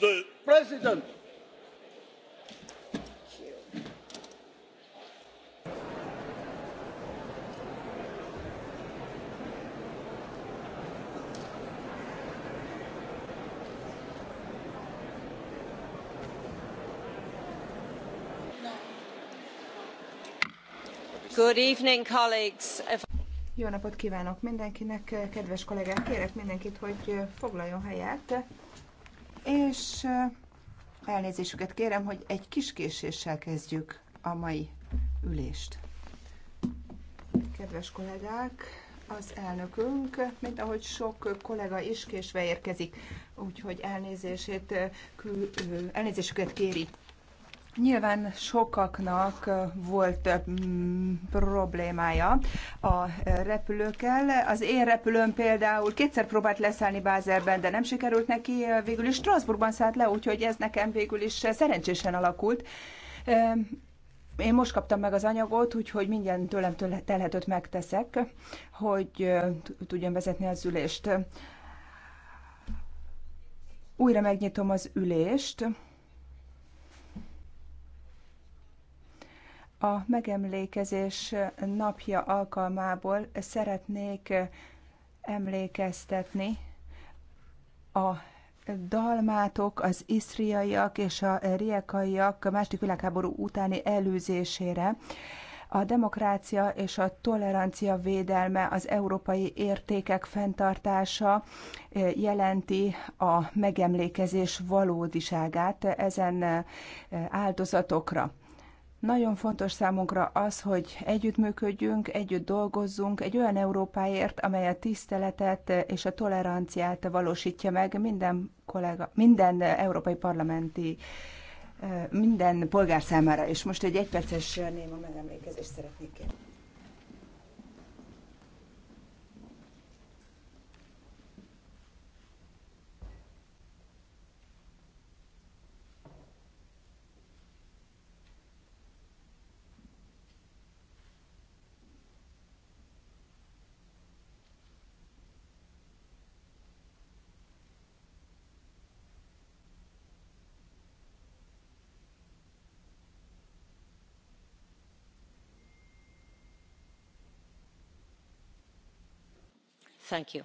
the president. Good evening, colleagues. Jó napot kívánok mindenkinek, kedves kollégák! Kérek mindenkit, hogy foglaljon helyet és elnézésüket kérem, hogy egy kis késéssel kezdjük a mai ülést. Kedves kollégák, az elnökünk, mint ahogy sok kollega is késve érkezik, úgyhogy elnézését, elnézésüket kéri Nyilván sokaknak volt problémája a repülőkkel. Az én repülőm például kétszer próbált leszállni Bázerben, de nem sikerült neki, végül is Strasbourgban szállt le, úgyhogy ez nekem végül is szerencsésen alakult. Én most kaptam meg az anyagot, úgyhogy mindjárt tőlem telhetőt megteszek, hogy tudjam vezetni az ülést. Újra megnyitom az ülést. A megemlékezés napja alkalmából szeretnék emlékeztetni a dalmátok, az iszriaiak és a riekaiak a második világháború utáni előzésére. A demokrácia és a tolerancia védelme, az európai értékek fenntartása eh, jelenti a megemlékezés valódiságát ezen eh, áldozatokra. Nagyon fontos számunkra az, hogy együttműködjünk, együtt dolgozzunk egy olyan Európáért, amely a tiszteletet és a toleranciát valósítja meg minden kollega, minden európai parlamenti eh, minden polgár számára, és most egy egyperces néma megemlékezést szeretnék kérni. Thank you.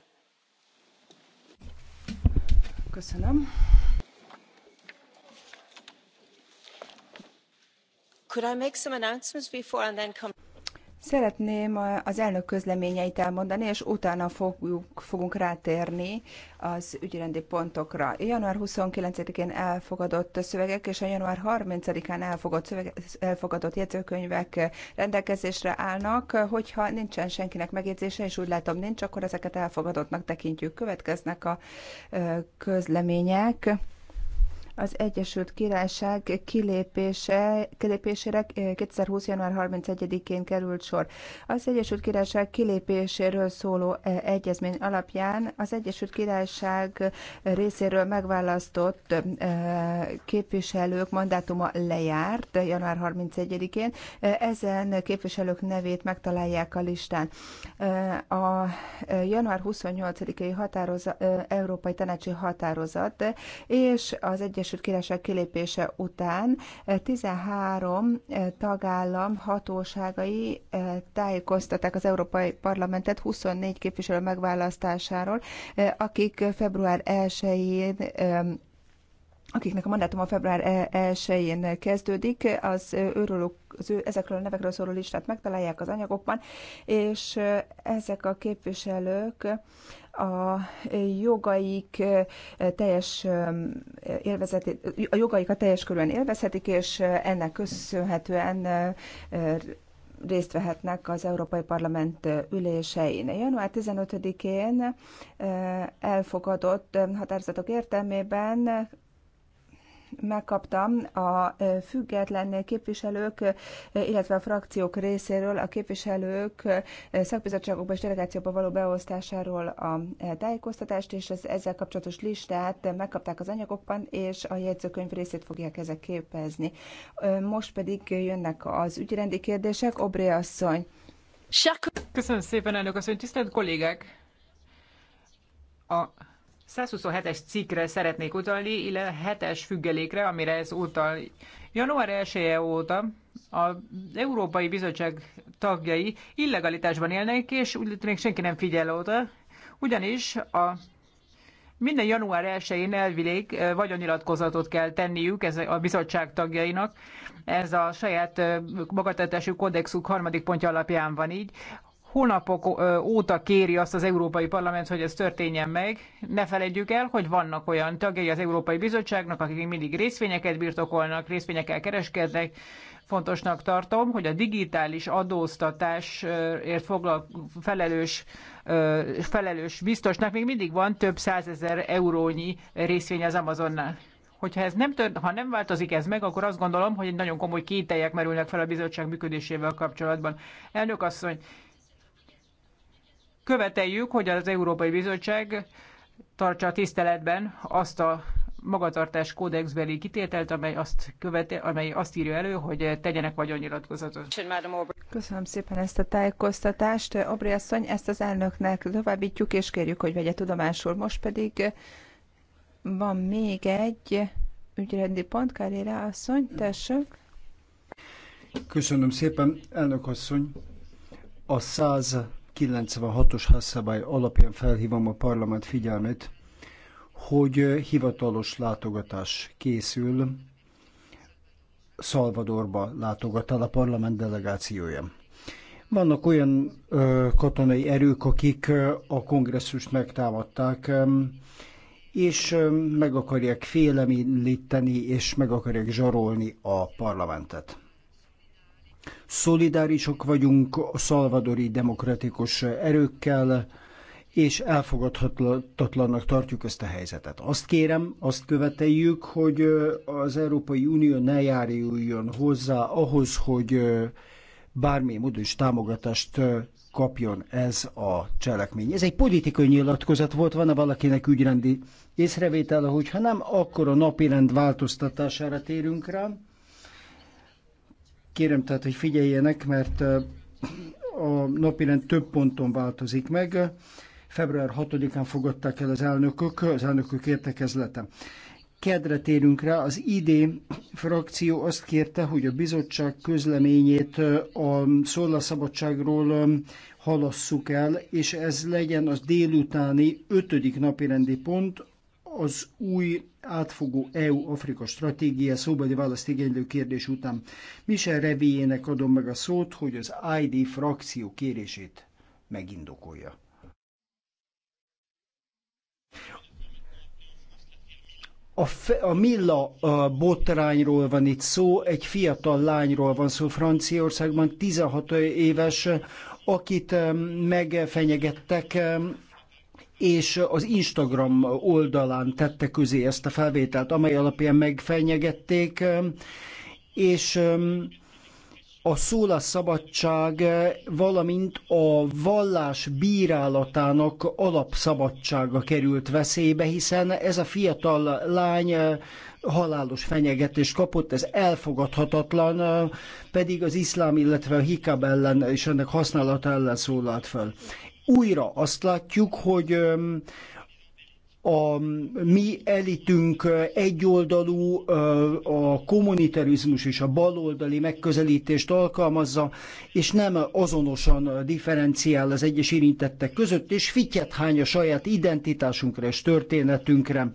Köszönöm. Could I make some announcements before and then come? Szeretném az elnök közleményeit elmondani, és utána fogjuk, fogunk rátérni az ügyrendi pontokra. Január 29-én elfogadott szövegek és a január 30-án elfogadott, elfogadott jegyzőkönyvek rendelkezésre állnak. Hogyha nincsen senkinek megjegyzése, és úgy látom nincs, akkor ezeket elfogadottnak tekintjük. Következnek a közlemények az Egyesült Királyság kilépése, kilépésére 2020. Eh, január 31-én került sor. Az Egyesült Királyság kilépéséről szóló eh, egyezmény alapján az Egyesült Királyság részéről megválasztott eh, képviselők mandátuma lejárt január 31-én. Ezen képviselők nevét megtalálják a listán. A január 28-i határoza, Európai Tanácsi Határozat és az Egyesült Egyesült Királyság kilépése után 13 eh, eh, tagállam hatóságai eh, tájékoztatták az Európai Parlamentet 24 képviselő megválasztásáról, akik február 1-én akiknek a mandátuma február 1-én kezdődik, az őrülők az ő, ezekről a nevekről szóló listát megtalálják az anyagokban, és ezek a képviselők a jogaik teljes élvezetét, a jogaikat teljes körülön élvezhetik, és ennek köszönhetően részt vehetnek az Európai Parlament ülésein. Január 15-én elfogadott határozatok értelmében megkaptam a független képviselők, illetve a frakciók részéről a képviselők szakbizottságokba és delegációba való beosztásáról a tájékoztatást, és az ezzel kapcsolatos listát megkapták az anyagokban, és a jegyzőkönyv részét fogják ezek képezni. Most pedig jönnek az ügyrendi kérdések. Obré asszony. Köszönöm szépen, elnök asszony. Tisztelt kollégák! A 127-es cikkre szeretnék utalni, illetve 7-es függelékre, amire ez utal. Január 1 -e óta az Európai Bizottság tagjai illegalitásban élnek, és úgy tűnik senki nem figyel oda, ugyanis a minden január 1-én elvileg vagyonnyilatkozatot kell tenniük ez a bizottság tagjainak. Ez a saját magatartású kódexuk harmadik pontja alapján van így hónapok óta kéri azt az Európai Parlament, hogy ez történjen meg. Ne felejtjük el, hogy vannak olyan tagjai az Európai Bizottságnak, akik mindig részvényeket birtokolnak, részvényekkel kereskednek. Fontosnak tartom, hogy a digitális adóztatásért felelős, felelős biztosnak még mindig van több százezer eurónyi részvény az Amazonnál hogyha ez nem tört, ha nem változik ez meg, akkor azt gondolom, hogy nagyon komoly kételjek merülnek fel a bizottság működésével kapcsolatban. Elnök asszony, követeljük, hogy az Európai Bizottság tartsa a tiszteletben azt a magatartás kódexbeli kitételt, amely azt, követi, amely azt írja elő, hogy tegyenek vagyonnyilatkozatot. Köszönöm szépen ezt a tájékoztatást. Obri asszony, ezt az elnöknek továbbítjuk, és kérjük, hogy vegye tudomásul. Most pedig van még egy ügyrendi pont, Karére asszony, tessék. Köszönöm szépen, elnök asszony. A 100 96-os házszabály alapján felhívom a parlament figyelmét, hogy hivatalos látogatás készül Szalvadorba látogat el a parlament delegációja. Vannak olyan ö, katonai erők, akik ö, a kongresszust megtámadták, ö, és ö, meg akarják félemlíteni, és meg akarják zsarolni a parlamentet. Szolidárisok vagyunk a szalvadori demokratikus erőkkel, és elfogadhatatlannak tartjuk ezt a helyzetet. Azt kérem, azt követeljük, hogy az Európai Unió ne járuljon hozzá ahhoz, hogy bármi módon is támogatást kapjon ez a cselekmény. Ez egy politikai nyilatkozat volt, van-e valakinek ügyrendi észrevétele, hogyha nem, akkor a napirend változtatására térünk rá. Kérem tehát, hogy figyeljenek, mert a napirend több ponton változik meg. Február 6-án fogadták el az elnökök, az elnökök értekezlete. Kedre térünk rá, az ID frakció azt kérte, hogy a bizottság közleményét a szólásszabadságról halasszuk el, és ez legyen az délutáni ötödik napirendi pont, az új átfogó EU-Afrika stratégia szóbeli választ igénylő kérdés után Michel Reviének adom meg a szót, hogy az ID frakció kérését megindokolja. A, fe, a Milla a botrányról van itt szó, egy fiatal lányról van szó Franciaországban, 16 éves, akit megfenyegettek és az Instagram oldalán tette közé ezt a felvételt, amely alapján megfenyegették, um, és um, a szólásszabadság, valamint a vallás bírálatának alapszabadsága került veszélybe, hiszen ez a fiatal lány uh, halálos fenyegetést kapott, ez elfogadhatatlan, uh, pedig az iszlám, illetve a hikab ellen és ennek használata ellen szólalt fel újra azt látjuk, hogy a mi elitünk egyoldalú a kommunitarizmus és a baloldali megközelítést alkalmazza, és nem azonosan differenciál az egyes érintettek között, és fityet hány a saját identitásunkra és történetünkre.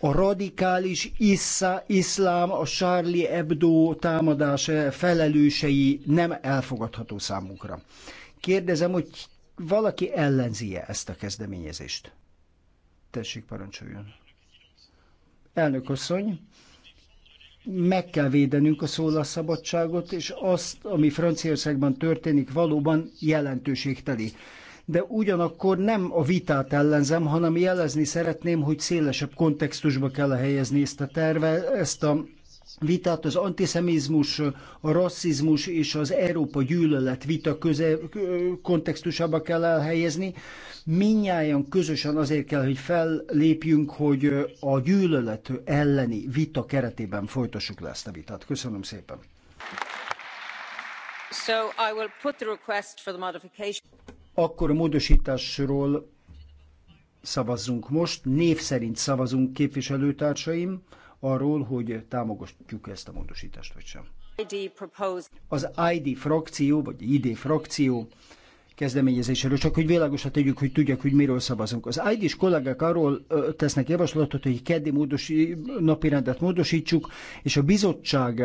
A radikális issza, iszlám, a Charlie Hebdo támadás felelősei nem elfogadható számunkra. Kérdezem, hogy valaki ellenzi-e ezt a kezdeményezést? Tessék, parancsoljon. Elnök asszony, meg kell védenünk a szólásszabadságot, és azt, ami Franciaországban történik, valóban jelentőségteli. De ugyanakkor nem a vitát ellenzem, hanem jelezni szeretném, hogy szélesebb kontextusba kell helyezni ezt a terve, ezt a vitát az antiszemizmus, a rasszizmus és az Európa gyűlölet vita köze, kontextusába kell elhelyezni. Minnyáján közösen azért kell, hogy fellépjünk, hogy a gyűlölet elleni vita keretében folytassuk le ezt a vitát. Köszönöm szépen. So I will put the request for the modification. Akkor a módosításról szavazzunk most. Név szerint szavazunk képviselőtársaim arról, hogy támogatjuk ezt a módosítást, vagy sem. Az ID frakció, vagy ID frakció kezdeményezéséről, csak hogy világosat tegyük, hogy tudják, hogy miről szavazunk. Az ID-s kollégák arról tesznek javaslatot, hogy keddi módosi, napirendet módosítsuk, és a bizottság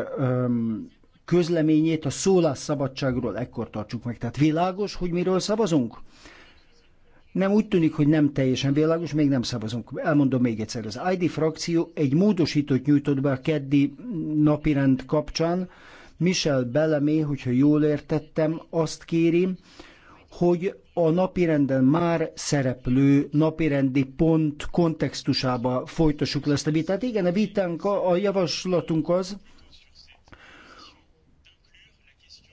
közleményét a szólásszabadságról ekkor tartsuk meg. Tehát világos, hogy miről szavazunk? Nem úgy tűnik, hogy nem teljesen világos, még nem szavazunk. Elmondom még egyszer, az ID frakció egy módosítót nyújtott be a keddi napirend kapcsán. Michel Belemé, hogyha jól értettem, azt kéri, hogy a napirenden már szereplő napirendi pont kontextusába folytassuk le ezt a vitát. Igen, a vitánk, a javaslatunk az,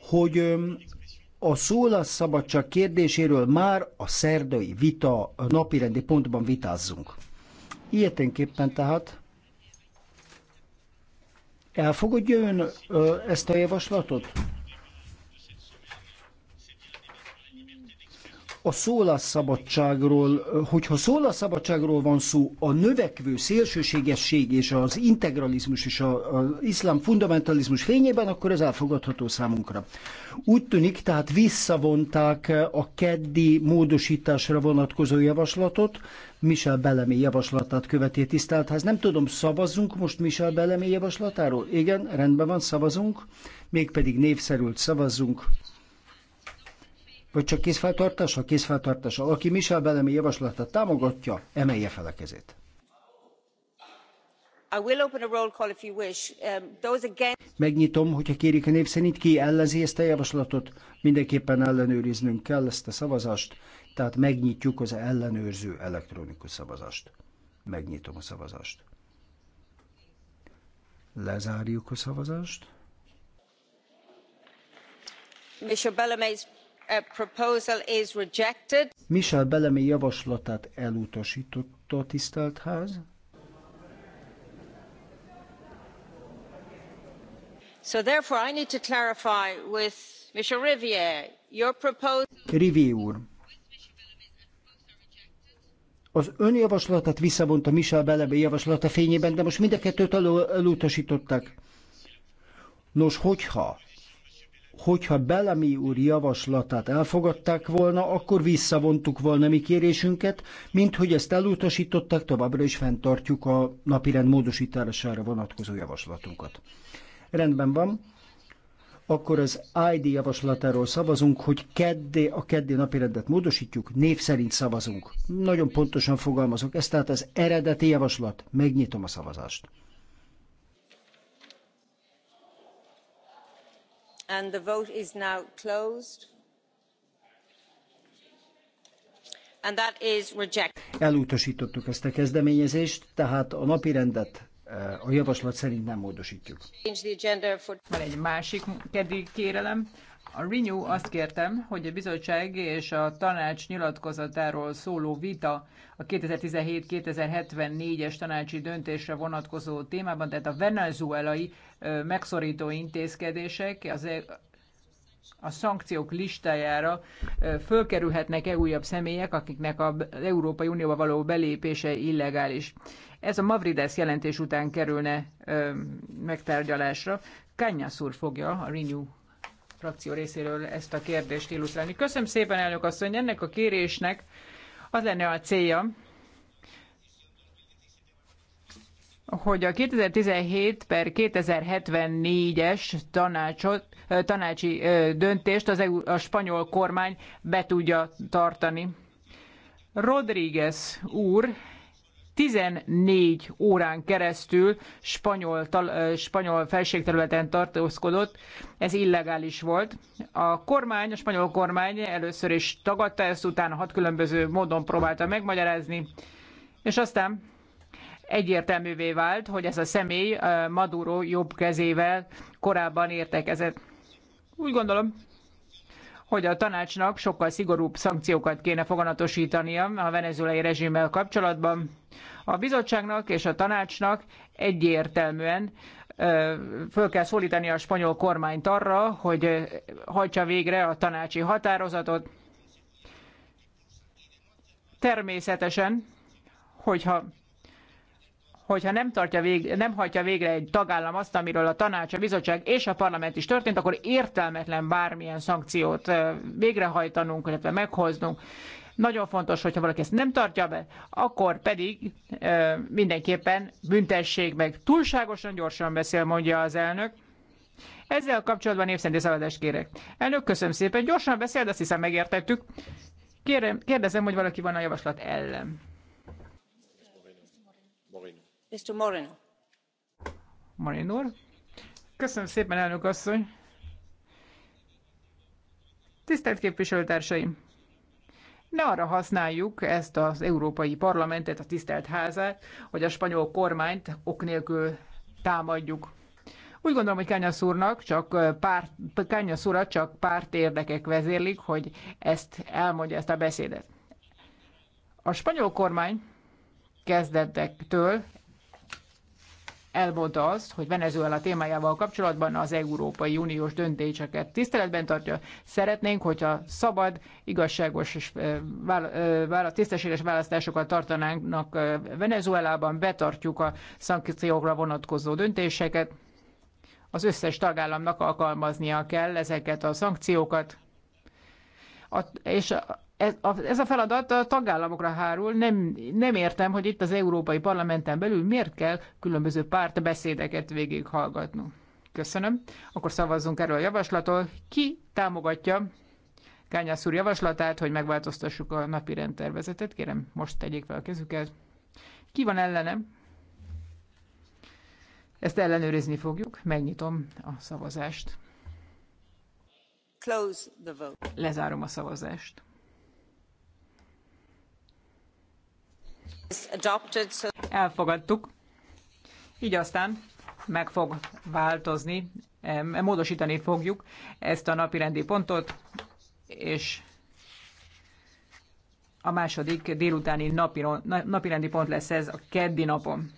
hogy a szólásszabadság kérdéséről már a szerdai vita napirendi pontban vitázzunk. Ilyeténképpen tehát elfogadja ön ezt a javaslatot? a szólásszabadságról, hogyha szólásszabadságról van szó, a növekvő szélsőségesség és az integralizmus és az iszlám fundamentalizmus fényében, akkor ez elfogadható számunkra. Úgy tűnik, tehát visszavonták a keddi módosításra vonatkozó javaslatot, Michel Belemé javaslatát követi tisztelt ház. Nem tudom, szavazzunk most Michel Belemé javaslatáról? Igen, rendben van, szavazunk. Mégpedig név szerint szavazzunk. Vagy csak a készfeltartás. Aki Michel Bellamy javaslatát támogatja, emelje fel a kezét. Megnyitom, hogyha kérik a nép szerint, ki ellenzi ezt a javaslatot. Mindenképpen ellenőriznünk kell ezt a szavazást, tehát megnyitjuk az ellenőrző elektronikus szavazást. Megnyitom a szavazást. Lezárjuk a szavazást. Michel Bellamy's Michel Bellamy javaslatát elutasította a tisztelt ház. So therefore I need to clarify with Michel Rivière, your proposal... Rivière úr, az ön javaslatát visszavonta Michel Bellamy javaslata fényében, de most mind a kettőt el- elutasították. Nos, hogyha hogyha Bellamy úr javaslatát elfogadták volna, akkor visszavontuk volna mi kérésünket, mint hogy ezt elutasították, továbbra is fenntartjuk a napirend módosítására vonatkozó javaslatunkat. Rendben van. Akkor az ID javaslatáról szavazunk, hogy keddé, a keddi napirendet módosítjuk, név szerint szavazunk. Nagyon pontosan fogalmazok, ez tehát az eredeti javaslat. Megnyitom a szavazást. and the vote is now closed and that is rejected. Elutasítottuk ezt a kezdeményezést, tehát a napirendet eh, a javaslat szerint nem módosítjuk. Van egy másik kedvig kérelem. A Renew azt kértem, hogy a bizottság és a tanács nyilatkozatáról szóló vita a 2017-2074-es tanácsi döntésre vonatkozó témában, tehát a venezuelai megszorító intézkedések az e- a szankciók listájára fölkerülhetnek-e újabb személyek, akiknek az Európai Unióba való belépése illegális. Ez a Mavrides jelentés után kerülne megtárgyalásra. Kányász úr fogja a Renew frakció részéről ezt a kérdést illusztrálni. Köszönöm szépen, elnök asszony, ennek a kérésnek az lenne a célja, hogy a 2017 per 2074-es tanácsot, tanácsi döntést az EU, a spanyol kormány be tudja tartani. Rodríguez úr 14 órán keresztül spanyol, tal, spanyol felségterületen tartózkodott, ez illegális volt. A kormány, a spanyol kormány először is tagadta ezt, utána hat különböző módon próbálta megmagyarázni, és aztán egyértelművé vált, hogy ez a személy Maduro jobb kezével korábban értekezett. Úgy gondolom, hogy a tanácsnak sokkal szigorúbb szankciókat kéne foganatosítania a venezuelai rezsimmel kapcsolatban. A bizottságnak és a tanácsnak egyértelműen föl kell szólítani a spanyol kormányt arra, hogy hajtsa végre a tanácsi határozatot. Természetesen, hogyha hogyha nem, tartja vég, nem hajtja végre egy tagállam azt, amiről a tanács, a bizottság és a parlament is történt, akkor értelmetlen bármilyen szankciót végrehajtanunk, illetve meghoznunk. Nagyon fontos, hogyha valaki ezt nem tartja be, akkor pedig ö, mindenképpen büntesség meg. Túlságosan gyorsan beszél, mondja az elnök. Ezzel kapcsolatban népszenti szavazást kérek. Elnök, köszönöm szépen. Gyorsan beszél, de azt hiszem megértettük. Kérem, kérdezem, hogy valaki van a javaslat ellen. Mr. Moreno. Köszönöm szépen, elnök asszony. Tisztelt képviselőtársaim! Ne arra használjuk ezt az Európai Parlamentet, a tisztelt házát, hogy a spanyol kormányt ok nélkül támadjuk. Úgy gondolom, hogy Kányasz csak párt, Kányasz urat csak párt érdekek vezérlik, hogy ezt elmondja ezt a beszédet. A spanyol kormány kezdetektől elmondta azt, hogy Venezuela témájával kapcsolatban az Európai Uniós döntéseket tiszteletben tartja. Szeretnénk, hogyha szabad, igazságos és vála, tisztességes választásokat tartanánk Venezuelában, betartjuk a szankciókra vonatkozó döntéseket. Az összes tagállamnak alkalmaznia kell ezeket a szankciókat, és ez a, ez a feladat a tagállamokra hárul. Nem, nem értem, hogy itt az Európai Parlamenten belül miért kell különböző párt beszédeket végighallgatnunk. Köszönöm. Akkor szavazzunk erről a javaslatról. Ki támogatja Kányász úr javaslatát, hogy megváltoztassuk a napi rendtervezetet? Kérem, most tegyék fel a kezüket. Ki van ellenem? Ezt ellenőrizni fogjuk. Megnyitom a szavazást. Close the vote. Lezárom a szavazást. Elfogadtuk. Így aztán meg fog változni, módosítani fogjuk ezt a napi rendi pontot, és a második délutáni napi, napi rendi pont lesz ez a keddi napon.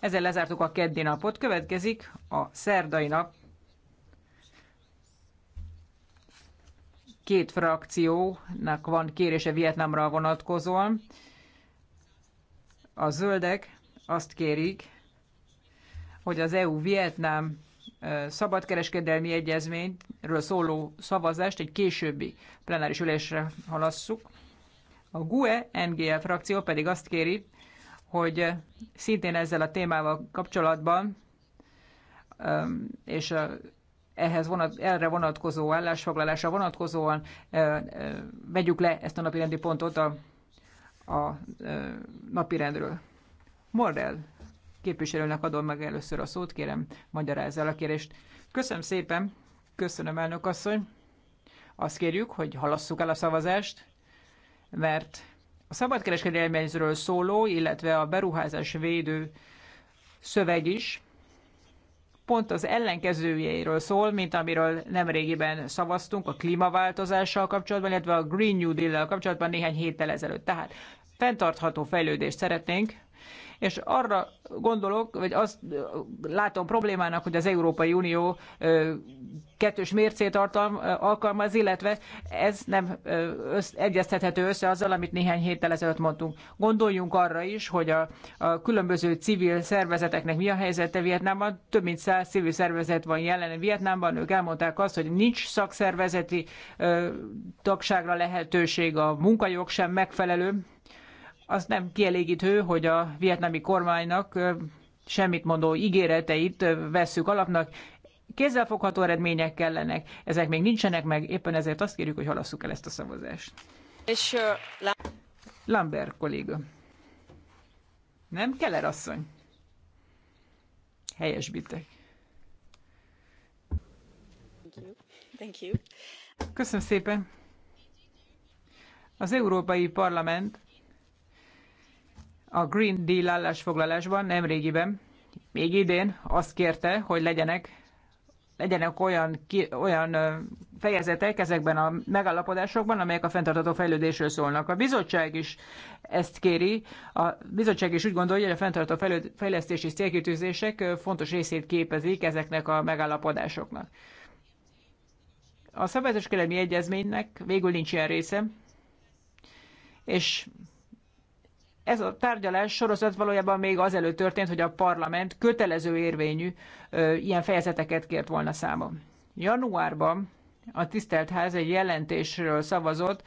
Ezzel lezártuk a keddi napot, következik a szerdai nap. Két frakciónak van kérése Vietnámra vonatkozóan. A zöldek azt kérik, hogy az EU-Vietnám szabadkereskedelmi egyezményről szóló szavazást egy későbbi plenáris ülésre halasszuk. A GUE NGL frakció pedig azt kéri, hogy szintén ezzel a témával kapcsolatban és ehhez vonat, erre vonatkozó állásfoglalásra vonatkozóan vegyük le ezt a napi rendi pontot a a napirendről. Mordel képviselőnek adom meg először a szót, kérem, magyarázz el a kérést. Köszönöm szépen, köszönöm elnök asszony. Azt kérjük, hogy halasszuk el a szavazást, mert a szabadkereskedelmezről szóló, illetve a beruházás védő szöveg is pont az ellenkezőjéről szól, mint amiről nemrégiben szavaztunk a klímaváltozással kapcsolatban, illetve a Green New Deal-lel kapcsolatban néhány héttel ezelőtt. Tehát fenntartható fejlődést szeretnénk, és arra gondolok, vagy azt látom problémának, hogy az Európai Unió kettős mércét alkalmaz, illetve ez nem össz, egyeztethető össze azzal, amit néhány héttel ezelőtt mondtunk. Gondoljunk arra is, hogy a, a különböző civil szervezeteknek mi a helyzete Vietnámban. Több mint száz civil szervezet van jelen Vietnámban. Ők elmondták azt, hogy nincs szakszervezeti ö, tagságra lehetőség, a munkajog sem megfelelő az nem kielégítő, hogy a vietnami kormánynak semmit mondó ígéreteit vesszük alapnak. Kézzelfogható eredmények kellenek, ezek még nincsenek meg, éppen ezért azt kérjük, hogy halasszuk el ezt a szavazást. És Lambert kolléga. Nem? Keller asszony. Helyesbitek. Thank you. Thank you. Köszönöm szépen. Az Európai Parlament a Green Deal állásfoglalásban nemrégiben, még idén azt kérte, hogy legyenek legyenek olyan, ki, olyan fejezetek ezekben a megállapodásokban, amelyek a fenntartató fejlődésről szólnak. A bizottság is ezt kéri. A bizottság is úgy gondolja, hogy a fenntartató fejlesztési célkitűzések fontos részét képezik ezeknek a megállapodásoknak. A szabályozáskedelmi egyezménynek végül nincs ilyen része, és ez a tárgyalás sorozat valójában még azelőtt történt, hogy a parlament kötelező érvényű ö, ilyen fejezeteket kért volna számon. Januárban a tisztelt ház egy jelentésről szavazott,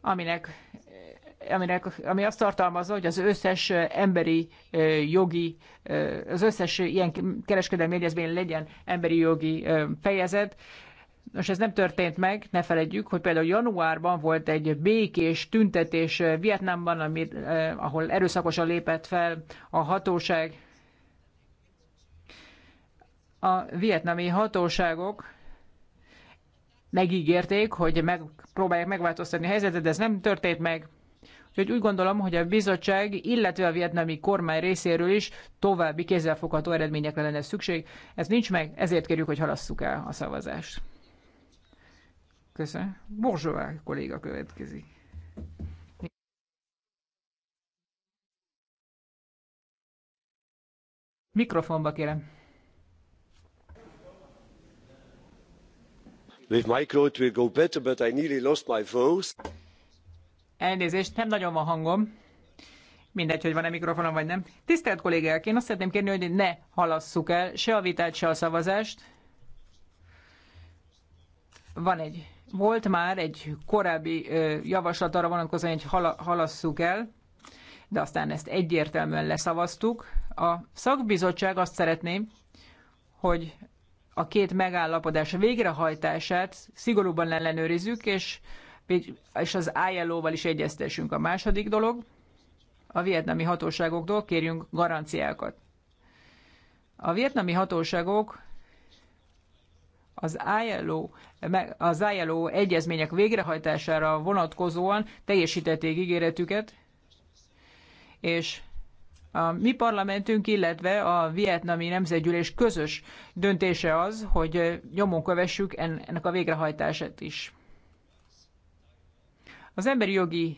aminek eh, aminek, ami azt tartalmazza, hogy az összes emberi jogi, az összes ilyen kereskedelmi egyezmény legyen emberi jogi fejezet. Nos, ez nem történt meg, ne felejtjük, hogy például januárban volt egy békés tüntetés Vietnámban, amit, eh, ahol erőszakosan lépett fel a hatóság. A vietnami hatóságok megígérték, hogy megpróbálják megváltoztatni a helyzetet, de ez nem történt meg. Úgyhogy úgy gondolom, hogy a bizottság, illetve a vietnami kormány részéről is további kézzelfogható eredményekre lenne szükség. Ez nincs meg, ezért kérjük, hogy halasszuk el a szavazást. Köszönöm. Borzsová kolléga következik. Mikrofonba kérem. With micro it will go better, but I nearly lost my voice. Elnézést, nem nagyon van hangom. Mindegy, hogy van-e mikrofonom, vagy nem. Tisztelt kollégák, én azt szeretném kérni, hogy ne halasszuk el se a vitát, se a szavazást. Van egy volt már egy korábbi javaslat arra vonatkozóan, hogy halasszuk el, de aztán ezt egyértelműen leszavaztuk. A szakbizottság azt szeretné, hogy a két megállapodás végrehajtását szigorúban ellenőrizzük, és, és az ILO-val is egyeztessünk. A második dolog, a vietnami hatóságoktól kérjünk garanciákat. A vietnami hatóságok az ILO, az ILO egyezmények végrehajtására vonatkozóan teljesítették ígéretüket, és a mi parlamentünk, illetve a vietnami nemzetgyűlés közös döntése az, hogy nyomon kövessük ennek a végrehajtását is. Az emberi jogi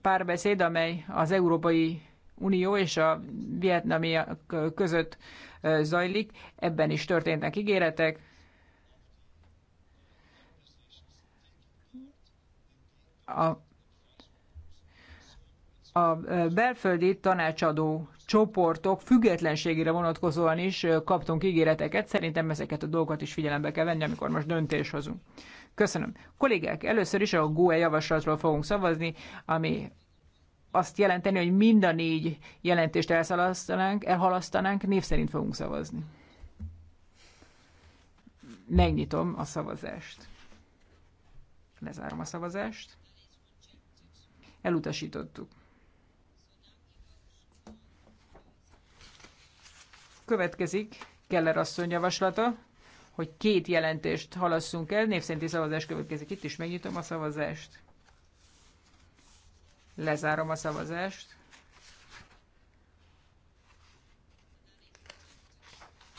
párbeszéd, amely az Európai Unió és a vietnamiak között zajlik, ebben is történtek ígéretek, a a belföldi tanácsadó csoportok függetlenségére vonatkozóan is kaptunk ígéreteket. Szerintem ezeket a dolgokat is figyelembe kell venni, amikor most döntés hozunk. Köszönöm. Kollégák, először is a GUE javaslatról fogunk szavazni, ami azt jelenteni, hogy mind a négy jelentést elszalasztanánk, elhalasztanánk, név szerint fogunk szavazni. Megnyitom a szavazást. Lezárom a szavazást. Elutasítottuk. Következik Keller asszony javaslata, hogy két jelentést halasszunk el. Név szavazás következik. Itt is megnyitom a szavazást. Lezárom a szavazást.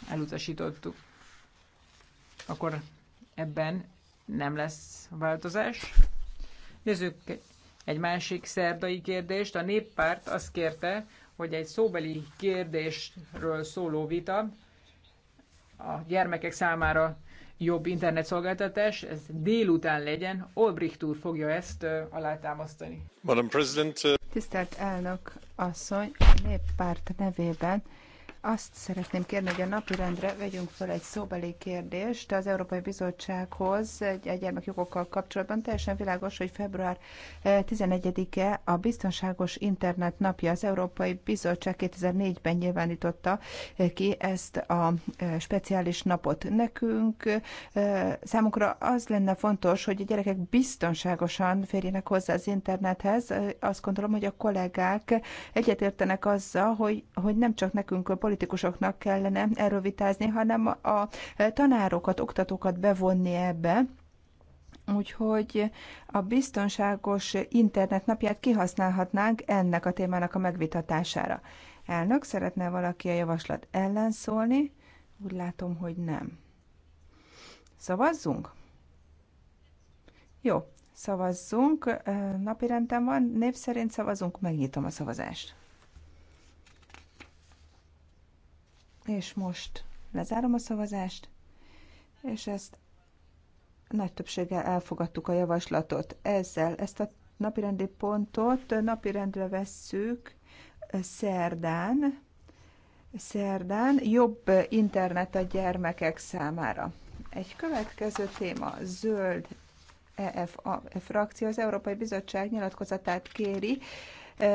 Elutasítottuk. Akkor ebben nem lesz változás. Nézzük egy másik szerdai kérdést. A néppárt azt kérte, hogy egy szóbeli kérdésről szóló vita a gyermekek számára jobb internetszolgáltatás, ez délután legyen. Olbricht úr fogja ezt alátámasztani. Madam President. Tisztelt elnök asszony, a néppárt nevében azt szeretném kérni, hogy a napirendre vegyünk fel egy szóbeli kérdést az Európai Bizottsághoz egy gyermekjogokkal kapcsolatban. Teljesen világos, hogy február 11-e eh, a Biztonságos Internet napja. Az Európai Bizottság 2004-ben nyilvánította eh, ki ezt a eh, speciális napot. Nekünk számunkra az lenne fontos, hogy a gyerekek biztonságosan férjenek hozzá az internethez. Azt gondolom, hogy a kollégák egyetértenek azzal, hogy, hogy nem csak nekünk a politikusoknak kellene erről vitázni, hanem a eh, tanárokat, oktatókat bevonni ebbe, Úgyhogy a biztonságos internet napját kihasználhatnánk ennek a témának a megvitatására. Elnök, szeretne valaki a javaslat ellen szólni? Úgy látom, hogy nem. Szavazzunk? Jó, szavazzunk. Eh, napirenden van, név szerint szavazunk, megnyitom a szavazást. És most lezárom a szavazást, és ezt nagy többséggel elfogadtuk a javaslatot. Ezzel ezt a napirendi pontot napirendre vesszük szerdán, szerdán jobb internet a gyermekek számára. Egy következő téma, zöld EF, a frakció az Európai Bizottság nyilatkozatát kéri,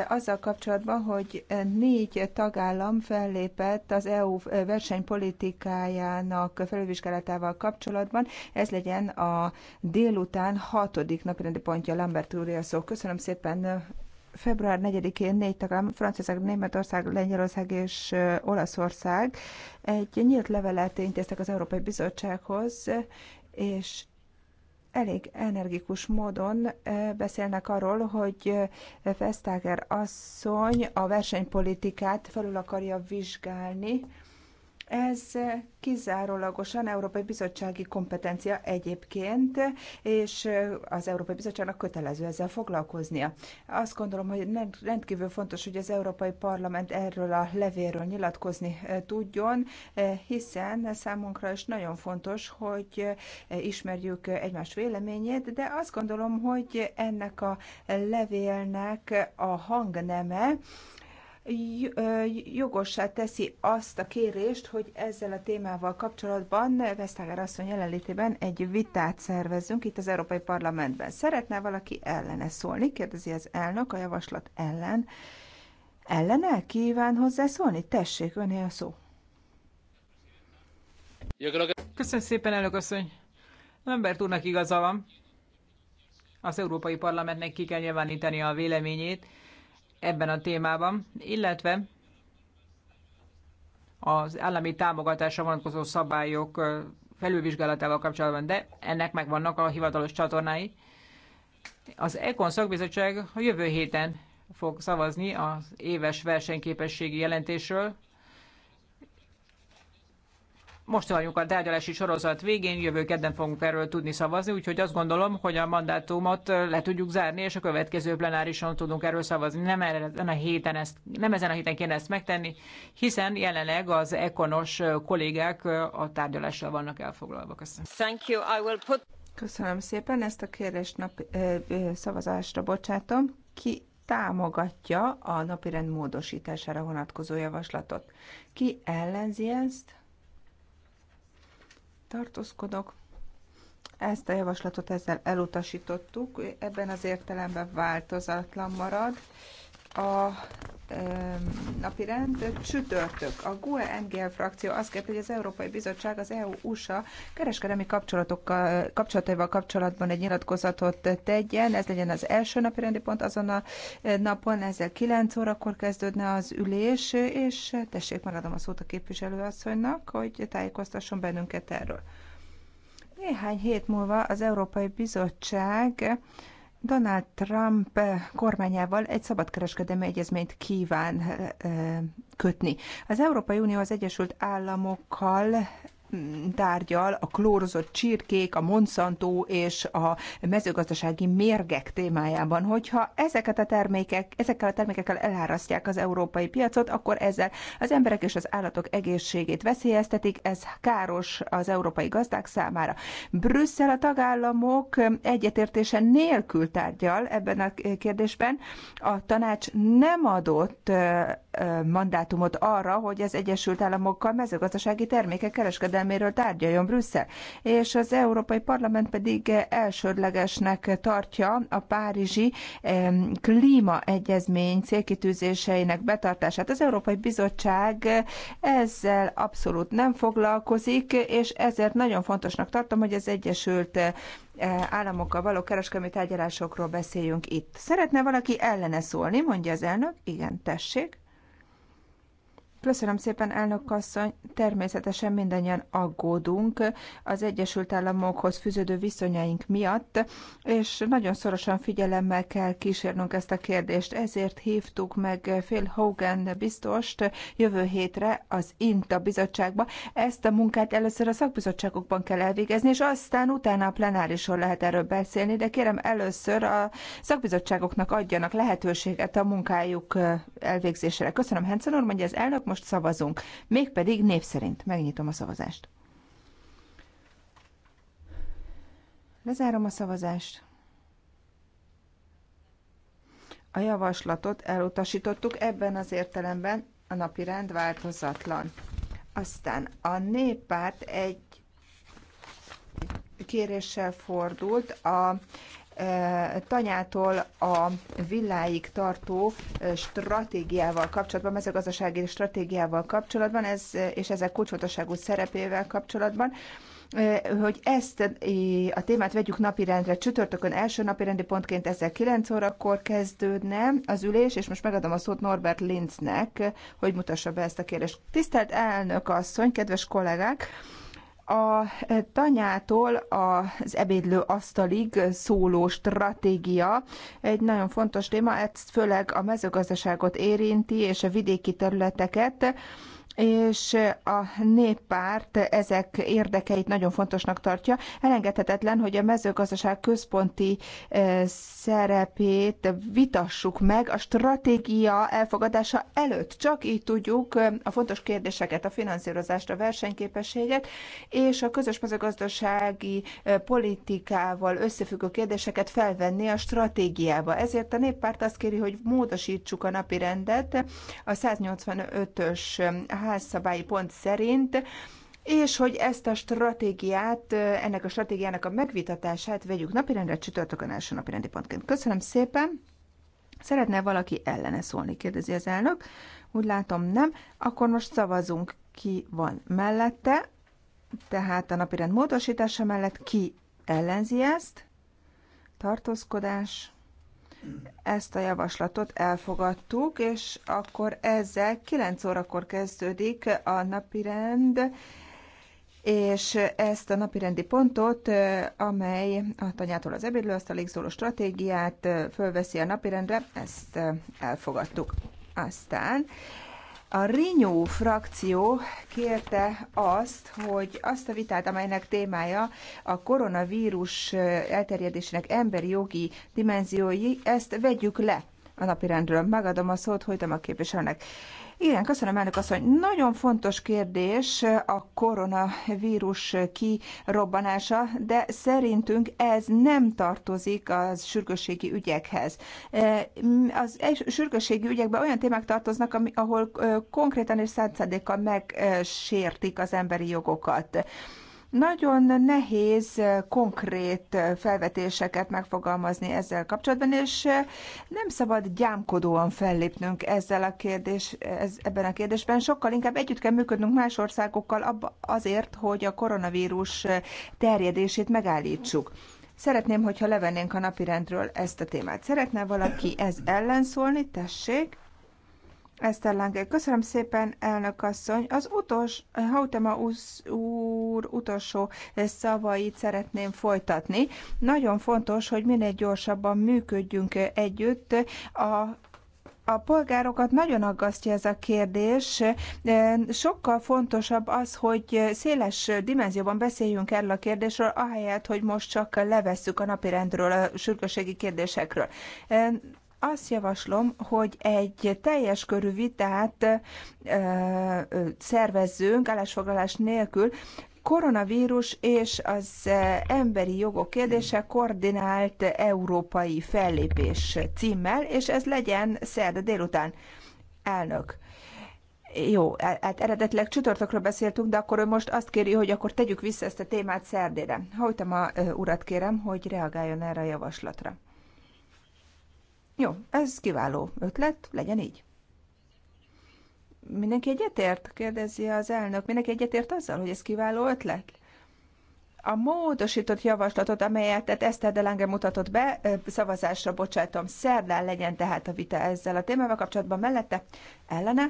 azzal kapcsolatban, hogy négy tagállam fellépett az EU versenypolitikájának felülvizsgálatával kapcsolatban. Ez legyen a délután hatodik napirendi pontja Lambert úr szó. Köszönöm szépen február 4-én négy tagállam, Franciaország, Németország, Lengyelország és Olaszország egy nyílt levelet intéztek az Európai Bizottsághoz, és elég energikus módon beszélnek arról, hogy Vestager asszony a versenypolitikát felül akarja vizsgálni, ez kizárólagosan Európai Bizottsági kompetencia egyébként, és az Európai Bizottságnak kötelező ezzel foglalkoznia. Azt gondolom, hogy rendkívül fontos, hogy az Európai Parlament erről a levélről nyilatkozni eh, tudjon, eh, hiszen számunkra is nagyon fontos, hogy eh, ismerjük egymás véleményét, de azt gondolom, hogy ennek a levélnek a hangneme, jogossá teszi azt a kérést, hogy ezzel a témával kapcsolatban Vesztager asszony jelenlétében egy vitát szervezzünk itt az Európai Parlamentben. Szeretne valaki ellene szólni? Kérdezi az elnök a javaslat ellen. Ellene kíván hozzászólni? Tessék, öné a szó. Köszönöm szépen, elnök asszony. Lambert úrnak igaza van. Az Európai Parlamentnek ki kell nyilvánítani a véleményét, ebben a témában, illetve az állami támogatásra vonatkozó szabályok felülvizsgálatával kapcsolatban, de ennek megvannak a hivatalos csatornái. Az ECON szakbizottság a jövő héten fog szavazni az éves versenyképességi jelentésről, most vagyunk a tárgyalási sorozat végén, jövő kedden fogunk erről tudni szavazni, úgyhogy azt gondolom, hogy a mandátumot le tudjuk zárni, és a következő plenárison tudunk erről szavazni. Nem, ezen a héten ezt, nem ezen a héten kéne ezt megtenni, hiszen jelenleg az ekonos kollégák a tárgyalással vannak elfoglalva. Köszönöm. Thank you. I will put... Köszönöm szépen, ezt a kérdést nap, ö, ö, szavazásra bocsátom. Ki támogatja a napirend módosítására vonatkozó javaslatot? Ki ellenzi ezt? tartózkodok. Ezt a javaslatot ezzel elutasítottuk, ebben az értelemben változatlan marad a napirend csütörtök. A GUE NGL frakció azt kérte, hogy az Európai Bizottság az EU-USA kereskedelmi kapcsolatokkal, kapcsolataival kapcsolatban egy nyilatkozatot tegyen. Ez legyen az első napirendi pont azon a eh, napon, ezzel 9 órakor kezdődne az ülés, és tessék, maradom a szót a képviselőasszonynak, hogy tájékoztasson bennünket erről. Néhány hét múlva az Európai Bizottság Donald Trump kormányával egy szabadkereskedelmi egyezményt kíván eh, eh, kötni. Az Európai Unió az Egyesült Államokkal tárgyal a klórozott csirkék, a Monsanto és a mezőgazdasági mérgek témájában. Hogyha ezeket a termékek, ezekkel a termékekkel elárasztják az európai piacot, akkor ezzel az emberek és az állatok egészségét veszélyeztetik, ez káros az európai gazdák számára. Brüsszel a tagállamok egyetértése nélkül tárgyal ebben a kérdésben. A tanács nem adott mandátumot arra, hogy az Egyesült Államokkal mezőgazdasági termékek kereskedelméről tárgyaljon Brüsszel. És az Európai Parlament pedig elsődlegesnek tartja a Párizsi klímaegyezmény célkitűzéseinek betartását. Az Európai Bizottság ezzel abszolút nem foglalkozik, és ezért nagyon fontosnak tartom, hogy az Egyesült államokkal való kereskedelmi tárgyalásokról beszéljünk itt. Szeretne valaki ellene szólni, mondja az elnök. Igen, tessék. Köszönöm szépen, elnök asszony. Természetesen mindannyian aggódunk az Egyesült Államokhoz fűződő viszonyaink miatt, és nagyon szorosan figyelemmel kell kísérnünk ezt a kérdést. Ezért hívtuk meg Phil Hogan biztost jövő hétre az INTA bizottságba. Ezt a munkát először a szakbizottságokban kell elvégezni, és aztán utána a plenárison lehet erről beszélni, de kérem először a szakbizottságoknak adjanak lehetőséget a munkájuk elvégzésére. Köszönöm, Henson úr, mondja az elnök, most szavazunk. Mégpedig név szerint. Megnyitom a szavazást. Lezárom a szavazást. A javaslatot elutasítottuk ebben az értelemben, a napi rend változatlan. Aztán a néppárt egy kéréssel fordult a tanyától a villáig tartó stratégiával kapcsolatban, mezőgazdasági stratégiával kapcsolatban, ez, és ezek kulcsfontosságú szerepével kapcsolatban hogy ezt a témát vegyük napirendre. Csütörtökön első napirendi pontként ezzel 9 órakor kezdődne az ülés, és most megadom a szót Norbert Linznek, hogy mutassa be ezt a kérdést. Tisztelt elnök asszony, kedves kollégák! a e, tanyától az ebédlő asztalig szóló stratégia egy nagyon fontos téma, ez főleg a mezőgazdaságot érinti és a vidéki területeket és a néppárt ezek érdekeit nagyon fontosnak tartja. Elengedhetetlen, hogy a mezőgazdaság központi e, szerepét vitassuk meg a stratégia elfogadása előtt. Csak így tudjuk e, a fontos kérdéseket, a finanszírozást, a versenyképességet és a közös mezőgazdasági e, politikával összefüggő kérdéseket felvenni a stratégiába. Ezért a néppárt azt kéri, hogy módosítsuk a napi rendet a 185-ös házszabályi pont szerint, és hogy ezt a stratégiát, ennek a stratégiának a megvitatását vegyük napirendre csütörtökön első napirendi pontként. Köszönöm szépen! Szeretne valaki ellene szólni, kérdezi az elnök. Úgy látom nem. Akkor most szavazunk, ki van mellette, tehát a napirend módosítása mellett ki ellenzi ezt. Tartózkodás. Ezt a javaslatot elfogadtuk, és akkor ezzel 9 órakor kezdődik a napirend, és ezt a napirendi pontot, amely a tanyától az ebédlőasztalig szóló stratégiát fölveszi a napirendre, ezt elfogadtuk. Aztán a Renew frakció kérte azt, hogy azt a vitát, amelynek témája a koronavírus elterjedésének emberi jogi dimenziói, ezt vegyük le a napirendről. Megadom a szót, hogy a képviselőnek. Igen, köszönöm elnök asszony. Nagyon fontos kérdés a koronavírus kirobbanása, de szerintünk ez nem tartozik a sürgősségi ügyekhez. E, az e, sürgősségi ügyekben olyan témák tartoznak, ahol konkrétan és százszerzékkal megsértik az emberi jogokat. Nagyon nehéz eh, konkrét eh, felvetéseket megfogalmazni ezzel kapcsolatban, és eh, nem szabad gyámkodóan fellépnünk ezzel a kérdés, ez, ebben a kérdésben. Sokkal inkább együtt kell működnünk más országokkal abba, azért, hogy a koronavírus terjedését megállítsuk. Szeretném, hogyha levennénk a napirendről ezt a témát. Szeretne valaki ez ellen szólni? Tessék! Eszter Lange. Köszönöm szépen, elnök asszony. Az utolsó, Hautema úr utolsó szavait szeretném folytatni. Nagyon fontos, hogy minél gyorsabban működjünk együtt. A a polgárokat nagyon aggasztja ez a kérdés. Sokkal fontosabb az, hogy széles dimenzióban beszéljünk erről a kérdésről, ahelyett, hogy most csak levesszük a napirendről a sürgősségi kérdésekről azt javaslom, hogy egy teljes körű vitát szervezzünk, állásfoglalás nélkül, koronavírus és az emberi jogok kérdése koordinált európai fellépés címmel, és ez legyen szerda délután. Elnök. Jó, hát eredetileg csütörtökről beszéltünk, de akkor ő most azt kéri, hogy akkor tegyük vissza ezt a témát szerdére. Hajtam a urat kérem, hogy reagáljon erre a javaslatra. Jó, ez kiváló ötlet, legyen így. Mindenki egyetért? kérdezi az elnök. Mindenki egyetért azzal, hogy ez kiváló ötlet? A módosított javaslatot, amelyet tehát Eszter Delange mutatott be, szavazásra bocsátom, szerdán legyen tehát a vita ezzel a témával kapcsolatban mellette, ellene,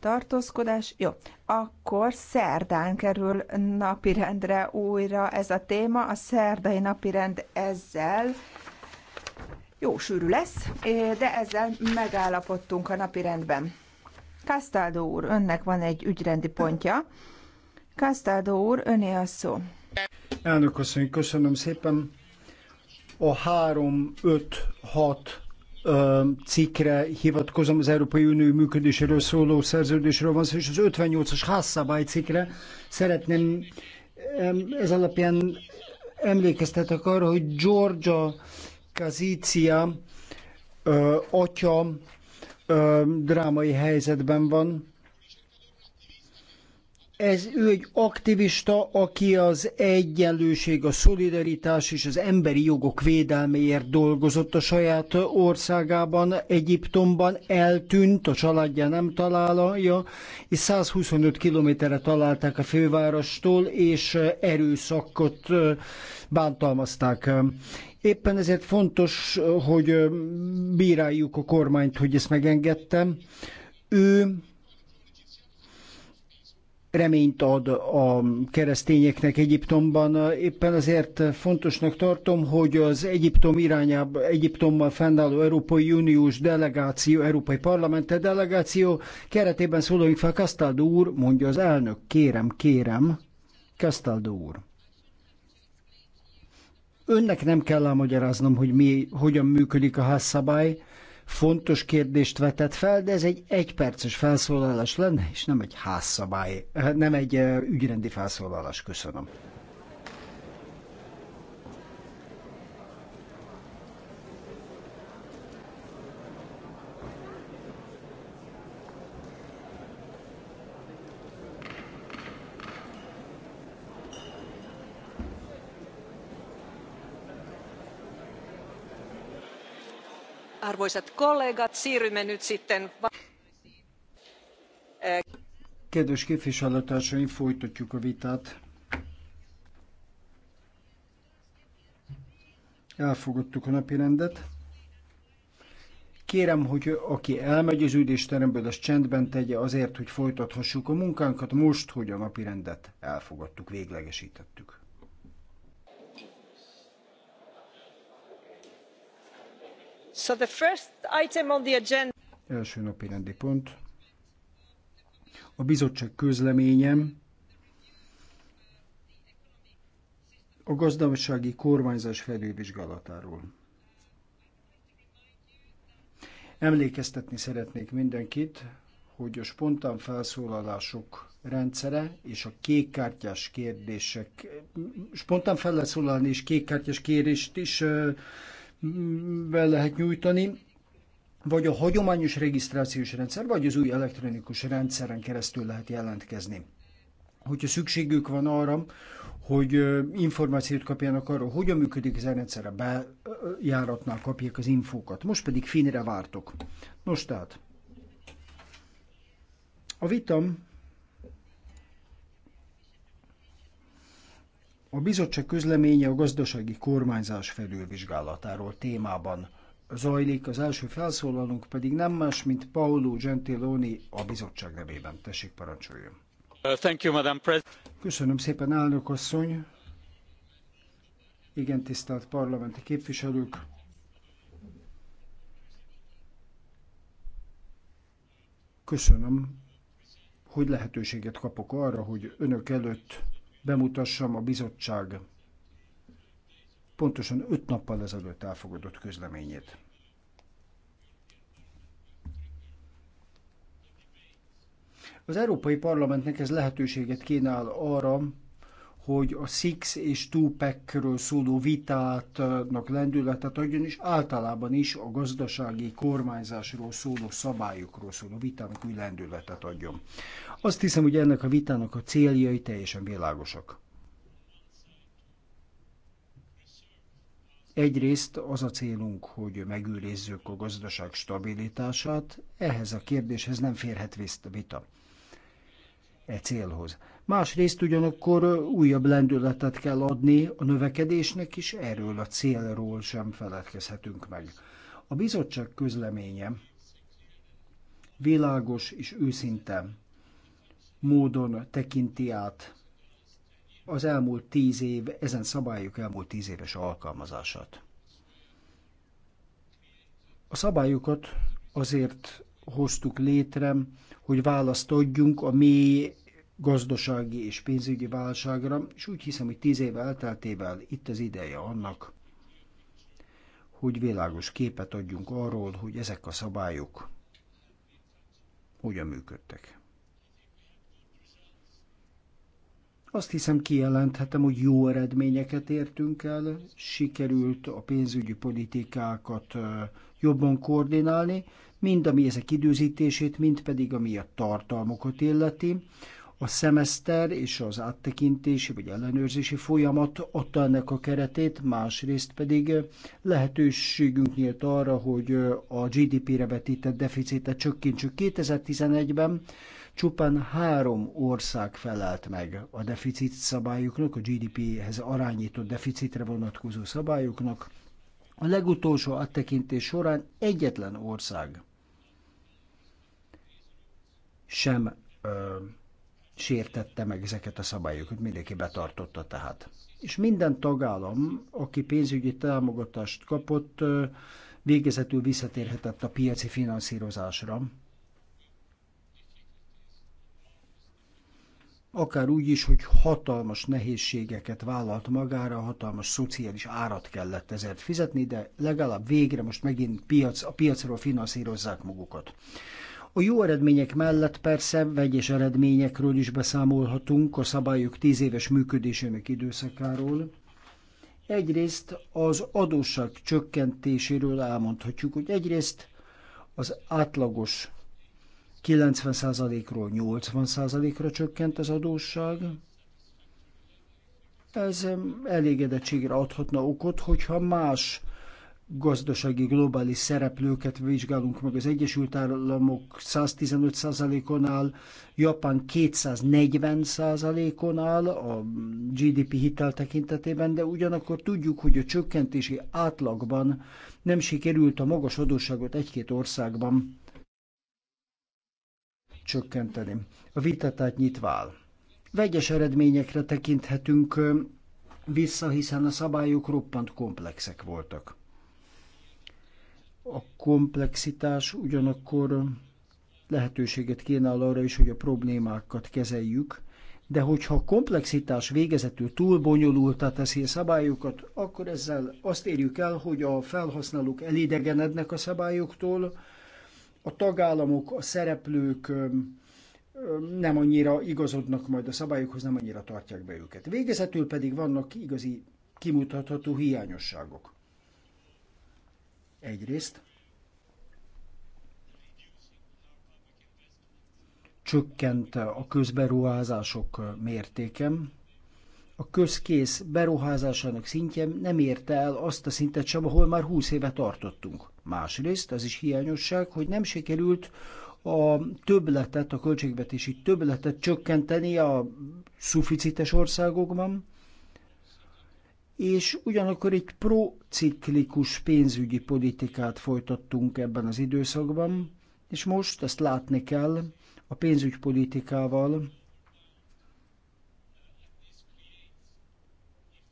tartózkodás, jó. Akkor szerdán kerül napirendre újra ez a téma, a szerdai napirend ezzel jó sűrű lesz, eh, de ezzel megállapodtunk a napi rendben. Kasztáldó úr, önnek van egy ügyrendi pontja. Kasztáldó úr, öné a szó. Elnök asszony, köszönöm szépen. A 3, 5, 6 cikkre hivatkozom, az Európai Unió működéséről szóló szerződésről van szó, és az 58-as házszabály cikkre szeretném ez alapján emlékeztetek arra, hogy Georgia Kazícia atya ö, drámai helyzetben van. Ez ő egy aktivista, aki az egyenlőség, a szolidaritás és az emberi jogok védelméért dolgozott a saját országában, Egyiptomban, eltűnt, a családja nem találja, és 125 kilométerre találták a fővárostól, és erőszakot bántalmazták. Éppen ezért fontos, hogy bíráljuk a kormányt, hogy ezt megengedtem. Ő reményt ad a keresztényeknek Egyiptomban. Éppen azért fontosnak tartom, hogy az Egyiptom irányába, Egyiptommal fennálló Európai Uniós delegáció, Európai Parlamente delegáció keretében szólóink fel Castaldo úr, mondja az elnök. Kérem, kérem, Castaldo úr. Önnek nem kell elmagyaráznom, hogy mi, hogyan működik a házszabály. Fontos kérdést vetett fel, de ez egy egyperces felszólalás lenne, és nem egy házszabály, nem egy ügyrendi felszólalás. Köszönöm. Arvoisat kollégat, siirrymme nyt sitten... Kedves képviselőtársaim, folytatjuk a vitát. Elfogadtuk a napirendet. Kérem, hogy aki elmegy az ülésteremből, az csendben tegye azért, hogy folytathassuk a munkánkat most, hogy a napirendet elfogadtuk, véglegesítettük. Első napi rendi pont. A bizottság közleményem a gazdasági kormányzás felülvizsgálatáról. Emlékeztetni szeretnék mindenkit, hogy a spontán felszólalások rendszere és a kékkártyás kérdések, spontán felszólalni és kékkártyás kérést is be lehet nyújtani, vagy a hagyományos regisztrációs rendszer, vagy az új elektronikus rendszeren keresztül lehet jelentkezni. Hogyha szükségük van arra, hogy információt kapjanak arról, hogyan működik ez a rendszer, a bejáratnál kapják az infókat. Most pedig finnre vártok. Nos tehát, a vitam A bizottság közleménye a gazdasági kormányzás felülvizsgálatáról témában zajlik, az első felszólalónk pedig nem más, mint Paolo Gentiloni a bizottság nevében. Tessék, parancsoljon. Uh, thank you, Madam Köszönöm szépen, elnök asszony. Igen, tisztelt parlamenti képviselők. Köszönöm, hogy lehetőséget kapok arra, hogy önök előtt bemutassam a bizottság pontosan öt nappal ezelőtt elfogadott közleményét. Az Európai Parlamentnek ez lehetőséget kínál arra, hogy a Six és Tupac-ről szóló vitátnak lendületet adjon, és általában is a gazdasági kormányzásról szóló szabályokról szóló vitának új lendületet adjon. Azt hiszem, hogy ennek a vitának a céljai teljesen világosak. Egyrészt az a célunk, hogy megőrizzük a gazdaság stabilitását, ehhez a kérdéshez nem férhet vissza vita. E célhoz. Másrészt ugyanakkor újabb lendületet kell adni a növekedésnek is, erről a célról sem feledkezhetünk meg. A bizottság közleménye világos és őszinte módon tekinti át az elmúlt tíz év, ezen szabályok elmúlt tíz éves alkalmazását. A szabályokat azért hoztuk létre, hogy választ adjunk a mély gazdasági és pénzügyi válságra, és úgy hiszem, hogy tíz év elteltével itt az ideje annak, hogy világos képet adjunk arról, hogy ezek a szabályok hogyan működtek. Azt hiszem kijelenthetem, hogy jó eredményeket értünk el, sikerült a pénzügyi politikákat jobban koordinálni, mind ami ezek időzítését, mind pedig ami a tartalmokat illeti. A szemeszter és az áttekintési vagy ellenőrzési folyamat adta ennek a keretét, másrészt pedig lehetőségünk nyílt arra, hogy a GDP-re vetített deficitet csökkintsük 2011-ben, Csupán három ország felelt meg a deficit szabályoknak, a GDP-hez arányított deficitre vonatkozó szabályoknak. A legutolsó áttekintés során egyetlen ország sem ö, sértette meg ezeket a szabályokat, mindenki betartotta tehát. És minden tagállam, aki pénzügyi támogatást kapott, végezetül visszatérhetett a piaci finanszírozásra, akár úgy is, hogy hatalmas nehézségeket vállalt magára, hatalmas szociális árat kellett ezért fizetni, de legalább végre most megint piac, a piacról finanszírozzák magukat. A jó eredmények mellett persze vegyes eredményekről is beszámolhatunk a szabályok tíz éves működésének időszakáról. Egyrészt az adósság csökkentéséről elmondhatjuk, hogy egyrészt az átlagos 90%-ról 80%-ra csökkent az adósság. Ez elégedettségre adhatna okot, hogyha más gazdasági globális szereplőket vizsgálunk meg. Az Egyesült Államok 115%-on áll, Japán 240%-on áll a GDP hitel tekintetében, de ugyanakkor tudjuk, hogy a csökkentési átlagban nem sikerült a magas adósságot egy-két országban csökkenteni. A vita tehát nyitva áll. Vegyes eredményekre tekinthetünk vissza, hiszen a szabályok roppant komplexek voltak. A komplexitás ugyanakkor lehetőséget kínál arra is, hogy a problémákat kezeljük, de hogyha a komplexitás végezetül túl bonyolultá teszi a szabályokat, akkor ezzel azt érjük el, hogy a felhasználók elidegenednek a szabályoktól, a tagállamok, a szereplők nem annyira igazodnak majd a szabályokhoz, nem annyira tartják be őket. Végezetül pedig vannak igazi kimutatható hiányosságok. Egyrészt csökkent a közberuházások mértékem, a közkész beruházásának szintje nem érte el azt a szintet sem, ahol már 20 éve tartottunk. Másrészt az is hiányosság, hogy nem sikerült a többletet, a költségvetési többletet csökkenteni a szuficites országokban, és ugyanakkor egy prociklikus pénzügyi politikát folytattunk ebben az időszakban, és most ezt látni kell a pénzügypolitikával,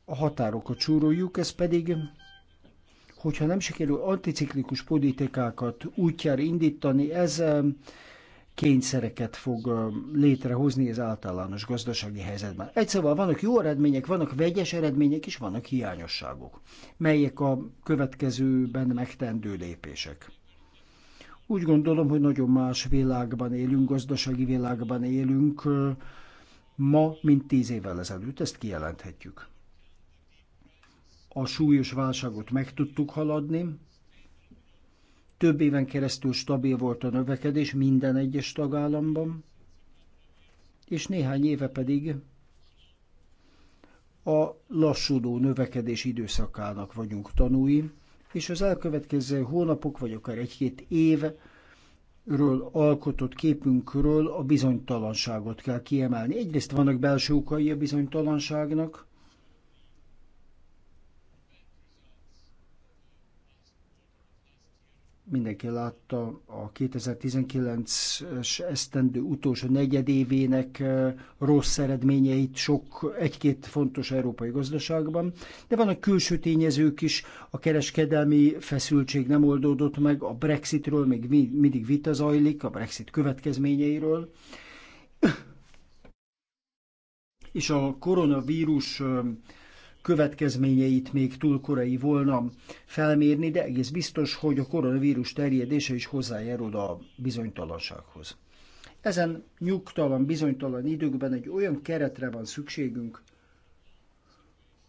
a határokat súroljuk, ez pedig hogyha nem sikerül anticiklikus politikákat útjára indítani, ez kényszereket fog létrehozni az általános gazdasági helyzetben. Egy szóval vannak jó eredmények, vannak vegyes eredmények, és vannak hiányosságok. Melyek a következőben megtendő lépések? Úgy gondolom, hogy nagyon más világban élünk, gazdasági világban élünk ma, mint tíz évvel ezelőtt, ezt kijelenthetjük a súlyos válságot meg tudtuk haladni, több éven keresztül stabil volt a növekedés minden egyes tagállamban, és néhány éve pedig a lassuló növekedés időszakának vagyunk tanúi, és az elkövetkező hónapok, vagy akár egy-két évről alkotott képünkről a bizonytalanságot kell kiemelni. Egyrészt vannak belső okai a bizonytalanságnak, mindenki látta a 2019-es esztendő utolsó negyedévének rossz eredményeit sok, egy-két fontos európai gazdaságban, de van a külső tényezők is, a kereskedelmi feszültség nem oldódott meg, a Brexitről még mindig vita zajlik, a Brexit következményeiről, és a koronavírus következményeit még túl korai volna felmérni, de egész biztos, hogy a koronavírus terjedése is hozzájárul a bizonytalansághoz. Ezen nyugtalan, bizonytalan időkben egy olyan keretre van szükségünk,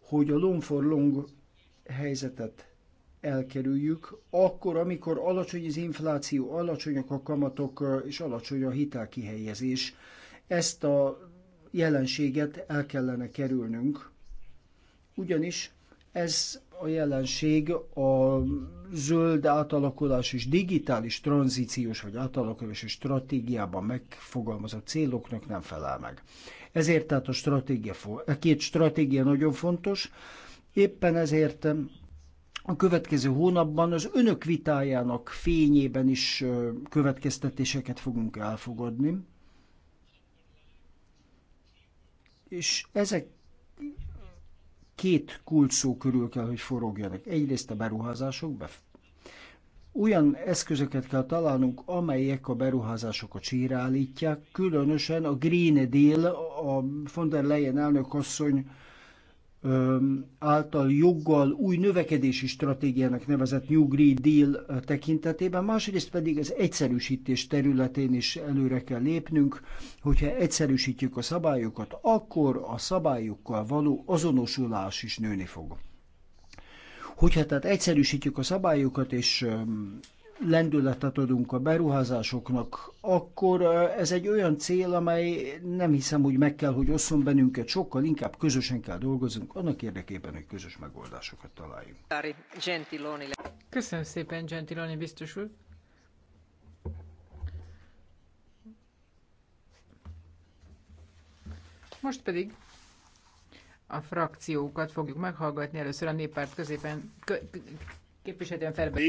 hogy a long for long helyzetet elkerüljük, akkor, amikor alacsony az infláció, alacsonyak a kamatok és alacsony a hitelkihelyezés. Ezt a jelenséget el kellene kerülnünk, ugyanis ez a jelenség a zöld átalakulás és digitális tranzíciós vagy átalakulás és stratégiában megfogalmazott céloknak nem felel meg. Ezért tehát a, stratégia, a két stratégia nagyon fontos, éppen ezért a következő hónapban az önök vitájának fényében is következtetéseket fogunk elfogadni. És ezek két kulcsszó körül kell, hogy forogjanak. Egyrészt a beruházások, be olyan eszközöket kell találnunk, amelyek a beruházásokat csírálítják, különösen a Green Deal, a von der Leyen elnök asszony által joggal új növekedési stratégiának nevezett New Green Deal tekintetében, másrészt pedig az egyszerűsítés területén is előre kell lépnünk, hogyha egyszerűsítjük a szabályokat, akkor a szabályokkal való azonosulás is nőni fog. Hogyha tehát egyszerűsítjük a szabályokat és lendületet adunk a beruházásoknak, akkor ez egy olyan cél, amely nem hiszem, hogy meg kell, hogy osszon bennünket, sokkal inkább közösen kell dolgozunk, annak érdekében, hogy közös megoldásokat találjunk. Köszönöm szépen, Gentiloni biztos úr. Most pedig a frakciókat fogjuk meghallgatni. Először a néppárt középen kö, kö, képviselően felben.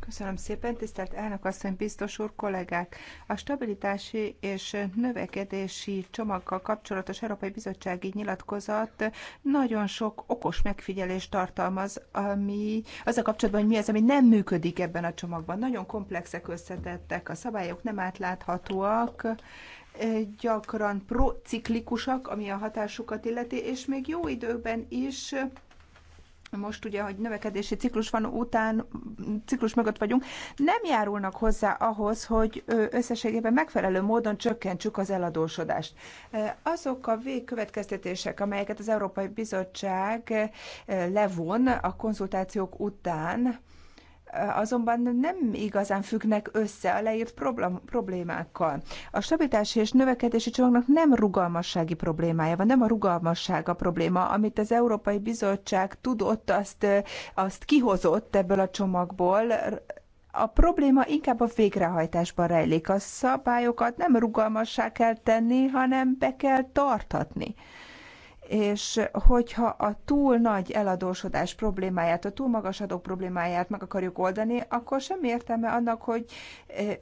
Köszönöm szépen, tisztelt elnök asszony, biztos úr, kollégák! A stabilitási és növekedési csomaggal kapcsolatos Európai Bizottsági Nyilatkozat nagyon sok okos megfigyelést tartalmaz, ami az a kapcsolatban, hogy mi az, ami nem működik ebben a csomagban. Nagyon komplexek, összetettek, a szabályok nem átláthatóak, gyakran prociklikusak, ami a hatásukat illeti, és még jó időben is most ugye, hogy növekedési ciklus van után, ciklus mögött vagyunk, nem járulnak hozzá ahhoz, hogy összességében megfelelő módon csökkentsük az eladósodást. Azok a végkövetkeztetések, amelyeket az Európai Bizottság levon a konzultációk után, azonban nem igazán függnek össze a leírt problémákkal. A stabilitási és növekedési csomagnak nem rugalmassági problémája van, nem a rugalmasság a probléma, amit az Európai Bizottság tudott, azt, azt kihozott ebből a csomagból, a probléma inkább a végrehajtásban rejlik. A szabályokat nem rugalmassá kell tenni, hanem be kell tartatni és hogyha a túl nagy eladósodás problémáját, a túl magas adók problémáját meg akarjuk oldani, akkor semmi értelme annak, hogy eh,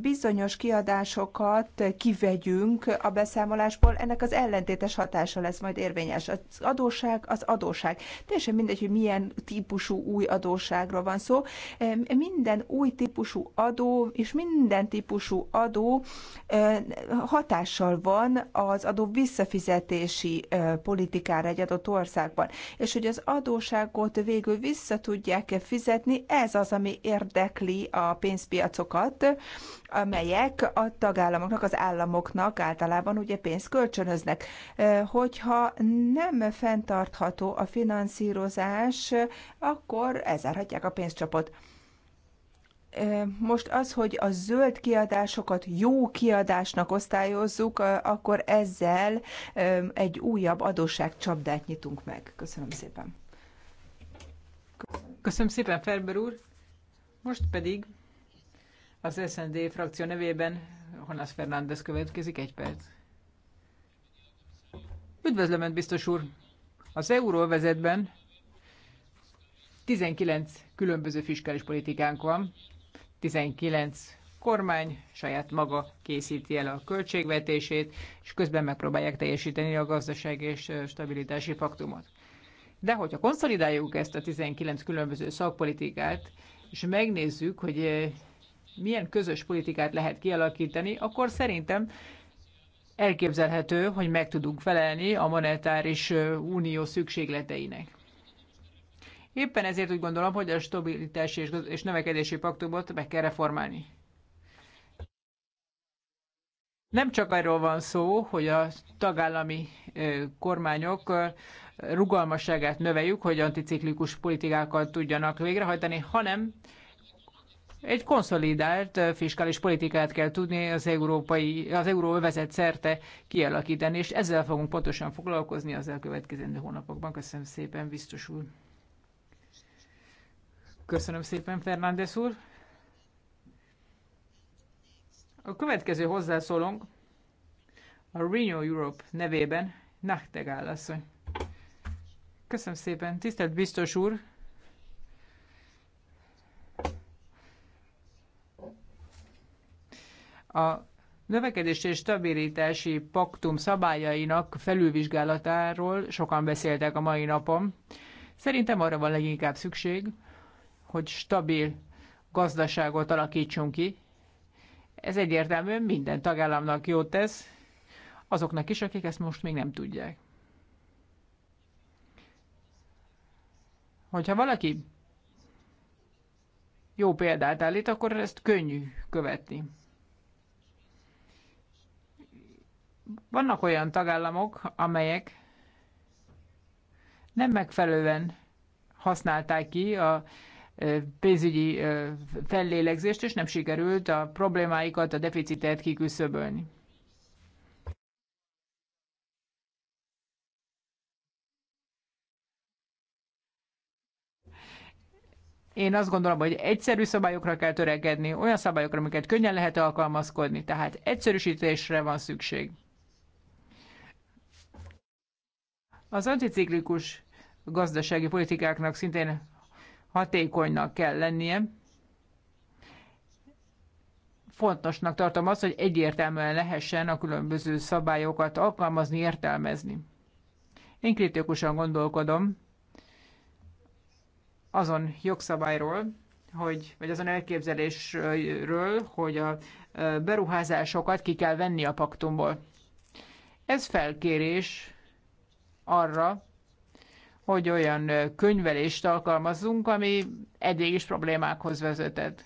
bizonyos kiadásokat kivegyünk a beszámolásból, ennek az ellentétes hatása lesz majd érvényes. Az adósság az adósság. Teljesen mindegy, hogy milyen típusú új adósságról van szó. Minden új típusú adó és minden típusú adó hatással van az adó visszafizetési politikára egy adott országban. És hogy az adóságot végül vissza tudják -e fizetni, ez az, ami érdekli a pénzpiacokat amelyek a tagállamoknak, az államoknak általában ugye pénzt kölcsönöznek. Hogyha nem fenntartható a finanszírozás, akkor elzárhatják a pénzcsapot most az, hogy a zöld kiadásokat jó kiadásnak osztályozzuk, akkor ezzel egy újabb adósságcsapdát nyitunk meg. Köszönöm szépen. Köszönöm, Köszönöm szépen, Ferber úr. Most pedig az SND frakció nevében Jonas Fernández következik, egy perc. Üdvözlöm, Önt, biztos úr! Az euróvezetben 19 különböző fiskális politikánk van, 19 kormány saját maga készíti el a költségvetését, és közben megpróbálják teljesíteni a gazdaság és stabilitási faktumot. De hogyha konszolidáljuk ezt a 19 különböző szakpolitikát, és megnézzük, hogy milyen közös politikát lehet kialakítani, akkor szerintem elképzelhető, hogy meg tudunk felelni a monetáris unió szükségleteinek. Éppen ezért úgy gondolom, hogy a stabilitási és növekedési paktumot meg kell reformálni. Nem csak arról van szó, hogy a tagállami kormányok rugalmasságát növeljük, hogy anticiklikus politikákat tudjanak végrehajtani, hanem egy konszolidált fiskális politikát kell tudni az európai, az euróövezet szerte kialakítani, és ezzel fogunk pontosan foglalkozni az elkövetkezendő hónapokban. Köszönöm szépen, biztos úr. Köszönöm szépen, Fernández úr. A következő hozzászólónk a Renew Europe nevében Nachtegál asszony. Köszönöm szépen. Tisztelt biztos úr, A növekedési és stabilitási paktum szabályainak felülvizsgálatáról sokan beszéltek a mai napon. Szerintem arra van leginkább szükség, hogy stabil gazdaságot alakítsunk ki. Ez egyértelműen minden tagállamnak jót tesz, azoknak is, akik ezt most még nem tudják. Hogyha valaki jó példát állít, akkor ezt könnyű követni. vannak olyan tagállamok, amelyek nem megfelelően használták ki a pénzügyi fellélegzést, és nem sikerült a problémáikat, a deficitet kiküszöbölni. Én azt gondolom, hogy egyszerű szabályokra kell törekedni, olyan szabályokra, amiket könnyen lehet alkalmazkodni, tehát egyszerűsítésre van szükség. Az anticiklikus gazdasági politikáknak szintén hatékonynak kell lennie. Fontosnak tartom azt, hogy egyértelműen lehessen a különböző szabályokat alkalmazni, értelmezni. Én kritikusan gondolkodom azon jogszabályról, hogy, vagy azon elképzelésről, hogy a beruházásokat ki kell venni a paktumból. Ez felkérés arra, hogy olyan könyvelést alkalmazzunk, ami eddig is problémákhoz vezetett.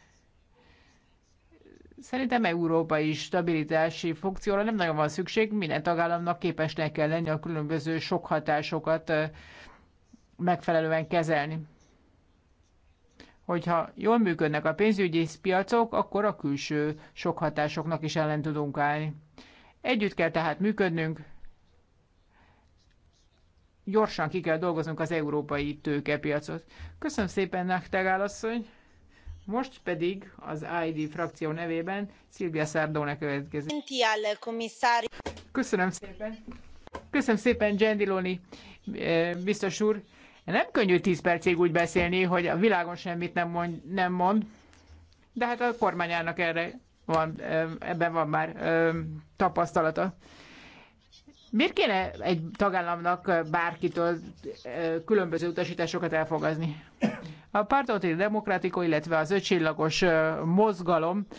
Szerintem európai stabilitási funkcióra nem nagyon van szükség, minden tagállamnak képesnek kell lenni a különböző sok hatásokat megfelelően kezelni. Hogyha jól működnek a pénzügyi piacok, akkor a külső sok hatásoknak is ellen tudunk állni. Együtt kell tehát működnünk, gyorsan ki kell dolgoznunk az európai tőkepiacot. Köszönöm szépen nektek, állasszony! Most pedig az ID frakció nevében Szilvia Szárdóna következik. Köszönöm szépen! Köszönöm szépen, Gendiloni eh, biztos úr! Nem könnyű 10 percig úgy beszélni, hogy a világon semmit nem mond, nem mond de hát a kormányának erre van, eh, ebben van már eh, tapasztalata. Miért kéne egy tagállamnak bárkitől különböző utasításokat elfogadni? A Pártolti demokratikó, illetve az öcsillagos mozgalomnak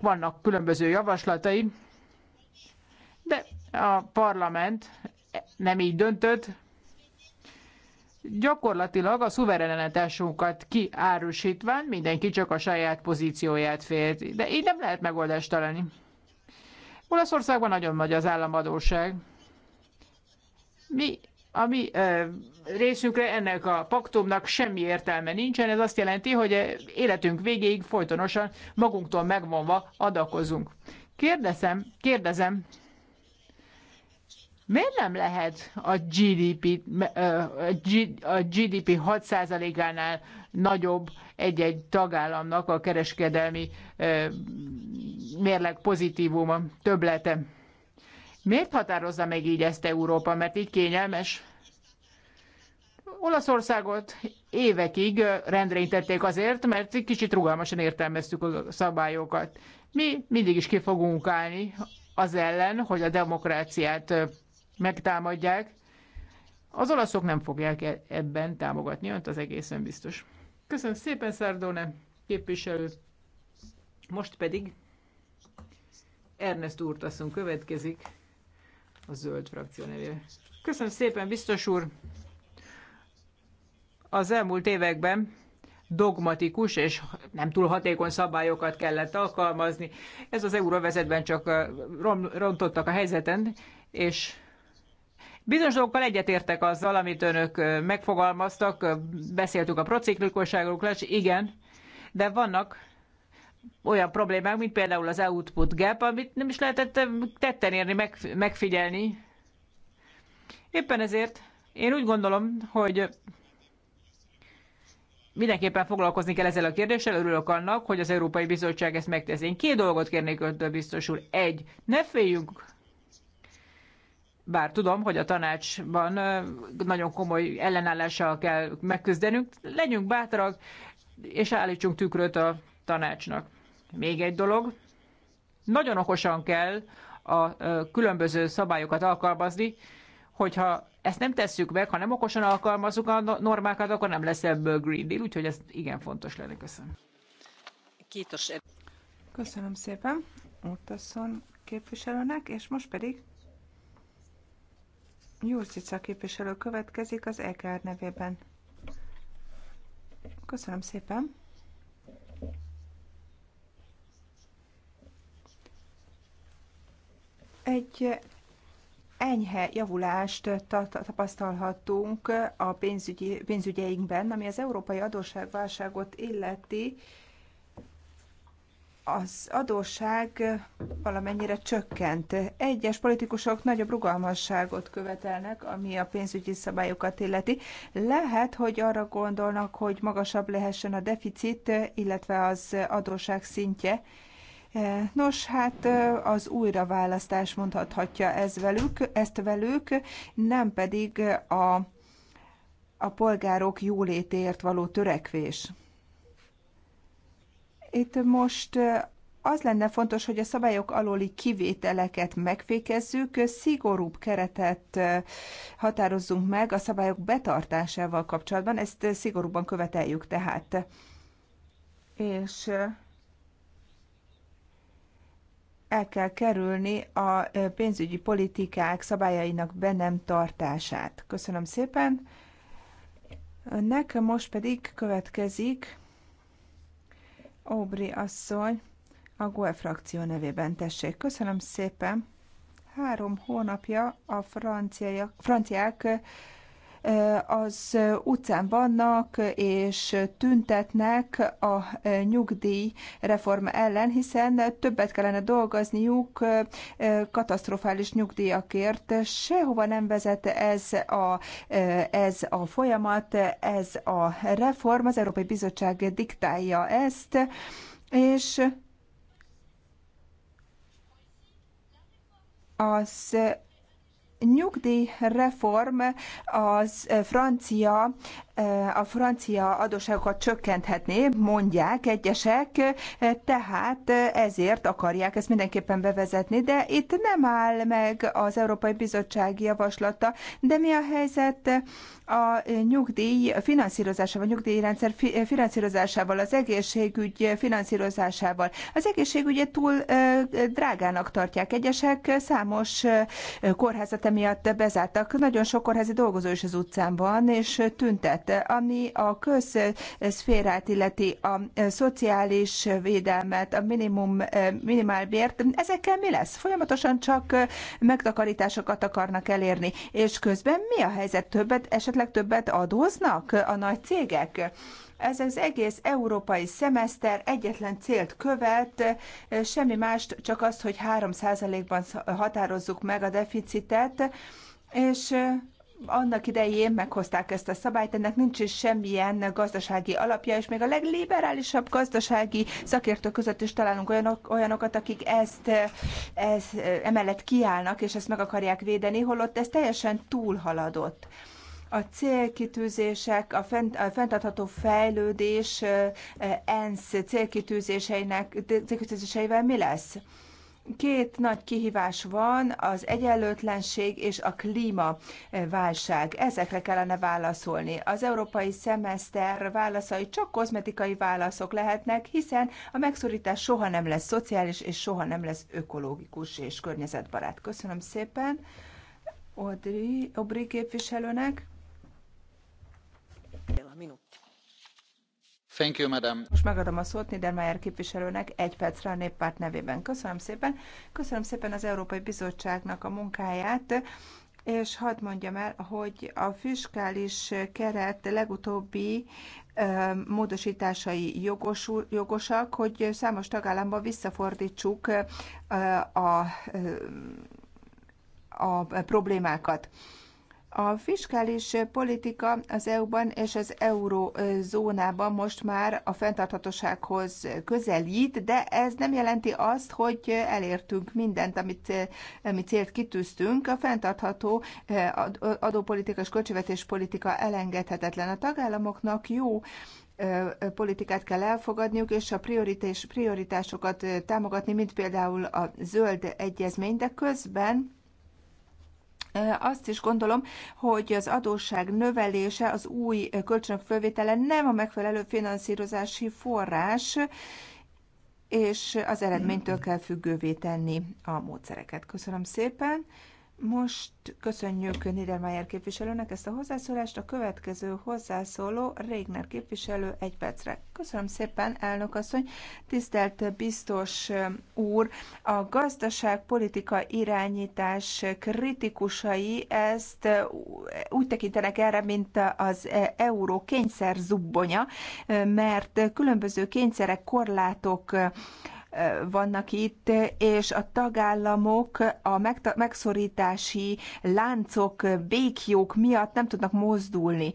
vannak különböző javaslatai, de a parlament nem így döntött, gyakorlatilag a szuverenetásunkat kiárusítván mindenki csak a saját pozícióját félti. De így nem lehet megoldást találni. Olaszországban nagyon nagy az államadóság. Mi a mi ö, részünkre ennek a paktumnak semmi értelme nincsen, ez azt jelenti, hogy életünk végéig folytonosan magunktól megvonva adakozunk. Kérdezem, kérdezem, Miért nem lehet a GDP, a GDP 6%-ánál nagyobb egy-egy tagállamnak a kereskedelmi mérleg pozitívuma, töblete? Miért határozza meg így ezt Európa? Mert így kényelmes. Olaszországot évekig rendreintették azért, mert kicsit rugalmasan értelmeztük a szabályokat. Mi mindig is ki fogunk állni az ellen, hogy a demokráciát megtámadják. Az olaszok nem fogják e- ebben támogatni, önt az egészen biztos. Köszönöm szépen, Szárdóne képviselő. Most pedig Ernest Úrtaszon következik a zöld frakció nevében. Köszönöm szépen, biztos úr! Az elmúlt években dogmatikus és nem túl hatékony szabályokat kellett alkalmazni. Ez az euróvezetben csak rontottak a helyzeten, és Bizonyos dolgokkal egyetértek azzal, amit önök megfogalmaztak, beszéltük a prociklikosságról, és igen, de vannak olyan problémák, mint például az output gap, amit nem is lehetett tetten érni, megfigyelni. Éppen ezért én úgy gondolom, hogy mindenképpen foglalkozni kell ezzel a kérdéssel, örülök annak, hogy az Európai Bizottság ezt megteszi. Én két dolgot kérnék öntől biztosul: Egy, ne féljünk bár tudom, hogy a tanácsban nagyon komoly ellenállással kell megküzdenünk, legyünk bátrak, és állítsunk tükröt a tanácsnak. Még egy dolog, nagyon okosan kell a különböző szabályokat alkalmazni, hogyha ezt nem tesszük meg, ha nem okosan alkalmazzuk a normákat, akkor nem lesz ebből Green Deal, úgyhogy ez igen fontos lenne. Köszönöm. Köszönöm szépen utasszon képviselőnek, és most pedig Jurcica képviselő következik az EKR nevében. Köszönöm szépen. Egy enyhe javulást tapasztalhattunk a pénzügyi, pénzügyeinkben, ami az európai adósságválságot illeti az adósság valamennyire csökkent. Egyes politikusok nagyobb rugalmasságot követelnek, ami a pénzügyi szabályokat illeti. Lehet, hogy arra gondolnak, hogy magasabb lehessen a deficit, illetve az adósság szintje. Nos, hát az újraválasztás mondhatja ez velük, ezt velük, nem pedig a, a polgárok jólétért való törekvés. Itt most az lenne fontos, hogy a szabályok alóli kivételeket megfékezzük, szigorúbb keretet határozzunk meg a szabályok betartásával kapcsolatban, ezt szigorúban követeljük tehát. És el kell kerülni a pénzügyi politikák szabályainak be nem tartását. Köszönöm szépen. Nekem most pedig következik Aubrey asszony, a GOE frakció nevében tessék. Köszönöm szépen. Három hónapja a franciák az utcán vannak és tüntetnek a nyugdíjreforma ellen, hiszen többet kellene dolgozniuk katasztrofális nyugdíjakért. Sehova nem vezet ez a, ez a folyamat, ez a reform, az Európai Bizottság diktálja ezt, és az nyugdíjreform az eh, francia a francia adóságokat csökkenthetné, mondják egyesek, tehát ezért akarják ezt mindenképpen bevezetni, de itt nem áll meg az Európai Bizottság javaslata, de mi a helyzet a nyugdíj finanszírozásával, a nyugdíjrendszer finanszírozásával, az egészségügy finanszírozásával. Az egészségügyet túl drágának tartják egyesek, számos kórházat emiatt bezártak, nagyon sok kórházi dolgozó is az utcán van, és tüntet területet, ami a közszférát illeti a eh, szociális védelmet, a minimum, eh, minimálbért, ezekkel mi lesz? Folyamatosan csak eh, megtakarításokat akarnak elérni, és közben mi a helyzet? Többet, esetleg többet adóznak a nagy cégek? ez az egész európai szemeszter egyetlen célt követ, semmi mást, csak azt, hogy 3%-ban határozzuk meg a deficitet, és annak idején meghozták ezt a szabályt, ennek nincs is semmilyen gazdasági alapja, és még a legliberálisabb gazdasági szakértők között is találunk olyanok, olyanokat, akik ezt, ezt emellett kiállnak, és ezt meg akarják védeni, holott ez teljesen túlhaladott a célkitűzések, a, fent, a fenntartható fejlődés eh, ENSZ célkitűzéseinek, célkitűzéseivel mi lesz? Két nagy kihívás van, az egyenlőtlenség és a klímaválság. Ezekre kellene válaszolni. Az európai szemeszter válaszai csak kozmetikai válaszok lehetnek, hiszen a megszorítás soha nem lesz szociális, és soha nem lesz ökológikus és környezetbarát. Köszönöm szépen Audrey, Aubrey képviselőnek. A minut Thank you, madam. Most megadom a szót Niedermayer képviselőnek egy percre a néppárt nevében. Köszönöm szépen. Köszönöm szépen az Európai Bizottságnak a munkáját. És hadd mondjam el, hogy a fiskális keret legutóbbi módosításai jogosul, jogosak, hogy számos tagállamban visszafordítsuk a, a, a problémákat. A fiskális politika az EU-ban és az eurózónában most már a fenntarthatósághoz közelít, de ez nem jelenti azt, hogy elértünk mindent, amit amit célt kitűztünk. A fenntartható eh, adópolitika és politika elengedhetetlen. A tagállamoknak jó eh, politikát kell elfogadniuk, és a prioritás, prioritásokat támogatni, mint például a zöld egyezmény, de közben azt is gondolom, hogy az adósság növelése, az új kölcsönök fölvétele nem a megfelelő finanszírozási forrás, és az eredménytől kell függővé tenni a módszereket. Köszönöm szépen. Most köszönjük Niedermayer képviselőnek ezt a hozzászólást. A következő hozzászóló Régner képviselő egy percre. Köszönöm szépen, elnök asszony. Tisztelt biztos um, úr, a gazdaságpolitika irányítás kritikusai ezt uh, úgy tekintenek erre, mint az uh, euró kényszer zubbonya, uh, mert különböző kényszerek, korlátok vannak itt, és a tagállamok a megszorítási láncok, békjók miatt nem tudnak mozdulni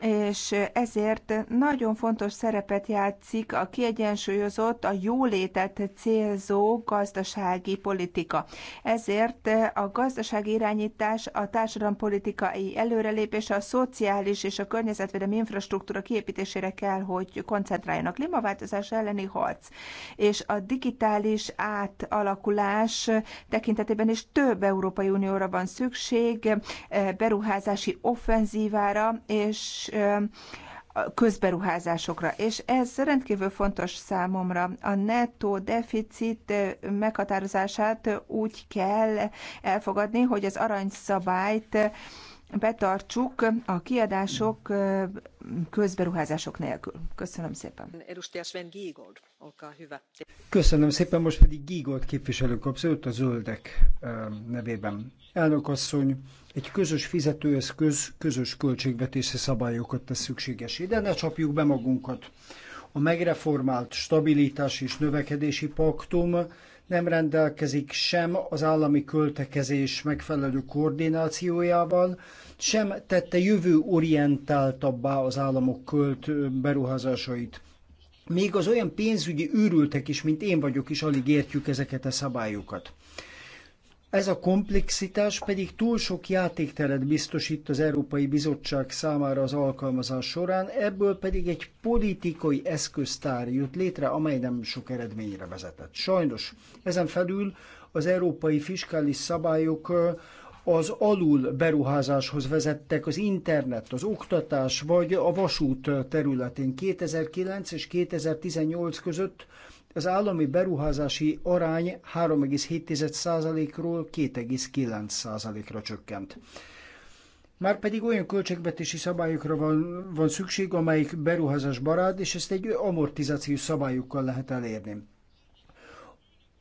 és ezért nagyon fontos szerepet játszik a kiegyensúlyozott, a jólétet célzó gazdasági politika. Ezért a gazdasági irányítás, a társadalompolitikai előrelépés, a szociális és a környezetvédelmi infrastruktúra kiépítésére kell, hogy koncentráljanak. Klímaváltozás elleni harc és a digitális átalakulás tekintetében is több Európai Unióra van szükség, beruházási offenzívára és közberuházásokra, és ez rendkívül fontos számomra. A nettó deficit meghatározását úgy kell elfogadni, hogy az aranyszabályt betartsuk a kiadások közberuházások nélkül. Köszönöm szépen. Köszönöm szépen, most pedig Gígold képviselő kapcsolat a zöldek nevében. Elnök asszony, egy közös fizetőeszköz, közös költségvetési szabályokat tesz szükségesé. De ne csapjuk be magunkat. A megreformált stabilitás és növekedési paktum nem rendelkezik sem az állami költekezés megfelelő koordinációjával, sem tette jövőorientáltabbá az államok költ beruházásait. Még az olyan pénzügyi őrültek is, mint én vagyok is, alig értjük ezeket a szabályokat. Ez a komplexitás pedig túl sok játékteret biztosít az Európai Bizottság számára az alkalmazás során, ebből pedig egy politikai eszköztár jut létre, amely nem sok eredményre vezetett. Sajnos ezen felül az európai fiskális szabályok az alul beruházáshoz vezettek az internet, az oktatás vagy a vasút területén. 2009 és 2018 között az állami beruházási arány 3,7%-ról 2,9%-ra csökkent. pedig olyan költségvetési szabályokra van, van szükség, amelyik beruházás barát, és ezt egy amortizációs szabályokkal lehet elérni.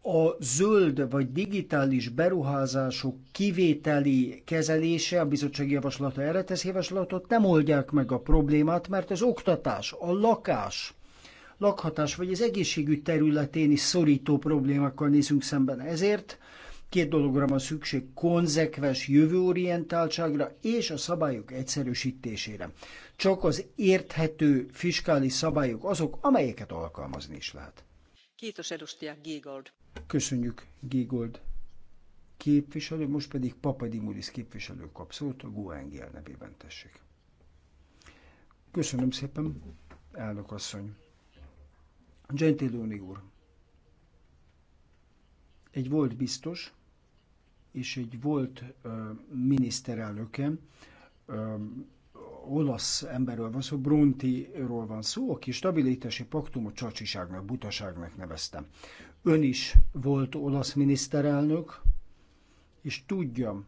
A zöld vagy digitális beruházások kivételi kezelése, a bizottság javaslata erre tesz javaslatot, nem oldják meg a problémát, mert az oktatás, a lakás, lakhatás vagy az egészségügy területén is szorító problémákkal nézünk szemben. Ezért két dologra van szükség, konzekvens jövőorientáltságra és a szabályok egyszerűsítésére. Csak az érthető fiskális szabályok azok, amelyeket alkalmazni is lehet. Kétos edustia, Gégold. Köszönjük, Gégold képviselő, most pedig Papadimulis képviselő kap szót a Guengel nevében tessék. Köszönöm szépen, elnök asszony. Gentiloni úr, egy volt biztos és egy volt ö, miniszterelnöke, ö, olasz emberről van szó, Brontiról van szó, aki stabilitási paktumot csacsiságnak, butaságnak neveztem. Ön is volt olasz miniszterelnök, és tudja,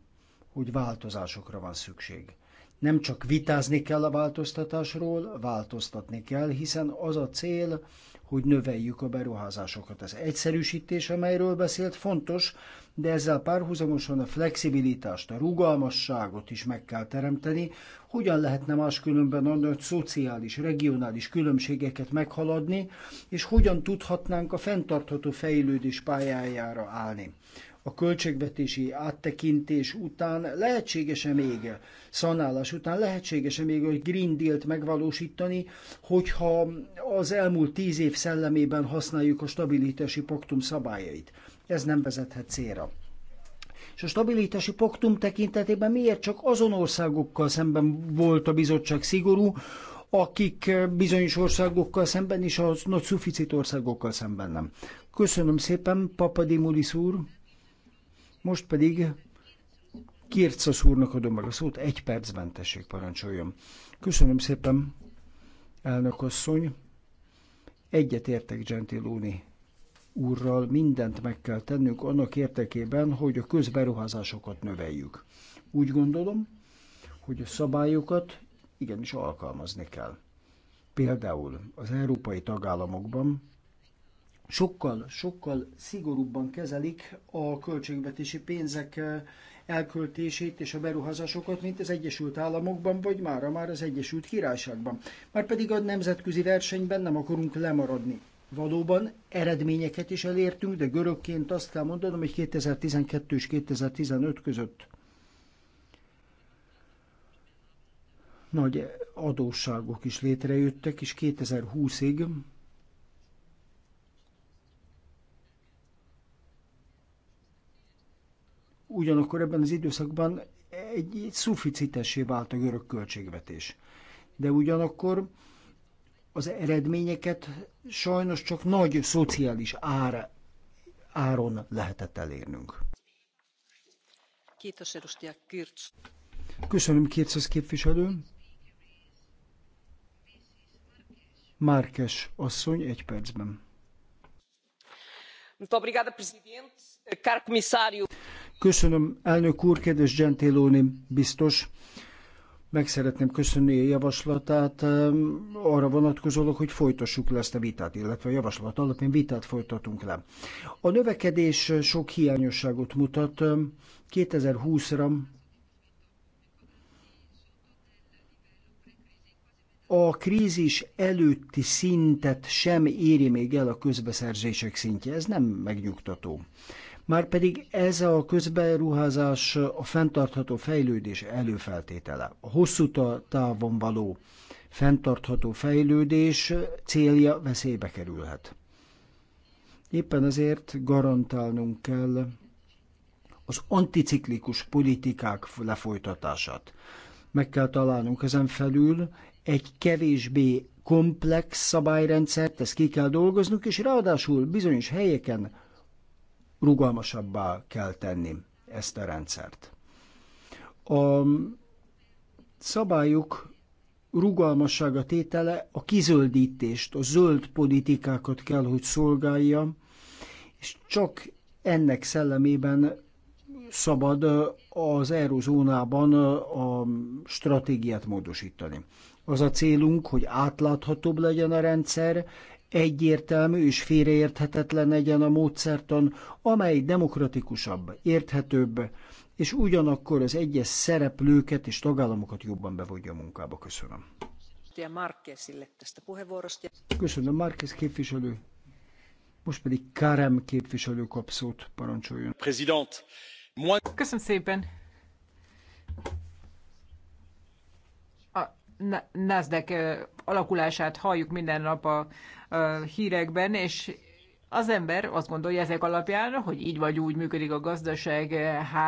hogy változásokra van szükség. Nem csak vitázni kell a változtatásról, változtatni kell, hiszen az a cél, hogy növeljük a beruházásokat. Az egyszerűsítés, amelyről beszélt, fontos, de ezzel párhuzamosan a flexibilitást, a rugalmasságot is meg kell teremteni. Hogyan lehetne máskülönben a nagy szociális, regionális különbségeket meghaladni, és hogyan tudhatnánk a fenntartható fejlődés pályájára állni a költségvetési áttekintés után lehetséges-e még, szanálás után lehetséges-e még a Green Deal-t megvalósítani, hogyha az elmúlt tíz év szellemében használjuk a stabilitási paktum szabályait. Ez nem vezethet célra. És a stabilitási paktum tekintetében miért csak azon országokkal szemben volt a bizottság szigorú, akik bizonyos országokkal szemben és a nagy szuficit országokkal szemben nem. Köszönöm szépen, Papadimulis úr! Most pedig Kircos úrnak adom meg a szót, egy percben tessék parancsoljon. Köszönöm szépen, elnök asszony. Egyet értek Gentiloni úrral, mindent meg kell tennünk annak érdekében, hogy a közberuházásokat növeljük. Úgy gondolom, hogy a szabályokat igenis alkalmazni kell. Például az európai tagállamokban sokkal, sokkal szigorúbban kezelik a költségvetési pénzek eh, elköltését és a beruházásokat, mint az Egyesült Államokban, vagy a már az Egyesült Királyságban. Már pedig a nemzetközi versenyben nem akarunk lemaradni. Valóban eredményeket is elértünk, de görögként azt kell mondanom, hogy 2012 és 2015 között nagy adósságok is létrejöttek, és 2020-ig ugyanakkor ebben az időszakban egy, egy szuficitessé vált a görög költségvetés. De ugyanakkor az eredményeket sajnos csak nagy szociális ár, áron lehetett elérnünk. Köszönöm, Kircz képviselő. Márkes asszony egy percben. Köszönöm, elnök úr, kedves Gentiloni biztos. Meg szeretném köszönni a javaslatát ehm, arra vonatkozólag, hogy folytassuk le ezt a vitát, illetve a javaslat alapján vitát folytatunk le. A növekedés sok hiányosságot mutat. 2020-ra ehm, a krízis előtti szintet sem éri még el a közbeszerzések szintje. Ez nem megnyugtató. Márpedig ez a közberuházás a fenntartható fejlődés előfeltétele. A hosszú távon való fenntartható fejlődés célja veszélybe kerülhet. Éppen ezért garantálnunk kell az anticiklikus politikák lefolytatását. Meg kell találnunk ezen felül egy kevésbé komplex szabályrendszert, ezt ki kell dolgoznunk, és ráadásul bizonyos helyeken rugalmasabbá kell tenni ezt a rendszert. A szabályok rugalmassága tétele a kizöldítést, a zöld politikákat kell, hogy szolgálja, és csak ennek szellemében szabad az eurozónában a stratégiát módosítani. Az a célunk, hogy átláthatóbb legyen a rendszer, egyértelmű és félreérthetetlen legyen a módszertan, amely demokratikusabb, érthetőbb, és ugyanakkor az egyes szereplőket és tagállamokat jobban bevonja a munkába. Köszönöm. Köszönöm, Márquez képviselő. Most pedig Kárem képviselő kap szót, parancsoljon. Köszönöm szépen. A NASDAQ alakulását halljuk minden nap a hírekben, és az ember azt gondolja ezek alapján, hogy így vagy úgy működik a gazdaság,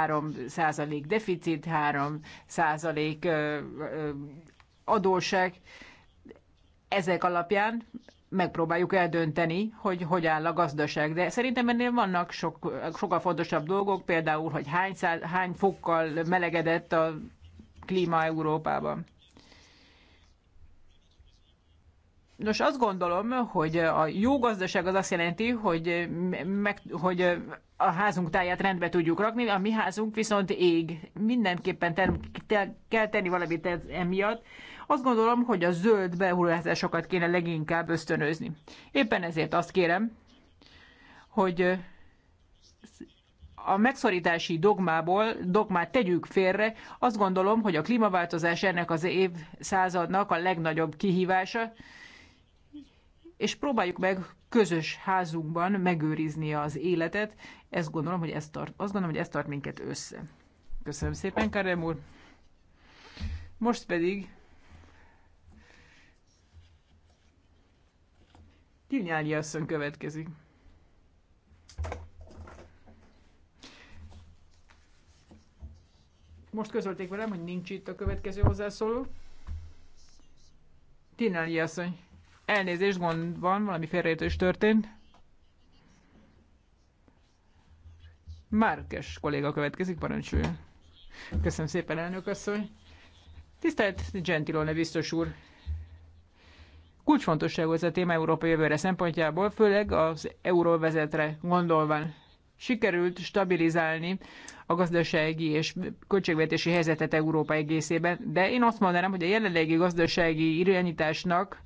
3% deficit, 3% adóság. Ezek alapján megpróbáljuk eldönteni, hogy hogy áll a gazdaság. De szerintem ennél vannak sok, sokkal fontosabb dolgok, például, hogy hány, száz, hány fokkal melegedett a klíma Európában. Nos, azt gondolom, hogy a jó gazdaság az azt jelenti, hogy, meg, hogy a házunk táját rendbe tudjuk rakni, a mi házunk viszont ég. Mindenképpen ter- te- kell tenni valamit ez emiatt. Azt gondolom, hogy a zöld beruházásokat kéne leginkább ösztönözni. Éppen ezért azt kérem, hogy a megszorítási dogmából, dogmát tegyük félre, azt gondolom, hogy a klímaváltozás ennek az évszázadnak a legnagyobb kihívása, és próbáljuk meg közös házunkban megőrizni az életet. Ezt gondolom, hogy ez tart, azt gondolom, hogy ez tart minket össze. Köszönöm szépen, Karem úr. Most pedig Tilnyáli asszony következik. Most közölték velem, hogy nincs itt a következő hozzászóló. Tilnyáli asszony. Elnézést, gond van, valami félreértés történt. Márkes kolléga következik, parancsoljon. Köszönöm szépen, elnök asszony. Tisztelt Gentilone biztos úr, kulcsfontosságú ez a téma Európa jövőre szempontjából, főleg az euróvezetre gondolva. Sikerült stabilizálni a gazdasági és költségvetési helyzetet Európa egészében, de én azt mondanám, hogy a jelenlegi gazdasági irányításnak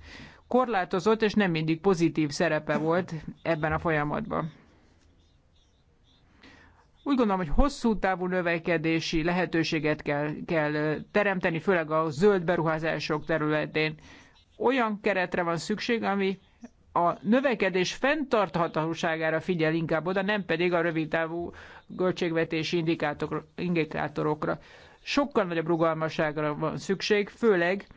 korlátozott és nem mindig pozitív szerepe volt ebben a folyamatban. Úgy gondolom, hogy hosszú távú növekedési lehetőséget kell, kell teremteni, főleg a zöld beruházások területén. Olyan keretre van szükség, ami a növekedés fenntarthatóságára figyel inkább oda, nem pedig a rövidtávú költségvetési indikátorokra. Sokkal nagyobb rugalmasságra van szükség, főleg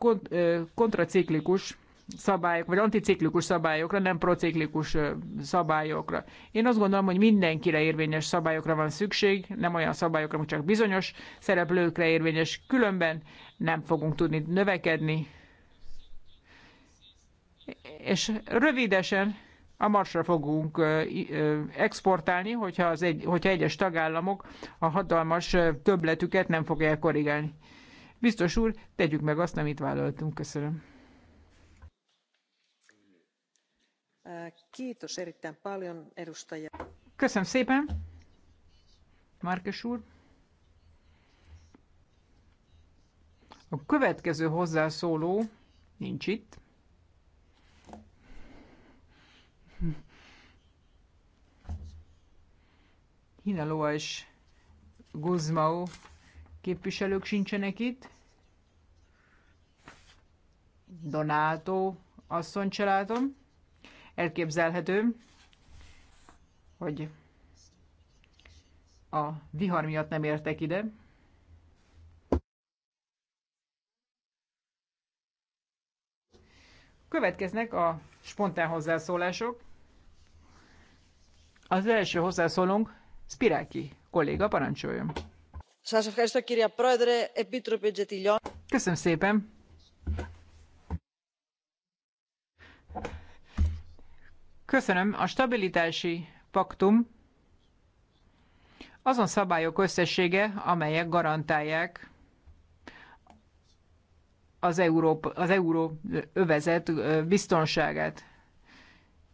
kont- kontraciklikus szabályok, vagy anticiklikus szabályokra, nem prociklikus szabályokra. Én azt gondolom, hogy mindenkire érvényes szabályokra van szükség, nem olyan szabályokra, hogy csak bizonyos szereplőkre érvényes, különben nem fogunk tudni növekedni. És rövidesen a marsra fogunk exportálni, hogyha, az egy, hogyha egyes tagállamok a hatalmas többletüket nem fogják korrigálni. Biztos úr, tegyük meg azt, amit vállaltunk. Köszönöm. Kiitos erittäin paljon, edustaja. Köszönöm szépen, Márkes úr. A következő hozzászóló nincs itt. Hinaloa és Guzmau képviselők sincsenek itt. Donato asszony családom. Elképzelhető, hogy a vihar miatt nem értek ide. Következnek a spontán hozzászólások. Az első hozzászólónk Spiráki kolléga, parancsoljon. Köszönöm szépen. Köszönöm. A stabilitási paktum azon szabályok összessége, amelyek garantálják az, euróövezet övezet biztonságát.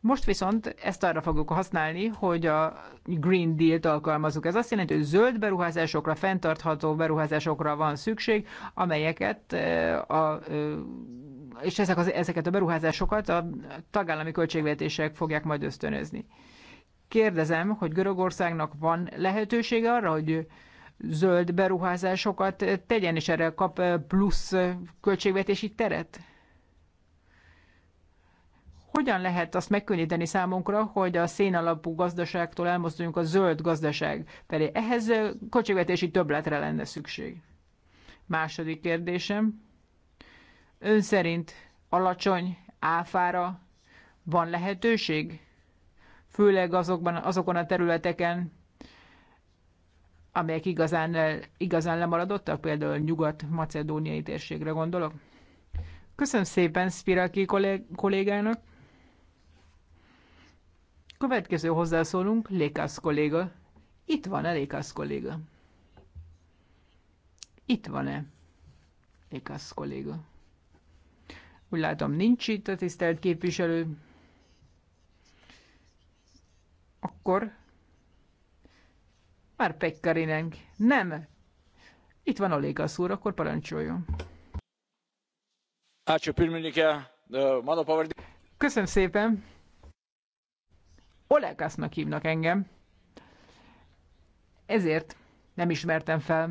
Most viszont ezt arra fogjuk használni, hogy a Green Deal-t alkalmazunk. Ez azt jelenti, hogy zöld beruházásokra, fenntartható beruházásokra van szükség, amelyeket a, és ezek az, ezeket a beruházásokat a tagállami költségvetések fogják majd ösztönözni. Kérdezem, hogy Görögországnak van lehetősége arra, hogy zöld beruházásokat tegyen, és erre kap plusz költségvetési teret? Hogyan lehet azt megkönnyíteni számunkra, hogy a szénalapú gazdaságtól elmozduljunk a zöld gazdaság felé? Ehhez költségvetési többletre lenne szükség. Második kérdésem. Ön szerint alacsony áfára van lehetőség? Főleg azokban, azokon a területeken, amelyek igazán, igazán lemaradottak, például nyugat-macedóniai térségre gondolok. Köszönöm szépen Spiraki kollégának. Következő hozzászólunk, Lékász kolléga. Itt van-e Lékász kolléga? Itt van-e Lékász kolléga? Úgy látom, nincs itt a tisztelt képviselő. Akkor már Pekkarinenk. Nem. Itt van a Lékász úr, akkor parancsoljon. Köszönöm szépen. Olekasznak hívnak engem. Ezért nem ismertem fel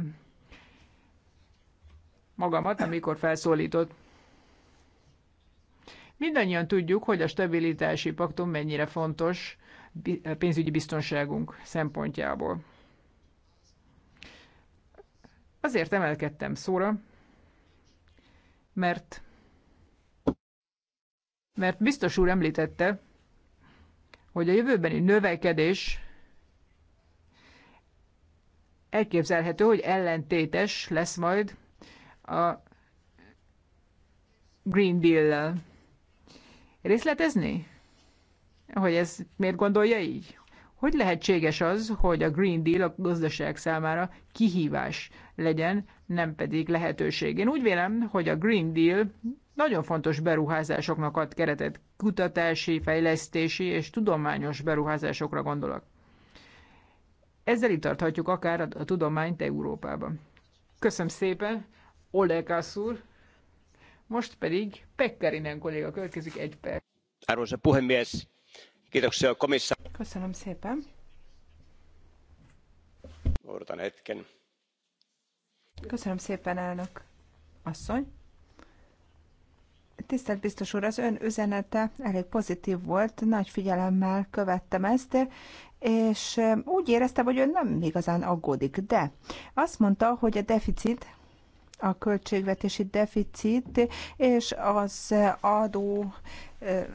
magamat, amikor felszólított. Mindannyian tudjuk, hogy a stabilitási paktum mennyire fontos pénzügyi biztonságunk szempontjából. Azért emelkedtem szóra, mert, mert biztos úr említette, hogy a jövőbeni növekedés elképzelhető, hogy ellentétes lesz majd a Green Deal-lel. Részletezni? Hogy ez miért gondolja így? Hogy lehetséges az, hogy a Green Deal a gazdaság számára kihívás legyen, nem pedig lehetőség? Én úgy vélem, hogy a Green Deal nagyon fontos beruházásoknak ad keretet kutatási, fejlesztési és tudományos beruházásokra gondolok. Ezzel itt tarthatjuk akár a tudományt Európában. Köszönöm szépen, Oleg Asszúr, most pedig Pekkerinen kolléga következik egy perc. Arvoisa puhemies, kiitoksia komissa. Köszönöm szépen. Odotan hetken. Köszönöm szépen, elnök asszony. Tisztelt biztos úr, az ön üzenete elég pozitív volt, nagy figyelemmel követtem ezt, és úgy éreztem, hogy ön nem igazán aggódik, de azt mondta, hogy a deficit, a költségvetési deficit és az adó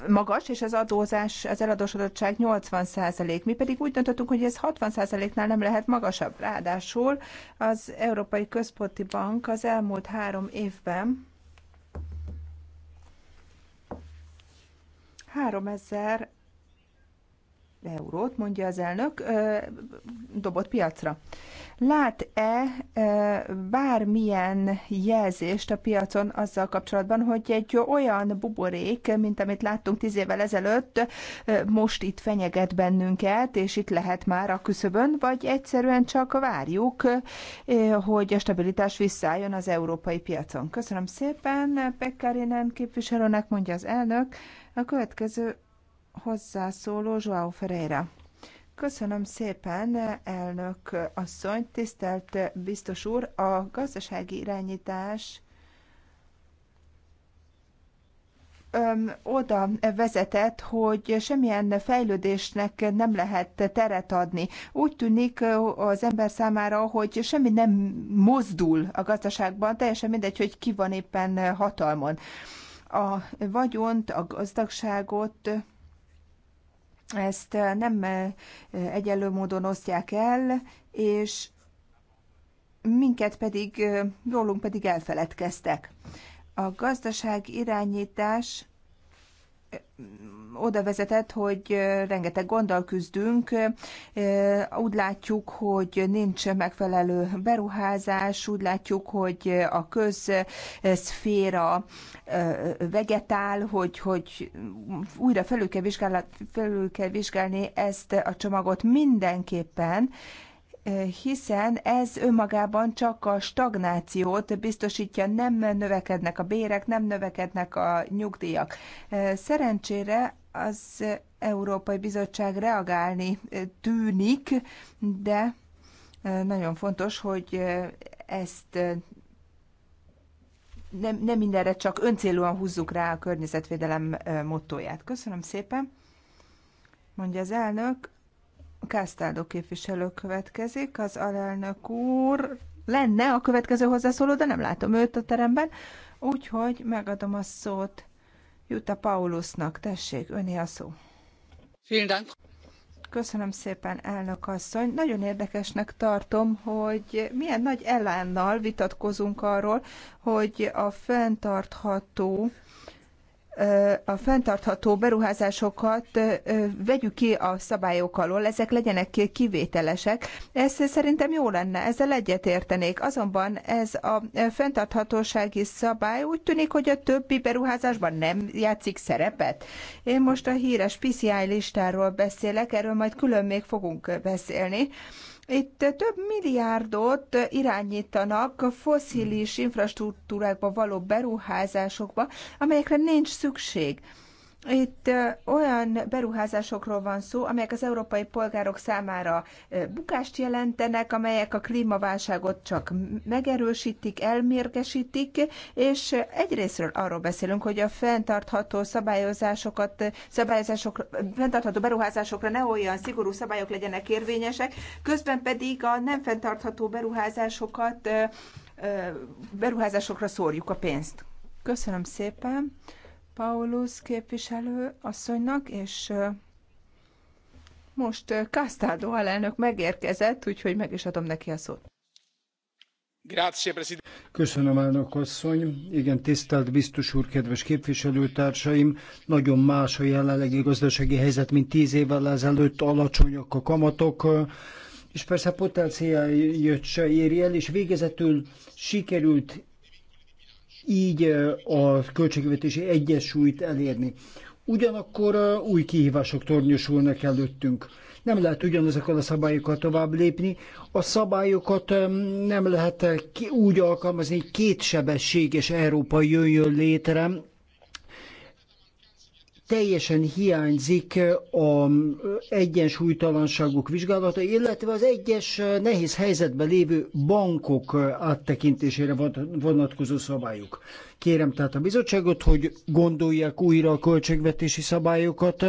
magas, és az adózás, az eladósodottság 80 százalék. Mi pedig úgy döntöttünk, hogy ez 60 százaléknál nem lehet magasabb. Ráadásul az Európai Központi Bank az elmúlt három évben 3000 eurót, mondja az elnök, dobott piacra. Lát-e bármilyen jelzést a piacon azzal kapcsolatban, hogy egy olyan buborék, mint amit láttunk tíz évvel ezelőtt, most itt fenyeget bennünket, és itt lehet már a küszöbön, vagy egyszerűen csak várjuk, hogy a stabilitás visszaálljon az európai piacon. Köszönöm szépen, Pekkarinen képviselőnek mondja az elnök. A következő hozzászóló João Ferreira. Köszönöm szépen, elnök asszony, tisztelt biztos úr, a gazdasági irányítás oda vezetett, hogy semmilyen fejlődésnek nem lehet teret adni. Úgy tűnik az ember számára, hogy semmi nem mozdul a gazdaságban, teljesen mindegy, hogy ki van éppen hatalmon a vagyont, a gazdagságot, ezt nem egyenlő módon osztják el, és minket pedig, rólunk pedig elfeledkeztek. A gazdaság irányítás oda vezetett, hogy rengeteg gonddal küzdünk. Úgy látjuk, hogy nincs megfelelő beruházás, úgy látjuk, hogy a közszféra vegetál, hogy, hogy újra felül kell, vizsgálni, felül kell vizsgálni ezt a csomagot mindenképpen, hiszen ez önmagában csak a stagnációt biztosítja, nem növekednek a bérek, nem növekednek a nyugdíjak. Szerencsére az Európai Bizottság reagálni tűnik, de nagyon fontos, hogy ezt nem, nem mindenre csak öncélúan húzzuk rá a környezetvédelem mottóját. Köszönöm szépen, mondja az elnök. Kásztáldó képviselő következik, az alelnök úr lenne a következő hozzászóló, de nem látom őt a teremben, úgyhogy megadom a szót Jutta Paulusnak. Tessék, öné a szó. Köszönöm szépen, elnök asszony. Nagyon érdekesnek tartom, hogy milyen nagy elánnal vitatkozunk arról, hogy a fenntartható a fenntartható beruházásokat vegyük ki a szabályok alól, ezek legyenek kivételesek. Ez szerintem jó lenne, ezzel egyetértenék. Azonban ez a fenntarthatósági szabály úgy tűnik, hogy a többi beruházásban nem játszik szerepet. Én most a híres PCI listáról beszélek, erről majd külön még fogunk beszélni. Itt több milliárdot irányítanak foszilis infrastruktúrákba való beruházásokba, amelyekre nincs szükség. Itt olyan beruházásokról van szó, amelyek az európai polgárok számára bukást jelentenek, amelyek a klímaválságot csak megerősítik, elmérgesítik, és egyrésztről arról beszélünk, hogy a fenntartható szabályozásokat, szabályozások fenntartható beruházásokra ne olyan szigorú szabályok legyenek érvényesek, közben pedig a nem fenntartható beruházásokat beruházásokra szórjuk a pénzt. Köszönöm szépen. Paulus képviselő asszonynak, és most Castaldo alelnök megérkezett, úgyhogy meg is adom neki a szót. Köszönöm, elnök asszony. Igen, tisztelt biztos úr, kedves képviselőtársaim. Nagyon más a jelenlegi gazdasági helyzet, mint tíz évvel ezelőtt. Alacsonyak a kamatok, és persze potenciál, se éri el, és végezetül sikerült így a költségvetési egyensúlyt elérni. Ugyanakkor új kihívások tornyosulnak előttünk. Nem lehet ugyanazokkal a szabályokkal tovább lépni. A szabályokat nem lehet úgy alkalmazni, hogy kétsebességes Európa jöjjön létre, teljesen hiányzik a egyensúlytalanságok vizsgálata, illetve az egyes nehéz helyzetben lévő bankok áttekintésére vonatkozó szabályok. Kérem tehát a bizottságot, hogy gondolják újra a költségvetési szabályokat,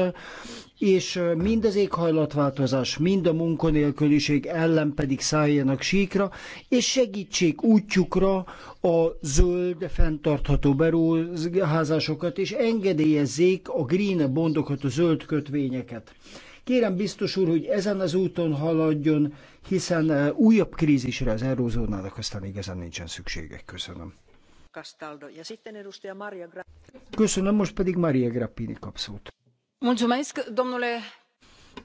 és mind az éghajlatváltozás, mind a munkanélküliség ellen pedig szálljanak síkra, és segítsék útjukra a zöld, fenntartható beruházásokat, és engedélyezzék a green bondokat, a zöld kötvényeket. Kérem biztos úr, hogy ezen az úton haladjon, hiszen újabb krízisre az eurózónának aztán igazán nincsen szüksége. Köszönöm. Köszönöm, most pedig Maria Grappini kap szót.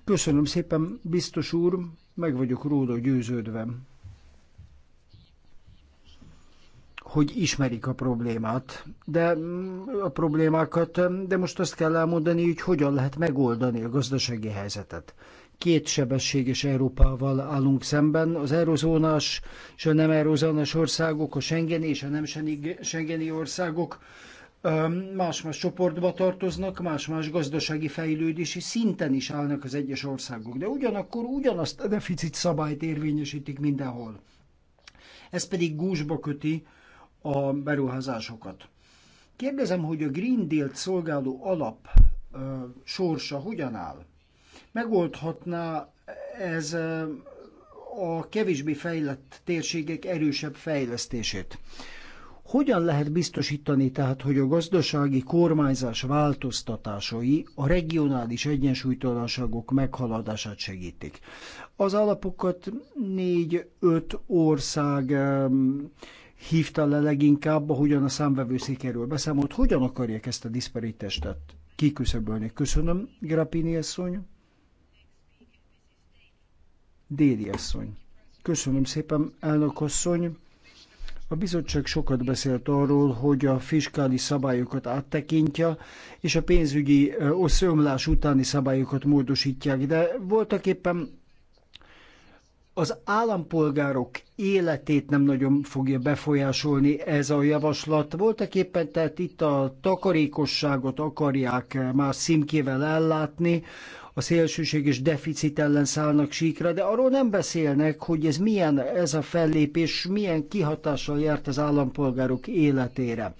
Köszönöm szépen, biztos úr, meg vagyok róla győződve, hogy ismerik a problémát, de mm, a problémákat, de most azt kell elmondani, hogy hogyan lehet megoldani a gazdasági helyzetet. Két sebességes Európával állunk szemben, az eurozónás és a nem eurozónás országok, a Schengeni és a nem Schengeni országok más-más csoportba tartoznak, más-más gazdasági fejlődési szinten is állnak az egyes országok, de ugyanakkor ugyanazt a deficit szabályt érvényesítik mindenhol. Ez pedig gúzsba köti a beruházásokat. Kérdezem, hogy a Green deal szolgáló alap ö, sorsa hogyan áll? Megoldhatná ez ö, a kevésbé fejlett térségek erősebb fejlesztését. Hogyan lehet biztosítani tehát, hogy a gazdasági kormányzás változtatásai a regionális egyensúlytalanságok meghaladását segítik? Az alapokat négy-öt ország hívta le leginkább, ahogyan a számvevőszék erről beszámolt. Hogyan akarják ezt a diszparitást kiküszöbölni? Köszönöm, Grappini asszony. Déli asszony. Köszönöm szépen, elnök asszony. A bizottság sokat beszélt arról, hogy a fiskális szabályokat áttekintja, és a pénzügyi összeomlás utáni szabályokat módosítják, de voltak éppen az állampolgárok életét nem nagyon fogja befolyásolni ez a javaslat. Voltak éppen, tehát itt a takarékosságot akarják már szimkével ellátni, a szélsőséges deficit ellen szállnak síkra, de arról nem beszélnek, hogy ez milyen ez a fellépés, milyen kihatással járt az állampolgárok életére.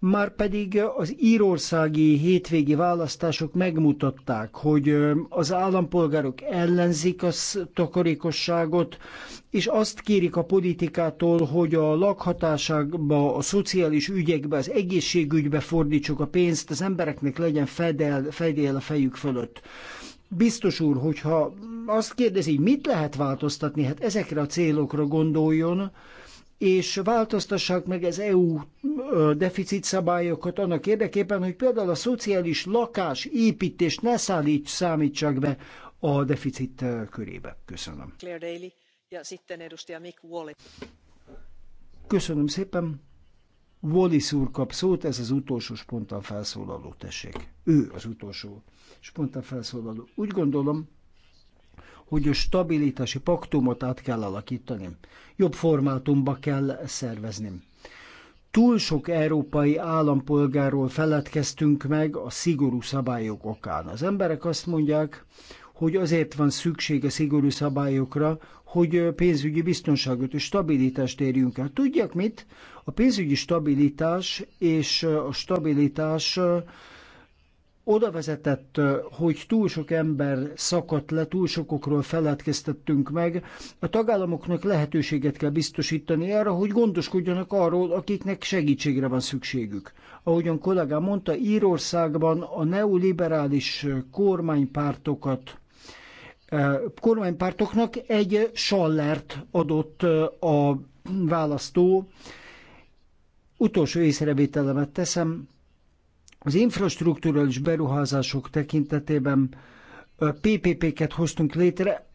Már pedig az írországi hétvégi választások megmutatták, hogy az állampolgárok ellenzik a takarékosságot, és azt kérik a politikától, hogy a lakhatáságba, a szociális ügyekbe, az egészségügybe fordítsuk a pénzt, az embereknek legyen fedel, fedél a fejük fölött. Biztos úr, hogyha azt kérdezi, mit lehet változtatni, hát ezekre a célokra gondoljon, és változtassák meg az EU deficit szabályokat annak érdekében, hogy például a szociális lakás építés ne szállít, számítsák be a deficit körébe. Köszönöm. Claire Daly. Ja, sitten edustaja Mick Köszönöm szépen. Wallis úr kap szót, ez az utolsó spontán felszólaló, tessék. Ő az utolsó spontán felszólaló. Úgy gondolom, hogy a stabilitási paktumot át kell alakítani. Jobb formátumba kell szervezni. Túl sok európai állampolgárról feledkeztünk meg a szigorú szabályok okán. Az emberek azt mondják, hogy azért van szükség a szigorú szabályokra, hogy pénzügyi biztonságot és stabilitást érjünk el. Tudják mit? A pénzügyi stabilitás és a stabilitás oda vezetett, hogy túl sok ember szakadt le, túl sokokról feledkeztettünk meg. A tagállamoknak lehetőséget kell biztosítani arra, hogy gondoskodjanak arról, akiknek segítségre van szükségük. Ahogyan kollégám mondta, Írországban a neoliberális kormánypártokat kormánypártoknak egy sallert adott a választó. Utolsó észrevételemet teszem, az infrastruktúrális beruházások tekintetében PPP-ket hoztunk létre,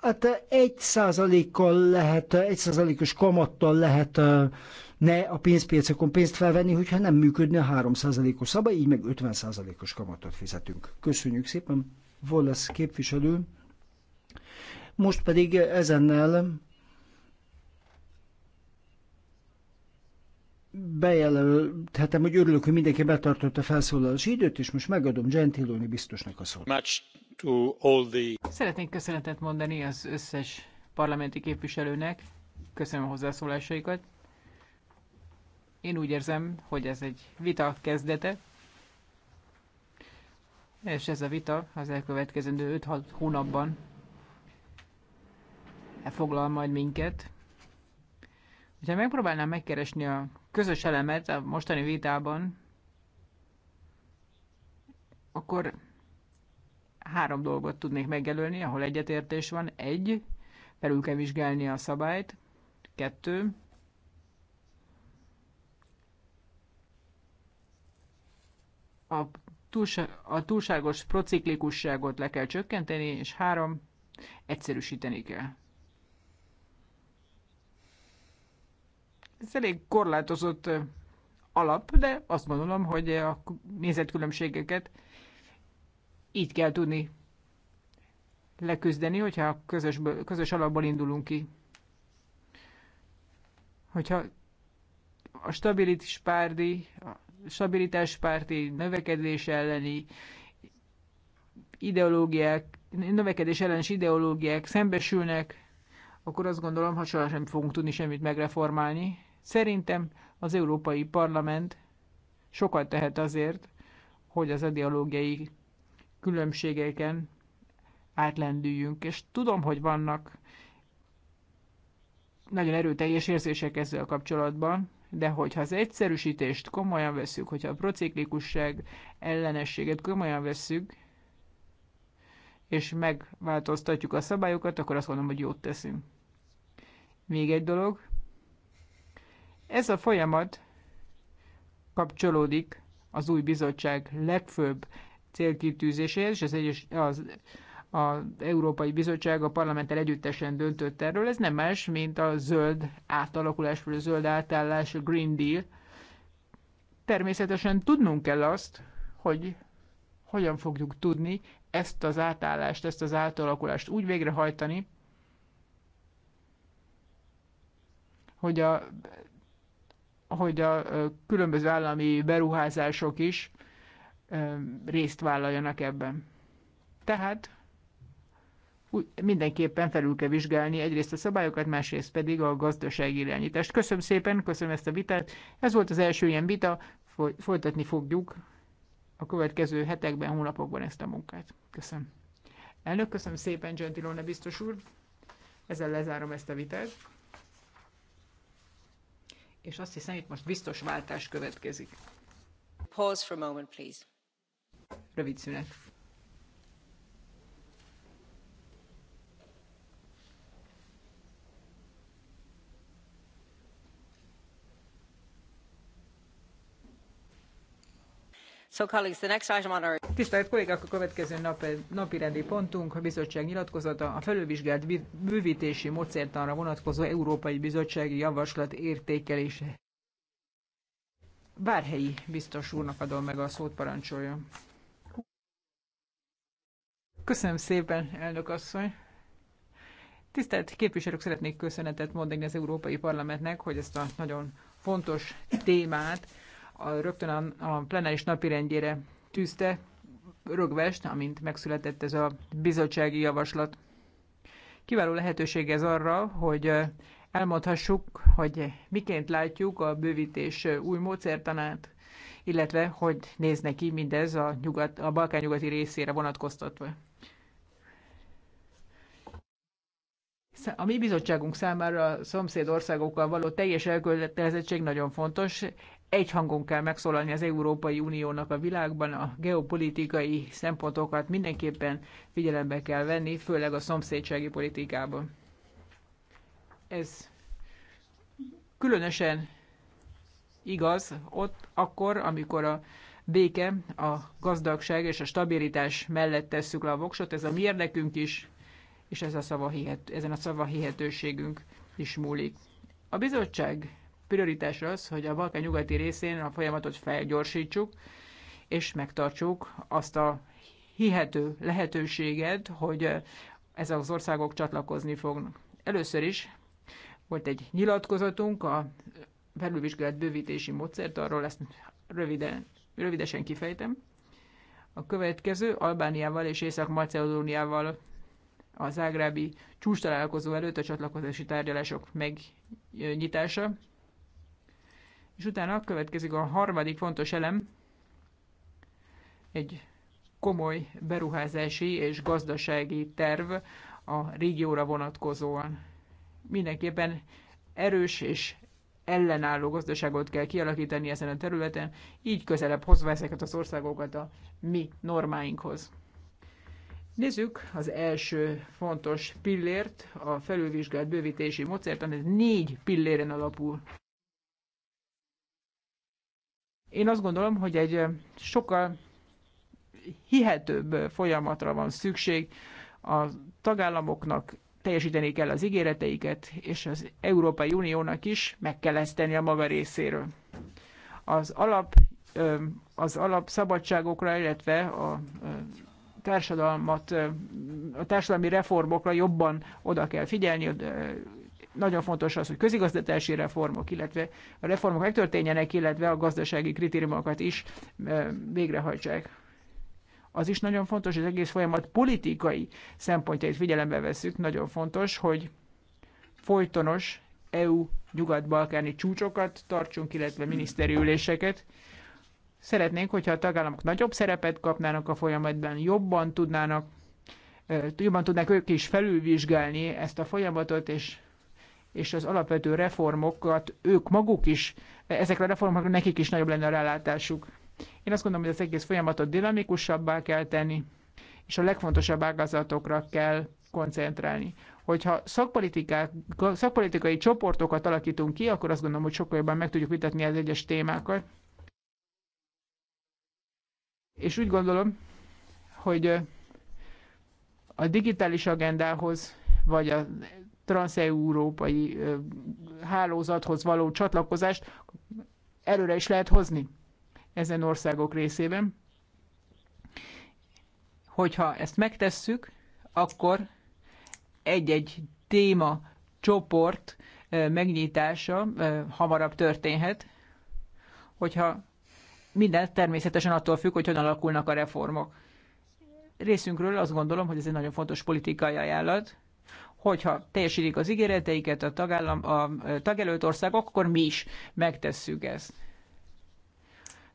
hát egy százalékkal lehet, egy százalékos kamattal lehet ne a pénzpiacokon pénzt felvenni, hogyha nem működne a 3 százalékos szabály, így meg 50 százalékos kamatot fizetünk. Köszönjük szépen, Wallace képviselő. Most pedig ezennel bejelölhetem, hogy örülök, hogy mindenki betartotta a felszólalási időt, és most megadom Gentiloni biztosnak a szót. Szeretnék köszönetet mondani az összes parlamenti képviselőnek. Köszönöm a hozzászólásaikat. Én úgy érzem, hogy ez egy vita kezdete, és ez a vita az elkövetkezendő 5-6 hónapban elfoglal majd minket. Ha megpróbálnám megkeresni a közös elemet a mostani vitában, akkor három dolgot tudnék megjelölni, ahol egyetértés van. Egy, felül kell vizsgálni a szabályt. Kettő, a, túlsa, a túlságos prociklikusságot le kell csökkenteni, és három, egyszerűsíteni kell. Ez elég korlátozott alap, de azt mondom, hogy a nézetkülönbségeket így kell tudni leküzdeni, hogyha közös, közös alapból indulunk ki. Hogyha a stabilitás párti, a stabilitás párti növekedés elleni ideológiák, növekedés ellenes ideológiák szembesülnek, akkor azt gondolom, ha sohasem fogunk tudni semmit megreformálni. Szerintem az Európai Parlament sokat tehet azért, hogy az ideológiai különbségeken átlendüljünk, és tudom, hogy vannak nagyon erőteljes érzések ezzel a kapcsolatban, de hogyha az egyszerűsítést komolyan veszük, hogyha a prociklikusság ellenességet komolyan veszük, és megváltoztatjuk a szabályokat, akkor azt mondom, hogy jót teszünk. Még egy dolog, ez a folyamat kapcsolódik az új bizottság legfőbb célkitűzéséhez, és az, egyes, az, az Európai Bizottság a parlamenttel együttesen döntött erről. Ez nem más, mint a zöld átalakulás, vagy a zöld átállás, a Green Deal. Természetesen tudnunk kell azt, hogy hogyan fogjuk tudni ezt az átállást, ezt az átalakulást úgy végrehajtani, hogy a hogy a különböző állami beruházások is részt vállaljanak ebben. Tehát úgy, mindenképpen felül kell vizsgálni egyrészt a szabályokat, másrészt pedig a gazdasági irányítást. Köszönöm szépen, köszönöm ezt a vitát. Ez volt az első ilyen vita, folytatni fogjuk a következő hetekben, hónapokban ezt a munkát. Köszönöm. Elnök, köszönöm szépen, Gentilone biztos úr. Ezzel lezárom ezt a vitát és azt hiszem, itt most biztos váltás következik. Pause for a moment, please. Rövid szünet. Tisztelt kollégák, a következő nap, napi rendi pontunk a bizottság nyilatkozata a felülvizsgált bővítési módszertanra vonatkozó Európai Bizottsági Javaslat értékelése. Bárhelyi biztos úrnak adom meg a szót, parancsolja. Köszönöm szépen, elnök asszony. Tisztelt képviselők, szeretnék köszönetet mondani az Európai Parlamentnek, hogy ezt a nagyon fontos témát a, rögtön a, a plenáris napirendjére tűzte rögvest, amint megszületett ez a bizottsági javaslat. Kiváló lehetőség ez arra, hogy elmondhassuk, hogy miként látjuk a bővítés új módszertanát, illetve hogy néz neki mindez a, nyugat, a Balkán nyugati részére vonatkoztatva. A mi bizottságunk számára a szomszéd országokkal való teljes elkötelezettség nagyon fontos egy hangon kell megszólalni az Európai Uniónak a világban, a geopolitikai szempontokat mindenképpen figyelembe kell venni, főleg a szomszédsági politikában. Ez különösen igaz ott akkor, amikor a béke, a gazdagság és a stabilitás mellett tesszük le a voksot, ez a mi érdekünk is, és ez a szava hihet, ezen a szava hihetőségünk is múlik. A bizottság prioritás az, hogy a Balkán nyugati részén a folyamatot felgyorsítsuk, és megtartsuk azt a hihető lehetőséget, hogy ezek az országok csatlakozni fognak. Először is volt egy nyilatkozatunk a felülvizsgálat bővítési módszert, arról ezt röviden, rövidesen kifejtem. A következő Albániával és Észak-Macedóniával a zágrábi csúcs találkozó előtt a csatlakozási tárgyalások megnyitása. És utána következik a harmadik fontos elem, egy komoly beruházási és gazdasági terv a régióra vonatkozóan. Mindenképpen erős és ellenálló gazdaságot kell kialakítani ezen a területen, így közelebb hozva ezeket az országokat a mi normáinkhoz. Nézzük az első fontos pillért, a felülvizsgált bővítési módszert, ez négy pilléren alapul. Én azt gondolom, hogy egy sokkal hihetőbb folyamatra van szükség. A tagállamoknak teljesíteni kell az ígéreteiket, és az Európai Uniónak is meg kell ezt tenni a maga részéről. Az alap az alap szabadságokra illetve a társadalmat, a társadalmi reformokra jobban oda kell figyelni, nagyon fontos az, hogy közigazgatási reformok, illetve a reformok megtörténjenek, illetve a gazdasági kritériumokat is végrehajtsák. Az is nagyon fontos, hogy az egész folyamat politikai szempontjait figyelembe veszük. Nagyon fontos, hogy folytonos EU nyugat-balkáni csúcsokat tartsunk, illetve miniszteri Szeretnénk, hogyha a tagállamok nagyobb szerepet kapnának a folyamatban, jobban tudnának jobban tudnák ők is felülvizsgálni ezt a folyamatot, és és az alapvető reformokat ők maguk is, ezekre a reformokra nekik is nagyobb lenne a rálátásuk. Én azt gondolom, hogy az egész folyamatot dinamikusabbá kell tenni, és a legfontosabb ágazatokra kell koncentrálni. Hogyha szakpolitikai csoportokat alakítunk ki, akkor azt gondolom, hogy sokkal jobban meg tudjuk vitatni az egyes témákat. És úgy gondolom, hogy a digitális agendához, vagy a transeurópai hálózathoz való csatlakozást előre is lehet hozni ezen országok részében. Hogyha ezt megtesszük, akkor egy-egy téma csoport megnyitása hamarabb történhet, hogyha minden természetesen attól függ, hogy hogyan alakulnak a reformok. Részünkről azt gondolom, hogy ez egy nagyon fontos politikai ajánlat, hogyha teljesítik az ígéreteiket a, tagállam, a tagjelölt országok, akkor mi is megtesszük ezt.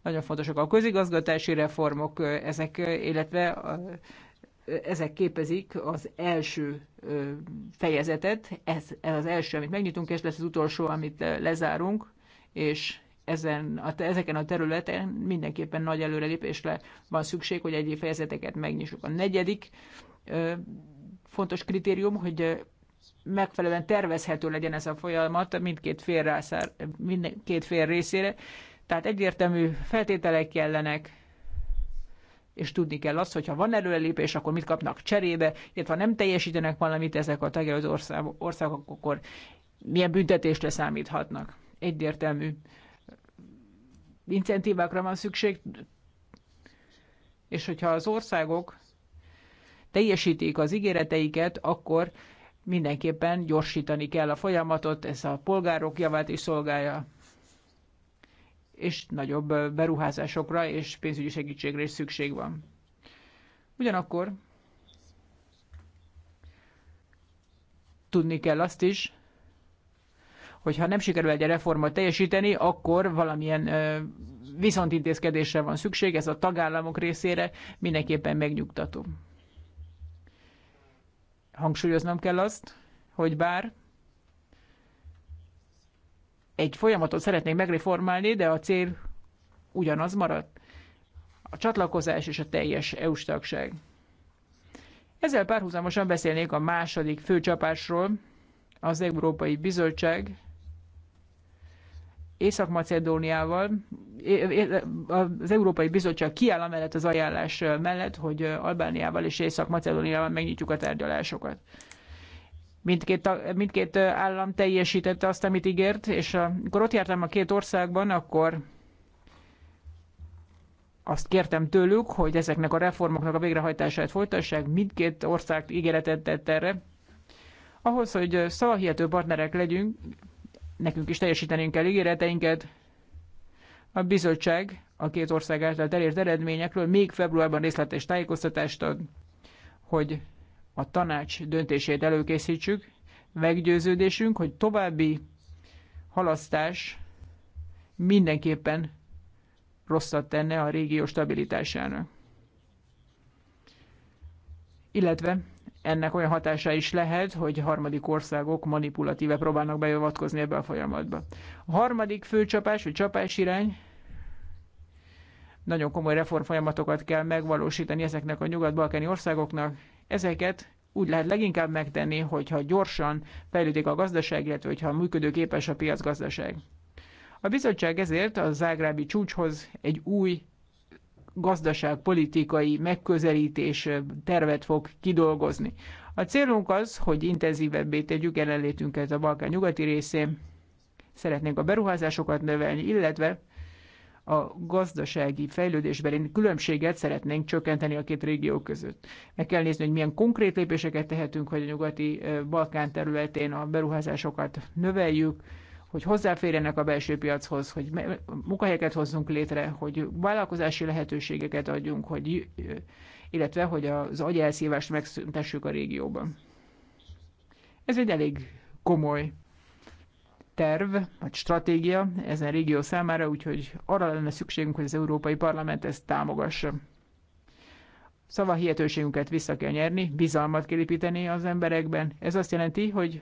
Nagyon fontosak a közigazgatási reformok, ezek, illetve a, ezek képezik az első fejezetet, ez, ez az első, amit megnyitunk, és lesz az utolsó, amit lezárunk, és ezen, a, ezeken a területen mindenképpen nagy előrelépésre van szükség, hogy egyéb fejezeteket megnyissuk. A negyedik fontos kritérium, hogy megfelelően tervezhető legyen ez a folyamat mindkét fél, rászár, mindkét fél részére. Tehát egyértelmű feltételek kellenek, és tudni kell azt, hogy ha van előrelépés, akkor mit kapnak cserébe, illetve ha nem teljesítenek valamit ezek a tagjai az országok, akkor milyen büntetésre számíthatnak. Egyértelmű incentívákra van szükség, és hogyha az országok teljesítik az ígéreteiket, akkor mindenképpen gyorsítani kell a folyamatot, ez a polgárok javát is szolgálja, és nagyobb beruházásokra és pénzügyi segítségre is szükség van. Ugyanakkor tudni kell azt is, hogy ha nem sikerül egy reformot teljesíteni, akkor valamilyen viszontintézkedésre van szükség, ez a tagállamok részére mindenképpen megnyugtató hangsúlyoznom kell azt, hogy bár egy folyamatot szeretnék megreformálni, de a cél ugyanaz maradt. A csatlakozás és a teljes EU-s tagság. Ezzel párhuzamosan beszélnék a második főcsapásról. Az Európai Bizottság Észak-Macedóniával, az Európai Bizottság kiáll amellett az ajánlás mellett, hogy Albániával és Észak-Macedóniával megnyitjuk a tárgyalásokat. Mindkét, mindkét állam teljesítette azt, amit ígért, és amikor ott jártam a két országban, akkor azt kértem tőlük, hogy ezeknek a reformoknak a végrehajtását folytassák, mindkét ország ígéretet tett erre. Ahhoz, hogy szavahihető partnerek legyünk, nekünk is teljesítenünk kell ígéreteinket. A bizottság a két ország által elért eredményekről még februárban részletes tájékoztatást ad, hogy a tanács döntését előkészítsük. Meggyőződésünk, hogy további halasztás mindenképpen rosszat tenne a régió stabilitásának. Illetve ennek olyan hatása is lehet, hogy harmadik országok manipulatíve próbálnak beavatkozni ebbe a folyamatba. A harmadik főcsapás, vagy irány nagyon komoly reformfolyamatokat kell megvalósítani ezeknek a nyugat-balkáni országoknak. Ezeket úgy lehet leginkább megtenni, hogyha gyorsan fejlődik a gazdaság, illetve hogyha működőképes a piacgazdaság. A bizottság ezért a zágrábi csúcshoz egy új gazdaságpolitikai megközelítés tervet fog kidolgozni. A célunk az, hogy intenzívebbé tegyük jelenlétünket a Balkán nyugati részén, szeretnénk a beruházásokat növelni, illetve a gazdasági fejlődésbeli különbséget szeretnénk csökkenteni a két régió között. Meg kell nézni, hogy milyen konkrét lépéseket tehetünk, hogy a nyugati Balkán területén a beruházásokat növeljük, hogy hozzáférjenek a belső piachoz, hogy munkahelyeket hozzunk létre, hogy vállalkozási lehetőségeket adjunk, hogy, illetve hogy az agyelszívást megszüntessük a régióban. Ez egy elég komoly terv, vagy stratégia ezen régió számára, úgyhogy arra lenne szükségünk, hogy az Európai Parlament ezt támogassa. hihetőségünket vissza kell nyerni, bizalmat kell építeni az emberekben. Ez azt jelenti, hogy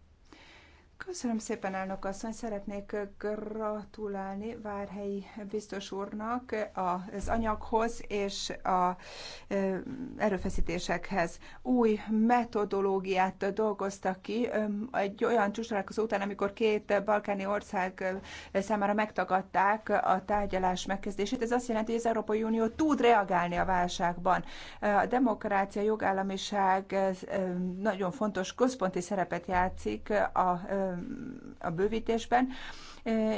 Köszönöm szépen, elnök asszony. Szeretnék gratulálni Várhelyi biztos úrnak az anyaghoz és a e, erőfeszítésekhez. Új metodológiát dolgoztak ki e, egy olyan csúcstalálkozó után, amikor két balkáni ország e, számára megtagadták a tárgyalás megkezdését. Ez azt jelenti, hogy az Európai Unió tud reagálni a válságban. A demokrácia, jogállamiság nagyon fontos központi szerepet játszik a a bővítésben,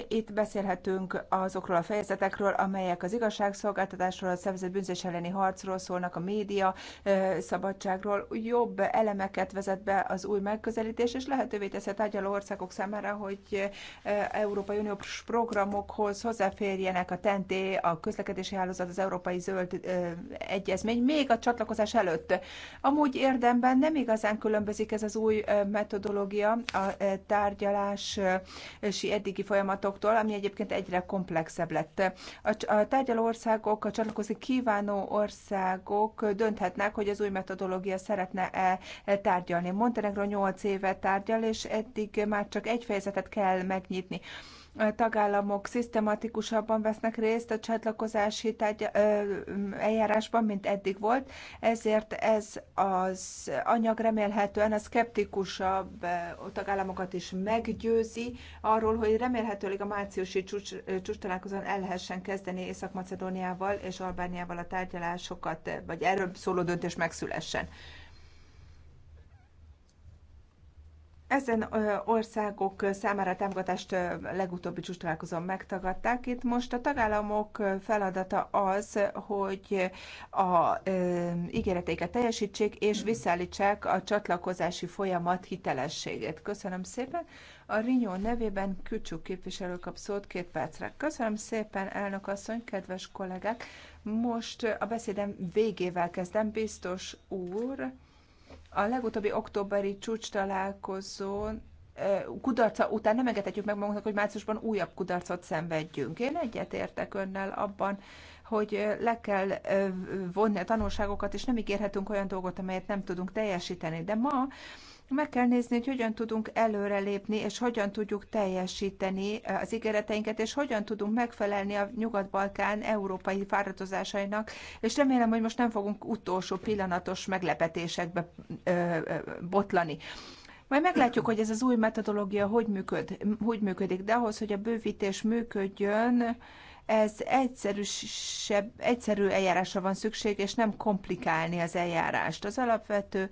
itt beszélhetünk azokról a fejezetekről, amelyek az igazságszolgáltatásról, a szervezett bűnzés elleni harcról szólnak, a média szabadságról. Jobb elemeket vezet be az új megközelítés, és lehetővé teszi a tárgyaló országok számára, hogy Európai Uniós programokhoz hozzáférjenek a TNT, a közlekedési hálózat, az Európai Zöld Egyezmény, még a csatlakozás előtt. Amúgy érdemben nem igazán különbözik ez az új metodológia a tárgyalási eddigi folyamatoktól, ami egyébként egyre komplexebb lett. A tárgyaló országok, a csatlakozni kívánó országok dönthetnek, hogy az új metodológia szeretne-e tárgyalni. Montenegro 8 éve tárgyal, és eddig már csak egy fejezetet kell megnyitni tagállamok szisztematikusabban vesznek részt a csatlakozási tárgy, eljárásban, mint eddig volt, ezért ez az anyag remélhetően a szkeptikusabb tagállamokat is meggyőzi arról, hogy remélhetőleg a márciusi csúcs, csúcs találkozón el lehessen kezdeni Észak-Macedóniával és Albániával a tárgyalásokat, vagy erről szóló döntés megszülessen. Ezen országok számára a támogatást legutóbbi csúcs megtagadták. Itt most a tagállamok feladata az, hogy a ígéreteiket teljesítsék és visszaállítsák a csatlakozási folyamat hitelességét. Köszönöm szépen. A Rinyó nevében Kücsú képviselő kap szót két percre. Köszönöm szépen, elnök asszony, kedves kollégák. Most a beszédem végével kezdem, biztos úr a legutóbbi októberi csúcs találkozón kudarca után nem engedhetjük meg magunknak, hogy márciusban újabb kudarcot szenvedjünk. Én egyetértek önnel abban, hogy le kell vonni a tanulságokat, és nem ígérhetünk olyan dolgot, amelyet nem tudunk teljesíteni. De ma meg kell nézni, hogy hogyan tudunk előrelépni, és hogyan tudjuk teljesíteni eh, az ígéreteinket, és hogyan tudunk megfelelni a Nyugat-Balkán európai fáradozásainak, és remélem, hogy most nem fogunk utolsó pillanatos meglepetésekbe ö, eh, ö, eh, botlani. Majd meglátjuk, hogy ez az új metodológia hogy, működ, hogy működik, de ahhoz, hogy a bővítés működjön, ez egyszerű eljárásra van szükség, és nem komplikálni az eljárást. Az alapvető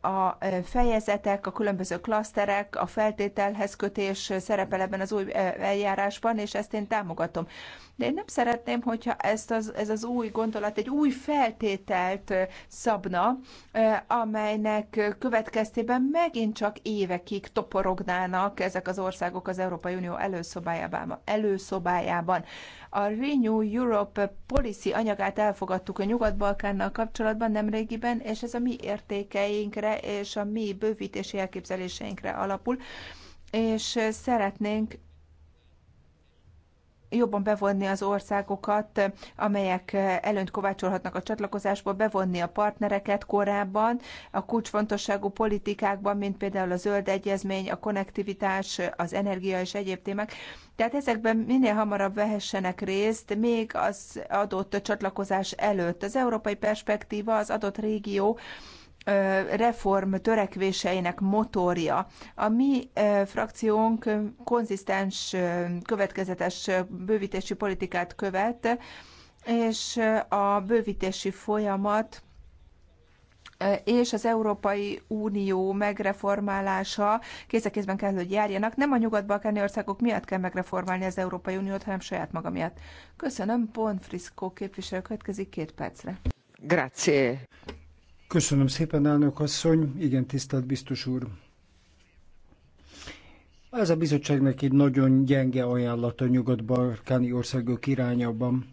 a fejezetek, a különböző klaszterek, a feltételhez kötés szerepel ebben az új eljárásban, és ezt én támogatom de én nem szeretném, hogyha ezt az, ez az új gondolat egy új feltételt szabna, amelynek következtében megint csak évekig toporognának ezek az országok az Európai Unió előszobájában. előszobájában. A Renew Europe Policy anyagát elfogadtuk a Nyugat-Balkánnal kapcsolatban nemrégiben, és ez a mi értékeinkre és a mi bővítési elképzeléseinkre alapul és szeretnénk jobban bevonni az országokat, amelyek előnyt kovácsolhatnak a csatlakozásból, bevonni a partnereket korábban, a kulcsfontosságú politikákban, mint például a zöld egyezmény, a konnektivitás, az energia és egyéb témák. Tehát ezekben minél hamarabb vehessenek részt, még az adott csatlakozás előtt. Az európai perspektíva az adott régió, reform törekvéseinek motorja. A mi frakciónk konzisztens, következetes bővítési politikát követ, és a bővítési folyamat és az Európai Unió megreformálása kézben kell, hogy járjanak. Nem a nyugat-balkáni országok miatt kell megreformálni az Európai Uniót, hanem saját maga miatt. Köszönöm, Pont Frisco képviselő következik két percre. Grazie. Köszönöm szépen, elnök asszony. Igen, tisztelt biztos úr. Ez a bizottságnak egy nagyon gyenge ajánlat a nyugat-balkáni országok irányában.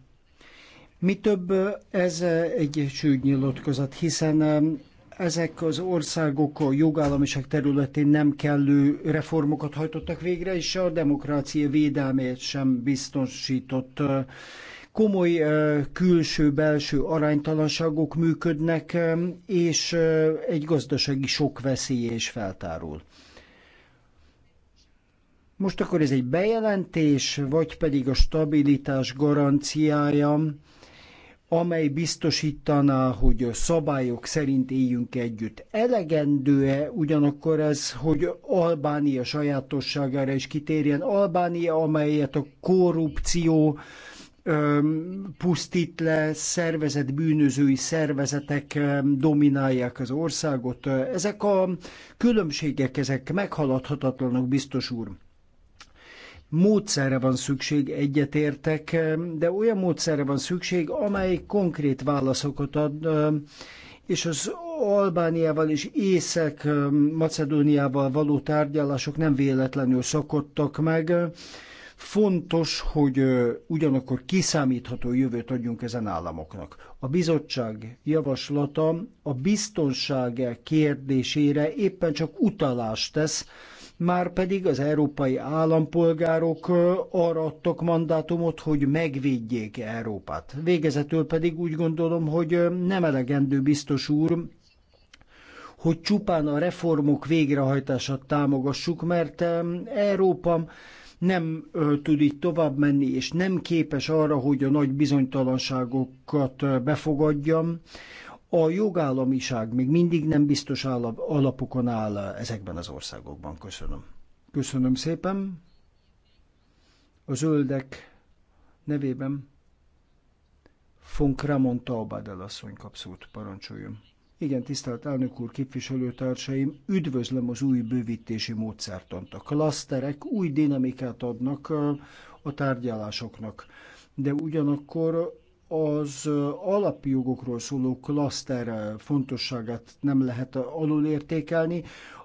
Mi több, ez egy sűrű nyilatkozat, hiszen ezek az országok a jogállamiság területén nem kellő reformokat hajtottak végre, és a demokrácia védelmét sem biztosított Komoly külső-belső aránytalanságok működnek, és egy gazdasági sok veszélye is feltárul. Most akkor ez egy bejelentés, vagy pedig a stabilitás garanciája, amely biztosítaná, hogy a szabályok szerint éljünk együtt. Elegendő-e ugyanakkor ez, hogy Albánia sajátosságára is kitérjen? Albánia, amelyet a korrupció, pusztít le, szervezett bűnözői szervezetek dominálják az országot. Ezek a különbségek, ezek meghaladhatatlanok, biztos úr. Módszerre van szükség, egyetértek, de olyan módszerre van szükség, amely konkrét válaszokat ad, és az Albániával és Észak-Macedóniával való tárgyalások nem véletlenül szakadtak meg Fontos, hogy ugyanakkor kiszámítható jövőt adjunk ezen államoknak. A bizottság javaslata a biztonság kérdésére éppen csak utalást tesz, már pedig az európai állampolgárok arra adtak mandátumot, hogy megvédjék Európát. Végezetül pedig úgy gondolom, hogy nem elegendő biztos úr, hogy csupán a reformok végrehajtását támogassuk, mert Európa nem tud így tovább menni, és nem képes arra, hogy a nagy bizonytalanságokat befogadjam. A jogállamiság még mindig nem biztos alapokon áll ezekben az országokban. Köszönöm. Köszönöm szépen. A zöldek nevében Funk Kramon Taubadel asszony kap parancsoljon. Igen, tisztelt elnök úr, képviselőtársaim, üdvözlöm az új bővítési módszertant. A klaszterek új dinamikát adnak a tárgyalásoknak, de ugyanakkor az alapjogokról szóló klaszter fontosságát nem lehet alulértékelni.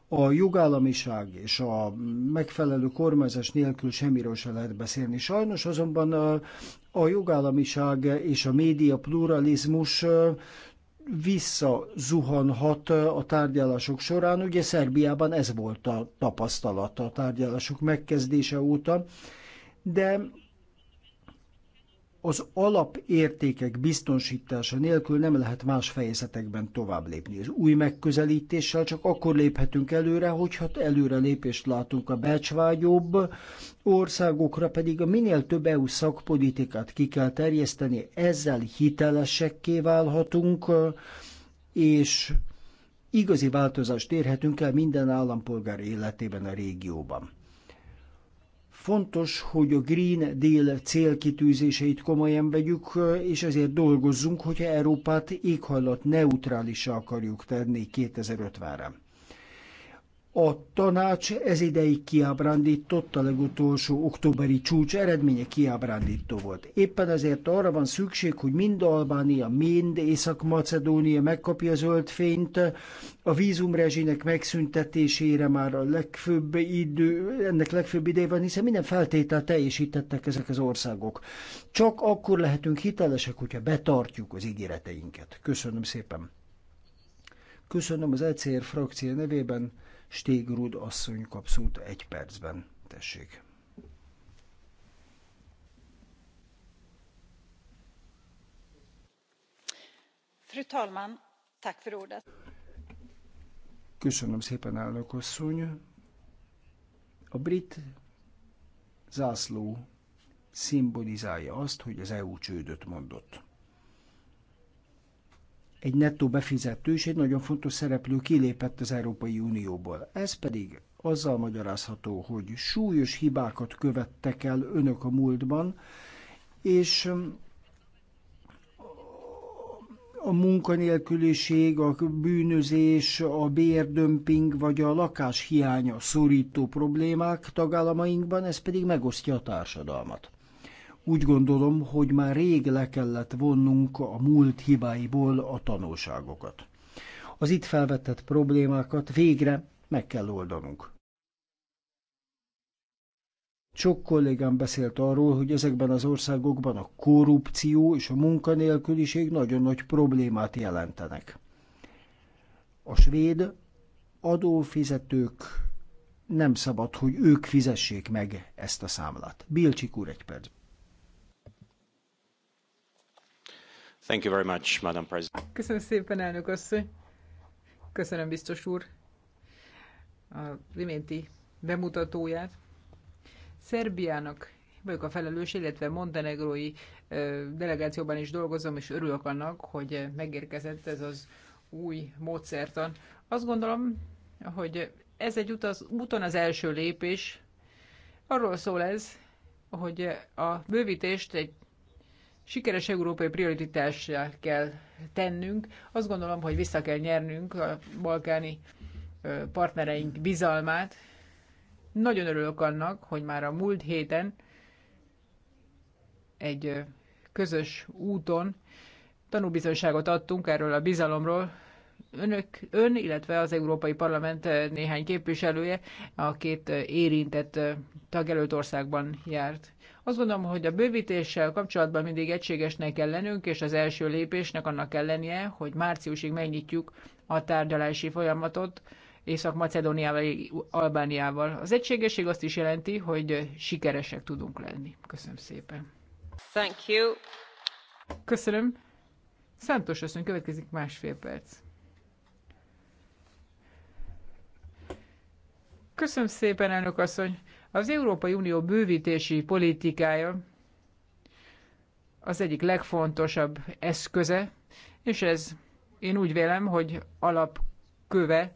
A jogállamiság és a megfelelő kormányzás nélkül semmiről se lehet beszélni. Sajnos azonban a jogállamiság és a média pluralizmus visszazuhanhat a tárgyalások során. Ugye Szerbiában ez volt a tapasztalata a tárgyalások megkezdése óta, de az alapértékek biztonsítása nélkül nem lehet más fejezetekben tovább lépni. Az új megközelítéssel csak akkor léphetünk előre, hogyha előre lépést látunk a becsvágyóbb országokra, pedig a minél több EU szakpolitikát ki kell terjeszteni, ezzel hitelesekké válhatunk, és igazi változást érhetünk el minden állampolgár életében a régióban. Fontos, hogy a Green Deal célkitűzéseit komolyan vegyük, és ezért dolgozzunk, hogyha Európát éghajlat neutrálisra akarjuk tenni 2050-re. A tanács ez ideig kiábrándított, a legutolsó októberi csúcs eredménye kiábrándító volt. Éppen ezért arra van szükség, hogy mind Albánia, mind Észak-Macedónia megkapja zöld fényt, a vízumrezsinek megszüntetésére már a legfőbb idő, ennek legfőbb ideje van, hiszen minden feltétel teljesítettek ezek az országok. Csak akkor lehetünk hitelesek, hogyha betartjuk az ígéreteinket. Köszönöm szépen. Köszönöm az ECR frakció nevében. Stégrud asszony kap szót egy percben. Tessék. Fru talman, tack för ordet. Köszönöm szépen, elnök asszony. A brit zászló szimbolizálja azt, hogy az EU csődöt mondott egy nettó befizető és egy nagyon fontos szereplő kilépett az Európai Unióból. Ez pedig azzal magyarázható, hogy súlyos hibákat követtek el önök a múltban, és um, a munkanélküliség, a bűnözés, a bérdömping vagy a lakáshiánya szorító problémák tagállamainkban, ez pedig megosztja a társadalmat. Úgy gondolom, hogy már rég le kellett vonnunk a múlt hibáiból a tanulságokat. Az itt felvetett problémákat végre meg kell oldanunk. Sok kollégám beszélt arról, hogy ezekben az országokban a korrupció és a munkanélküliség nagyon nagy problémát jelentenek. A svéd adófizetők nem szabad, hogy ők fizessék meg ezt a számlát. Bilcsik úr egy perc. Thank you very much, Madam President. Köszönöm szépen, elnök asszony. Köszönöm, biztos úr, a iménti bemutatóját. Szerbiának vagyok a felelős, illetve montenegrói delegációban is dolgozom, és örülök annak, hogy megérkezett ez az új módszertan. Azt gondolom, hogy ez egy utaz, úton az első lépés. Arról szól ez, hogy a bővítést egy sikeres európai prioritássá kell tennünk. Azt gondolom, hogy vissza kell nyernünk a balkáni partnereink bizalmát. Nagyon örülök annak, hogy már a múlt héten egy közös úton tanúbizonyságot adtunk erről a bizalomról. Önök, ön, illetve az Európai Parlament néhány képviselője a két érintett tagjelölt országban járt. Azt gondolom, hogy a bővítéssel kapcsolatban mindig egységesnek kell lennünk, és az első lépésnek annak kell lennie, hogy márciusig megnyitjuk a tárgyalási folyamatot Észak-Macedóniával, Albániával. Az egységesség azt is jelenti, hogy sikeresek tudunk lenni. Köszönöm szépen. Thank you. Köszönöm. Szántos összön, következik másfél perc. Köszönöm szépen, elnök asszony. Az Európai Unió bővítési politikája az egyik legfontosabb eszköze, és ez én úgy vélem, hogy alapköve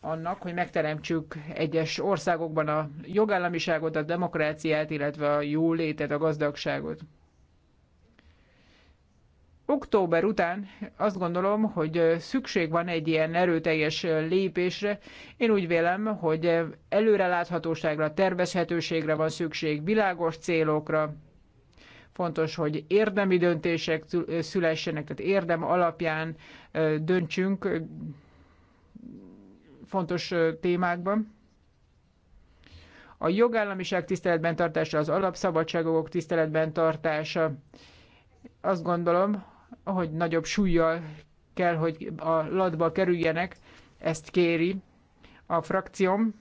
annak, hogy megteremtsük egyes országokban a jogállamiságot, a demokráciát, illetve a jólétet, a gazdagságot október után azt gondolom, hogy szükség van egy ilyen erőteljes lépésre. Én úgy vélem, hogy előreláthatóságra, tervezhetőségre van szükség, világos célokra, fontos, hogy érdemi döntések szülessenek, tehát érdem alapján döntsünk fontos témákban. A jogállamiság tiszteletben tartása, az alapszabadságok tiszteletben tartása, azt gondolom, hogy nagyobb súlyjal kell, hogy a latba kerüljenek, ezt kéri a frakcióm.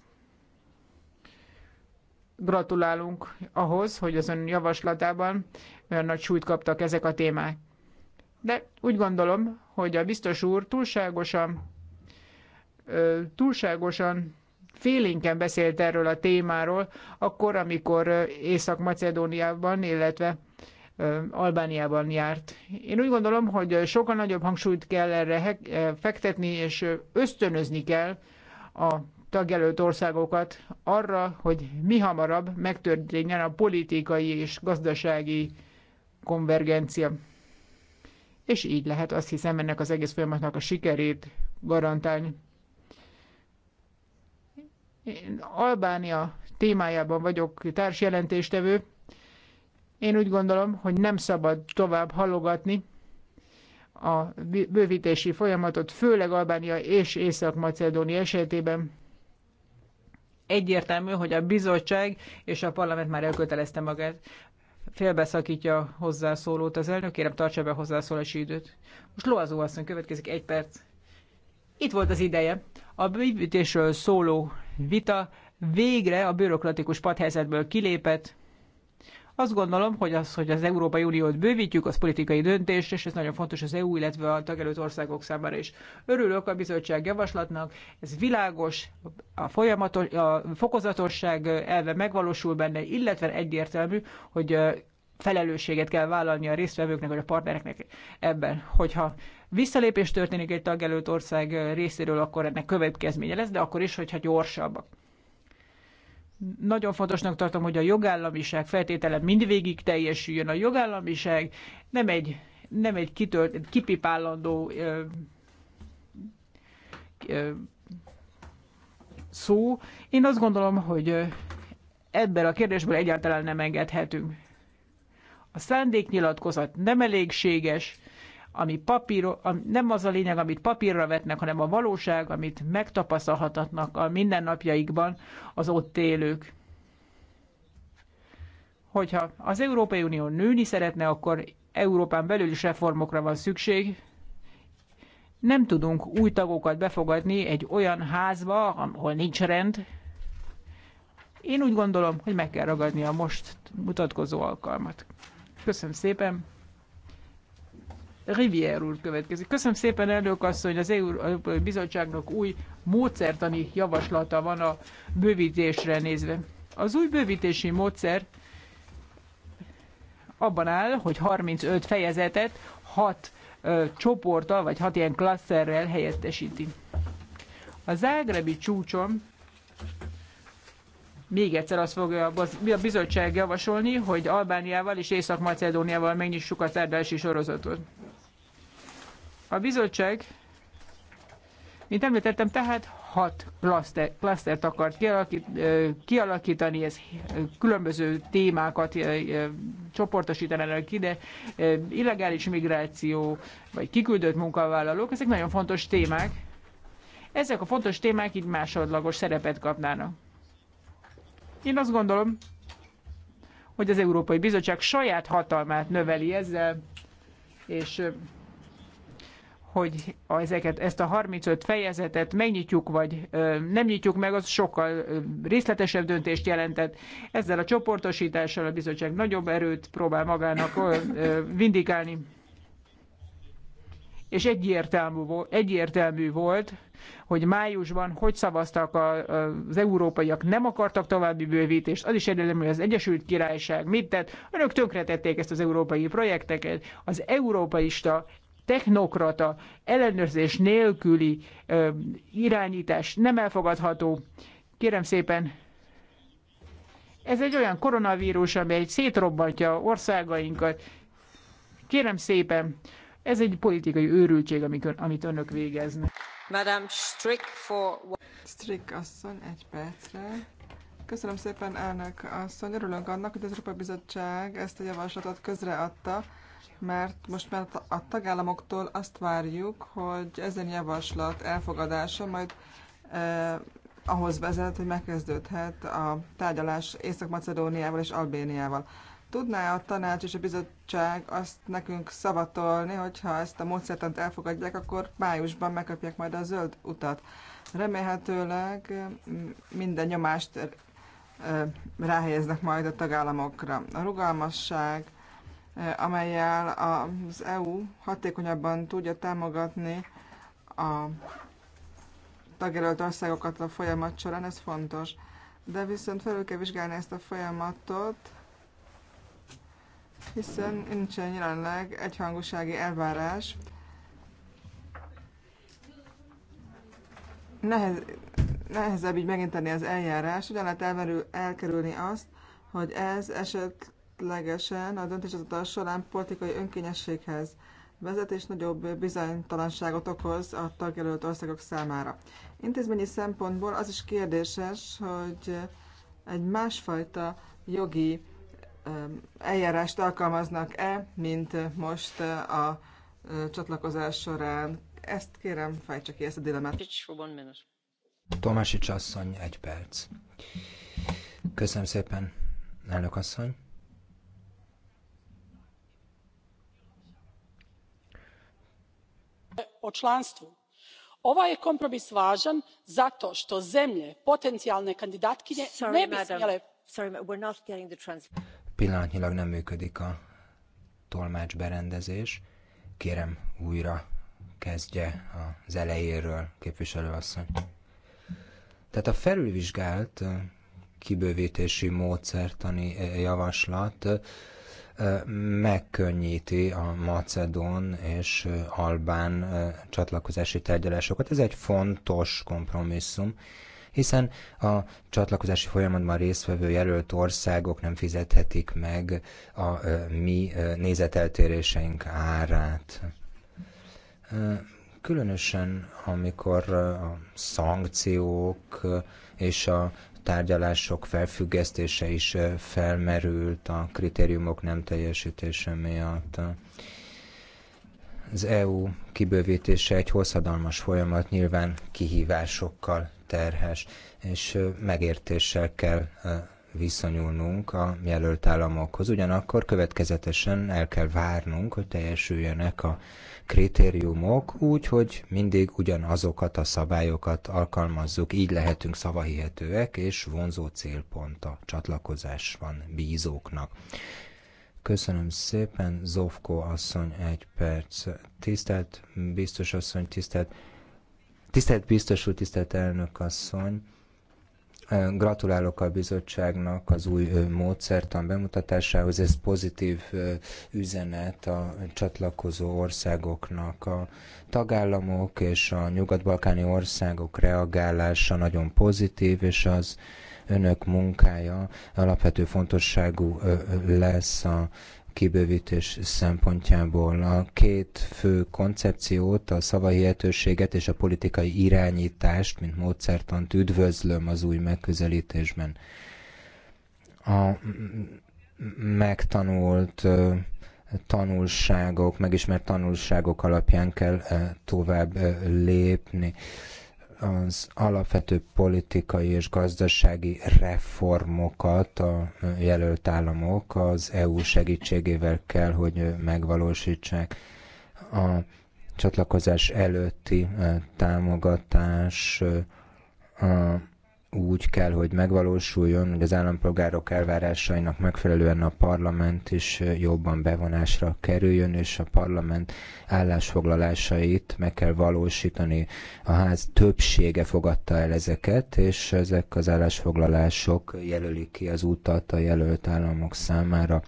Gratulálunk ahhoz, hogy az ön javaslatában olyan nagy súlyt kaptak ezek a témák. De úgy gondolom, hogy a biztos úr túlságosan, túlságosan félénken beszélt erről a témáról, akkor, amikor Észak-Macedóniában, illetve Albániában járt. Én úgy gondolom, hogy sokkal nagyobb hangsúlyt kell erre fektetni, és ösztönözni kell a tagjelölt országokat arra, hogy mi hamarabb megtörténjen a politikai és gazdasági konvergencia. És így lehet azt hiszem ennek az egész folyamatnak a sikerét garantálni. Én Albánia témájában vagyok társjelentéstevő, én úgy gondolom, hogy nem szabad tovább halogatni a bővítési folyamatot, főleg Albánia és Észak-Macedónia esetében. Egyértelmű, hogy a bizottság és a parlament már elkötelezte magát. Félbeszakítja hozzászólót az elnök, kérem tartsa be hozzászólási időt. Most Loazó asszony következik egy perc. Itt volt az ideje. A bővítésről szóló vita végre a bürokratikus padhelyzetből kilépett, azt gondolom, hogy az, hogy az Európai Uniót bővítjük, az politikai döntés, és ez nagyon fontos az EU, illetve a tagelőtt országok számára is. Örülök a bizottság javaslatnak, ez világos, a, folyamatos, a fokozatosság elve megvalósul benne, illetve egyértelmű, hogy felelősséget kell vállalni a résztvevőknek vagy a partnereknek ebben. Hogyha visszalépés történik egy tagelőtt ország részéről, akkor ennek következménye lesz, de akkor is, hogyha gyorsabbak. Nagyon fontosnak tartom, hogy a jogállamiság feltétele mindvégig teljesüljön. A jogállamiság nem egy, nem egy kitölt, kipipálandó ö, ö, szó. Én azt gondolom, hogy ebből a kérdésből egyáltalán nem engedhetünk. A szándéknyilatkozat nem elégséges, ami papír, nem az a lényeg, amit papírra vetnek, hanem a valóság, amit megtapasztalhatatnak a mindennapjaikban az ott élők. Hogyha az Európai Unió nőni szeretne, akkor Európán belül is reformokra van szükség. Nem tudunk új tagokat befogadni egy olyan házba, ahol nincs rend. Én úgy gondolom, hogy meg kell ragadni a most mutatkozó alkalmat. Köszönöm szépen! Rivière úr következik. Köszönöm szépen, elnök asszony, az Európai Bizottságnak új módszertani javaslata van a bővítésre nézve. Az új bővítési módszer abban áll, hogy 35 fejezetet 6 ö, csoporttal, vagy 6 ilyen klasszerrel helyettesíti. A zágrebi csúcson még egyszer azt fogja a bizottság javasolni, hogy Albániával és Észak-Macedóniával megnyissuk a szerdási sorozatot. A bizottság, mint említettem, tehát hat klasztert akart kialakítani, ez különböző témákat csoportosítanának ide, illegális migráció, vagy kiküldött munkavállalók, ezek nagyon fontos témák. Ezek a fontos témák így másodlagos szerepet kapnának. Én azt gondolom, hogy az Európai Bizottság saját hatalmát növeli ezzel, és hogy ezeket, ezt a 35 fejezetet megnyitjuk, vagy nem nyitjuk meg, az sokkal részletesebb döntést jelentett. Ezzel a csoportosítással a bizottság nagyobb erőt próbál magának vindikálni. És egyértelmű, egyértelmű volt, hogy májusban hogy szavaztak az európaiak, nem akartak további bővítést, az is egyértelmű, hogy az Egyesült Királyság mit tett, önök tönkretették ezt az európai projekteket, az európaista technokrata ellenőrzés nélküli ö, irányítás nem elfogadható. Kérem szépen, ez egy olyan koronavírus, amely szétrobbantja országainkat. Kérem szépen, ez egy politikai őrültség, amit önök végeznek. Madame Strick for... Strick asszony, egy percre. Köszönöm szépen elnök asszony, Örülök annak, hogy az Európai Bizottság ezt a javaslatot közreadta mert most már a tagállamoktól azt várjuk, hogy ezen javaslat elfogadása majd eh, ahhoz vezet, hogy megkezdődhet a tárgyalás Észak-Macedóniával és Albéniával. Tudná a tanács és a bizottság azt nekünk szavatolni, hogyha ezt a módszertant elfogadják, akkor májusban megkapják majd a zöld utat. Remélhetőleg minden nyomást e, e, ráhelyeznek majd a tagállamokra. A rugalmasság, Eh, amelyel az EU hatékonyabban tudja támogatni a tagjelölt országokat a folyamat során, ez fontos. De viszont felül kell vizsgálni ezt a folyamatot, hiszen nincsen jelenleg egyhangúsági elvárás. Nehez, nehezebb így meginteni az eljárás, ugyan lehet elmerül, elkerülni azt, hogy ez eset esetlegesen a döntéshozatal során politikai önkényességhez vezet és nagyobb bizonytalanságot okoz a tagjelölt országok számára. Intézményi szempontból az is kérdéses, hogy egy másfajta jogi eljárást alkalmaznak-e, mint most a csatlakozás során. Ezt kérem, fejtse ki ezt a dilemmát. Tomási asszony, egy perc. Köszönöm szépen, elnök asszony. o lanstvu. ovaj je kompromis vaan zato to zemlje potencijalne kandidatkinje ne bi smjele Pillanatnyilag nem működik a tolmács berendezés. Kérem, újra kezdje az elejéről, képviselőasszony. Tehát a felülvizsgált kibővítési módszertani javaslat megkönnyíti a macedón és albán csatlakozási tárgyalásokat. Ez egy fontos kompromisszum, hiszen a csatlakozási folyamatban résztvevő jelölt országok nem fizethetik meg a mi nézeteltéréseink árát. Különösen, amikor a szankciók és a tárgyalások felfüggesztése is felmerült a kritériumok nem teljesítése miatt. Az EU kibővítése egy hosszadalmas folyamat, nyilván kihívásokkal terhes, és megértéssel kell viszonyulnunk a jelölt államokhoz. Ugyanakkor következetesen el kell várnunk, hogy teljesüljenek a kritériumok, úgy, hogy mindig ugyanazokat a szabályokat alkalmazzuk, így lehetünk szavahihetőek, és vonzó célpont a csatlakozás van bízóknak. Köszönöm szépen, Zovko asszony, egy perc. Tisztelt biztos asszony, tisztelt, tisztelt biztos úr, tisztelt elnök asszony, Gratulálok a bizottságnak az új módszertan bemutatásához. Ez pozitív üzenet a csatlakozó országoknak. A tagállamok és a nyugat-balkáni országok reagálása nagyon pozitív, és az önök munkája alapvető fontosságú lesz a kibővítés szempontjából. A két fő koncepciót, a szavahihetőséget és a politikai irányítást, mint módszertant üdvözlöm az új megközelítésben. A megtanult tanulságok, megismert tanulságok alapján kell tovább lépni az alapvető politikai és gazdasági reformokat a jelölt államok az EU segítségével kell, hogy megvalósítsák. A csatlakozás előtti eh, támogatás eh, a úgy kell, hogy megvalósuljon, hogy az állampolgárok elvárásainak megfelelően a parlament is jobban bevonásra kerüljön, és a parlament állásfoglalásait meg kell valósítani. A ház többsége fogadta el ezeket, és ezek az állásfoglalások jelölik ki az utat a jelölt államok számára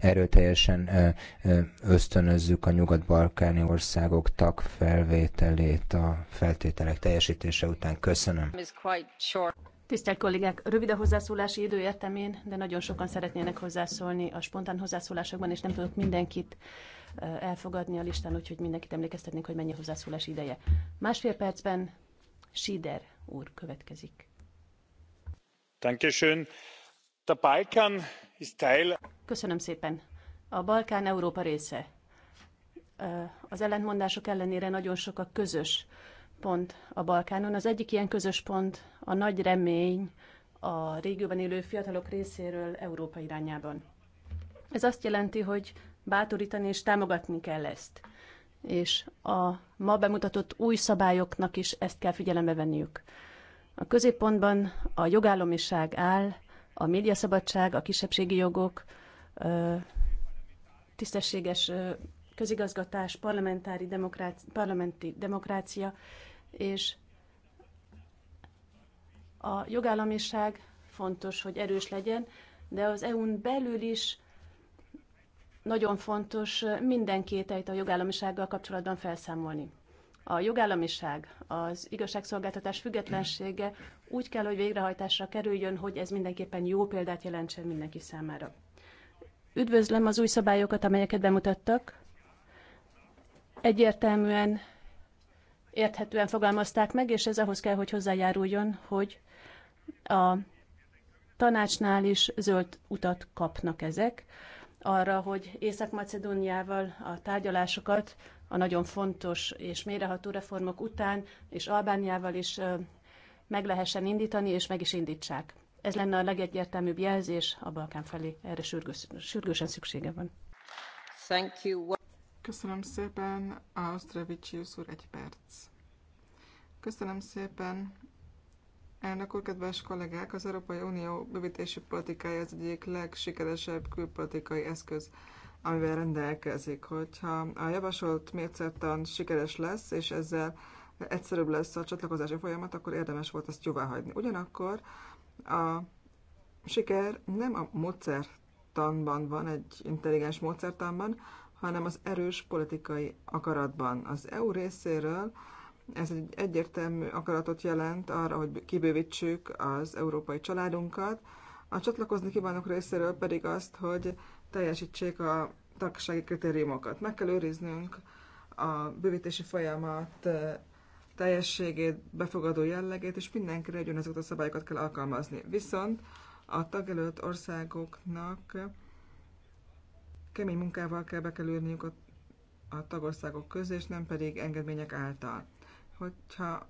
erőteljesen ösztönözzük a nyugat-balkáni országok tagfelvételét a feltételek teljesítése után. Köszönöm. Tisztelt kollégák, rövid a hozzászólási idő én, de nagyon sokan szeretnének hozzászólni a spontán hozzászólásokban, és nem tudok mindenkit elfogadni a listán, úgyhogy mindenkit emlékeztetnék, hogy mennyi a hozzászólás ideje. Másfél percben Sider úr következik. Dankeschön. Der Balkan ist Teil Köszönöm szépen. A Balkán Európa része. Az ellentmondások ellenére nagyon sok a közös pont a Balkánon. Az egyik ilyen közös pont a nagy remény a régióban élő fiatalok részéről Európa irányában. Ez azt jelenti, hogy bátorítani és támogatni kell ezt. És a ma bemutatott új szabályoknak is ezt kell figyelembe venniük. A középpontban a jogállomiság áll, a médiaszabadság, a kisebbségi jogok, tisztességes közigazgatás, parlamentári demokrácia, parlamenti demokrácia, és a jogállamiság fontos, hogy erős legyen, de az EU-n belül is nagyon fontos minden kételyt a jogállamisággal kapcsolatban felszámolni. A jogállamiság, az igazságszolgáltatás függetlensége úgy kell, hogy végrehajtásra kerüljön, hogy ez mindenképpen jó példát jelentsen mindenki számára. Üdvözlöm az új szabályokat, amelyeket bemutattak. Egyértelműen, érthetően fogalmazták meg, és ez ahhoz kell, hogy hozzájáruljon, hogy a tanácsnál is zöld utat kapnak ezek arra, hogy Észak-Macedóniával a tárgyalásokat a nagyon fontos és méreható reformok után, és Albániával is meg lehessen indítani, és meg is indítsák. Ez lenne a legegyértelműbb jelzés a Balkán felé. Erre sürgős, sürgősen szüksége van. Thank you. Köszönöm szépen, Ausztravicius úr, egy perc. Köszönöm szépen, elnök úr, kedves kollégák! Az Európai Unió bővítési politikája az egyik legsikeresebb külpolitikai eszköz, amivel rendelkezik. Hogyha a javasolt mércertan sikeres lesz, és ezzel egyszerűbb lesz a csatlakozási folyamat, akkor érdemes volt ezt jóvá hagyni. Ugyanakkor a siker nem a módszertanban van, egy intelligens módszertanban, hanem az erős politikai akaratban. Az EU részéről ez egy egyértelmű akaratot jelent arra, hogy kibővítsük az európai családunkat, a csatlakozni kívánok részéről pedig azt, hogy teljesítsék a tagsági kritériumokat. Meg kell őriznünk a bővítési folyamat teljességét, befogadó jellegét, és mindenkire ugyanazokat a szabályokat kell alkalmazni. Viszont a tagjelölt országoknak kemény munkával kell bekerülniük a, a tagországok közé, és nem pedig engedmények által. Hogyha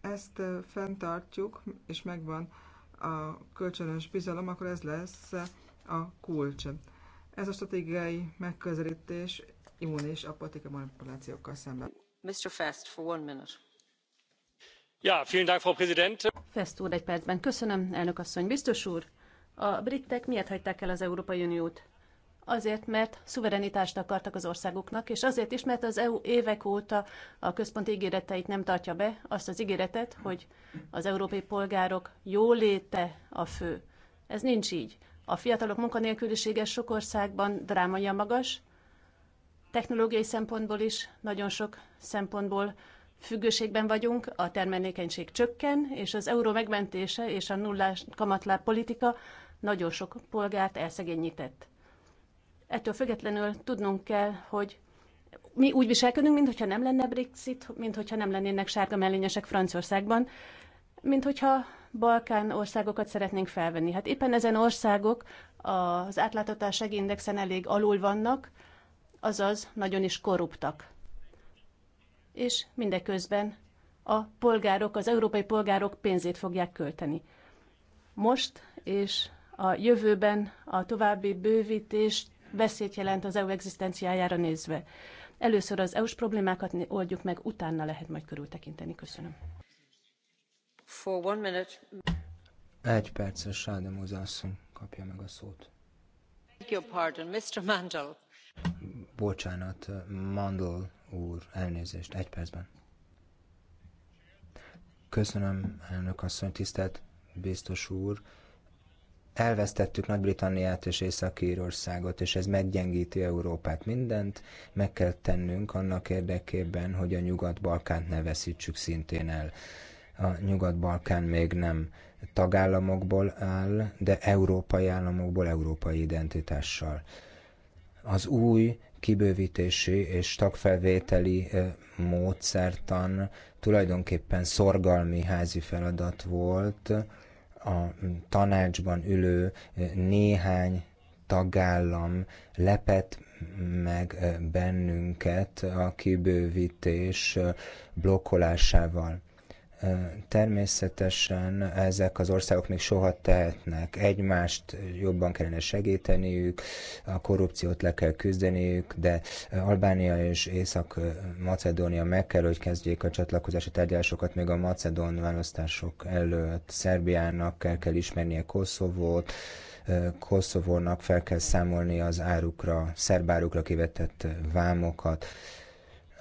ezt fenntartjuk, és megvan a kölcsönös bizalom, akkor ez lesz a kulcs. Ez a stratégiai megközelítés immun a apatika manipulációkkal szemben. Mr. Fast, for one minute Ja, egy percben. Köszönöm, elnök asszony. Biztos úr, a britek miért hagyták el az Európai Uniót? Azért, mert szuverenitást akartak az országuknak, és azért is, mert az EU évek óta a központi ígéreteit nem tartja be, azt az ígéretet, hogy az európai polgárok jóléte a fő. Ez nincs így. A fiatalok munkanélkülisége sok országban drámaian magas, technológiai szempontból is, nagyon sok szempontból függőségben vagyunk, a termelékenység csökken, és az euró megmentése és a nullás kamatláb politika nagyon sok polgárt elszegényített. Ettől függetlenül tudnunk kell, hogy mi úgy viselkedünk, mintha nem lenne Brexit, mintha nem lennének sárga mellényesek Franciaországban, mintha Balkán országokat szeretnénk felvenni. Hát éppen ezen országok az átláthatósági indexen elég alul vannak, azaz nagyon is korruptak és mindeközben a polgárok, az európai polgárok pénzét fogják költeni. Most és a jövőben a további bővítés veszélyt jelent az EU egzisztenciájára nézve. Először az EU-s problémákat oldjuk meg, utána lehet majd körültekinteni. Köszönöm. For one minute. Egy perces Sádem asszony kapja meg a szót. Thank you, pardon, Mr. Mandel. Bocsánat, Mandel úr, elnézést, egy percben. Köszönöm, elnök asszony, tisztelt biztos úr. Elvesztettük Nagy-Britanniát és Észak-Írországot, és ez meggyengíti Európát. Mindent meg kell tennünk annak érdekében, hogy a Nyugat-Balkánt ne veszítsük szintén el. A Nyugat-Balkán még nem tagállamokból áll, de európai államokból európai identitással az új kibővítési és tagfelvételi módszertan tulajdonképpen szorgalmi házi feladat volt a tanácsban ülő néhány tagállam lepet meg bennünket a kibővítés blokkolásával. Természetesen ezek az országok még soha tehetnek. Egymást jobban kellene segíteniük, a korrupciót le kell küzdeniük, de Albánia és Észak-Macedónia meg kell, hogy kezdjék a csatlakozási tárgyalásokat még a macedón választások előtt. Szerbiának el kell ismernie Koszovót, Koszovónak fel kell számolni az árukra, szerbárukra kivetett vámokat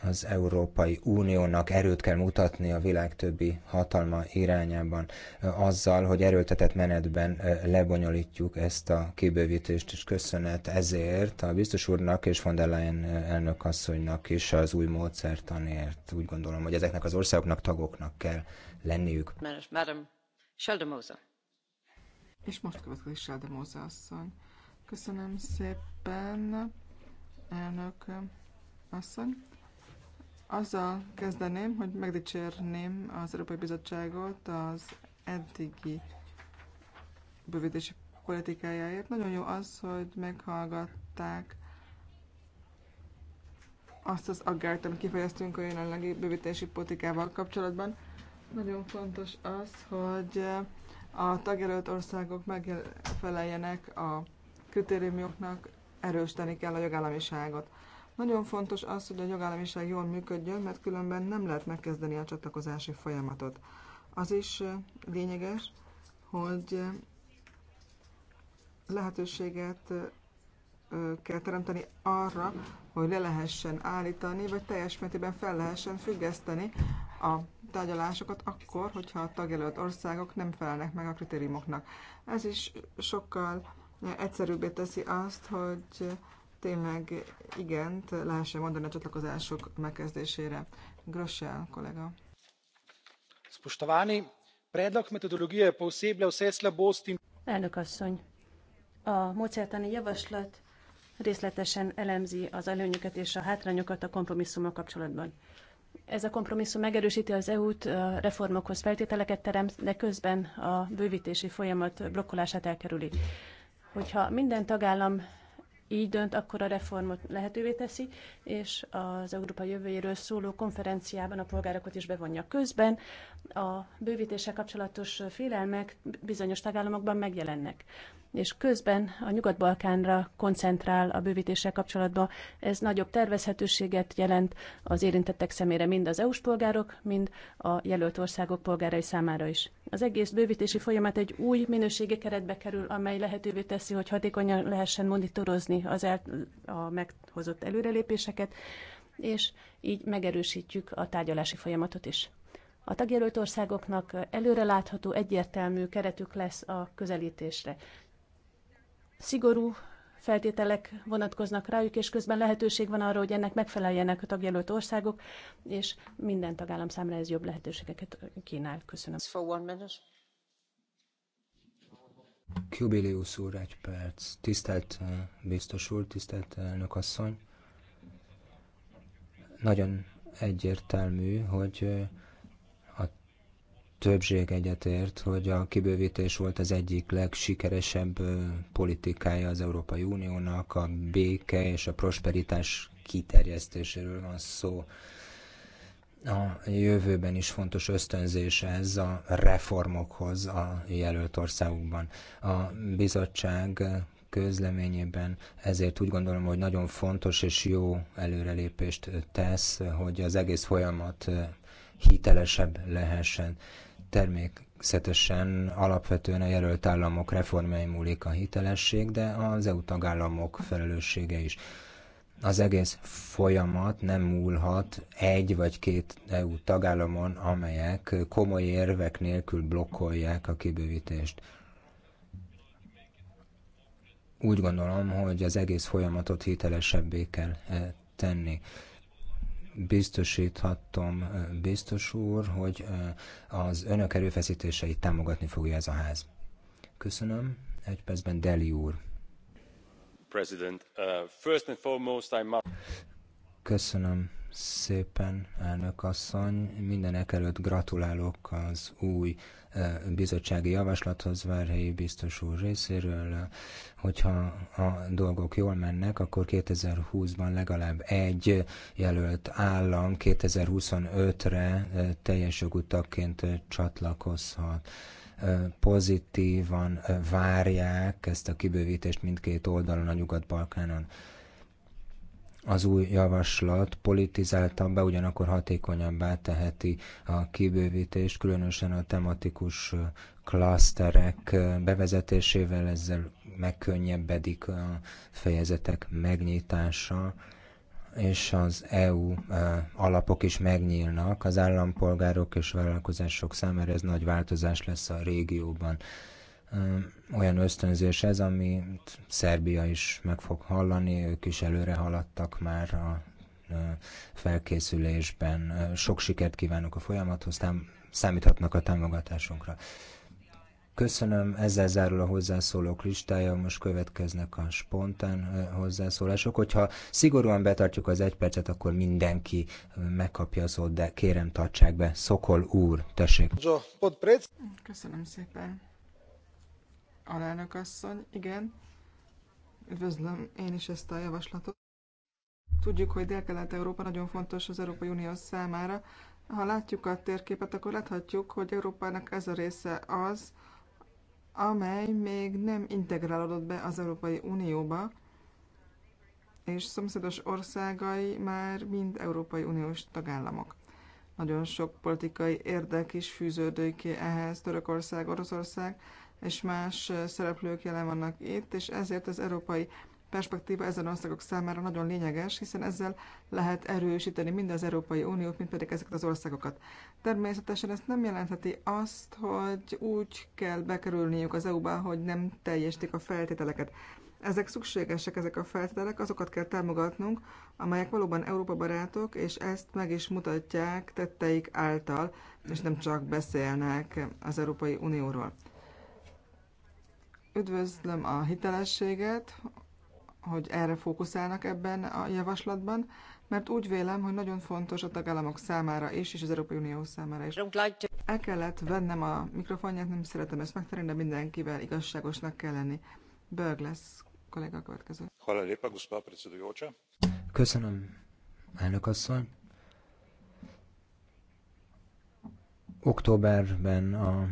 az Európai Uniónak erőt kell mutatni a világ többi hatalma irányában azzal, hogy erőltetett menetben lebonyolítjuk ezt a kibővítést, és köszönet ezért a biztos úrnak és von der Leyen elnök asszonynak is az új módszertanért. Úgy gondolom, hogy ezeknek az országoknak tagoknak kell lenniük. Madam Sheldemose. És most következik Sheldemose asszony. Köszönöm szépen, elnök asszony. Azzal kezdeném, hogy megdicsérném az Európai Bizottságot az eddigi bővítési politikájáért. Nagyon jó az, hogy meghallgatták azt az aggályt, amit kifejeztünk a jelenlegi bővítési politikával kapcsolatban. Nagyon fontos az, hogy a tagjelölt országok megfeleljenek a kritériumoknak, erősíteni kell a jogállamiságot. Nagyon fontos az, hogy a jogállamiság jól működjön, mert különben nem lehet megkezdeni a csatlakozási folyamatot. Az is lényeges, hogy lehetőséget kell teremteni arra, hogy le lehessen állítani, vagy teljes mértékben fel lehessen függeszteni a tárgyalásokat akkor, hogyha a tagjelölt országok nem felelnek meg a kritériumoknak. Ez is sokkal egyszerűbbé teszi azt, hogy tényleg igent lehessen mondani a csatlakozások megkezdésére. Grossel kollega. Spoštovani, predlog metodológia posebej vse slabosti. Elnök asszony, a módszertani javaslat részletesen elemzi az előnyöket és a hátrányokat a kompromisszummal kapcsolatban. Ez a kompromisszum megerősíti az EU-t, a reformokhoz feltételeket teremt, de közben a bővítési folyamat blokkolását elkerüli. Hogyha minden tagállam így dönt, akkor a reformot lehetővé teszi, és az Európa jövőjéről szóló konferenciában a polgárokat is bevonja közben. A bővítéssel kapcsolatos félelmek bizonyos tagállamokban megjelennek és közben a Nyugat-Balkánra koncentrál a bővítéssel kapcsolatban. Ez nagyobb tervezhetőséget jelent az érintettek szemére mind az EU-s polgárok, mind a jelölt országok polgárai számára is. Az egész bővítési folyamat egy új minőségi keretbe kerül, amely lehetővé teszi, hogy hatékonyan lehessen monitorozni az el, a meghozott előrelépéseket, és így megerősítjük a tárgyalási folyamatot is. A tagjelölt országoknak előrelátható, egyértelmű keretük lesz a közelítésre szigorú feltételek vonatkoznak rájuk, és közben lehetőség van arra, hogy ennek megfeleljenek a tagjelölt országok, és minden tagállam számára ez jobb lehetőségeket kínál. Köszönöm. Kubilius úr, egy perc. Tisztelt uh, biztos úr, tisztelt uh, elnök asszony. Nagyon egyértelmű, hogy uh, többség egyetért, hogy a kibővítés volt az egyik legsikeresebb politikája az Európai Uniónak, a béke és a prosperitás kiterjesztéséről van szó. A jövőben is fontos ösztönzés ez a reformokhoz a jelölt országokban. A bizottság közleményében, ezért úgy gondolom, hogy nagyon fontos és jó előrelépést tesz, hogy az egész folyamat hitelesebb lehessen. Természetesen alapvetően a jelölt államok reformjai múlik a hitelesség, de az EU tagállamok felelőssége is. Az egész folyamat nem múlhat egy vagy két EU tagállamon, amelyek komoly érvek nélkül blokkolják a kibővítést úgy gondolom, hogy az egész folyamatot hitelesebbé kell eh, tenni biztosíthatom, biztos úr, hogy az önök erőfeszítéseit támogatni fogja ez a ház. Köszönöm. Egy percben Deli úr. President, uh, first and foremost, I must... Köszönöm szépen, elnök asszony. Mindenek előtt gratulálok az új bizottsági javaslathoz Várhelyi biztos úr részéről. Hogyha a dolgok jól mennek, akkor 2020-ban legalább egy jelölt állam 2025-re teljes jogú tagként csatlakozhat pozitívan várják ezt a kibővítést mindkét oldalon, a Nyugat-Balkánon az új javaslat be, ugyanakkor hatékonyabbá teheti a kibővítést, különösen a tematikus klaszterek bevezetésével, ezzel megkönnyebbedik a fejezetek megnyitása, és az EU alapok is megnyílnak. Az állampolgárok és vállalkozások számára ez nagy változás lesz a régióban olyan ösztönzés ez, amit Szerbia is meg fog hallani, ők is előre haladtak már a felkészülésben. Sok sikert kívánok a folyamathoz, tám- számíthatnak a támogatásunkra. Köszönöm, ezzel zárul a hozzászólók listája, most következnek a spontán hozzászólások. Hogyha szigorúan betartjuk az egy percet, akkor mindenki megkapja a szót, de kérem tartsák be. Szokol úr, tessék. Köszönöm szépen. Alelnök asszony, igen. Üdvözlöm én is ezt a javaslatot. Tudjuk, hogy Dél-Kelet-Európa nagyon fontos az Európai Unió számára. Ha látjuk a térképet, akkor láthatjuk, hogy Európának ez a része az, amely még nem integrálódott be az Európai Unióba, és szomszédos országai már mind Európai Uniós tagállamok. Nagyon sok politikai érdek is fűződik ehhez, Törökország, Oroszország, és más szereplők jelen vannak itt, és ezért az európai perspektíva ezen országok számára nagyon lényeges, hiszen ezzel lehet erősíteni mind az Európai Uniót, mind pedig ezeket az országokat. Természetesen ezt nem jelentheti azt, hogy úgy kell bekerülniük az EU-ba, hogy nem teljesítik a feltételeket. Ezek szükségesek, ezek a feltételek, azokat kell támogatnunk, amelyek valóban Európa barátok, és ezt meg is mutatják tetteik által, és nem csak beszélnek az Európai Unióról. Üdvözlöm a hitelességet, hogy erre fókuszálnak ebben a javaslatban, mert úgy vélem, hogy nagyon fontos a tagállamok számára is, és az Európai Unió számára is. El kellett vennem a mikrofonját, nem szeretem ezt megtenni, de mindenkivel igazságosnak kell lenni. Börg lesz kolléga következő. Köszönöm, elnök asszony. Októberben a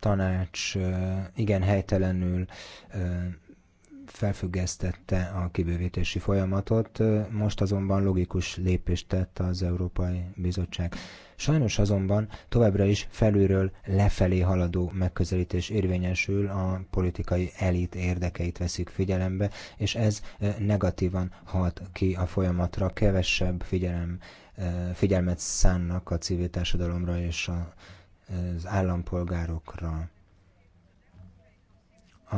tanács igen helytelenül felfüggesztette a kibővítési folyamatot, most azonban logikus lépést tett az Európai Bizottság. Sajnos azonban továbbra is felülről lefelé haladó megközelítés érvényesül, a politikai elit érdekeit veszik figyelembe, és ez negatívan hat ki a folyamatra, kevesebb figyelem, figyelmet szánnak a civil társadalomra és a az állampolgárokra. A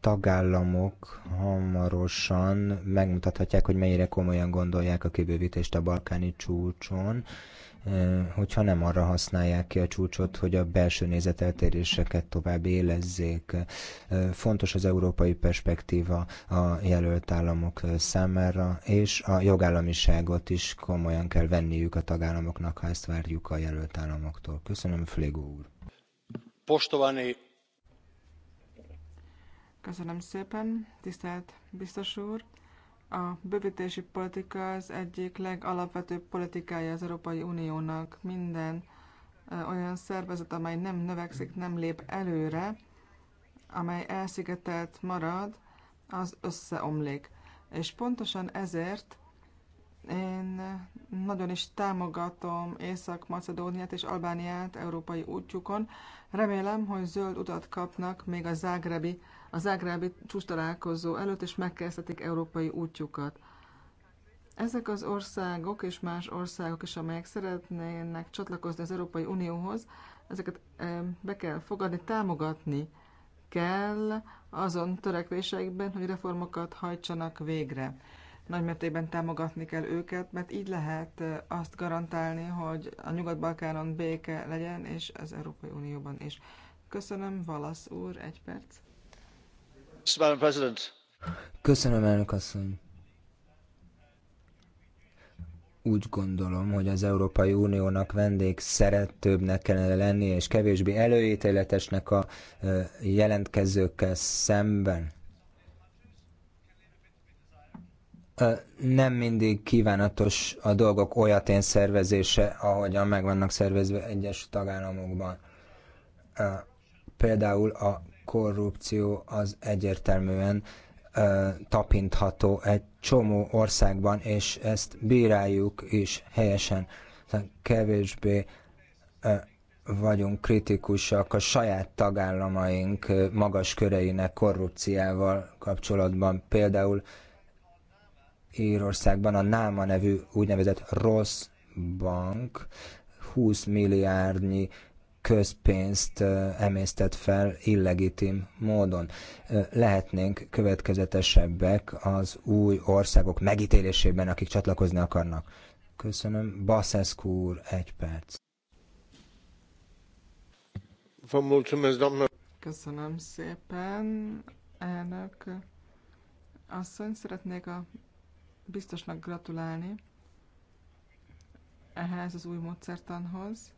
tagállamok hamarosan megmutathatják, hogy mennyire komolyan gondolják a kibővítést a balkáni csúcson, hogyha nem arra használják ki a csúcsot, hogy a belső nézeteltéréseket tovább élezzék. Fontos az európai perspektíva a jelölt államok számára, és a jogállamiságot is komolyan kell venniük a tagállamoknak, ha ezt várjuk a jelölt államoktól. Köszönöm, Flégó úr. Postovani. Köszönöm szépen, tisztelt biztos úr. A bővítési politika az egyik legalapvetőbb politikája az Európai Uniónak. Minden olyan szervezet, amely nem növekszik, nem lép előre, amely elszigetelt marad, az összeomlik. És pontosan ezért én nagyon is támogatom Észak-Macedóniát és Albániát európai útjukon. Remélem, hogy zöld utat kapnak még a zágrebi az zágrábi csúcs előtt, és megkezdhetik európai útjukat. Ezek az országok és más országok is, amelyek szeretnének csatlakozni az Európai Unióhoz, ezeket be kell fogadni, támogatni kell azon törekvéseikben, hogy reformokat hajtsanak végre. Nagymértékben támogatni kell őket, mert így lehet azt garantálni, hogy a Nyugat-Balkánon béke legyen, és az Európai Unióban is. Köszönöm, Valasz úr, egy perc. Köszönöm, Úgy gondolom, hogy az Európai Uniónak vendég szeretőbbnek kellene lennie, és kevésbé előítéletesnek a jelentkezőkkel szemben. nem mindig kívánatos a dolgok olyatén szervezése, ahogyan meg vannak szervezve egyes tagállamokban. Például a korrupció az egyértelműen tapintható egy csomó országban, és ezt bíráljuk is helyesen. Kevésbé vagyunk kritikusak a saját tagállamaink magas köreinek korrupciával kapcsolatban. Például Írországban a Náma nevű úgynevezett rossz bank 20 milliárdnyi közpénzt emésztett fel illegitim módon. Lehetnénk következetesebbek az új országok megítélésében, akik csatlakozni akarnak. Köszönöm. Baszeszkú úr, egy perc. Köszönöm szépen, elnök asszony. Szeretnék a biztosnak gratulálni ehhez az új módszertanhoz.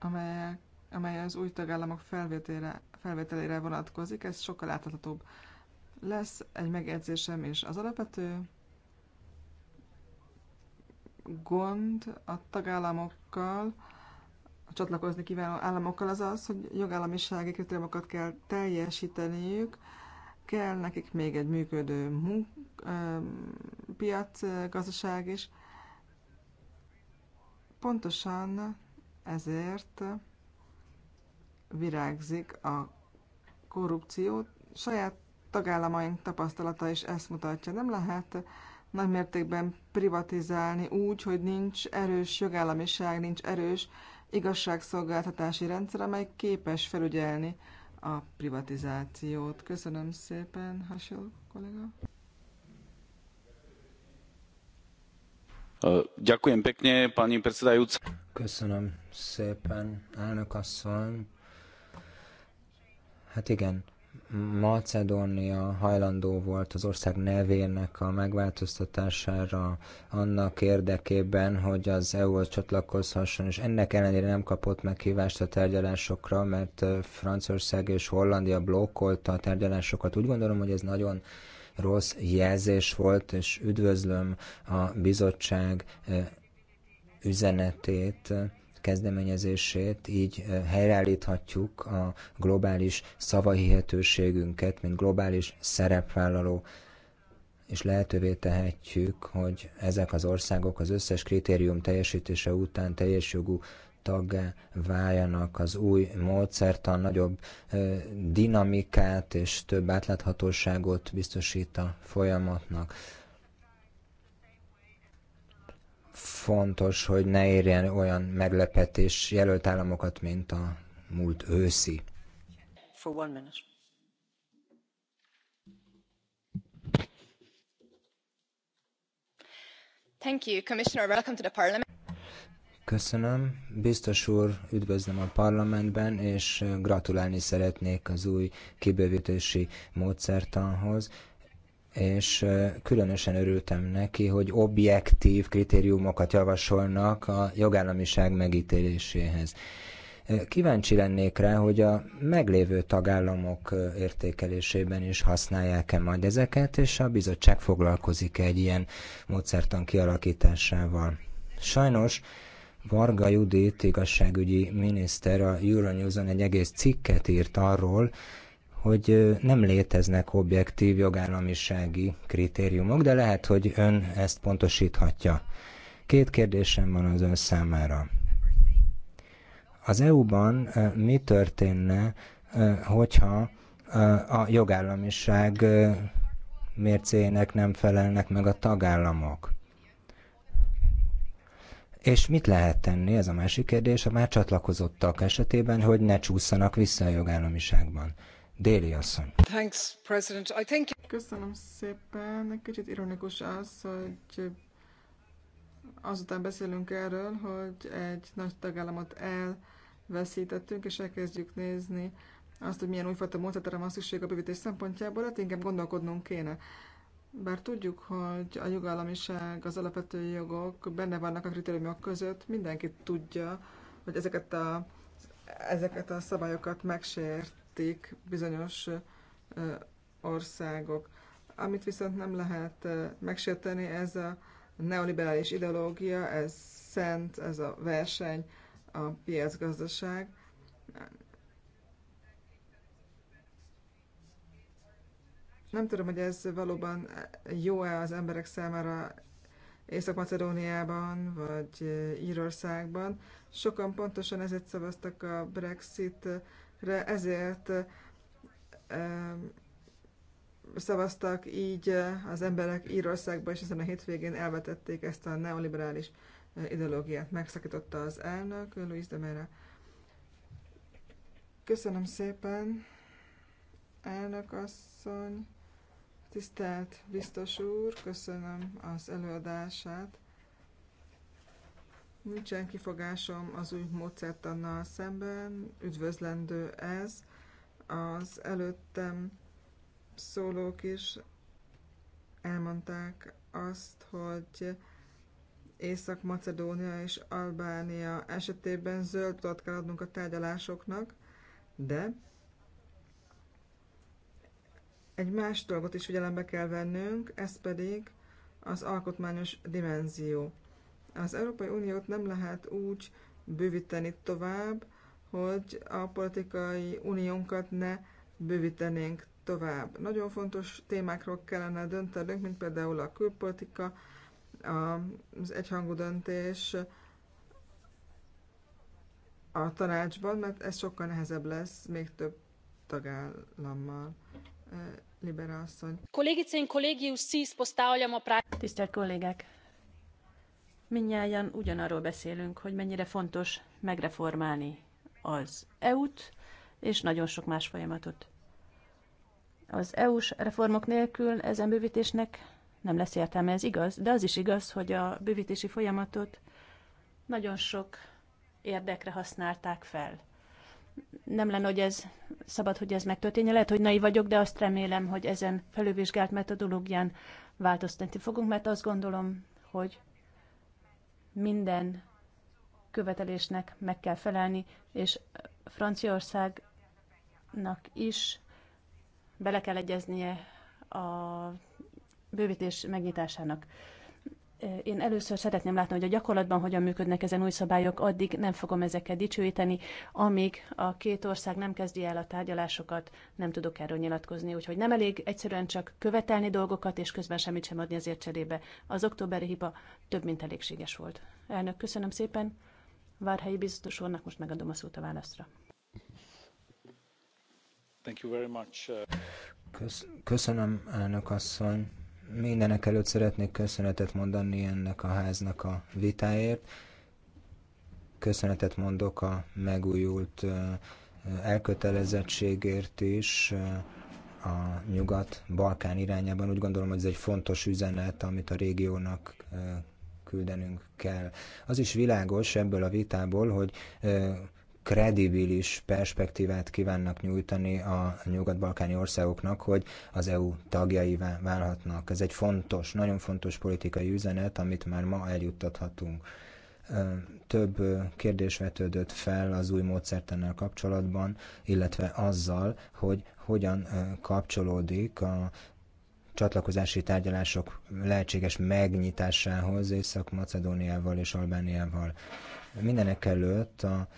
amely, amely az új tagállamok felvételére, felvételére vonatkozik, ez sokkal láthatóbb Lesz egy megjegyzésem is. Az alapvető gond a tagállamokkal, a csatlakozni kívánó államokkal az az, hogy jogállamisági kritériumokat kell teljesíteniük, kell nekik még egy működő munk, ö, piac, gazdaság is. Pontosan ezért virágzik a korrupció. Saját tagállamaink tapasztalata is ezt mutatja. Nem lehet nagy mértékben privatizálni úgy, hogy nincs erős jogállamiság, nincs erős igazságszolgáltatási rendszer, amely képes felügyelni a privatizációt. Köszönöm szépen, Hasil kollega. Köszönöm szépen, elnök asszony. Hát igen, Macedónia hajlandó volt az ország nevének a megváltoztatására annak érdekében, hogy az EU-hoz csatlakozhasson, és ennek ellenére nem kapott meghívást a tárgyalásokra, mert Franciaország és Hollandia blokkolta a tárgyalásokat. Úgy gondolom, hogy ez nagyon rossz jelzés volt, és üdvözlöm a bizottság eh, üzenetét, kezdeményezését, így eh, helyreállíthatjuk a globális szavahihetőségünket, mint globális szerepvállaló és lehetővé tehetjük, hogy ezek az országok az összes kritérium teljesítése után teljes jogú taggá váljanak az új módszertan, nagyobb dinamikát és több átláthatóságot biztosít a folyamatnak fontos, hogy ne érjen olyan meglepetés jelölt államokat, mint a múlt őszi. For one minute. Thank you, Commissioner. Welcome to the Parliament. Köszönöm. Biztos úr, üdvözlöm a parlamentben, és gratulálni szeretnék az új kibővítési módszertanhoz és különösen örültem neki, hogy objektív kritériumokat javasolnak a jogállamiság megítéléséhez. Kíváncsi lennék rá, hogy a meglévő tagállamok értékelésében is használják-e majd ezeket, és a bizottság foglalkozik -e egy ilyen módszertan kialakításával. Sajnos Varga Judit igazságügyi miniszter a Euronews-on egy egész cikket írt arról, hogy nem léteznek objektív jogállamisági kritériumok, de lehet, hogy ön ezt pontosíthatja. Két kérdésem van az ön számára. Az EU-ban mi történne, hogyha a jogállamiság mércéjének nem felelnek meg a tagállamok? És mit lehet tenni, ez a másik kérdés, a már csatlakozottak esetében, hogy ne csúszanak vissza a jogállamiságban? Déli asszony. Thanks, President. I think... Köszönöm szépen. Kicsit ironikus az, hogy azután beszélünk erről, hogy egy nagy tagállamot elveszítettünk, és elkezdjük nézni azt, hogy milyen újfajta módszertára van szükség a bővítés szempontjából, hát inkább gondolkodnunk kéne. Bár tudjuk, hogy a jogállamiság, az alapvető jogok benne vannak a kritériumok között, mindenki tudja, hogy ezeket a, ezeket a szabályokat megsértik bizonyos országok. Amit viszont nem lehet megsérteni, ez a neoliberális ideológia, ez szent, ez a verseny, a piacgazdaság. Nem tudom, hogy ez valóban jó-e az emberek számára Észak-Macedóniában vagy Írországban. Sokan pontosan ezért szavaztak a Brexitre, ezért szavaztak így az emberek Írországban, és ezen a hétvégén elvetették ezt a neoliberális ideológiát. Megszakította az elnök, Luis de Mera. Köszönöm szépen, elnök asszony. Tisztelt biztos úr, köszönöm az előadását. Nincsen kifogásom az új módszertannal szemben, üdvözlendő ez. Az előttem szólók is elmondták azt, hogy Észak-Macedónia és Albánia esetében zöld utat kell adnunk a tárgyalásoknak, de egy más dolgot is figyelembe kell vennünk, ez pedig az alkotmányos dimenzió. Az Európai Uniót nem lehet úgy bővíteni tovább, hogy a politikai uniónkat ne bővítenénk tovább. Nagyon fontos témákról kellene döntenünk, mint például a külpolitika, az egyhangú döntés a tanácsban, mert ez sokkal nehezebb lesz még több tagállammal. Tisztelt kollégák! Mindnyájan ugyanarról beszélünk, hogy mennyire fontos megreformálni az EU-t és nagyon sok más folyamatot. Az EU-s reformok nélkül ezen bővítésnek nem lesz értelme, ez igaz, de az is igaz, hogy a bővítési folyamatot nagyon sok érdekre használták fel nem lenne, hogy ez szabad, hogy ez megtörténjen. Lehet, hogy naiv vagyok, de azt remélem, hogy ezen felülvizsgált metodológián változtatni fogunk, mert azt gondolom, hogy minden követelésnek meg kell felelni, és Franciaországnak is bele kell egyeznie a bővítés megnyitásának én először szeretném látni, hogy a gyakorlatban hogyan működnek ezen új szabályok, addig nem fogom ezeket dicsőíteni, amíg a két ország nem kezdi el a tárgyalásokat, nem tudok erről nyilatkozni. Úgyhogy nem elég egyszerűen csak követelni dolgokat, és közben semmit sem adni azért cserébe. Az októberi hiba több mint elégséges volt. Elnök, köszönöm szépen. Várhelyi biztos úrnak most megadom a szót a válaszra. Thank you very much. Uh, köszönöm, elnök asszony. Mindenek előtt szeretnék köszönetet mondani ennek a háznak a vitáért. Köszönetet mondok a megújult elkötelezettségért is a nyugat-balkán irányában. Úgy gondolom, hogy ez egy fontos üzenet, amit a régiónak küldenünk kell. Az is világos ebből a vitából, hogy kredibilis perspektívát kívánnak nyújtani a nyugat-balkáni országoknak, hogy az EU tagjai válhatnak. Ez egy fontos, nagyon fontos politikai üzenet, amit már ma eljuttathatunk. Több kérdés vetődött fel az új módszertennel kapcsolatban, illetve azzal, hogy hogyan kapcsolódik a csatlakozási tárgyalások lehetséges megnyitásához Észak-Macedóniával és Albániával Mindenek előtt a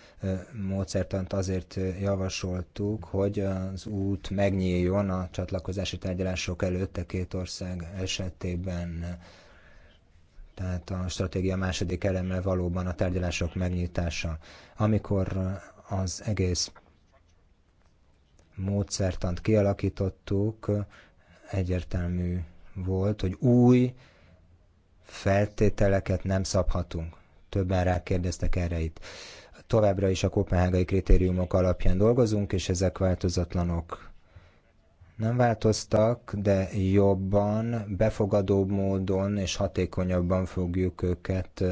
módszertant azért javasoltuk, hogy az út megnyíljon a csatlakozási tárgyalások előtt a két ország esetében. Tehát a stratégia második eleme valóban a tárgyalások megnyitása. Amikor az egész módszertant kialakítottuk, egyértelmű volt, hogy új feltételeket nem szabhatunk többen rákérdeztek erre itt. Továbbra is a kopenhágai kritériumok alapján dolgozunk, és ezek változatlanok. Nem változtak, de jobban, befogadóbb módon és hatékonyabban fogjuk őket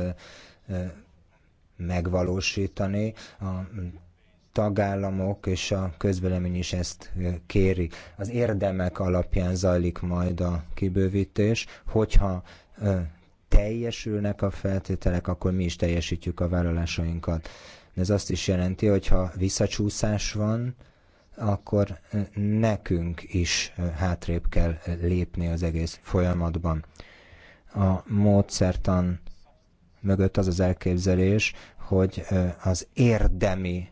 megvalósítani. A tagállamok és a közvélemény is ezt kéri. Az érdemek alapján zajlik majd a kibővítés, hogyha teljesülnek a feltételek, akkor mi is teljesítjük a vállalásainkat. De ez azt is jelenti, hogy ha visszacsúszás van, akkor eh, nekünk is eh, hátrébb kell eh, lépni az egész folyamatban. A módszertan mögött az az elképzelés, hogy az érdemi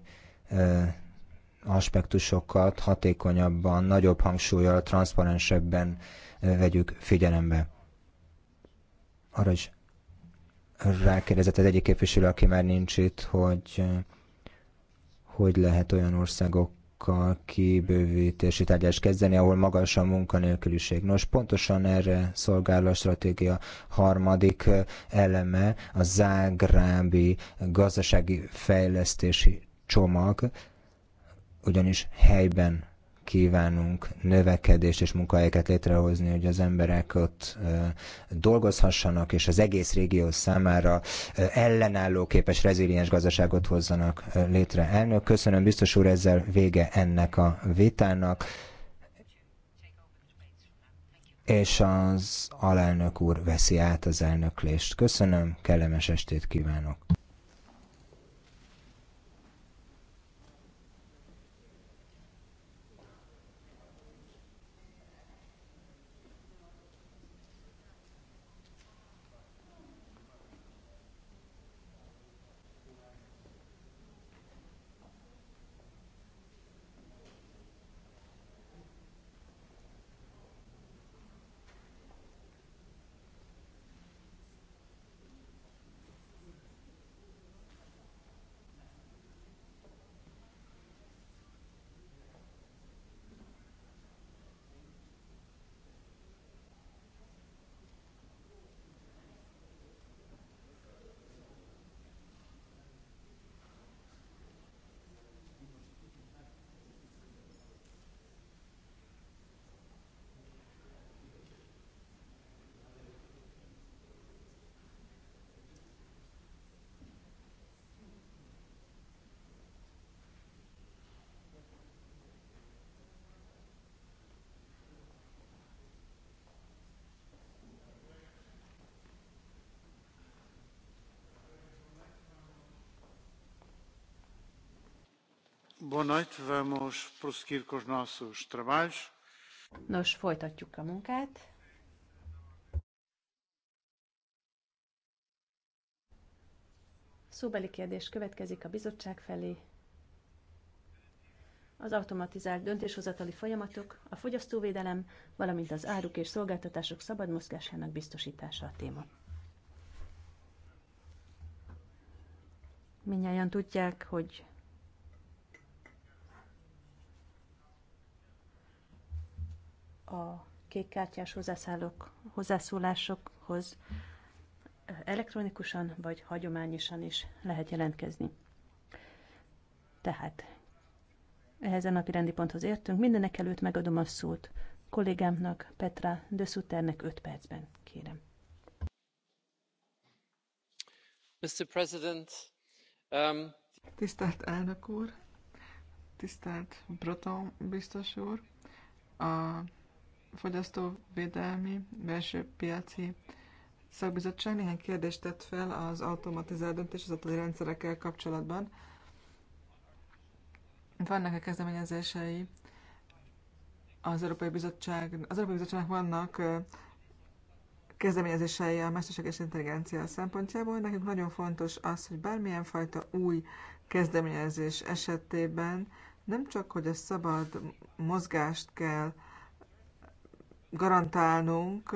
aspektusokat hatékonyabban, nagyobb hangsúlyjal, transzparensebben vegyük figyelembe arra is rákérdezett az egyik képviselő, aki már nincs itt, hogy eh, hogy lehet olyan országokkal kibővítési tárgyalást kezdeni, ahol magas a munkanélküliség. Nos, pontosan erre szolgál a stratégia harmadik eh, eleme, a zágrábi gazdasági fejlesztési csomag, ugyanis helyben kívánunk növekedést és munkahelyeket létrehozni, hogy az emberek ott dolgozhassanak, és az egész régió számára ellenálló képes, reziliens gazdaságot hozzanak létre. Elnök, köszönöm biztos úr, ezzel vége ennek a vitának és az alelnök úr veszi át az elnöklést. Köszönöm, kellemes estét kívánok! Boa noite, vamos prosseguir com os nossos trabalhos. Nos folytatjuk a munkát. Szóbeli kérdés következik a bizottság felé. Az automatizált döntéshozatali folyamatok, a fogyasztóvédelem, valamint az áruk és szolgáltatások szabad mozgásának biztosítása a téma. Mindjárt tudják, hogy a kékkártyás hozzászállók, hozzászólásokhoz elektronikusan vagy hagyományosan is lehet jelentkezni. Tehát ehhez a napi rendi ponthoz értünk. Mindenek előtt megadom a szót kollégámnak, Petra de Suternek 5 percben, kérem. Mr. President, um... Tisztelt elnök úr, tisztelt Breton biztos úr, a Fogyasztóvédelmi Belső Piaci Szakbizottság néhány kérdést tett fel az automatizált az rendszerekkel kapcsolatban. Vannak-e kezdeményezései az Európai Bizottság, az Európai Bizottságnak vannak kezdeményezései a mesterséges intelligencia szempontjából. Nekünk nagyon fontos az, hogy bármilyen fajta új kezdeményezés esetében nem csak, hogy a szabad mozgást kell garantálnunk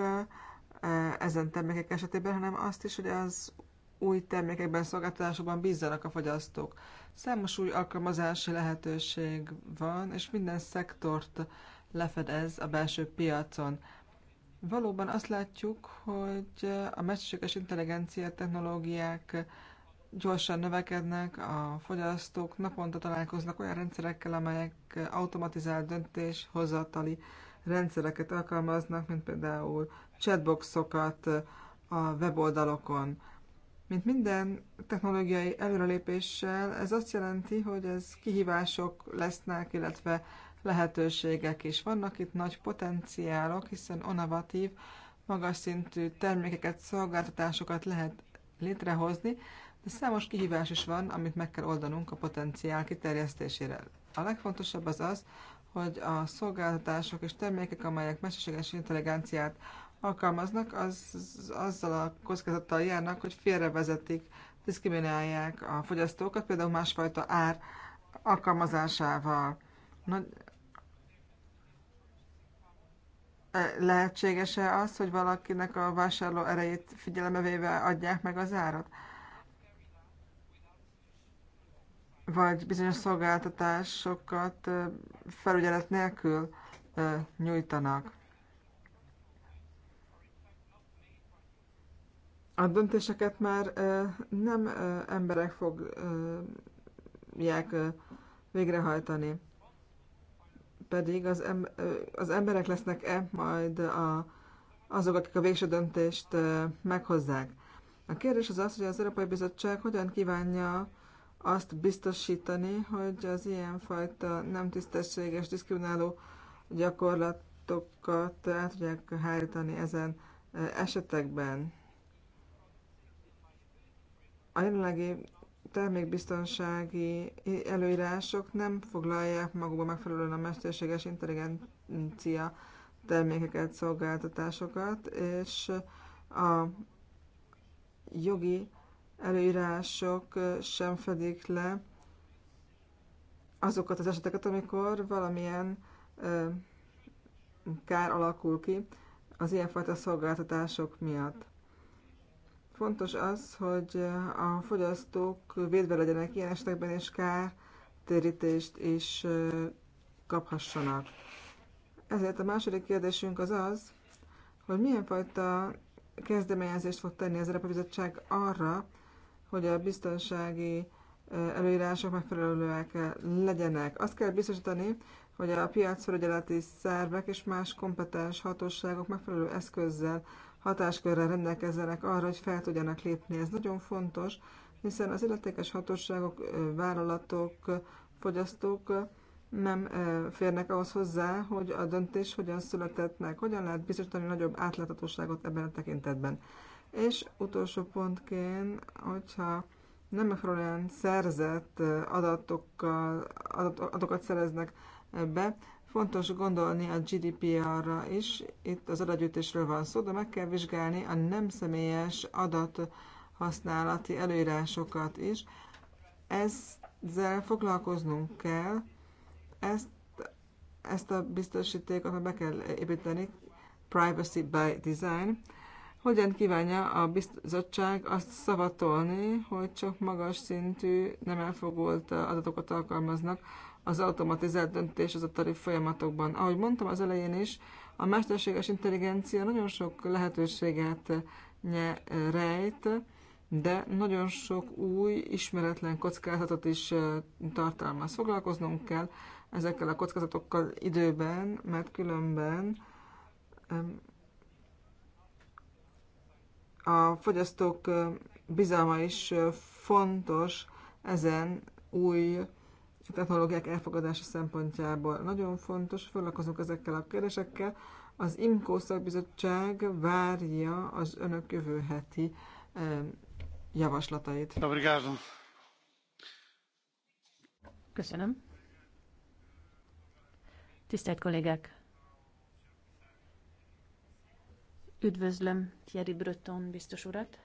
ezen termékek esetében, hanem azt is, hogy az új termékekben, szolgáltatásokban bízzanak a fogyasztók. Számos új alkalmazási lehetőség van, és minden szektort lefedez a belső piacon. Valóban azt látjuk, hogy a mesterséges intelligencia technológiák gyorsan növekednek, a fogyasztók naponta találkoznak olyan rendszerekkel, amelyek automatizált döntéshozatali rendszereket alkalmaznak, mint például chatboxokat a weboldalokon. Mint minden technológiai előrelépéssel, ez azt jelenti, hogy ez kihívások lesznek, illetve lehetőségek is. Vannak itt nagy potenciálok, hiszen innovatív, magas szintű termékeket, szolgáltatásokat lehet létrehozni, de számos kihívás is van, amit meg kell oldanunk a potenciál kiterjesztésére. A legfontosabb az az, hogy a szolgáltatások és termékek, amelyek mesterséges intelligenciát alkalmaznak, az, azzal a kockázattal járnak, hogy félrevezetik, diszkriminálják a fogyasztókat, például másfajta ár alkalmazásával. Nagy, e, lehetséges-e az, hogy valakinek a vásárló erejét figyelembe véve adják meg az árat? vagy bizonyos szolgáltatásokat felügyelet nélkül nyújtanak. A döntéseket már nem emberek fogják végrehajtani. Pedig az, emberek lesznek-e majd a, azok, akik a végső döntést meghozzák. A kérdés az az, hogy az Európai Bizottság hogyan kívánja azt biztosítani, hogy az ilyenfajta nem tisztességes, diszkrimináló gyakorlatokat el tudják hárítani ezen e, esetekben. A jelenlegi termékbiztonsági előírások nem foglalják magukba megfelelően a mesterséges intelligencia termékeket, szolgáltatásokat, és a jogi előírások sem fedik le azokat az eseteket, amikor valamilyen kár alakul ki az ilyenfajta szolgáltatások miatt. Fontos az, hogy a fogyasztók védve legyenek ilyen esetekben, és kártérítést is kaphassanak. Ezért a második kérdésünk az az, hogy milyen fajta kezdeményezést fog tenni az Európai Bizottság arra, hogy a biztonsági előírások megfelelőek legyenek. Azt kell biztosítani, hogy a piacfelügyeleti szervek és más kompetens hatóságok megfelelő eszközzel, hatáskörrel rendelkezzenek arra, hogy fel tudjanak lépni. Ez nagyon fontos, hiszen az illetékes hatóságok, vállalatok, fogyasztók nem férnek ahhoz hozzá, hogy a döntés hogyan született meg, hogyan lehet biztosítani nagyobb átláthatóságot ebben a tekintetben. És utolsó pontként, hogyha nem megfelelően szerzett adatokkal, adatokat szereznek be, fontos gondolni a GDPR-ra is, itt az adatgyűjtésről van szó, de meg kell vizsgálni a nem személyes adat használati előírásokat is. Ezzel foglalkoznunk kell, ezt, ezt a biztosítékot be kell építeni, privacy by design, hogyan kívánja a bizottság azt szavatolni, hogy csak magas szintű, nem elfogult adatokat alkalmaznak az automatizált döntés az a folyamatokban? Ahogy mondtam az elején is, a mesterséges intelligencia nagyon sok lehetőséget rejt, de nagyon sok új, ismeretlen kockázatot is tartalmaz. Foglalkoznunk kell ezekkel a kockázatokkal időben, mert különben a fogyasztók bizalma is fontos ezen új technológiák elfogadása szempontjából. Nagyon fontos, hogy foglalkozunk ezekkel a kérdésekkel. Az IMCO szakbizottság várja az önök jövő heti javaslatait. Köszönöm. Tisztelt kollégák! Üdvözlöm Thierry Breton biztos urat.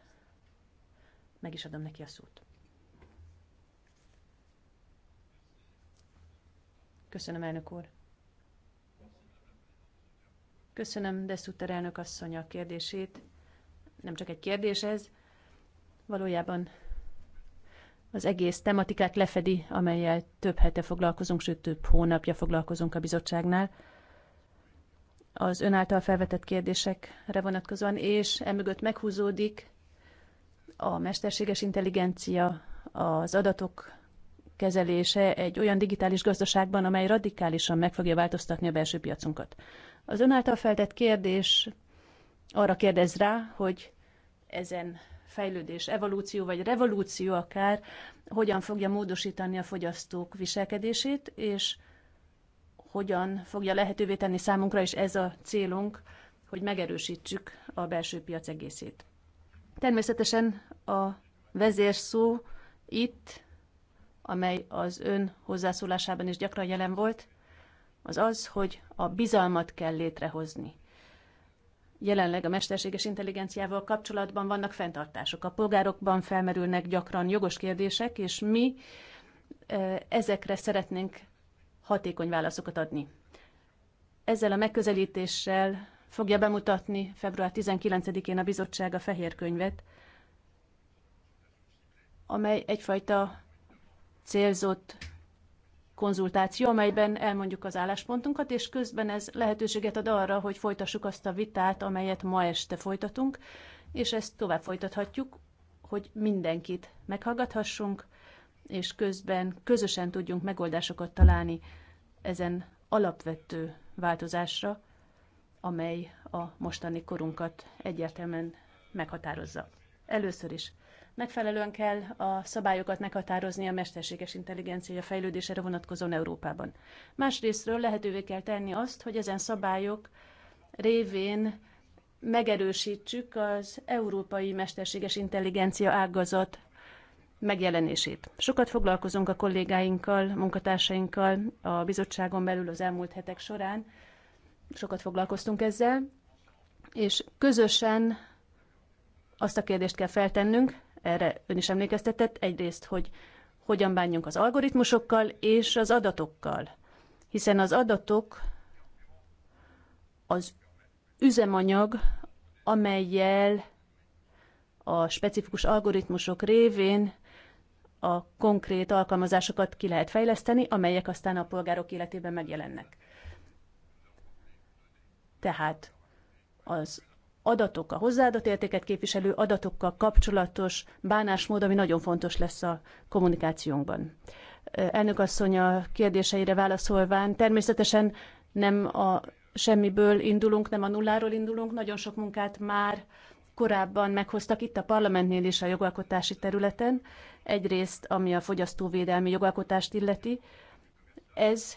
Meg is adom neki a szót. Köszönöm, elnök úr. Köszönöm Deszuter elnök asszony a kérdését. Nem csak egy kérdés ez, valójában az egész tematikát lefedi, amelyel több hete foglalkozunk, sőt több hónapja foglalkozunk a bizottságnál az ön által felvetett kérdésekre vonatkozóan, és emögött meghúzódik a mesterséges intelligencia, az adatok kezelése egy olyan digitális gazdaságban, amely radikálisan meg fogja változtatni a belső piacunkat. Az ön által feltett kérdés arra kérdez rá, hogy ezen fejlődés, evolúció vagy revolúció akár, hogyan fogja módosítani a fogyasztók viselkedését, és hogyan fogja lehetővé tenni számunkra, és ez a célunk, hogy megerősítsük a belső piac egészét. Természetesen a vezérszó itt, amely az ön hozzászólásában is gyakran jelen volt, az az, hogy a bizalmat kell létrehozni. Jelenleg a mesterséges intelligenciával kapcsolatban vannak fenntartások. A polgárokban felmerülnek gyakran jogos kérdések, és mi eh, ezekre szeretnénk hatékony válaszokat adni. Ezzel a megközelítéssel fogja bemutatni február 19-én a bizottság a fehér könyvet, amely egyfajta célzott konzultáció, amelyben elmondjuk az álláspontunkat, és közben ez lehetőséget ad arra, hogy folytassuk azt a vitát, amelyet ma este folytatunk, és ezt tovább folytathatjuk, hogy mindenkit meghallgathassunk, és közben közösen tudjunk megoldásokat találni ezen alapvető változásra, amely a mostani korunkat egyértelműen meghatározza. Először is megfelelően kell a szabályokat meghatározni a mesterséges intelligencia fejlődésére vonatkozóan Európában. Másrésztről lehetővé kell tenni azt, hogy ezen szabályok révén megerősítsük az európai mesterséges intelligencia ágazat megjelenését. Sokat foglalkozunk a kollégáinkkal, munkatársainkkal a bizottságon belül az elmúlt hetek során. Sokat foglalkoztunk ezzel, és közösen azt a kérdést kell feltennünk, erre ön is emlékeztetett, egyrészt, hogy hogyan bánjunk az algoritmusokkal és az adatokkal. Hiszen az adatok az üzemanyag, amelyel a specifikus algoritmusok révén a konkrét alkalmazásokat ki lehet fejleszteni, amelyek aztán a polgárok életében megjelennek. Tehát az adatok, a hozzáadott értéket képviselő adatokkal kapcsolatos bánásmód, ami nagyon fontos lesz a kommunikációnkban. Elnök asszony a kérdéseire válaszolván, természetesen nem a semmiből indulunk, nem a nulláról indulunk, nagyon sok munkát már korábban meghoztak itt a parlamentnél is a jogalkotási területen, egyrészt ami a fogyasztóvédelmi jogalkotást illeti, ez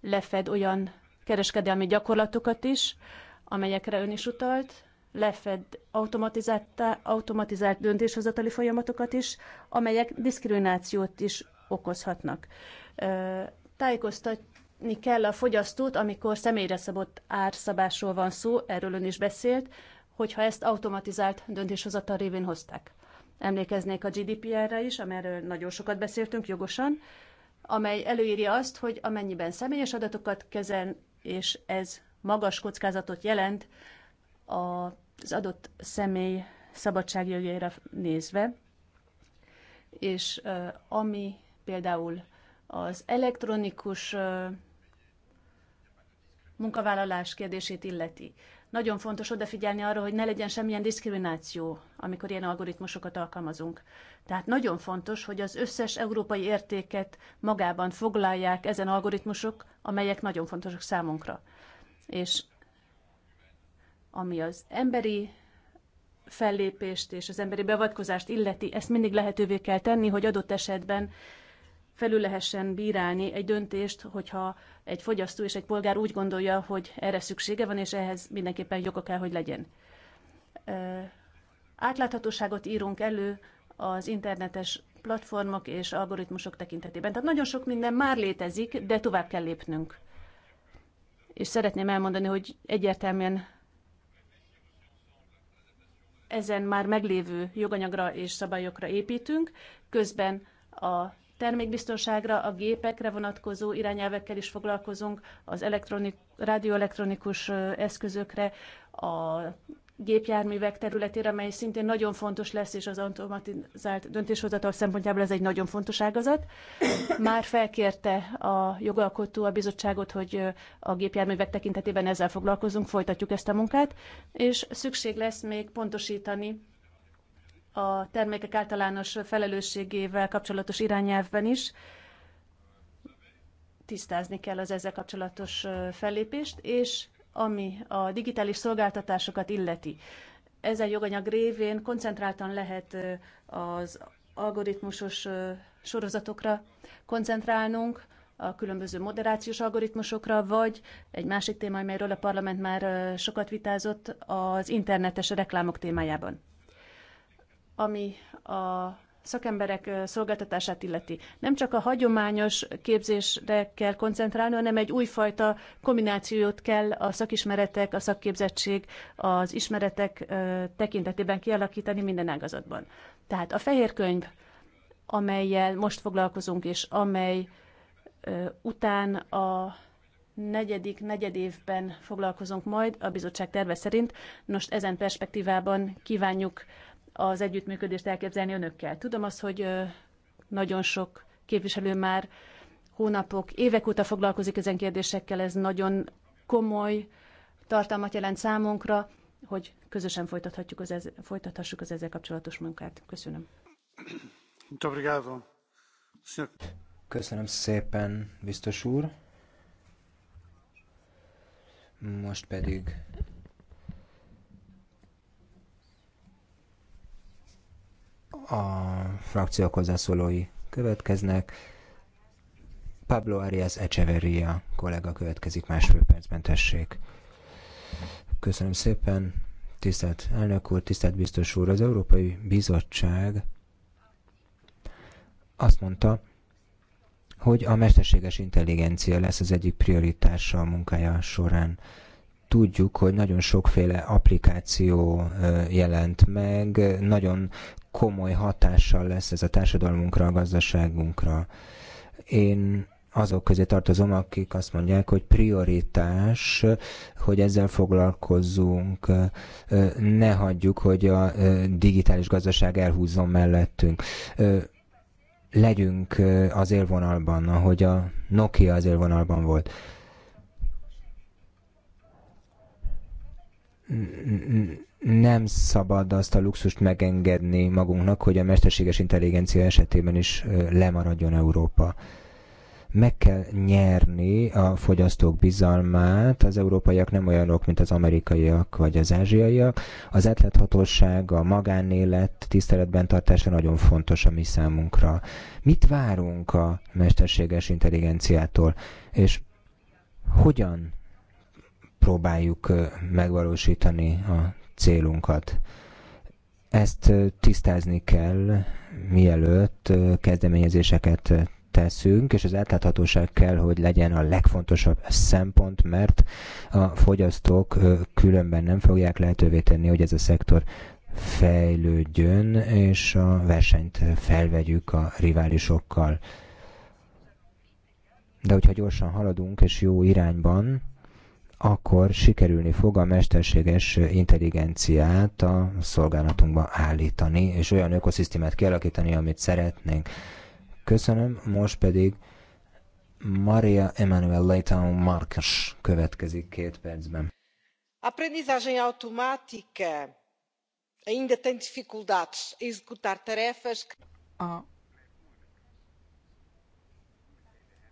lefed olyan kereskedelmi gyakorlatokat is, amelyekre ön is utalt, lefed automatizált, automatizált döntéshozatali folyamatokat is, amelyek diszkriminációt is okozhatnak. Tájékoztatni kell a fogyasztót, amikor személyre szabott árszabásról van szó, erről ön is beszélt, hogyha ezt automatizált döntéshozatal révén hozták. Emlékeznék a GDPR-re is, amelyről nagyon sokat beszéltünk jogosan, amely előírja azt, hogy amennyiben személyes adatokat kezel, és ez magas kockázatot jelent az adott személy szabadságjogjaira nézve, és ami például az elektronikus munkavállalás kérdését illeti. Nagyon fontos odafigyelni arra, hogy ne legyen semmilyen diszkrimináció, amikor ilyen algoritmusokat alkalmazunk. Tehát nagyon fontos, hogy az összes európai értéket magában foglalják ezen algoritmusok, amelyek nagyon fontosak számunkra. És ami az emberi fellépést és az emberi beavatkozást illeti, ezt mindig lehetővé kell tenni, hogy adott esetben felül lehessen bírálni egy döntést, hogyha egy fogyasztó és egy polgár úgy gondolja, hogy erre szüksége van, és ehhez mindenképpen joga kell, hogy legyen. Átláthatóságot írunk elő az internetes platformok és algoritmusok tekintetében. Tehát nagyon sok minden már létezik, de tovább kell lépnünk. És szeretném elmondani, hogy egyértelműen ezen már meglévő joganyagra és szabályokra építünk, közben a termékbiztonságra, a gépekre vonatkozó irányelvekkel is foglalkozunk, az elektronik, rádióelektronikus eszközökre, a gépjárművek területére, mely szintén nagyon fontos lesz, és az automatizált döntéshozatal szempontjából ez egy nagyon fontos ágazat. Már felkérte a jogalkotó a bizottságot, hogy a gépjárművek tekintetében ezzel foglalkozunk, folytatjuk ezt a munkát, és szükség lesz még pontosítani a termékek általános felelősségével kapcsolatos irányelvben is tisztázni kell az ezzel kapcsolatos fellépést, és ami a digitális szolgáltatásokat illeti. Ezen joganyag révén koncentráltan lehet az algoritmusos sorozatokra koncentrálnunk, a különböző moderációs algoritmusokra, vagy egy másik téma, amelyről a parlament már sokat vitázott, az internetes reklámok témájában ami a szakemberek szolgáltatását illeti. Nem csak a hagyományos képzésre kell koncentrálni, hanem egy újfajta kombinációt kell a szakismeretek, a szakképzettség, az ismeretek tekintetében kialakítani minden ágazatban. Tehát a fehér könyv, amelyel most foglalkozunk, és amely után a negyedik negyedévben foglalkozunk majd a bizottság terve szerint. Most ezen perspektívában kívánjuk az együttműködést elképzelni önökkel. Tudom azt, hogy nagyon sok képviselő már hónapok, évek óta foglalkozik ezen kérdésekkel, ez nagyon komoly tartalmat jelent számunkra, hogy közösen folytathatjuk az ez, folytathassuk az ezzel kapcsolatos munkát. Köszönöm. Köszönöm szépen, biztos úr. Most pedig A frakciók hozzászólói következnek. Pablo Arias Echeverria kollega következik másfél percben, tessék. Köszönöm szépen, tisztelt elnök úr, tisztelt biztos úr. Az Európai Bizottság azt mondta, hogy a mesterséges intelligencia lesz az egyik prioritása a munkája során. Tudjuk, hogy nagyon sokféle applikáció jelent meg, nagyon komoly hatással lesz ez a társadalmunkra, a gazdaságunkra. Én azok közé tartozom, akik azt mondják, hogy prioritás, hogy ezzel foglalkozzunk, ne hagyjuk, hogy a digitális gazdaság elhúzzon mellettünk. Legyünk az élvonalban, ahogy a Nokia az élvonalban volt. nem szabad azt a luxust megengedni magunknak, hogy a mesterséges intelligencia esetében is lemaradjon Európa. Meg kell nyerni a fogyasztók bizalmát, az európaiak nem olyanok, mint az amerikaiak vagy az ázsiaiak. Az átláthatóság, a magánélet tiszteletben tartása nagyon fontos a mi számunkra. Mit várunk a mesterséges intelligenciától, és hogyan próbáljuk megvalósítani a célunkat. Ezt tisztázni kell, mielőtt kezdeményezéseket teszünk, és az átláthatóság kell, hogy legyen a legfontosabb szempont, mert a fogyasztók különben nem fogják lehetővé tenni, hogy ez a szektor fejlődjön, és a versenyt felvegyük a riválisokkal. De hogyha gyorsan haladunk, és jó irányban, akkor sikerülni fog a mesterséges intelligenciát a szolgálatunkba állítani, és olyan ökoszisztémát kialakítani, amit szeretnénk. Köszönöm, most pedig Maria Emanuel Leitão Marques következik két percben. A aprendizagem automática ainda tem dificuldades a executar tarefas. A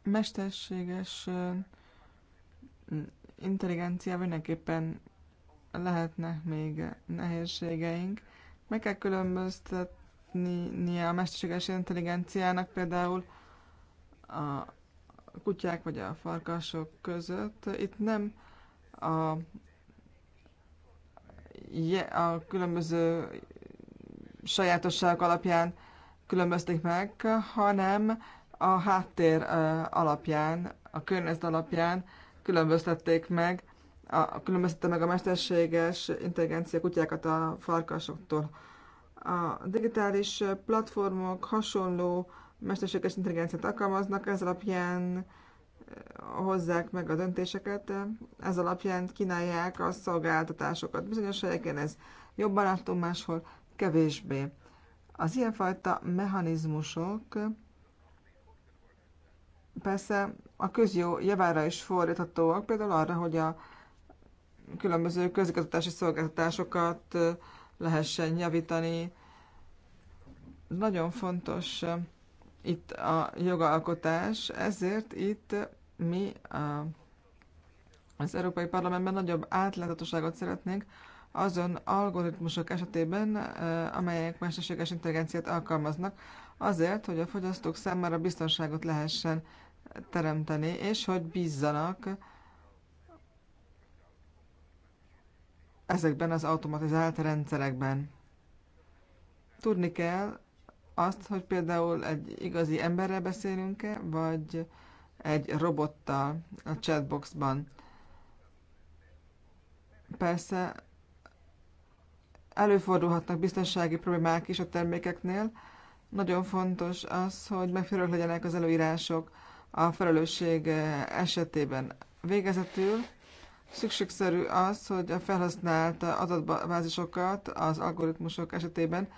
mesterséges intelligenciával mindenképpen lehetnek még nehézségeink. Meg kell különböztetnie a mesterséges intelligenciának például a kutyák vagy a farkasok között. Itt nem a, a különböző sajátosság alapján különbözték meg, hanem a háttér alapján, a környezet alapján különböztették meg, a, különböztette meg a mesterséges intelligencia kutyákat a farkasoktól. A digitális platformok hasonló mesterséges intelligenciát alkalmaznak, ez alapján eh, hozzák meg a döntéseket, ez alapján kínálják a szolgáltatásokat. Bizonyos helyeken ez jobban látom, máshol kevésbé. Az ilyenfajta mechanizmusok persze a közjó javára is fordíthatóak, például arra, hogy a különböző közigazgatási szolgáltatásokat lehessen javítani. Nagyon fontos itt a jogalkotás, ezért itt mi a, az Európai Parlamentben nagyobb átláthatóságot szeretnénk azon algoritmusok esetében, amelyek mesterséges intelligenciát alkalmaznak, azért, hogy a fogyasztók számára biztonságot lehessen teremteni, és hogy bízzanak ezekben az automatizált rendszerekben. Tudni kell azt, hogy például egy igazi emberrel beszélünk-e, vagy egy robottal a chatboxban. Persze előfordulhatnak biztonsági problémák is a termékeknél. Nagyon fontos az, hogy megfelelők legyenek az előírások a felelősség eh, esetében. Végezetül szükségszerű az, hogy a felhasznált adatbázisokat az algoritmusok esetében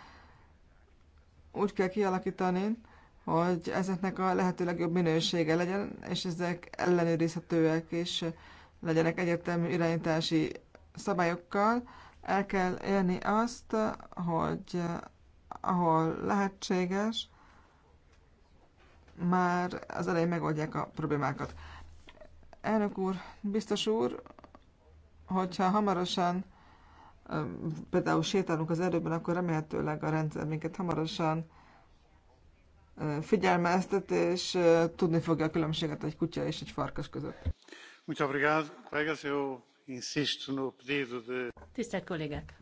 úgy kell kialakítani, hogy ezeknek a lehető legjobb minősége legyen, és ezek ellenőrizhetőek és legyenek egyértelmű irányítási szabályokkal. El kell élni azt, hogy eh, ahol lehetséges, már az elején megoldják a problémákat. Elnök úr, biztos úr, hogyha hamarosan például sétálunk az erdőben, akkor remélhetőleg a rendszer minket hamarosan figyelmeztet, és tudni fogja a különbséget egy kutya és egy farkas között. Tisztelt kollégák!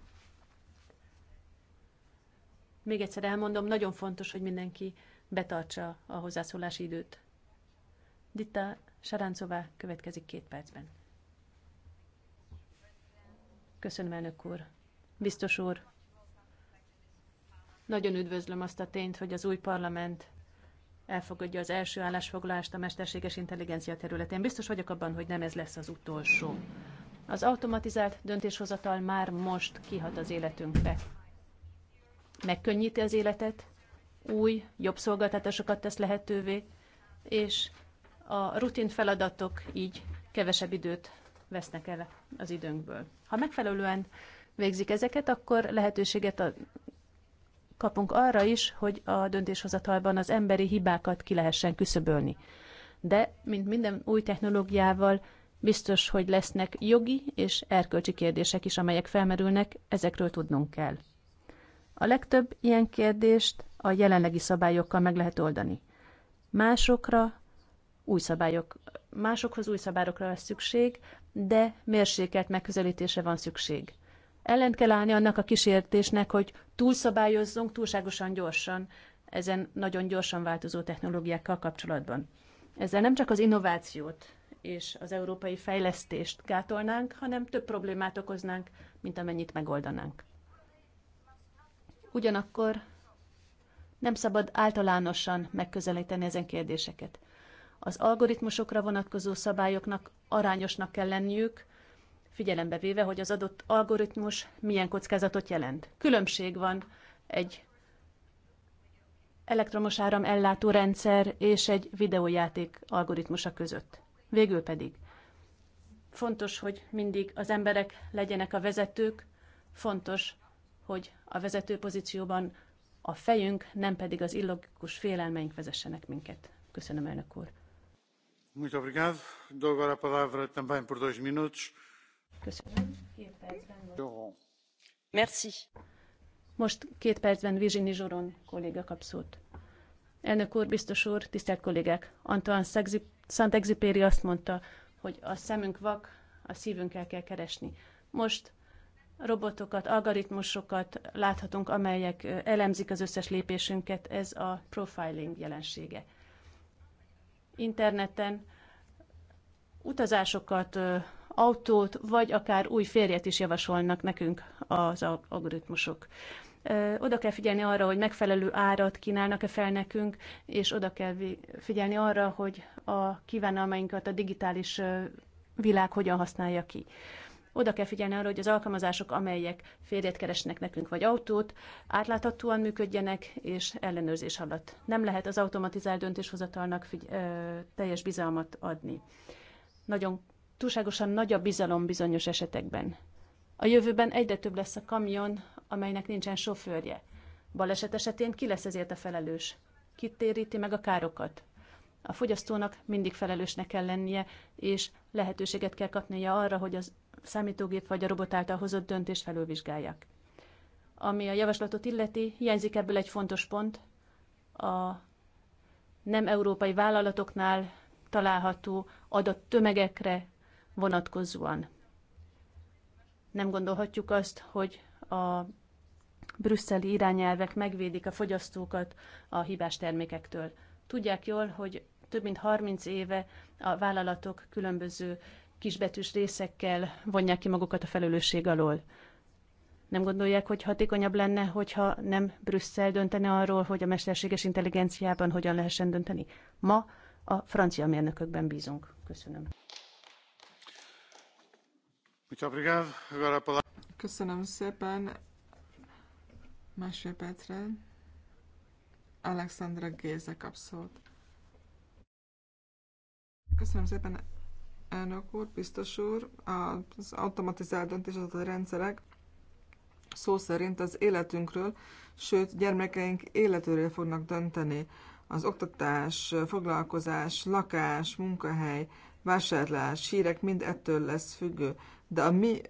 Még egyszer elmondom, nagyon fontos, hogy mindenki betartsa a hozzászólási időt. Ditta Saráncová következik két percben. Köszönöm, elnök úr. Biztos úr, nagyon üdvözlöm azt a tényt, hogy az új parlament elfogadja az első állásfoglalást a mesterséges intelligencia területén. Biztos vagyok abban, hogy nem ez lesz az utolsó. Az automatizált döntéshozatal már most kihat az életünkbe. Megkönnyíti az életet, új, jobb szolgáltatásokat tesz lehetővé, és a rutin feladatok így kevesebb időt vesznek el az időnkből. Ha megfelelően végzik ezeket, akkor lehetőséget a, kapunk arra is, hogy a döntéshozatalban az emberi hibákat ki lehessen küszöbölni. De, mint minden új technológiával, biztos, hogy lesznek jogi és erkölcsi kérdések is, amelyek felmerülnek, ezekről tudnunk kell. A legtöbb ilyen kérdést a jelenlegi szabályokkal meg lehet oldani. Másokra új szabályok, másokhoz új szabályokra lesz szükség, de mérsékelt megközelítése van szükség. Ellent kell állni annak a kísértésnek, hogy túlszabályozzunk túlságosan gyorsan ezen nagyon gyorsan változó technológiákkal kapcsolatban. Ezzel nem csak az innovációt és az európai fejlesztést gátolnánk, hanem több problémát okoznánk, mint amennyit megoldanánk. Ugyanakkor nem szabad általánosan megközelíteni ezen kérdéseket. Az algoritmusokra vonatkozó szabályoknak arányosnak kell lenniük, figyelembe véve, hogy az adott algoritmus milyen kockázatot jelent. Különbség van egy elektromos áram ellátó rendszer és egy videójáték algoritmusa között. Végül pedig fontos, hogy mindig az emberek legyenek a vezetők, fontos, hogy a vezető pozícióban a fejünk, nem pedig az illogikus félelmeink vezessenek minket. Köszönöm, elnök úr. Muito obrigado. Dou agora a palavra também por dois minutos. Merci. Most két percben Virginie Zsoron kolléga kap szót. Elnök úr, biztos úr, tisztelt kollégák! Antoine Szent-Exupéry azt mondta, hogy a szemünk vak, a szívünkkel kell keresni. Most robotokat, algoritmusokat láthatunk, amelyek elemzik az összes lépésünket, ez a profiling jelensége. Interneten utazásokat, autót, vagy akár új férjet is javasolnak nekünk az algoritmusok. Oda kell figyelni arra, hogy megfelelő árat kínálnak-e fel nekünk, és oda kell figyelni arra, hogy a kívánalmainkat a digitális világ hogyan használja ki. Oda kell figyelni arra, hogy az alkalmazások, amelyek férjet keresnek nekünk, vagy autót, átláthatóan működjenek, és ellenőrzés alatt. Nem lehet az automatizált döntéshozatalnak figy- ö, teljes bizalmat adni. Nagyon túlságosan nagy a bizalom bizonyos esetekben. A jövőben egyre több lesz a kamion, amelynek nincsen sofőrje. Baleset esetén ki lesz ezért a felelős? Ki téríti meg a károkat? A fogyasztónak mindig felelősnek kell lennie, és lehetőséget kell kapnia arra, hogy az számítógép vagy a robot által hozott döntés felülvizsgálják. Ami a javaslatot illeti, hiányzik ebből egy fontos pont, a nem európai vállalatoknál található tömegekre vonatkozóan. Nem gondolhatjuk azt, hogy a brüsszeli irányelvek megvédik a fogyasztókat a hibás termékektől. Tudják jól, hogy több mint 30 éve a vállalatok különböző kisbetűs részekkel vonják ki magukat a felelősség alól. Nem gondolják, hogy hatékonyabb lenne, hogyha nem Brüsszel döntene arról, hogy a mesterséges intelligenciában hogyan lehessen dönteni? Ma a francia mérnökökben bízunk. Köszönöm. Köszönöm szépen. Másfél Petre. Alexandra Géze kap Köszönöm szépen, elnök úr, biztos úr, az automatizált döntéshozatali rendszerek szó szerint az életünkről, sőt gyermekeink életéről fognak dönteni. Az oktatás, foglalkozás, lakás, munkahely, vásárlás, hírek mind ettől lesz függő. De a mi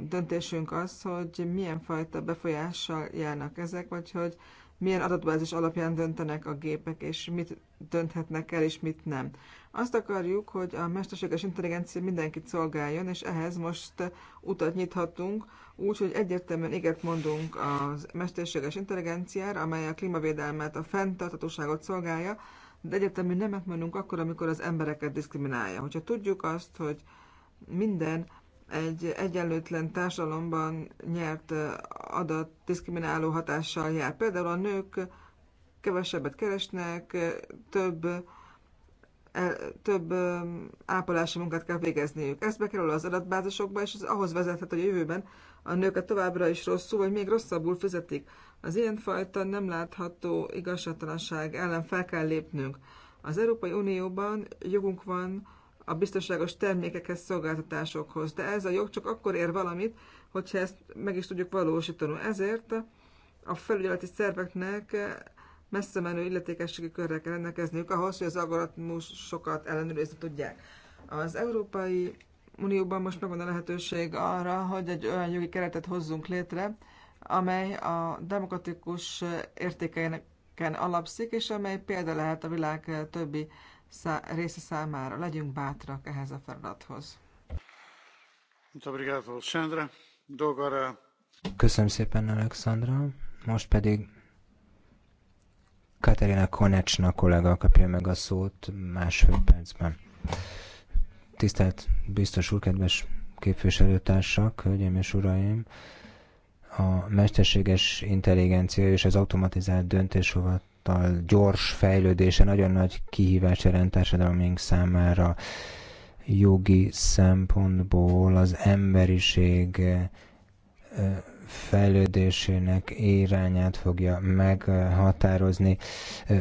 döntésünk az, hogy milyen fajta befolyással járnak ezek, vagy hogy milyen adatbázis alapján döntenek a gépek, és mit dönthetnek el, és mit nem. Azt akarjuk, hogy a mesterséges intelligencia mindenkit szolgáljon, és ehhez most utat nyithatunk, úgy, hogy egyértelműen éget mondunk a mesterséges intelligenciára, amely a klímavédelmet, a fenntartatóságot szolgálja, de egyértelműen nemet mondunk akkor, amikor az embereket diszkriminálja. Hogyha tudjuk azt, hogy minden egy egyenlőtlen társadalomban nyert adat diszkrimináló hatással jár. Például a nők kevesebbet keresnek, több, több ápolási munkát kell végezniük. Ez bekerül az adatbázisokba, és ez ahhoz vezethet, hogy a jövőben a nőket továbbra is rosszul, vagy még rosszabbul fizetik. Az ilyenfajta nem látható igazságtalanság ellen fel kell lépnünk. Az Európai Unióban jogunk van a biztonságos termékekhez, szolgáltatásokhoz. De ez a jog csak akkor ér valamit, hogyha ezt meg is tudjuk valósítani. Ezért a felügyeleti szerveknek messze menő illetékességi körre kell rendelkezniük ahhoz, hogy az algoritmusokat ellenőrizni tudják. Az Európai Unióban most megvan a lehetőség arra, hogy egy olyan jogi keretet hozzunk létre, amely a demokratikus értékeinek alapszik, és amely példa lehet a világ többi szá- része számára. Legyünk bátrak ehhez a feladathoz. Köszönöm szépen, Alexandra. Most pedig Katerina Konecsna kollega kapja meg a szót másfél percben. Tisztelt biztos úr, kedves képviselőtársak, hölgyeim és uraim! A mesterséges intelligencia és az automatizált döntéshozat által gyors fejlődése nagyon nagy kihívás jelent társadalmunk számára. Jogi szempontból az emberiség fejlődésének irányát fogja meghatározni.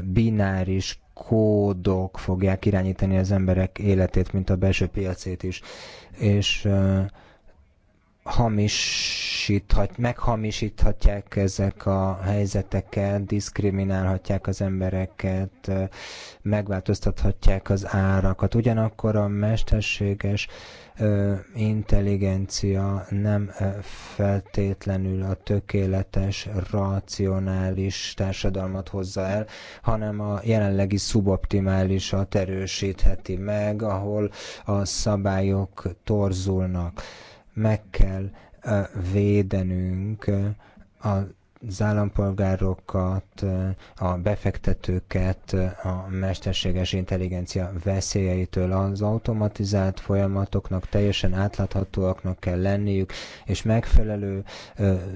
Bináris kódok fogják irányítani az emberek életét, mint a belső piacét is. És hamisíthat, meghamisíthatják ezek a helyzeteket, diszkriminálhatják az embereket, megváltoztathatják az árakat. Ugyanakkor a mesterséges intelligencia nem feltétlenül a tökéletes, racionális társadalmat hozza el, hanem a jelenlegi szuboptimálisat erősítheti meg, ahol a szabályok torzulnak meg kell védenünk az állampolgárokat, a befektetőket a mesterséges intelligencia veszélyeitől. Az automatizált folyamatoknak teljesen átláthatóaknak kell lenniük, és megfelelő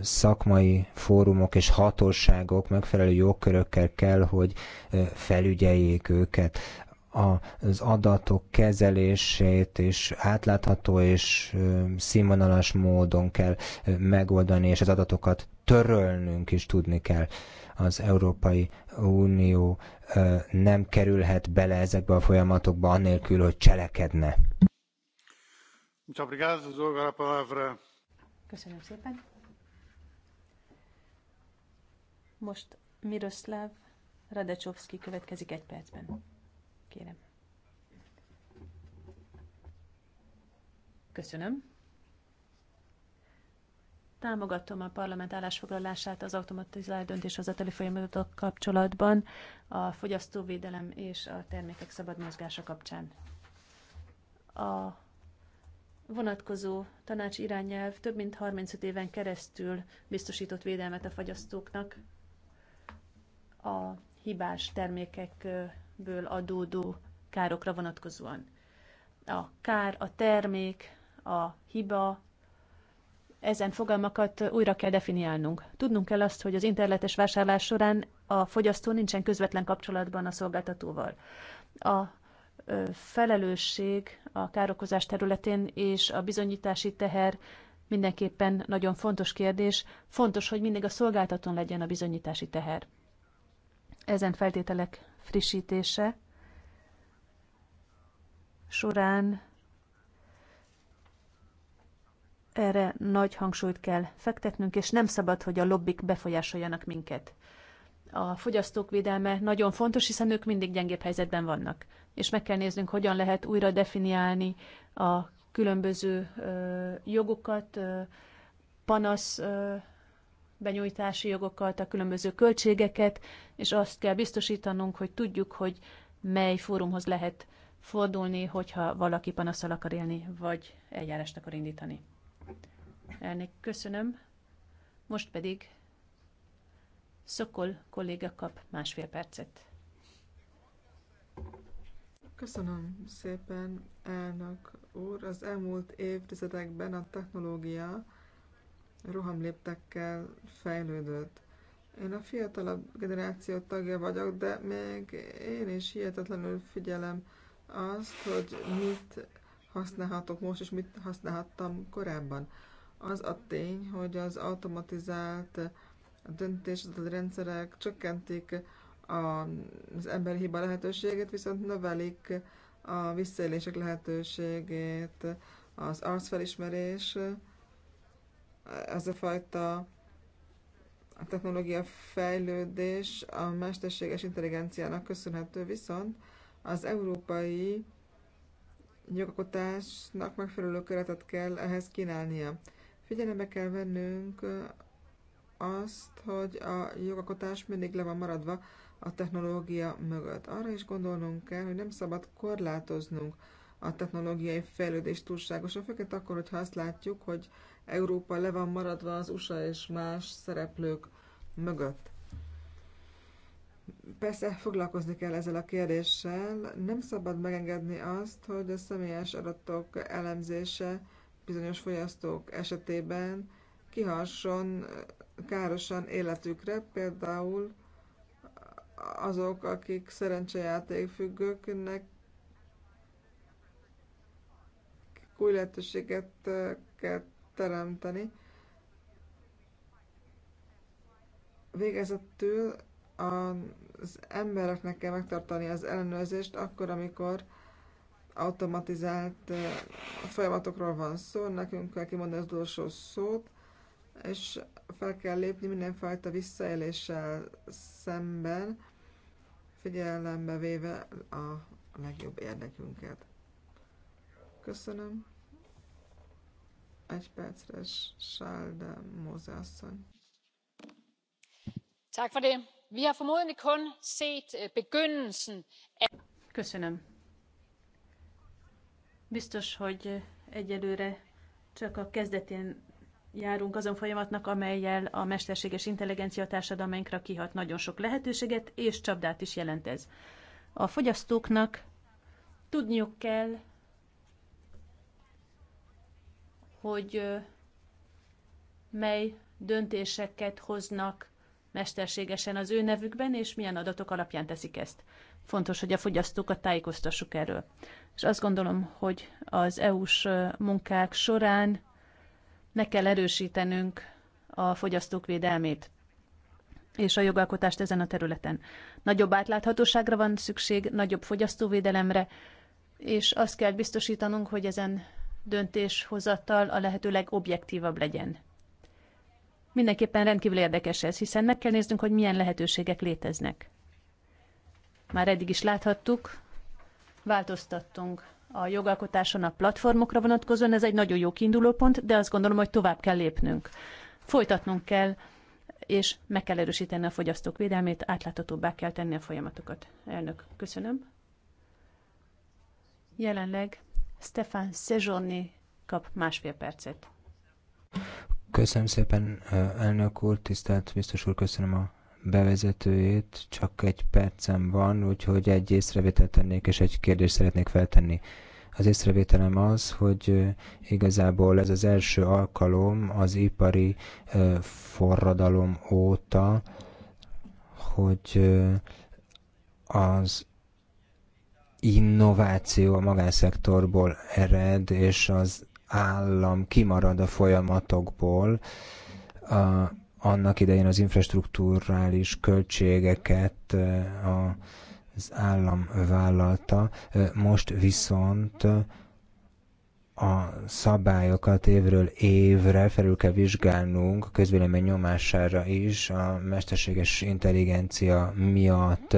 szakmai fórumok és hatóságok megfelelő jogkörökkel kell, hogy felügyeljék őket az adatok kezelését is átlátható és színvonalas módon kell megoldani, és az adatokat törölnünk is tudni kell. Az Európai Unió nem kerülhet bele ezekbe a folyamatokba annélkül, hogy cselekedne. Köszönöm szépen. Most Miroslav Radecsovszki következik egy percben kérem. Köszönöm. Támogatom a parlament állásfoglalását az automatizált döntéshozatali folyamatok kapcsolatban, a fogyasztóvédelem és a termékek szabad mozgása kapcsán. A vonatkozó tanács irányelv több mint 35 éven keresztül biztosított védelmet a fogyasztóknak a hibás termékek ből adódó károkra vonatkozóan. A kár, a termék, a hiba, ezen fogalmakat újra kell definiálnunk. Tudnunk kell azt, hogy az internetes vásárlás során a fogyasztó nincsen közvetlen kapcsolatban a szolgáltatóval. A felelősség a károkozás területén és a bizonyítási teher mindenképpen nagyon fontos kérdés. Fontos, hogy mindig a szolgáltatón legyen a bizonyítási teher. Ezen feltételek frissítése során erre nagy hangsúlyt kell fektetnünk, és nem szabad, hogy a lobbik befolyásoljanak minket. A fogyasztók védelme nagyon fontos, hiszen ők mindig gyengébb helyzetben vannak. És meg kell néznünk, hogyan lehet újra definiálni a különböző ö, jogokat, ö, panasz ö, benyújtási jogokat, a különböző költségeket, és azt kell biztosítanunk, hogy tudjuk, hogy mely fórumhoz lehet fordulni, hogyha valaki panaszal akar élni, vagy eljárást akar indítani. Elnék, köszönöm. Most pedig Szokol kolléga kap másfél percet. Köszönöm szépen, elnök úr. Az elmúlt évtizedekben a technológia rohamléptekkel fejlődött. Én a fiatalabb generáció tagja vagyok, de még én is hihetetlenül figyelem azt, hogy mit használhatok most, és mit használhattam korábban. Az a tény, hogy az automatizált döntéshozatali rendszerek csökkentik az emberi hiba lehetőségét, viszont növelik a visszaélések lehetőségét, az arcfelismerés, az a fajta a technológia fejlődés a mesterséges intelligenciának köszönhető, viszont az európai jogakotásnak megfelelő keretet kell ehhez kínálnia. Figyelembe kell vennünk azt, hogy a jogakotás mindig le van maradva a technológia mögött. Arra is gondolnunk kell, hogy nem szabad korlátoznunk a technológiai fejlődést túlságosan, főként akkor, hogyha azt látjuk, hogy Európa le van maradva az USA és más szereplők mögött. Persze foglalkozni kell ezzel a kérdéssel. Nem szabad megengedni azt, hogy a személyes adatok elemzése bizonyos fogyasztók esetében kihasson károsan életükre, például azok, akik szerencsejáték függőknek új lehetőségeket teremteni. Végezetül az embereknek kell megtartani az ellenőrzést akkor, amikor automatizált eh, folyamatokról van szó, nekünk kell kimondani az utolsó szót, és fel kell lépni mindenfajta visszaéléssel szemben, figyelembe véve a legjobb érdekünket. Köszönöm. Egy percre, de Móze asszony. Tak for det. Vi har formodentlig kun set øh, begyndelsen Köszönöm. Biztos, hogy eh, egyelőre csak a kezdetén járunk azon folyamatnak, amelyel a mesterséges intelligencia társadalmainkra kihat nagyon sok lehetőséget, és csapdát is jelent ez. A fogyasztóknak tudniuk kell, hogy mely döntéseket hoznak mesterségesen az ő nevükben, és milyen adatok alapján teszik ezt. Fontos, hogy a fogyasztókat tájékoztassuk erről. És azt gondolom, hogy az EU-s munkák során meg kell erősítenünk a fogyasztók védelmét és a jogalkotást ezen a területen. Nagyobb átláthatóságra van szükség, nagyobb fogyasztóvédelemre, és azt kell biztosítanunk, hogy ezen döntéshozattal a lehető legobjektívabb legyen. Mindenképpen rendkívül érdekes ez, hiszen meg kell néznünk, hogy milyen lehetőségek léteznek. Már eddig is láthattuk, változtattunk a jogalkotáson a platformokra vonatkozóan, ez egy nagyon jó kiindulópont, de azt gondolom, hogy tovább kell lépnünk. Folytatnunk kell, és meg kell erősíteni a fogyasztók védelmét, átláthatóbbá kell tenni a folyamatokat. Elnök, köszönöm. Jelenleg Stefan Szezsorni kap másfél percet. Köszönöm szépen, elnök úr, tisztelt biztos úr, köszönöm a bevezetőjét. Csak egy percem van, úgyhogy egy észrevételt tennék, és egy kérdést szeretnék feltenni. Az észrevételem az, hogy igazából ez az első alkalom az ipari forradalom óta, hogy az innováció a magánszektorból ered, és az állam kimarad a folyamatokból. A, annak idején az infrastruktúrális költségeket a, az állam vállalta, most viszont a szabályokat évről évre felül kell vizsgálnunk a közvélemény nyomására is a mesterséges intelligencia miatt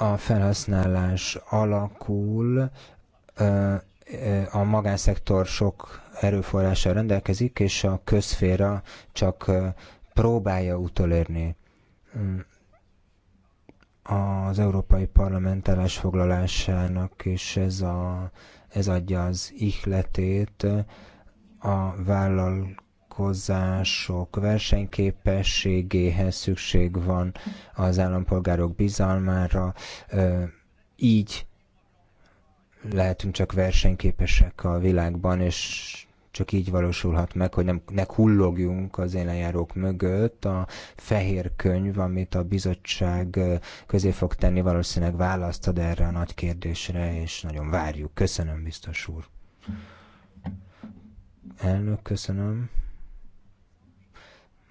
a felhasználás alakul, a magánszektor sok erőforrással rendelkezik, és a közféra csak próbálja utolérni az Európai Parlament foglalásának és ez, a, ez adja az ihletét a vállal vállalkozások versenyképességéhez szükség van az állampolgárok bizalmára, így lehetünk csak versenyképesek a világban, és csak így valósulhat meg, hogy nem, ne hullogjunk az élenjárók mögött. A fehér könyv, amit a bizottság közé fog tenni, valószínűleg választ ad erre a nagy kérdésre, és nagyon várjuk. Köszönöm, biztos úr. Elnök, köszönöm.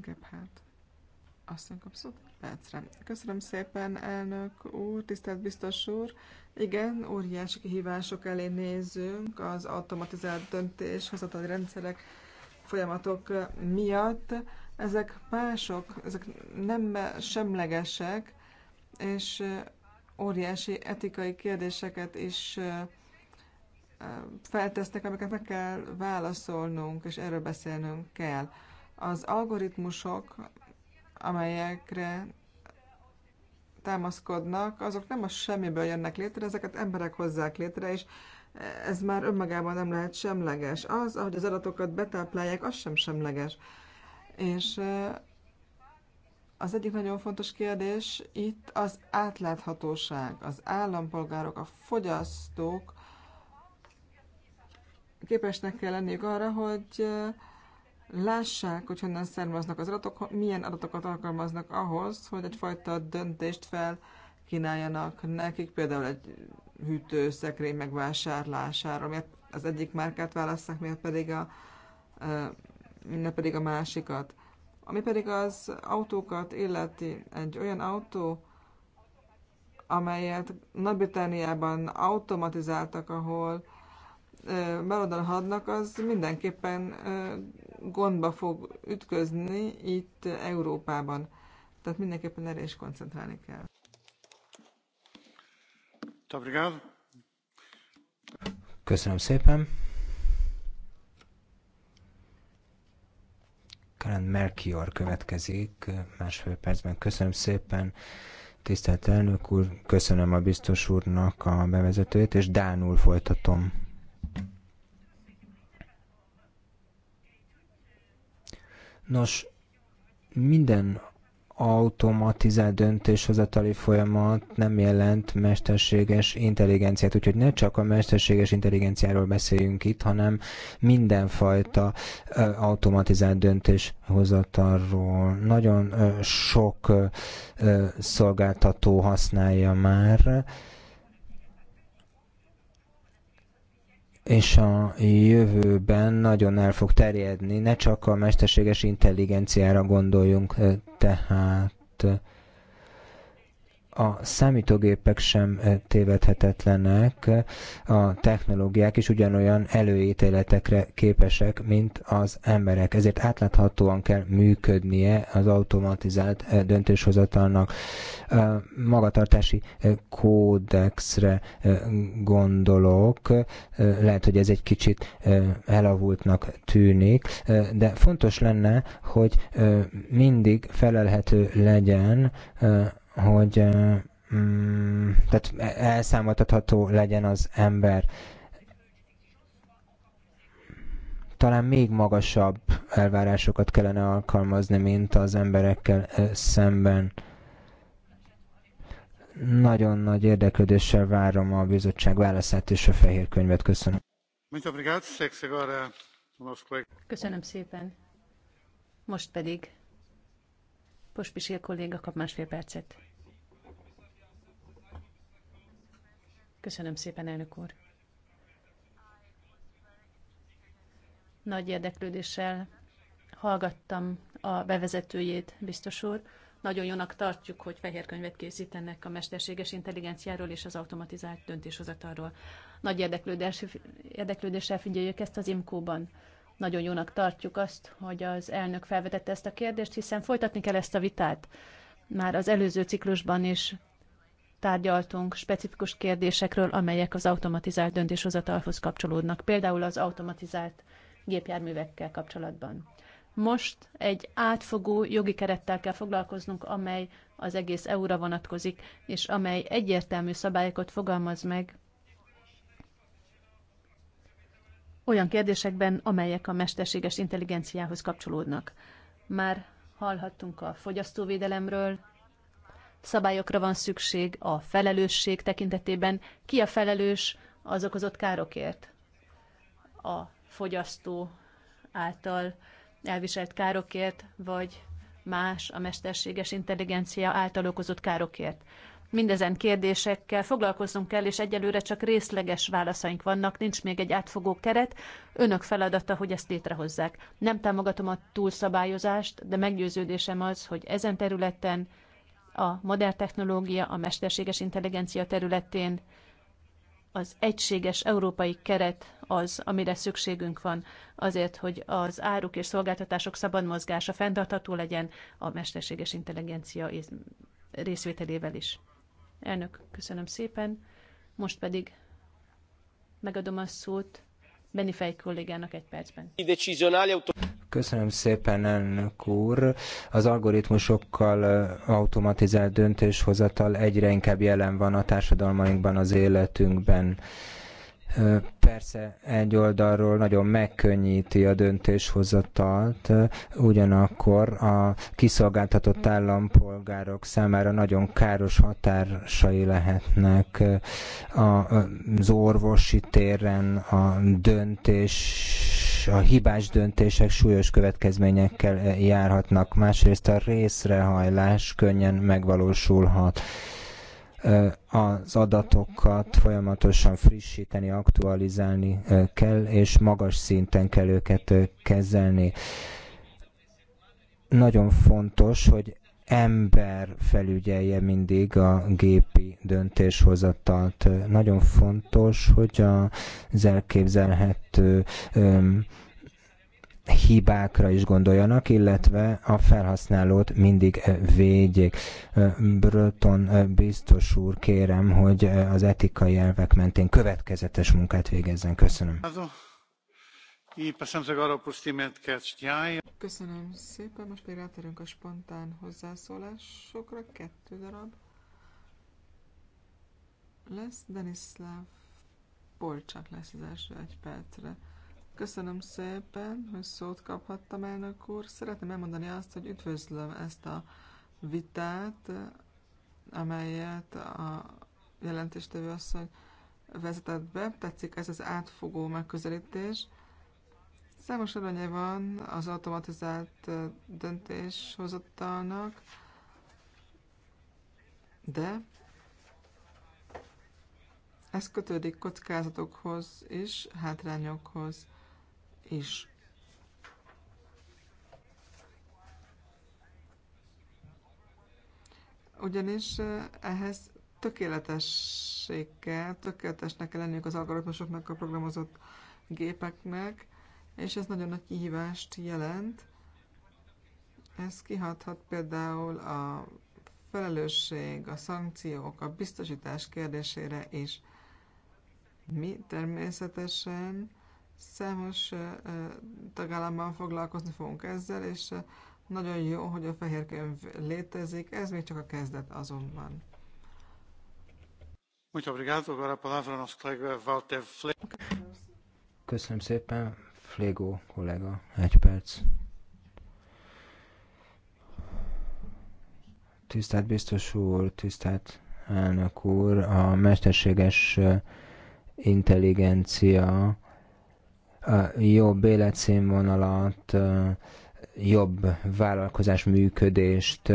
Gebhardt. Aztán kapsz percre. Köszönöm szépen, elnök úr, tisztelt biztos úr. Igen, óriási kihívások elé nézünk az automatizált döntéshozatali rendszerek, folyamatok miatt. Ezek mások, ezek nem semlegesek, és óriási etikai kérdéseket is feltesznek, amiket meg kell válaszolnunk, és erről beszélnünk kell. Az algoritmusok, amelyekre támaszkodnak, azok nem a semmiből jönnek létre, ezeket emberek hozzák létre, és ez már önmagában nem lehet semleges. Az, ahogy az adatokat betáplálják, az sem semleges. És az egyik nagyon fontos kérdés itt az átláthatóság. Az állampolgárok, a fogyasztók képesnek kell lenniük arra, hogy lássák, hogy honnan származnak az adatok, milyen adatokat alkalmaznak ahhoz, hogy egyfajta döntést fel kínáljanak nekik, például egy hűtőszekrény megvásárlására, miért az egyik márkát válasszák, miért pedig a, ne pedig a másikat. Ami pedig az autókat illeti, egy olyan autó, amelyet Nagy-Britániában automatizáltak, ahol baloldalra hadnak, az mindenképpen gondba fog ütközni itt Európában. Tehát mindenképpen erre is koncentrálni kell. Köszönöm szépen. Karen Melchior következik másfél percben. Köszönöm szépen. Tisztelt elnök úr, köszönöm a biztos úrnak a bevezetőjét, és Dánul folytatom. Nos, minden automatizált döntéshozatali folyamat nem jelent mesterséges intelligenciát, úgyhogy ne csak a mesterséges intelligenciáról beszéljünk itt, hanem mindenfajta automatizált döntéshozatalról. Nagyon sok szolgáltató használja már, és a jövőben nagyon el fog terjedni, ne csak a mesterséges intelligenciára gondoljunk, tehát a számítógépek sem e, tévedhetetlenek, e, a technológiák is ugyanolyan előítéletekre képesek, mint az emberek. Ezért átláthatóan kell működnie az automatizált e, döntéshozatalnak. Magatartási kódexre gondolok, lehet, hogy ez egy kicsit elavultnak tűnik, de fontos lenne, hogy mindig felelhető legyen hogy mm, tehát e, elszámoltatható legyen az ember. Talán még magasabb elvárásokat kellene alkalmazni, mint az emberekkel szemben. Nagyon nagy érdeklődéssel várom a bizottság válaszát és a fehér könyvet. Köszönöm. Köszönöm szépen. Most pedig Pospisil kolléga kap másfél percet. Köszönöm szépen, elnök úr. Nagy érdeklődéssel hallgattam a bevezetőjét, biztos úr. Nagyon jónak tartjuk, hogy fehér könyvet készítenek a mesterséges intelligenciáról és az automatizált döntéshozatalról. Nagy érdeklődés, érdeklődéssel figyeljük ezt az IMCO-ban. Nagyon jónak tartjuk azt, hogy az elnök felvetette ezt a kérdést, hiszen folytatni kell ezt a vitát. Már az előző ciklusban is tárgyaltunk specifikus kérdésekről, amelyek az automatizált döntéshozatalhoz kapcsolódnak, például az automatizált gépjárművekkel kapcsolatban. Most egy átfogó jogi kerettel kell foglalkoznunk, amely az egész EU-ra vonatkozik, és amely egyértelmű szabályokat fogalmaz meg olyan kérdésekben, amelyek a mesterséges intelligenciához kapcsolódnak. Már hallhattunk a fogyasztóvédelemről, szabályokra van szükség a felelősség tekintetében, ki a felelős az okozott károkért, a fogyasztó által elviselt károkért, vagy más a mesterséges intelligencia által okozott károkért. Mindezen kérdésekkel foglalkoznunk kell, és egyelőre csak részleges válaszaink vannak, nincs még egy átfogó keret, önök feladata, hogy ezt létrehozzák. Nem támogatom a túlszabályozást, de meggyőződésem az, hogy ezen területen a modern technológia, a mesterséges intelligencia területén az egységes európai keret az, amire szükségünk van azért, hogy az áruk és szolgáltatások szabad mozgása fenntartható legyen a mesterséges intelligencia részvételével is. Elnök, köszönöm szépen. Most pedig megadom a szót Benifej kollégának egy percben. Köszönöm szépen, elnök úr. Az algoritmusokkal automatizált döntéshozatal egyre inkább jelen van a társadalmainkban, az életünkben. Persze egy oldalról nagyon megkönnyíti a döntéshozatalt, ugyanakkor a kiszolgáltatott állampolgárok számára nagyon káros hatásai lehetnek az orvosi téren, a döntés a hibás döntések súlyos következményekkel eh, járhatnak. Másrészt a részrehajlás könnyen megvalósulhat eh, az adatokat folyamatosan frissíteni, aktualizálni eh, kell, és magas szinten kell őket kezelni. Nagyon fontos, hogy ember felügyelje mindig a gépi döntéshozatalt. Nagyon fontos, hogy az elképzelhető öm, hibákra is gondoljanak, illetve a felhasználót mindig védjék. Bröton biztos úr, kérem, hogy az etikai elvek mentén következetes munkát végezzen. Köszönöm. Köszönöm szépen, most pedig rátérünk a spontán hozzászólásokra, kettő darab lesz, Denislav Polcsak lesz az első egy percre. Köszönöm szépen, hogy szót kaphattam, elnök úr. Szeretném elmondani azt, hogy üdvözlöm ezt a vitát, amelyet a jelentéstevő asszony vezetett be. Tetszik ez az átfogó megközelítés. Számos előnye van az automatizált döntéshozatalnak, de ez kötődik kockázatokhoz és hátrányokhoz is. Ugyanis ehhez tökéletességgel, tökéletesnek kell lenniük az algoritmusoknak, a programozott gépeknek, és ez nagyon nagy kihívást jelent. Ez kihathat például a felelősség, a szankciók, a biztosítás kérdésére is. Mi természetesen számos tagállamban foglalkozni fogunk ezzel, és nagyon jó, hogy a fehér könyv létezik, ez még csak a kezdet azonban. Köszönöm szépen, Flégó kollega, egy perc. Tisztelt biztos úr, tisztelt elnök úr, a mesterséges intelligencia a jobb életszínvonalat, jobb vállalkozás működést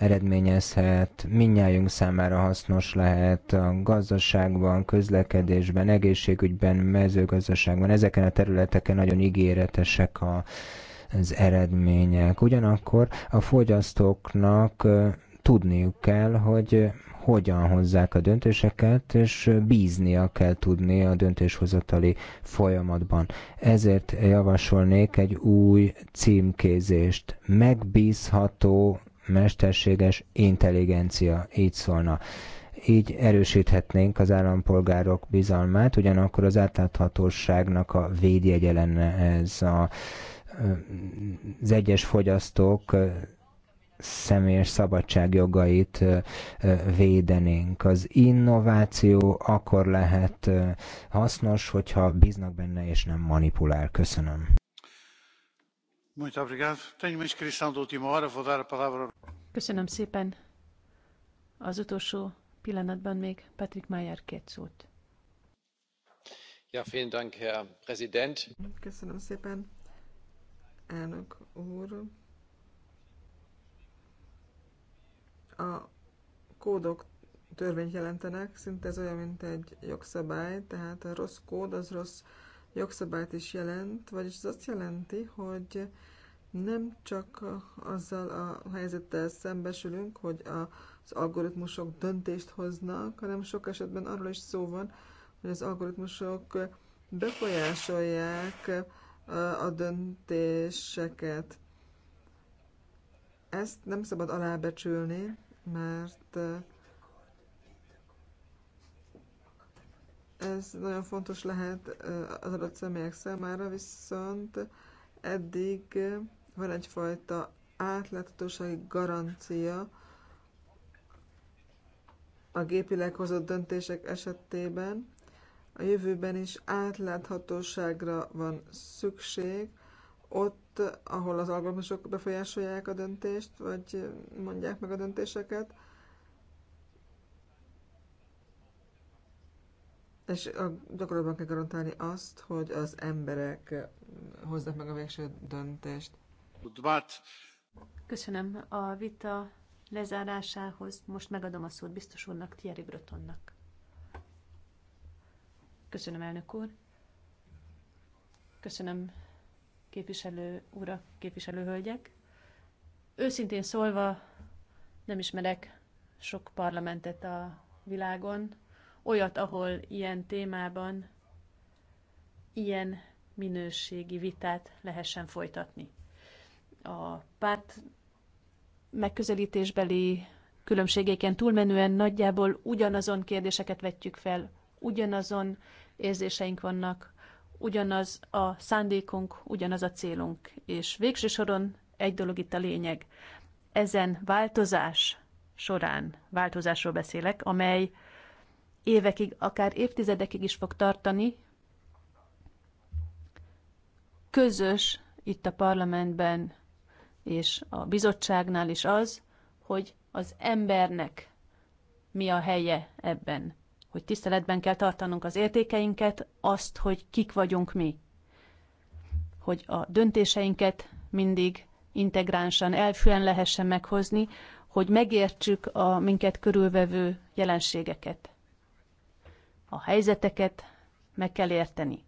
eredményezhet, minnyájunk számára hasznos lehet a gazdaságban, közlekedésben, egészségügyben, mezőgazdaságban. Ezeken a területeken nagyon ígéretesek a, az eredmények. Ugyanakkor a fogyasztóknak tudniuk kell, hogy hogyan hozzák a döntéseket, és bíznia kell tudni a döntéshozatali folyamatban. Ezért javasolnék egy új címkézést. Megbízható mesterséges intelligencia, így szólna. Így erősíthetnénk az állampolgárok bizalmát, ugyanakkor az átláthatóságnak a védjegye lenne ez a, az egyes fogyasztók személyes szabadságjogait védenénk. Az innováció akkor lehet hasznos, hogyha bíznak benne és nem manipulál. Köszönöm. Köszönöm szépen. Az utolsó pillanatban még Patrick Mayer két szót. Ja, vielen Dank, Herr Präsident. Köszönöm szépen, elnök úr. A kódok törvényt jelentenek, szinte ez olyan, mint egy jogszabály, tehát a rossz kód az rossz jogszabályt is jelent, vagyis az azt jelenti, hogy nem csak azzal a helyzettel szembesülünk, hogy az algoritmusok döntést hoznak, hanem sok esetben arról is szó van, hogy az algoritmusok befolyásolják a döntéseket. Ezt nem szabad alábecsülni, mert ez nagyon fontos lehet az adott személyek számára, viszont eddig van egyfajta átláthatósági garancia a gépileg hozott döntések esetében. A jövőben is átláthatóságra van szükség, ott, ahol az algoritmusok befolyásolják a döntést, vagy mondják meg a döntéseket, És a, gyakorlatban kell garantálni azt, hogy az emberek hozzák meg a végső döntést. Köszönöm a vita lezárásához. Most megadom a szót biztos úrnak, Thierry Brotonnak. Köszönöm, elnök úr. Köszönöm, képviselő urak, képviselő hölgyek. Őszintén szólva, nem ismerek sok parlamentet a világon, olyat, ahol ilyen témában ilyen minőségi vitát lehessen folytatni a párt megközelítésbeli különbségéken túlmenően nagyjából ugyanazon kérdéseket vetjük fel, ugyanazon érzéseink vannak, ugyanaz a szándékunk, ugyanaz a célunk, és végső soron egy dolog itt a lényeg. Ezen változás során, változásról beszélek, amely évekig, akár évtizedekig is fog tartani, közös itt a parlamentben és a bizottságnál is az, hogy az embernek mi a helye ebben. Hogy tiszteletben kell tartanunk az értékeinket, azt, hogy kik vagyunk mi. Hogy a döntéseinket mindig integránsan, elfülön lehessen meghozni, hogy megértsük a minket körülvevő jelenségeket. A helyzeteket meg kell érteni.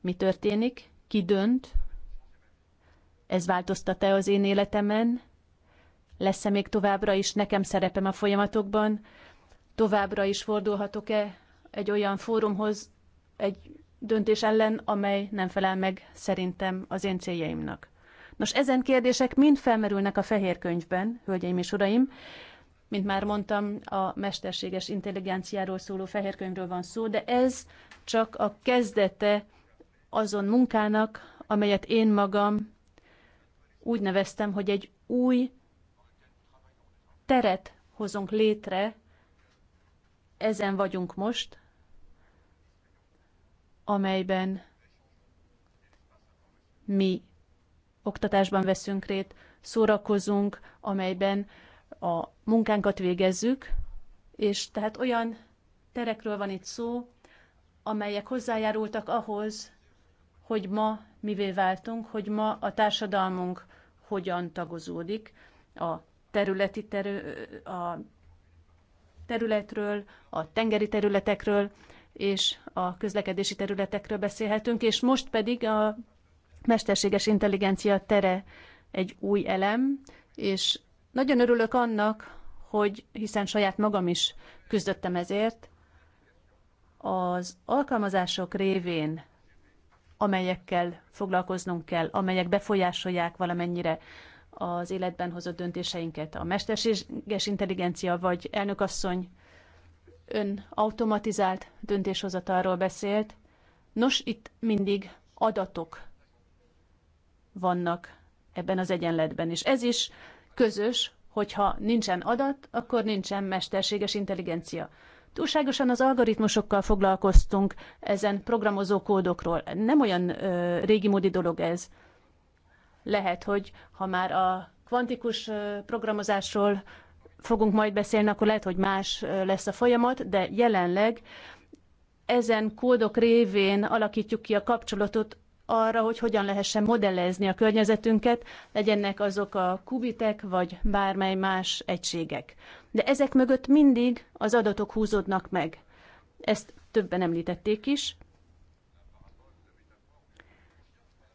Mi történik, ki dönt, ez változtat-e az én életemen? Lesz-e még továbbra is nekem szerepem a folyamatokban? Továbbra is fordulhatok-e egy olyan fórumhoz, egy döntés ellen, amely nem felel meg szerintem az én céljaimnak? Nos, ezen kérdések mind felmerülnek a fehér könyvben, hölgyeim és uraim. Mint már mondtam, a mesterséges intelligenciáról szóló fehér könyvről van szó, de ez csak a kezdete azon munkának, amelyet én magam úgy neveztem, hogy egy új teret hozunk létre, ezen vagyunk most, amelyben mi oktatásban veszünk rét, szórakozunk, amelyben a munkánkat végezzük, és tehát olyan terekről van itt szó, amelyek hozzájárultak ahhoz, hogy ma mivé váltunk, hogy ma a társadalmunk hogyan tagozódik a területi terü a területről, a tengeri területekről és a közlekedési területekről beszélhetünk, és most pedig a mesterséges intelligencia tere egy új elem, és nagyon örülök annak, hogy hiszen saját magam is küzdöttem ezért, az alkalmazások révén amelyekkel foglalkoznunk kell, amelyek befolyásolják valamennyire az életben hozott döntéseinket. A mesterséges intelligencia vagy elnökasszony ön automatizált döntéshozatalról beszélt. Nos, itt mindig adatok vannak ebben az egyenletben, és ez is közös, hogyha nincsen adat, akkor nincsen mesterséges intelligencia. Túlságosan az algoritmusokkal foglalkoztunk ezen programozó kódokról. Nem olyan ö, régi módi dolog ez. Lehet, hogy ha már a kvantikus ö, programozásról fogunk majd beszélni, akkor lehet, hogy más lesz a folyamat, de jelenleg ezen kódok révén alakítjuk ki a kapcsolatot arra, hogy hogyan lehessen modellezni a környezetünket, legyenek azok a kubitek vagy bármely más egységek de ezek mögött mindig az adatok húzódnak meg. Ezt többen említették is.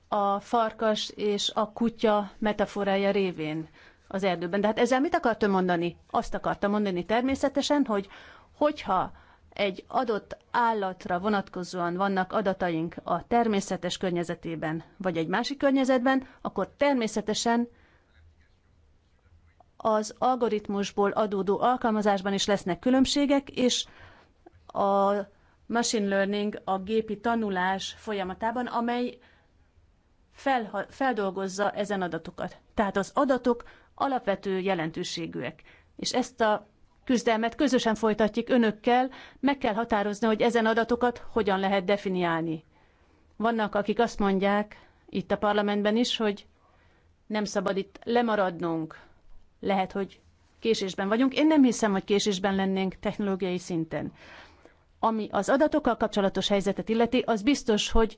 A farkas és a kutya metaforája révén az erdőben. De hát ezzel mit akartam mondani? Azt akartam mondani természetesen, hogy hogyha egy adott állatra vonatkozóan vannak adataink a természetes környezetében, vagy egy másik környezetben, akkor természetesen az algoritmusból adódó alkalmazásban is lesznek különbségek, és a machine learning a gépi tanulás folyamatában, amely fel, feldolgozza ezen adatokat. Tehát az adatok alapvető jelentőségűek. És ezt a küzdelmet közösen folytatjuk önökkel, meg kell határozni, hogy ezen adatokat hogyan lehet definiálni. Vannak, akik azt mondják itt a parlamentben is, hogy nem szabad itt lemaradnunk lehet, hogy késésben vagyunk. Én nem hiszem, hogy késésben lennénk technológiai szinten. Ami az adatokkal kapcsolatos helyzetet illeti, az biztos, hogy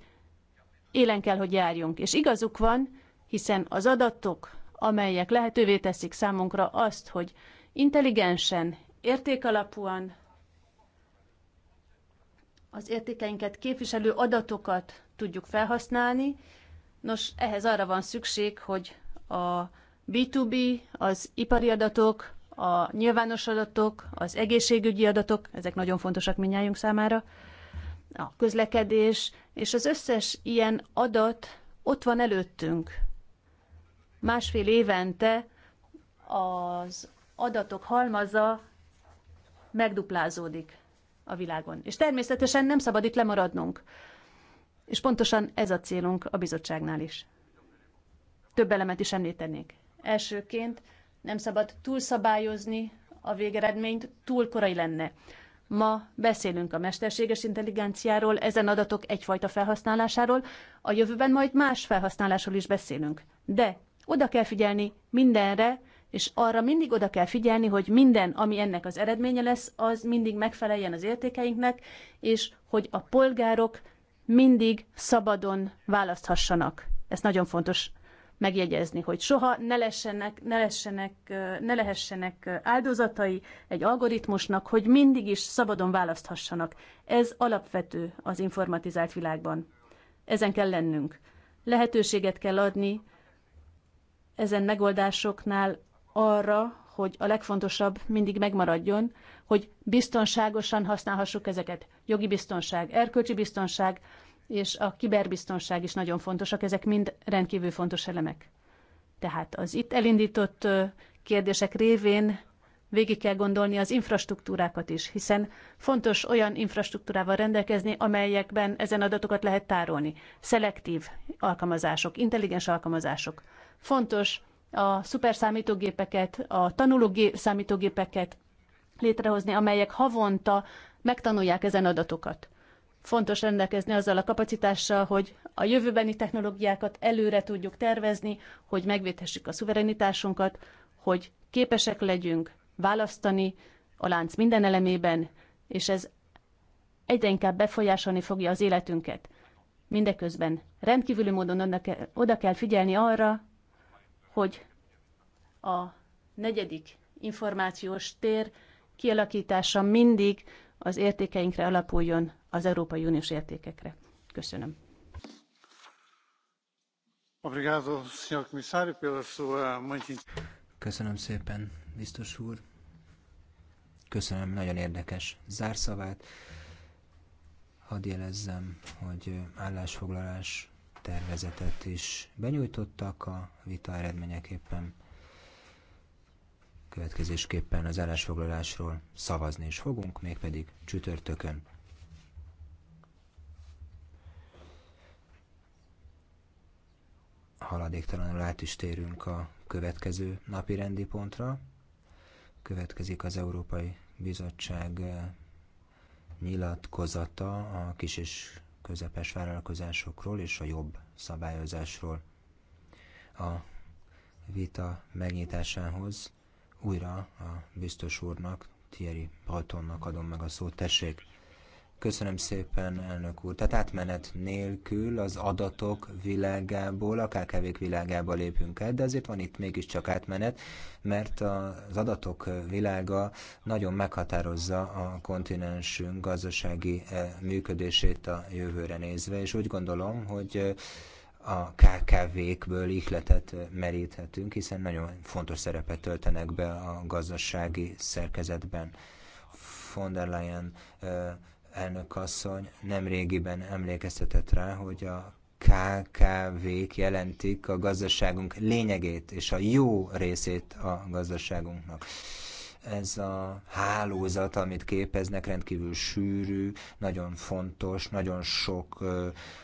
élen kell, hogy járjunk. És igazuk van, hiszen az adatok, amelyek lehetővé teszik számunkra azt, hogy intelligensen, értékalapúan az értékeinket képviselő adatokat tudjuk felhasználni. Nos, ehhez arra van szükség, hogy a B2B, az ipari adatok, a nyilvános adatok, az egészségügyi adatok, ezek nagyon fontosak minnyájunk számára, a közlekedés, és az összes ilyen adat ott van előttünk. Másfél évente az adatok halmaza megduplázódik a világon. És természetesen nem szabad itt lemaradnunk. És pontosan ez a célunk a bizottságnál is. Több elemet is említenék. Elsőként nem szabad túlszabályozni a végeredményt, túl korai lenne. Ma beszélünk a mesterséges intelligenciáról, ezen adatok egyfajta felhasználásáról, a jövőben majd más felhasználásról is beszélünk. De oda kell figyelni mindenre, és arra mindig oda kell figyelni, hogy minden, ami ennek az eredménye lesz, az mindig megfeleljen az értékeinknek, és hogy a polgárok mindig szabadon választhassanak. Ez nagyon fontos megjegyezni, hogy soha ne lessenek, ne lessenek, ne lehessenek áldozatai egy algoritmusnak, hogy mindig is szabadon választhassanak. Ez alapvető az informatizált világban. Ezen kell lennünk. Lehetőséget kell adni ezen megoldásoknál arra, hogy a legfontosabb mindig megmaradjon, hogy biztonságosan használhassuk ezeket. Jogi biztonság, erkölcsi biztonság, és a kiberbiztonság is nagyon fontosak, ezek mind rendkívül fontos elemek. Tehát az itt elindított kérdések révén végig kell gondolni az infrastruktúrákat is, hiszen fontos olyan infrastruktúrával rendelkezni, amelyekben ezen adatokat lehet tárolni. Szelektív alkalmazások, intelligens alkalmazások. Fontos a szuperszámítógépeket, a tanuló számítógépeket létrehozni, amelyek havonta megtanulják ezen adatokat fontos rendelkezni azzal a kapacitással, hogy a jövőbeni technológiákat előre tudjuk tervezni, hogy megvédhessük a szuverenitásunkat, hogy képesek legyünk választani a lánc minden elemében, és ez egyre inkább befolyásolni fogja az életünket. Mindeközben rendkívüli módon oda kell figyelni arra, hogy a negyedik információs tér kialakítása mindig az értékeinkre alapuljon az Európai Uniós értékekre. Köszönöm. Köszönöm szépen, biztos úr. Köszönöm, nagyon érdekes zárszavát. Hadd jelezzem, hogy állásfoglalás tervezetet is benyújtottak a vita eredményeképpen. Következésképpen az állásfoglalásról szavazni is fogunk, mégpedig csütörtökön. haladéktalanul át is térünk a következő napi rendi pontra. Következik az Európai Bizottság eh, nyilatkozata a kis és közepes vállalkozásokról és a jobb szabályozásról. A vita megnyitásához újra a biztos úrnak, Thierry Bretonnak adom meg a szót. Tessék! Köszönöm szépen, elnök úr. Tehát átmenet nélkül az adatok világából, a kkv világába lépünk el, de azért van itt mégiscsak átmenet, mert az adatok világa nagyon meghatározza a kontinensünk gazdasági eh, működését a jövőre nézve, és úgy gondolom, hogy eh, a KKV-kből ihletet eh, meríthetünk, hiszen nagyon fontos szerepet töltenek be a gazdasági szerkezetben. Von der Leyen elnökasszony nemrégiben emlékeztetett rá, hogy a KKV-k jelentik a gazdaságunk lényegét és a jó részét a gazdaságunknak. Ez a hálózat, amit képeznek, rendkívül sűrű, nagyon fontos, nagyon sok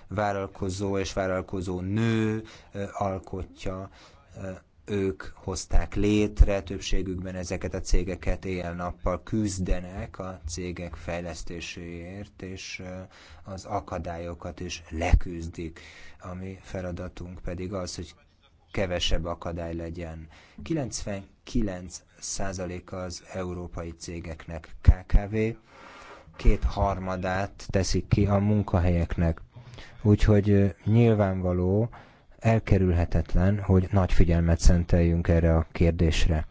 vállalkozó és vállalkozó nő alkotja ők hozták létre, többségükben ezeket a cégeket éjjel-nappal küzdenek a cégek fejlesztéséért, és az akadályokat is leküzdik. A mi feladatunk pedig az, hogy kevesebb akadály legyen. 99%-a az európai cégeknek KKV, két harmadát teszik ki a munkahelyeknek. Úgyhogy nyilvánvaló, elkerülhetetlen, hogy nagy figyelmet szenteljünk erre a kérdésre.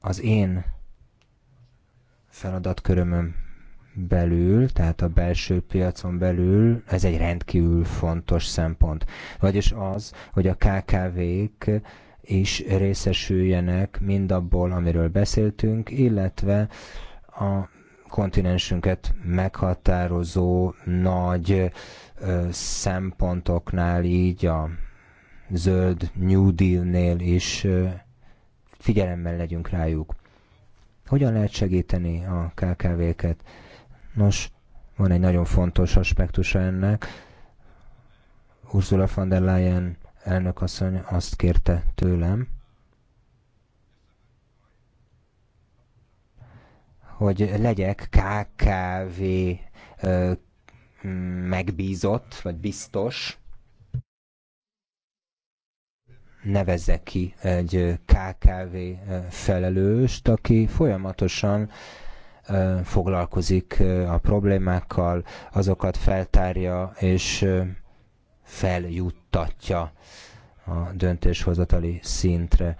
Az én feladatkörömön belül, tehát a belső piacon belül, ez egy rendkívül fontos szempont. Vagyis az, hogy a KKV-k is részesüljenek mindabból, amiről beszéltünk, illetve a kontinensünket meghatározó nagy szempontoknál, így a zöld New Deal-nél is figyelemmel legyünk rájuk. Hogyan lehet segíteni a KKV-ket? Nos, van egy nagyon fontos aspektusa ennek. Ursula von der Leyen elnökasszony azt kérte tőlem, hogy legyek KKV megbízott, vagy biztos nevezze ki egy KKV felelőst, aki folyamatosan foglalkozik a problémákkal, azokat feltárja és feljuttatja a döntéshozatali szintre,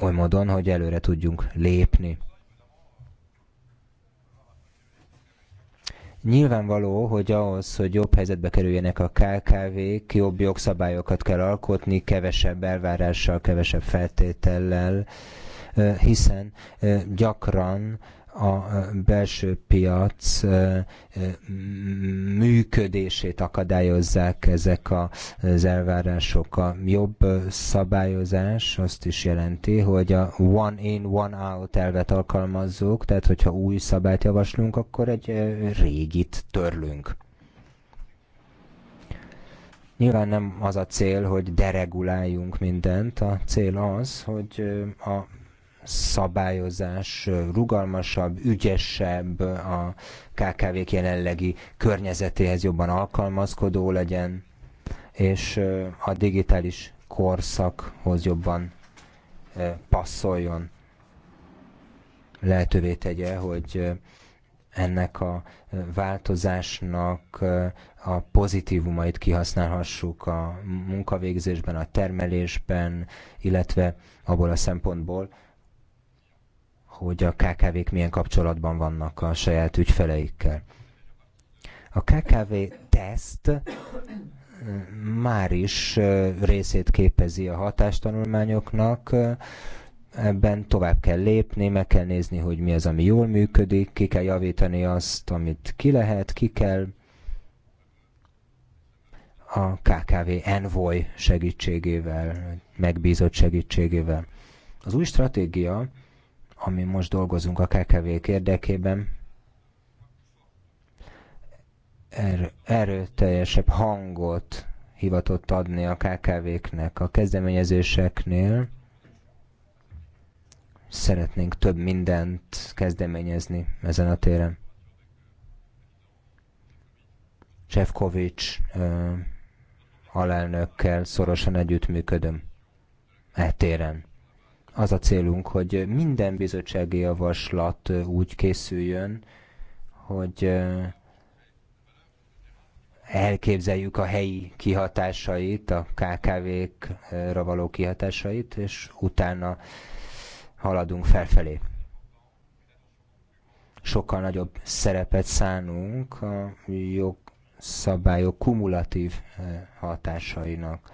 oly módon, hogy előre tudjunk lépni. Nyilvánvaló, hogy ahhoz, hogy jobb helyzetbe kerüljenek a KKV-k, jobb jogszabályokat kell alkotni, kevesebb elvárással, kevesebb feltétellel, eh, hiszen eh, gyakran a belső piac működését akadályozzák ezek az elvárások. A jobb szabályozás azt is jelenti, hogy a one in, one out elvet alkalmazzuk, tehát hogyha új szabályt javaslunk, akkor egy régit törlünk. Nyilván nem az a cél, hogy dereguláljunk mindent, a cél az, hogy a szabályozás rugalmasabb, ügyesebb, a KKV-k jelenlegi környezetéhez jobban alkalmazkodó legyen, és a digitális korszakhoz jobban passzoljon. Lehetővé tegye, hogy ennek a változásnak a pozitívumait kihasználhassuk a munkavégzésben, a termelésben, illetve abból a szempontból, hogy a KKV-k milyen kapcsolatban vannak a saját ügyfeleikkel. A KKV teszt már is részét képezi a hatástanulmányoknak, ebben tovább kell lépni, meg kell nézni, hogy mi az, ami jól működik, ki kell javítani azt, amit ki lehet, ki kell a KKV Envoy segítségével, megbízott segítségével. Az új stratégia ami most dolgozunk a KKV-k érdekében, erő, erőteljesebb hangot hivatott adni a KKV-knek a kezdeményezéseknél. Szeretnénk több mindent kezdeményezni ezen a téren. Csefkovics alelnökkel szorosan együttműködöm e téren az a célunk, hogy minden bizottsági javaslat úgy készüljön, hogy elképzeljük a helyi kihatásait, a KKV-kra való kihatásait, és utána haladunk felfelé. Sokkal nagyobb szerepet szánunk a jogszabályok kumulatív hatásainak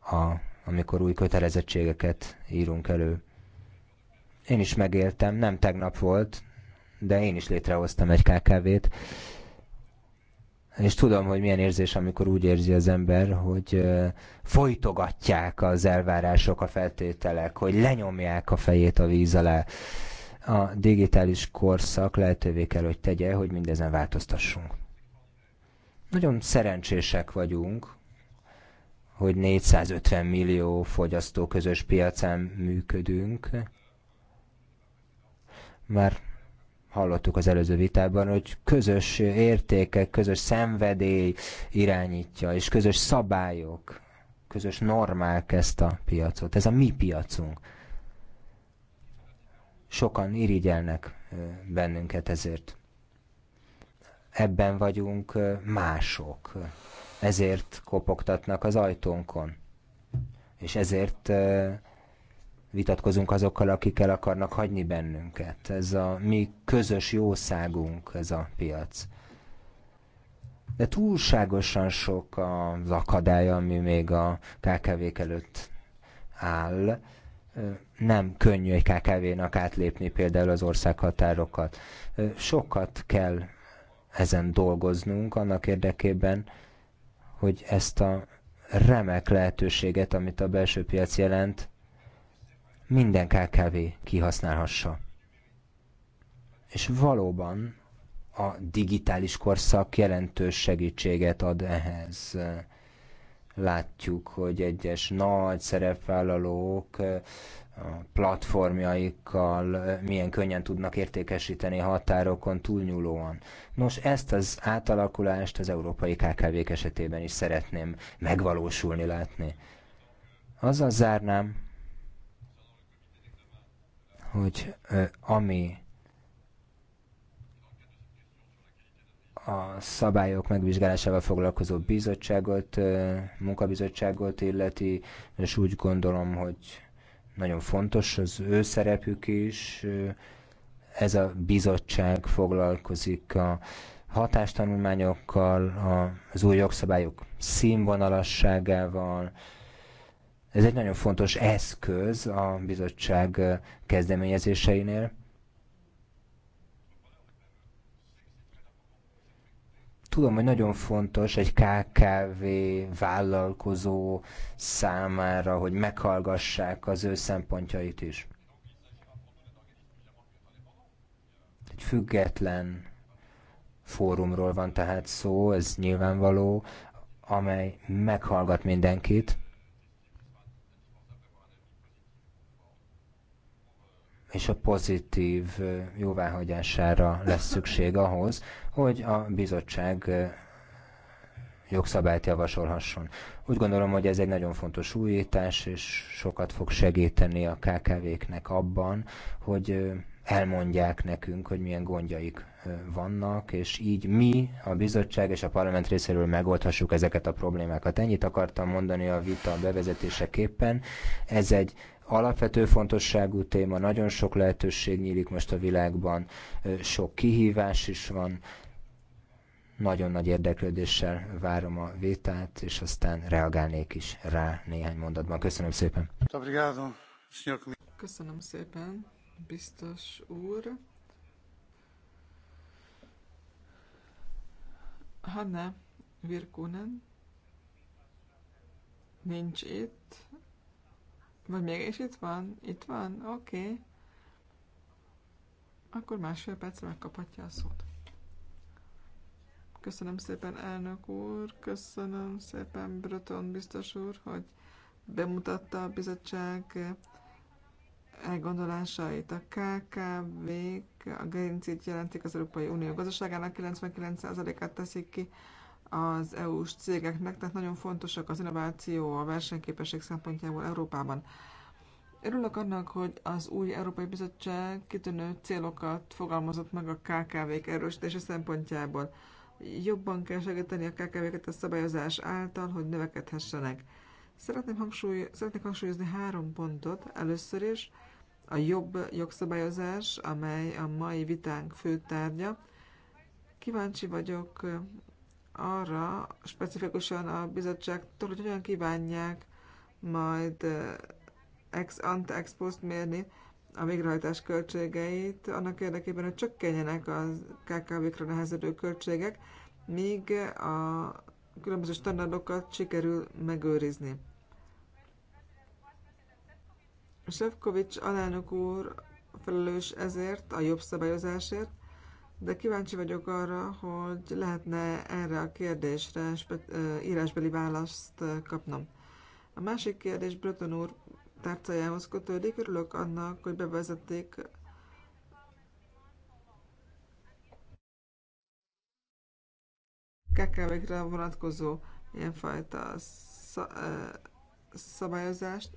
a amikor új kötelezettségeket írunk elő. Én is megéltem, nem tegnap volt, de én is létrehoztam egy KKV-t, és tudom, hogy milyen érzés, amikor úgy érzi az ember, hogy folytogatják az elvárások, a feltételek, hogy lenyomják a fejét a víz alá. A digitális korszak lehetővé kell, hogy tegye, hogy mindezen változtassunk. Nagyon szerencsések vagyunk, hogy 450 millió fogyasztó közös piacán működünk. Már hallottuk az előző vitában, hogy közös értékek, közös szenvedély irányítja, és közös szabályok, közös normák ezt a piacot. Ez a mi piacunk. Sokan irigyelnek bennünket ezért. Ebben vagyunk mások ezért kopogtatnak az ajtónkon. És ezért vitatkozunk azokkal, akik el akarnak hagyni bennünket. Ez a mi közös jószágunk, ez a piac. De túlságosan sok az akadály, ami még a KKV-k előtt áll. Nem könnyű egy KKV-nak átlépni például az országhatárokat. Sokat kell ezen dolgoznunk annak érdekében, hogy ezt a remek lehetőséget, amit a belső piac jelent, minden KKV kihasználhassa. És valóban a digitális korszak jelentős segítséget ad ehhez. Látjuk, hogy egyes nagy szerepvállalók platformjaikkal milyen könnyen tudnak értékesíteni határokon túlnyúlóan. Nos, ezt az átalakulást az európai KKV-k esetében is szeretném megvalósulni, látni. Azzal zárnám, hogy ami a szabályok megvizsgálásával foglalkozó bizottságot, munkabizottságot illeti, és úgy gondolom, hogy nagyon fontos az ő szerepük is. Ez a bizottság foglalkozik a hatástanulmányokkal, az új jogszabályok színvonalasságával. Ez egy nagyon fontos eszköz a bizottság kezdeményezéseinél. Tudom, hogy nagyon fontos egy KKV vállalkozó számára, hogy meghallgassák az ő szempontjait is. Egy független fórumról van tehát szó, ez nyilvánvaló, amely meghallgat mindenkit, és a pozitív jóváhagyására lesz szükség ahhoz, hogy a bizottság jogszabályt javasolhasson. Úgy gondolom, hogy ez egy nagyon fontos újítás, és sokat fog segíteni a KKV-knek abban, hogy elmondják nekünk, hogy milyen gondjaik vannak, és így mi, a bizottság és a parlament részéről megoldhassuk ezeket a problémákat. Ennyit akartam mondani a vita bevezetéseképpen. Ez egy alapvető fontosságú téma, nagyon sok lehetőség nyílik most a világban, sok kihívás is van, nagyon nagy érdeklődéssel várom a vétát, és aztán reagálnék is rá néhány mondatban. Köszönöm szépen. Köszönöm szépen, biztos úr. Hanna Virkunen nincs itt. Vagy mégis itt van? Itt van? Oké. Okay. Akkor másfél percre megkaphatja a szót. Köszönöm szépen, elnök úr, köszönöm szépen, Breton biztos úr, hogy bemutatta a bizottság elgondolásait. A kkv a gerincét jelentik az Európai Unió gazdaságának, 99%-át teszik ki az EU-s cégeknek, tehát nagyon fontosak az innováció, a versenyképesség szempontjából Európában. Örülök annak, hogy az új Európai Bizottság kitűnő célokat fogalmazott meg a KKV-k erősítése szempontjából jobban kell segíteni a kkv a szabályozás által, hogy növekedhessenek. Szeretném hangsúly, szeretnék hangsúlyozni három pontot. Először is a jobb jogszabályozás, amely a mai vitánk fő tárgya. Kíváncsi vagyok arra, specifikusan a bizottságtól, hogy hogyan kívánják majd ex ante ex post mérni a végrehajtás költségeit, annak érdekében, hogy csökkenjenek a KKV-kra nehezedő költségek, míg a különböző standardokat sikerül megőrizni. Sefkovics alelnök úr felelős ezért, a jobb szabályozásért, de kíváncsi vagyok arra, hogy lehetne erre a kérdésre írásbeli választ kapnom. A másik kérdés Bröton úr tárcájához kötődik. Örülök annak, hogy bevezették KKV-kre vonatkozó ilyenfajta szabályozást.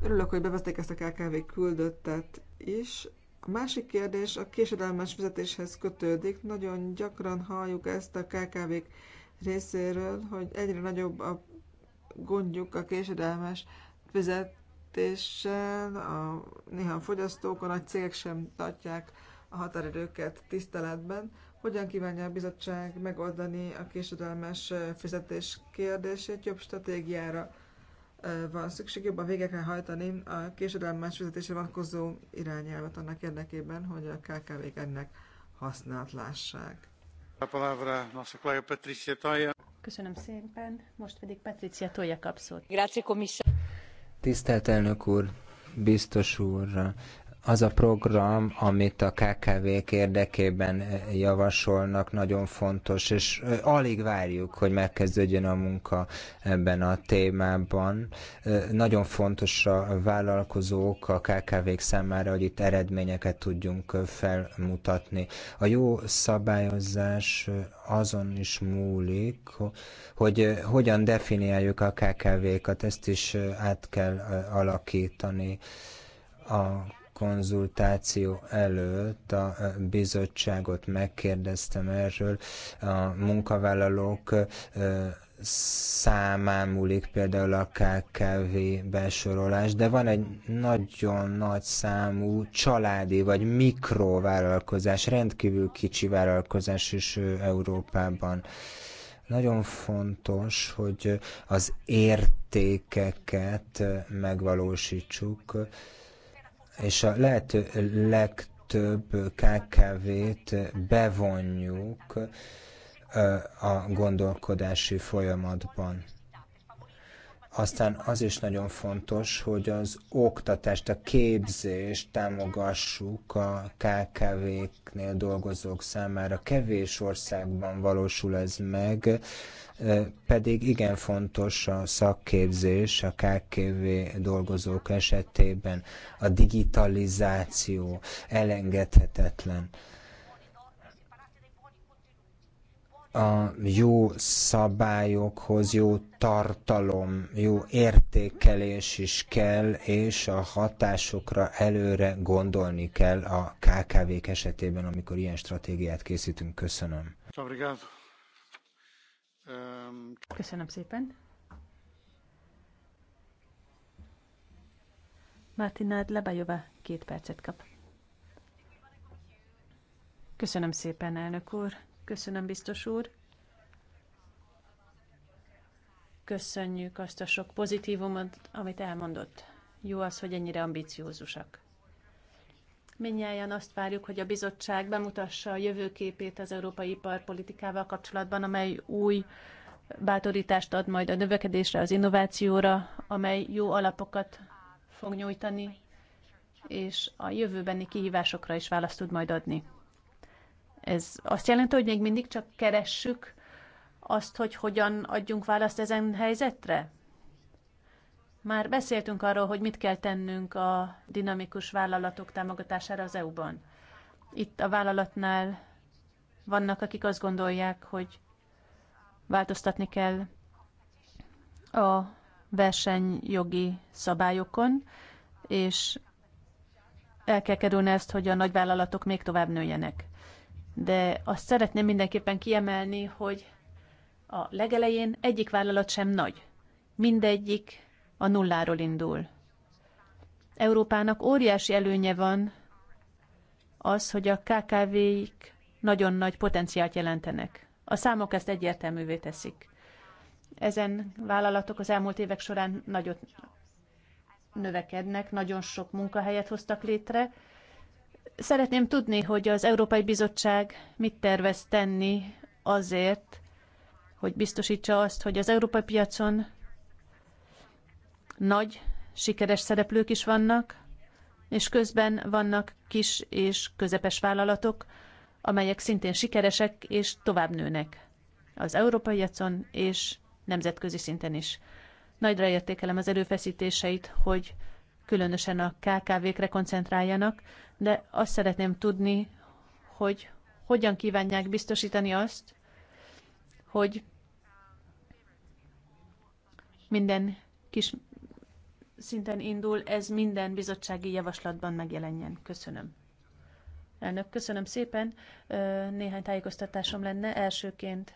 Örülök, hogy bevezték ezt a KKV küldöttet is. A másik kérdés a késedelmes fizetéshez kötődik. Nagyon gyakran halljuk ezt a KKV-k részéről, hogy egyre nagyobb a gondjuk a késedelmes fizetéssel, a, néha a fogyasztók, a nagy cégek sem tartják a határidőket tiszteletben. Hogyan kívánja a bizottság megoldani a késedelmes fizetés kérdését? Jobb stratégiára van szükség, jobban végre kell hajtani a késedelmes fizetésre vonatkozó irányelvet annak érdekében, hogy a KKV-k ennek használt lássák. Köszönöm szépen, most pedig Patricia Tolja kap szót. Tisztelt elnök úr, biztos úr, az a program, amit a KKV-k érdekében eh, javasolnak, nagyon fontos, és eh, alig várjuk, hogy megkezdődjön a munka ebben a témában. Eh, nagyon fontos a vállalkozók, a KKV-k számára, hogy itt eredményeket tudjunk felmutatni. A jó szabályozás azon is múlik, hogy hogyan definiáljuk a KKV-kat, ezt is át kell alakítani a konzultáció előtt a bizottságot megkérdeztem erről. A munkavállalók számán múlik például a KKV besorolás, de van egy nagyon nagy számú családi vagy mikrovállalkozás, rendkívül kicsi vállalkozás is Európában. Nagyon fontos, hogy az értékeket megvalósítsuk, és a lehető legtöbb KKV-t bevonjuk a gondolkodási folyamatban. Aztán az is nagyon fontos, hogy az oktatást, a képzést támogassuk a KKV-knél dolgozók számára. Kevés országban valósul ez meg, pedig igen fontos a szakképzés a KKV dolgozók esetében. A digitalizáció elengedhetetlen. a jó szabályokhoz jó tartalom, jó értékelés is kell, és a hatásokra előre gondolni kell a KKV-k esetében, amikor ilyen stratégiát készítünk. Köszönöm. Köszönöm. Köszönöm szépen. Mártinád Lebajova két percet kap. Köszönöm szépen, elnök úr. Köszönöm, biztos úr. Köszönjük azt a sok pozitívumot, amit elmondott. Jó az, hogy ennyire ambiciózusak. Minnyáján azt várjuk, hogy a bizottság bemutassa a jövőképét az európai iparpolitikával kapcsolatban, amely új bátorítást ad majd a növekedésre, az innovációra, amely jó alapokat fog nyújtani, és a jövőbeni kihívásokra is választ tud majd adni. Ez azt jelenti, hogy még mindig csak keressük azt, hogy hogyan adjunk választ ezen helyzetre? Már beszéltünk arról, hogy mit kell tennünk a dinamikus vállalatok támogatására az EU-ban. Itt a vállalatnál vannak, akik azt gondolják, hogy változtatni kell a versenyjogi szabályokon, és el kell kerülni ezt, hogy a nagyvállalatok még tovább nőjenek. De azt szeretném mindenképpen kiemelni, hogy a legelején egyik vállalat sem nagy. Mindegyik a nulláról indul. Európának óriási előnye van az, hogy a KKV-k nagyon nagy potenciált jelentenek. A számok ezt egyértelművé teszik. Ezen vállalatok az elmúlt évek során nagyot növekednek, nagyon sok munkahelyet hoztak létre. Szeretném tudni, hogy az Európai Bizottság mit tervez tenni azért, hogy biztosítsa azt, hogy az európai piacon nagy, sikeres szereplők is vannak, és közben vannak kis és közepes vállalatok, amelyek szintén sikeresek és tovább nőnek. Az európai piacon és nemzetközi szinten is. Nagyra értékelem az erőfeszítéseit, hogy különösen a KKV-kre koncentráljanak, de azt szeretném tudni, hogy hogyan kívánják biztosítani azt, hogy minden kis szinten indul, ez minden bizottsági javaslatban megjelenjen. Köszönöm. Elnök, köszönöm szépen. Néhány tájékoztatásom lenne. Elsőként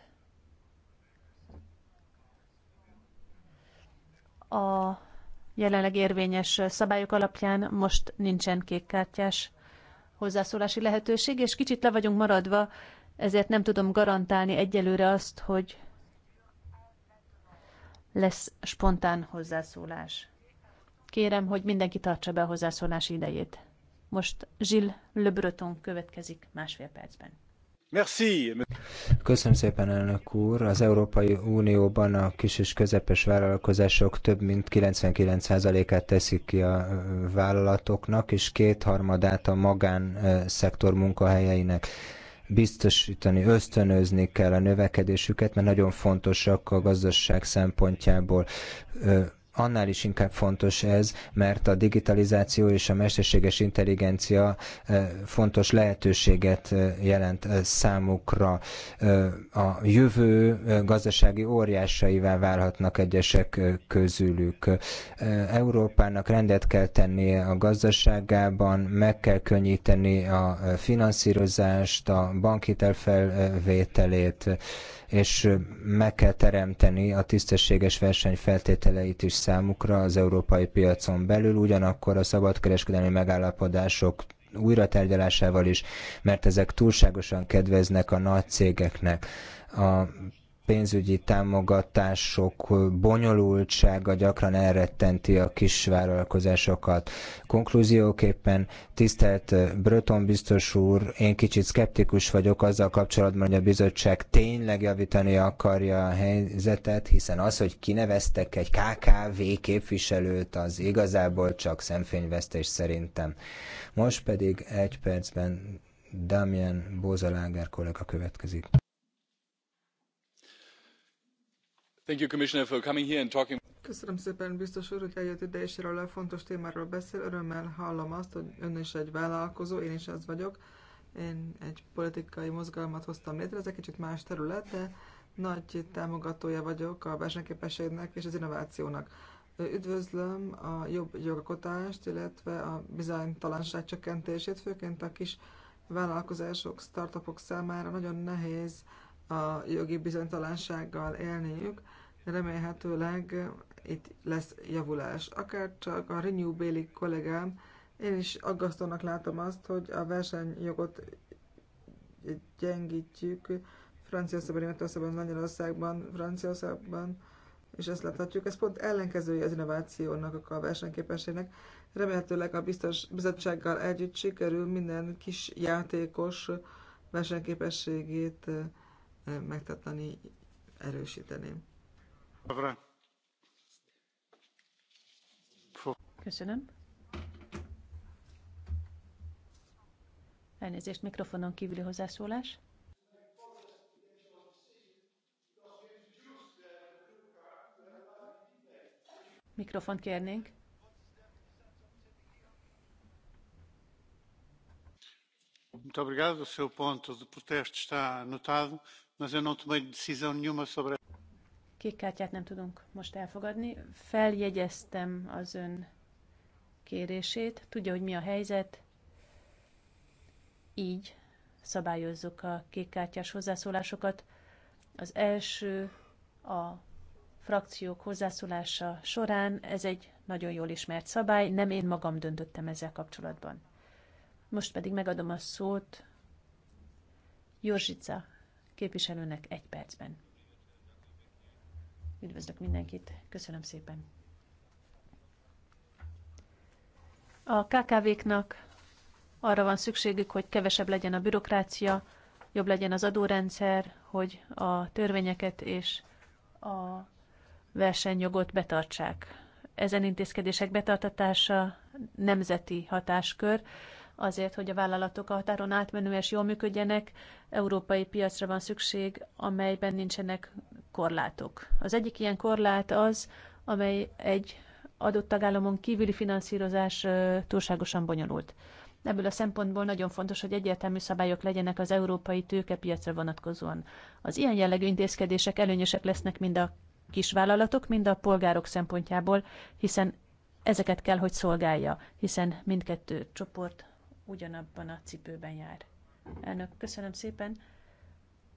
a jelenleg érvényes szabályok alapján most nincsen kékkártyás hozzászólási lehetőség, és kicsit le vagyunk maradva, ezért nem tudom garantálni egyelőre azt, hogy lesz spontán hozzászólás. Kérem, hogy mindenki tartsa be a hozzászólás idejét. Most Gilles Le Breton következik másfél percben. Merci. Köszönöm szépen, elnök úr. Az Európai Unióban a kis és közepes vállalkozások több mint 99%-át teszik ki a vállalatoknak, és kétharmadát a magánszektor munkahelyeinek biztosítani, ösztönözni kell a növekedésüket, mert nagyon fontosak a gazdaság szempontjából annál is inkább fontos ez, mert a digitalizáció és a mesterséges intelligencia fontos lehetőséget jelent számukra. A jövő gazdasági óriásaivá válhatnak egyesek közülük. Európának rendet kell tennie a gazdaságában, meg kell könnyíteni a finanszírozást, a bankhitelfelvételét, és meg kell teremteni a tisztességes verseny feltételeit is számukra az európai piacon belül, ugyanakkor a szabadkereskedelmi megállapodások újra tárgyalásával is, mert ezek túlságosan kedveznek a nagy cégeknek. A pénzügyi támogatások bonyolultsága gyakran elrettenti a kisvállalkozásokat. Konklúzióképpen, tisztelt Bröton biztos úr, én kicsit szkeptikus vagyok azzal kapcsolatban, hogy a bizottság tényleg javítani akarja a helyzetet, hiszen az, hogy kineveztek egy KKV képviselőt, az igazából csak szemfényvesztés szerintem. Most pedig egy percben Damian Bózaláger kollega következik. Köszönöm szépen, biztos úr, hogy eljött ide, és erről a fontos témáról beszél. Örömmel hallom azt, hogy ön is egy vállalkozó, én is az vagyok. Én egy politikai mozgalmat hoztam létre, ez egy kicsit más terület, de nagy támogatója vagyok a versenyképességnek és az innovációnak. Üdvözlöm a jobb jogalkotást, illetve a bizonytalanság csökkentését, főként a kis vállalkozások, startupok számára nagyon nehéz a jogi bizonytalansággal élniük, remélhetőleg itt lesz javulás. Akár csak a Renew Bailey kollégám, én is aggasztónak látom azt, hogy a versenyjogot gyengítjük Franciaországban, Németországban, Magyarországban, Franciaországban, és ezt láthatjuk. Ez pont ellenkezője az innovációnak, a versenyképességnek. Remélhetőleg a biztos bizottsággal együtt sikerül minden kis játékos versenyképességét megtartani, erősíteni. Köszönöm. Elnézést, mikrofonon kívüli hozzászólás. Mikrofon kérnénk. Muito obrigado. O seu ponto de protesto está anotado. Kék kártyát nem tudunk most elfogadni. Feljegyeztem az ön kérését, tudja, hogy mi a helyzet. Így szabályozzuk a kékkártyás hozzászólásokat. Az első a frakciók hozzászólása során, ez egy nagyon jól ismert szabály, nem én magam döntöttem ezzel kapcsolatban. Most pedig megadom a szót Jorzsica képviselőnek egy percben. Üdvözlök mindenkit, köszönöm szépen. A KKV-knak arra van szükségük, hogy kevesebb legyen a bürokrácia, jobb legyen az adórendszer, hogy a törvényeket és a versenyjogot betartsák. Ezen intézkedések betartatása nemzeti hatáskör, azért, hogy a vállalatok a határon átmenően jól működjenek, európai piacra van szükség, amelyben nincsenek korlátok. Az egyik ilyen korlát az, amely egy adott tagállamon kívüli finanszírozás túlságosan bonyolult. Ebből a szempontból nagyon fontos, hogy egyértelmű szabályok legyenek az európai tőkepiacra vonatkozóan. Az ilyen jellegű intézkedések előnyösek lesznek mind a kisvállalatok, mind a polgárok szempontjából, hiszen ezeket kell, hogy szolgálja, hiszen mindkettő csoport ugyanabban a cipőben jár. Elnök, köszönöm szépen.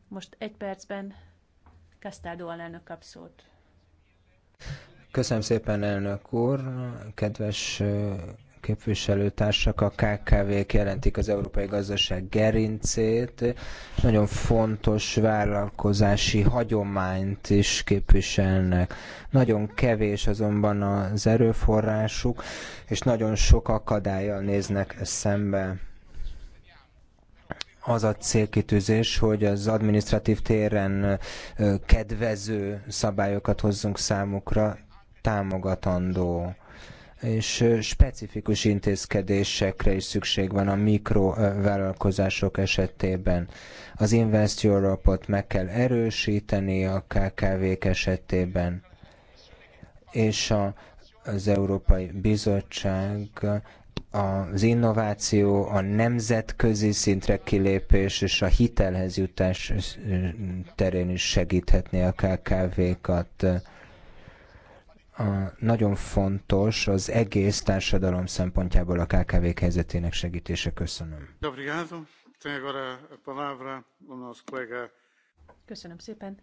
Most egy percben Kasztádó alelnök kap szót. Köszönöm szépen, elnök úr, kedves képviselőtársak, a KKV-k jelentik az európai gazdaság gerincét, és nagyon fontos vállalkozási hagyományt is képviselnek. Nagyon kevés azonban az erőforrásuk, és nagyon sok akadályjal néznek szembe az a célkitűzés, hogy az administratív téren kedvező szabályokat hozzunk számukra, támogatandó és specifikus intézkedésekre is szükség van a mikrovállalkozások esetében. Az Invest Europe-ot meg kell erősíteni a KKV-k esetében, és a, az Európai Bizottság az innováció, a nemzetközi szintre kilépés és a hitelhez jutás terén is segíthetné a KKV-kat a, nagyon fontos az egész társadalom szempontjából a KKV-k helyzetének segítése. Köszönöm. Köszönöm szépen.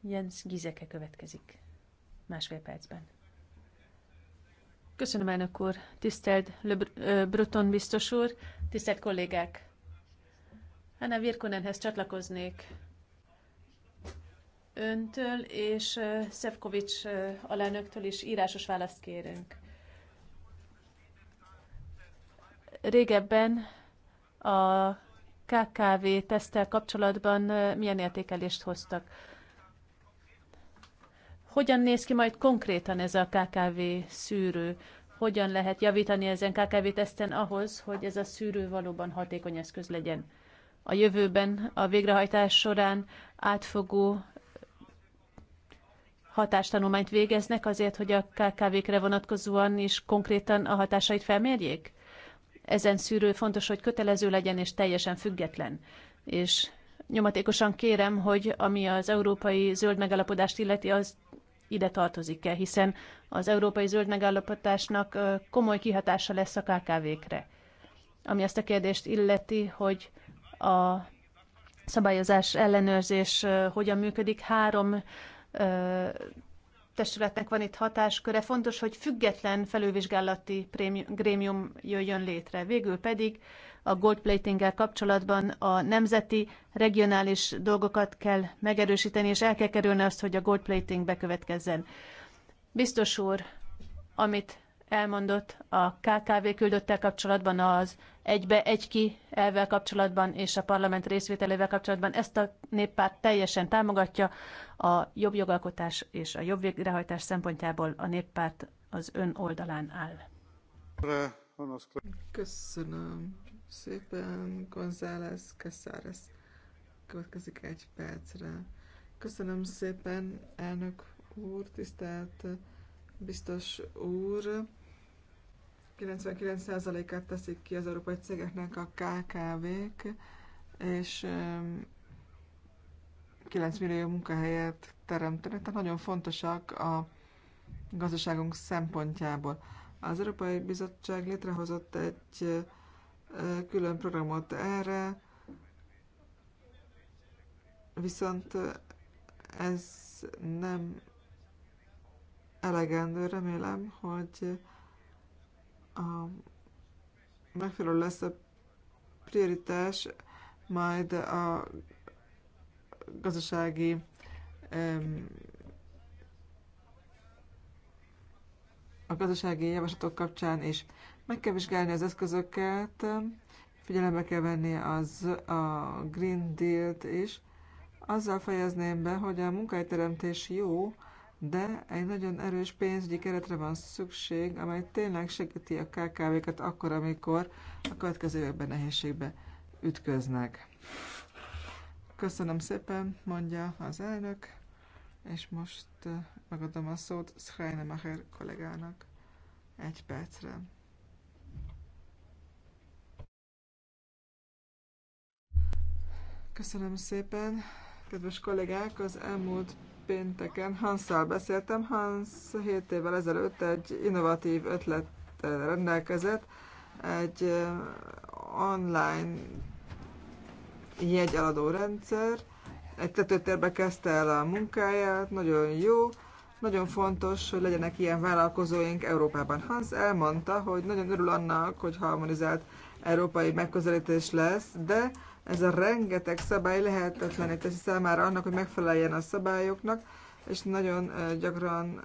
Jens Gizeke következik. Másfél percben. Köszönöm, elnök úr. Tisztelt Le Breton biztos úr, tisztelt kollégák. Hanna Virkonenhez csatlakoznék öntől és Szefkovics alelnöktől is írásos választ kérünk. Régebben a KKV tesztel kapcsolatban milyen értékelést hoztak? Hogyan néz ki majd konkrétan ez a KKV szűrő? Hogyan lehet javítani ezen KKV teszten ahhoz, hogy ez a szűrő valóban hatékony eszköz legyen? A jövőben a végrehajtás során átfogó hatástanulmányt végeznek azért, hogy a KKV-kre vonatkozóan is konkrétan a hatásait felmérjék? Ezen szűrő fontos, hogy kötelező legyen és teljesen független. És nyomatékosan kérem, hogy ami az európai zöld megállapodást illeti, az ide tartozik-e, hiszen az európai zöld megállapodásnak komoly kihatása lesz a KKV-kre. Ami azt a kérdést illeti, hogy a szabályozás ellenőrzés hogyan működik, három testületnek van itt hatásköre. Fontos, hogy független felülvizsgálati grémium jöjjön létre. Végül pedig a gold platinggel kapcsolatban a nemzeti, regionális dolgokat kell megerősíteni, és el kell kerülni azt, hogy a gold plating bekövetkezzen. Biztos úr, amit elmondott a KKV küldöttel kapcsolatban, az egybe egy ki elvel kapcsolatban és a parlament részvételével kapcsolatban. Ezt a néppárt teljesen támogatja. A jobb jogalkotás és a jobb végrehajtás szempontjából a néppárt az ön oldalán áll. Köszönöm szépen, González Casares. Következik egy percre. Köszönöm szépen, elnök úr, tisztelt biztos úr. 99%-át teszik ki az európai cégeknek a KKV-k, és 9 millió munkahelyet teremtenek, tehát nagyon fontosak a gazdaságunk szempontjából. Az Európai Bizottság létrehozott egy külön programot erre, viszont ez nem elegendő, remélem, hogy a megfelelő lesz a prioritás majd a gazdasági a gazdasági javaslatok kapcsán is. Meg kell vizsgálni az eszközöket, figyelembe kell venni az, a Green Deal-t is. Azzal fejezném be, hogy a munkahelyteremtés jó, de egy nagyon erős pénzügyi keretre van szükség, amely tényleg segíti a kkv kat akkor, amikor a következő évben nehézségbe ütköznek. Köszönöm szépen, mondja az elnök, és most megadom a szót Macher kollégának egy percre. Köszönöm szépen, kedves kollégák, az elmúlt pénteken Hansszal beszéltem. Hans 7 évvel ezelőtt egy innovatív ötlettel rendelkezett, egy online jegyeladó rendszer. Egy tetőtérbe kezdte el a munkáját, nagyon jó, nagyon fontos, hogy legyenek ilyen vállalkozóink Európában. Hans elmondta, hogy nagyon örül annak, hogy harmonizált európai megközelítés lesz, de ez a rengeteg szabály lehetetlené teszi számára annak, hogy megfeleljen a szabályoknak, és nagyon gyakran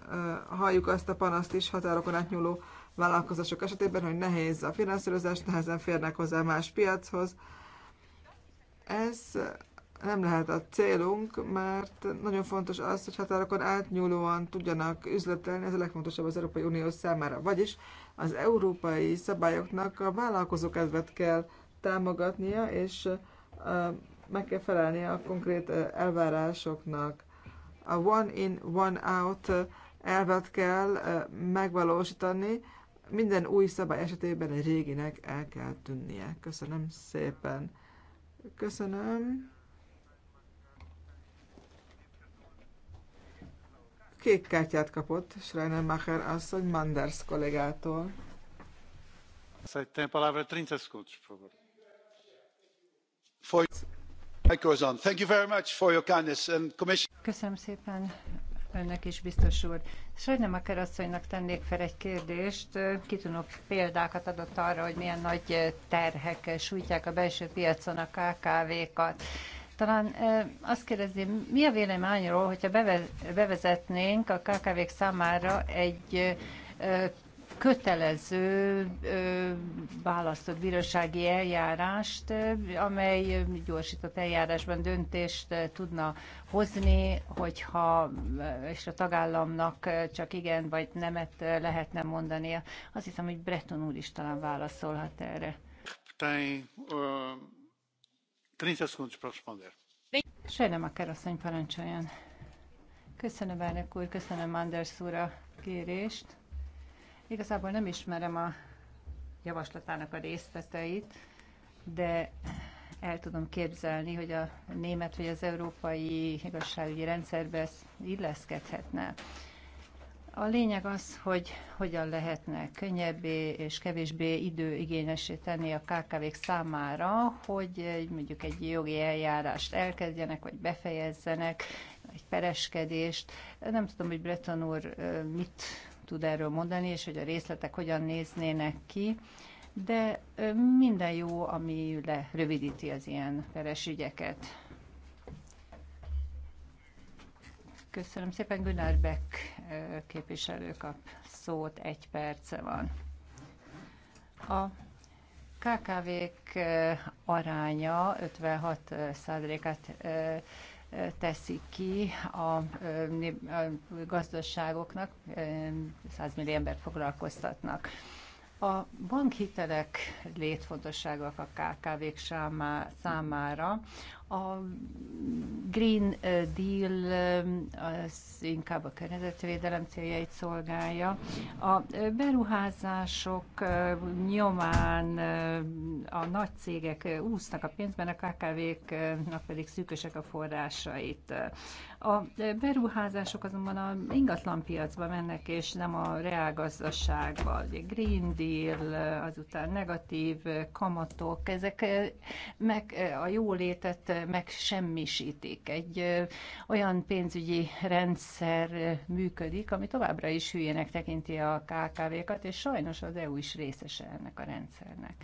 halljuk azt a panaszt is határokon átnyúló vállalkozások esetében, hogy nehéz a finanszírozás, nehezen férnek hozzá más piachoz. Ez nem lehet a célunk, mert nagyon fontos az, hogy határokon átnyúlóan tudjanak üzletelni, ez a legfontosabb az Európai Unió számára. Vagyis az európai szabályoknak a vállalkozókedvet kell támogatnia, és meg kell felelnie a konkrét elvárásoknak. A one in, one out elvet kell megvalósítani, minden új szabály esetében egy réginek el kell tűnnie. Köszönöm szépen. Köszönöm. Kék kártyát kapott Schreiner Macher asszony Manders kollégától. Szerintem palavra 30 szkúcs, por favor. Köszönöm szépen önnek is, biztos úr. Sajnemaker asszonynak tennék fel egy kérdést. Kitűnő példákat adott arra, hogy milyen nagy terhek sújtják a belső piacon a KKV-kat. Talán azt kérdezném, mi a véleményről, hogyha bevezetnénk a KKV-k számára egy kötelező választott bírósági eljárást, amely gyorsított eljárásban döntést tudna hozni, hogyha és a tagállamnak csak igen vagy nemet lehetne mondania. Azt hiszem, hogy Breton úr is talán válaszolhat erre. Sajnálom, a keresztény parancsoljon. Köszönöm, elnök úr, köszönöm Anders úr a kérést. Igazából nem ismerem a javaslatának a részleteit, de el tudom képzelni, hogy a német vagy az európai igazságügyi rendszerbe ez illeszkedhetne. A lényeg az, hogy hogyan lehetne könnyebbé és kevésbé időigényesé tenni a KKV-k számára, hogy mondjuk egy jogi eljárást elkezdjenek, vagy befejezzenek, egy pereskedést. Nem tudom, hogy Breton úr mit tud erről mondani, és hogy a részletek hogyan néznének ki, de minden jó, ami lerövidíti az ilyen peres ügyeket. Köszönöm szépen, Gunnar Beck képviselő kap szót, egy perce van. A KKV-k aránya 56 százalékát teszik ki a, gazdaságoknak, 100 millió embert foglalkoztatnak. A bankhitelek létfontosságúak a KKV-k számára. A Green Deal az inkább a környezetvédelem céljait szolgálja. A beruházások nyomán a nagy cégek úsznak a pénzben, a KKV-knak pedig szűkösek a forrásait. A beruházások azonban a ingatlanpiacba mennek, és nem a reálgazdaságba. A Green Deal, azután negatív kamatok, ezek meg a jólétet megsemmisítik. Egy olyan pénzügyi rendszer működik, ami továbbra is hülyének tekinti a KKV-kat, és sajnos az EU is részese ennek a rendszernek.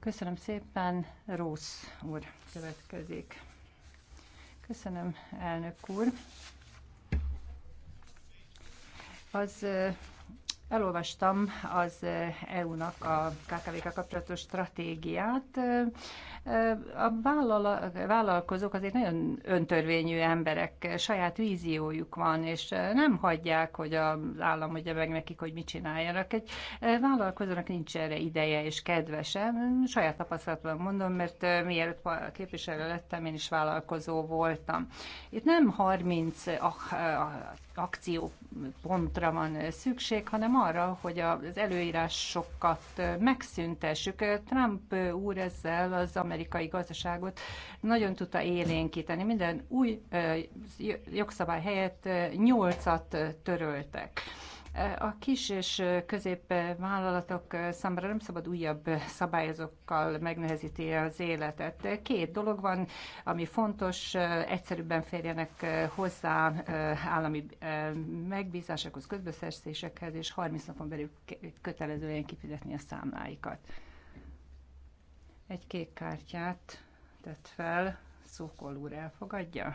Köszönöm szépen, Rossz úr következik. Köszönöm, elnök úr. Az Elolvastam az EU-nak a KKV-kkal kapcsolatos stratégiát. A vállalkozók azért nagyon öntörvényű emberek, saját víziójuk van, és nem hagyják, hogy az állam mondja meg nekik, hogy mit csináljanak. Egy vállalkozónak nincs erre ideje és kedvese. Saját tapasztalatban mondom, mert mielőtt képviselő lettem, én is vállalkozó voltam. Itt nem 30 ah, akciópontra van szükség, hanem arra, hogy az előírásokat megszüntessük. Trump úr ezzel az amerikai gazdaságot nagyon tudta élénkíteni. Minden új jogszabály helyett nyolcat töröltek. A kis és középvállalatok számára nem szabad újabb szabályozókkal megnehezíti az életet. Két dolog van, ami fontos, egyszerűbben férjenek hozzá eh, állami eh, megbízásokhoz, közbeszerzésekhez, és 30 napon belül kötelezően kifizetni a számláikat. Egy kék kártyát tett fel, Szókol úr elfogadja.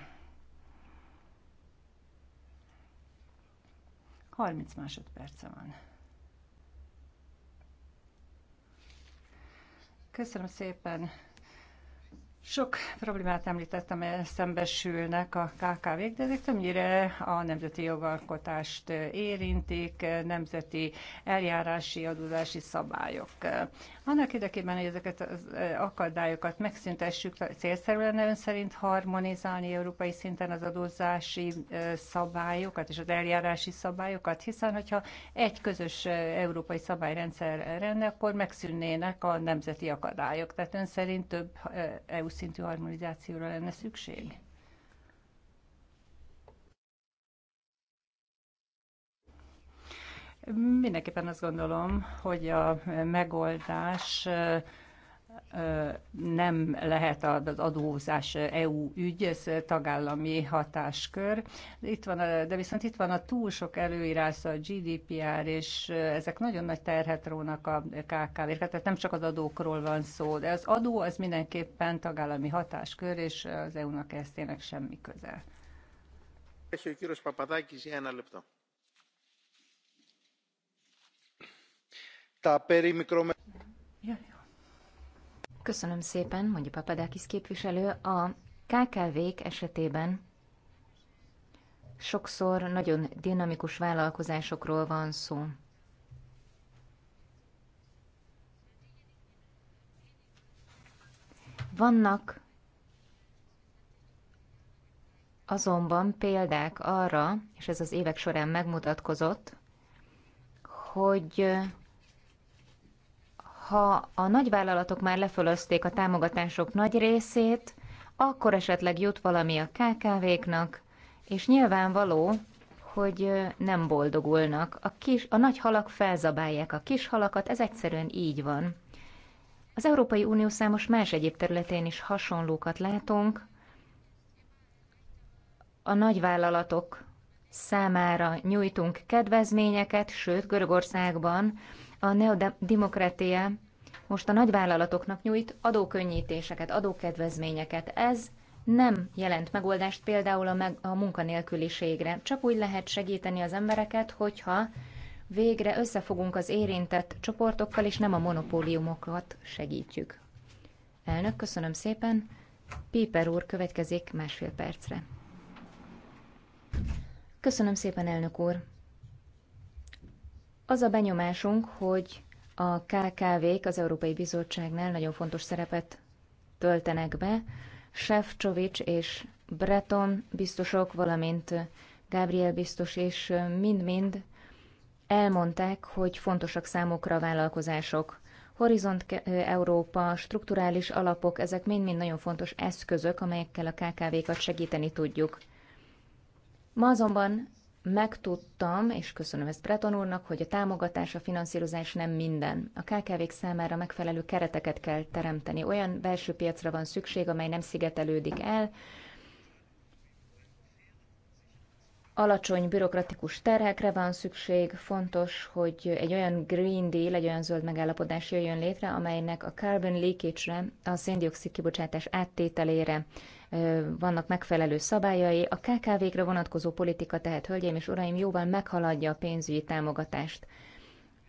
30 másodperce van. Köszönöm szépen, sok problémát említettem, eh, szembesülnek a KKV-k, de ezek többnyire a nemzeti jogalkotást eh, érintik, eh, nemzeti eljárási, adózási szabályok. Annak érdekében, hogy ezeket az akadályokat megszüntessük, célszerű lenne ön szerint harmonizálni európai szinten az adózási szabályokat és az eljárási szabályokat, hiszen hogyha egy közös európai szabályrendszer lenne, akkor megszűnnének a nemzeti akadályok. Tehát ön szerint több EU szintű harmonizációra lenne szükség? Mindenképpen azt gondolom, hogy a megoldás nem lehet az adózás EU ügy, ez tagállami hatáskör. Itt van a, de viszont itt van a túl sok előírás, a GDPR, és ezek nagyon nagy terhet rónak a KKV-kre, tehát nem csak az adókról van szó, de az adó az mindenképpen tagállami hatáskör, és az EU-nak ez tényleg semmi köze. Ja, perimikrome... Köszönöm szépen, mondja Papadákis képviselő. A KKV-k esetében sokszor nagyon dinamikus vállalkozásokról van szó. Vannak azonban példák arra, és ez az évek során megmutatkozott, hogy ha a nagyvállalatok már lefölözték a támogatások nagy részét, akkor esetleg jut valami a KKV-knak, és nyilvánvaló, hogy nem boldogulnak. A, kis, a nagy halak felzabálják a kis halakat, ez egyszerűen így van. Az Európai Unió számos más egyéb területén is hasonlókat látunk. A nagyvállalatok számára nyújtunk kedvezményeket, sőt Görögországban a neodemokratia most a nagyvállalatoknak nyújt adókönnyítéseket, adókedvezményeket. Ez nem jelent megoldást például a, meg, a munkanélküliségre. Csak úgy lehet segíteni az embereket, hogyha végre összefogunk az érintett csoportokkal, és nem a monopóliumokat segítjük. Elnök, köszönöm szépen. Péper úr következik másfél percre. Köszönöm szépen, elnök úr. Az a benyomásunk, hogy a KKV-k az Európai Bizottságnál nagyon fontos szerepet töltenek be. Sefcsovics és Breton biztosok, valamint Gabriel biztos és mind-mind elmondták, hogy fontosak számukra a vállalkozások. Horizont Európa, strukturális alapok, ezek mind-mind nagyon fontos eszközök, amelyekkel a KKV-kat segíteni tudjuk. Ma azonban megtudtam, és köszönöm ezt Breton úrnak, hogy a támogatás, a finanszírozás nem minden. A kkv számára megfelelő kereteket kell teremteni. Olyan belső piacra van szükség, amely nem szigetelődik el, alacsony bürokratikus terhekre van szükség, fontos, hogy egy olyan Green Deal, egy olyan zöld megállapodás jöjjön létre, amelynek a carbon leakage-re, a széndiokszid kibocsátás áttételére vannak megfelelő szabályai. A KKV-kre vonatkozó politika tehát, hölgyeim és uraim, jóval meghaladja a pénzügyi támogatást.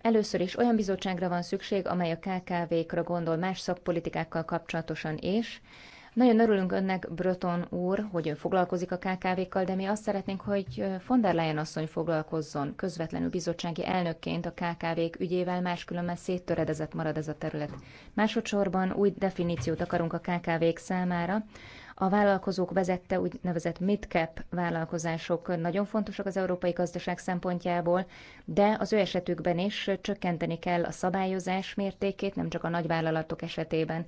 Először is olyan bizottságra van szükség, amely a KKV-kra gondol más szakpolitikákkal kapcsolatosan és nagyon örülünk önnek, Bröton úr, hogy ön foglalkozik a KKV-kkal, de mi azt szeretnénk, hogy von der Leyen asszony foglalkozzon közvetlenül bizottsági elnökként a KKV-k ügyével, máskülönben széttöredezett marad ez a terület. Másodszorban új definíciót akarunk a KKV-k számára, a vállalkozók vezette úgynevezett cap vállalkozások nagyon fontosak az európai gazdaság szempontjából, de az ő esetükben is csökkenteni kell a szabályozás mértékét, nem csak a nagyvállalatok esetében.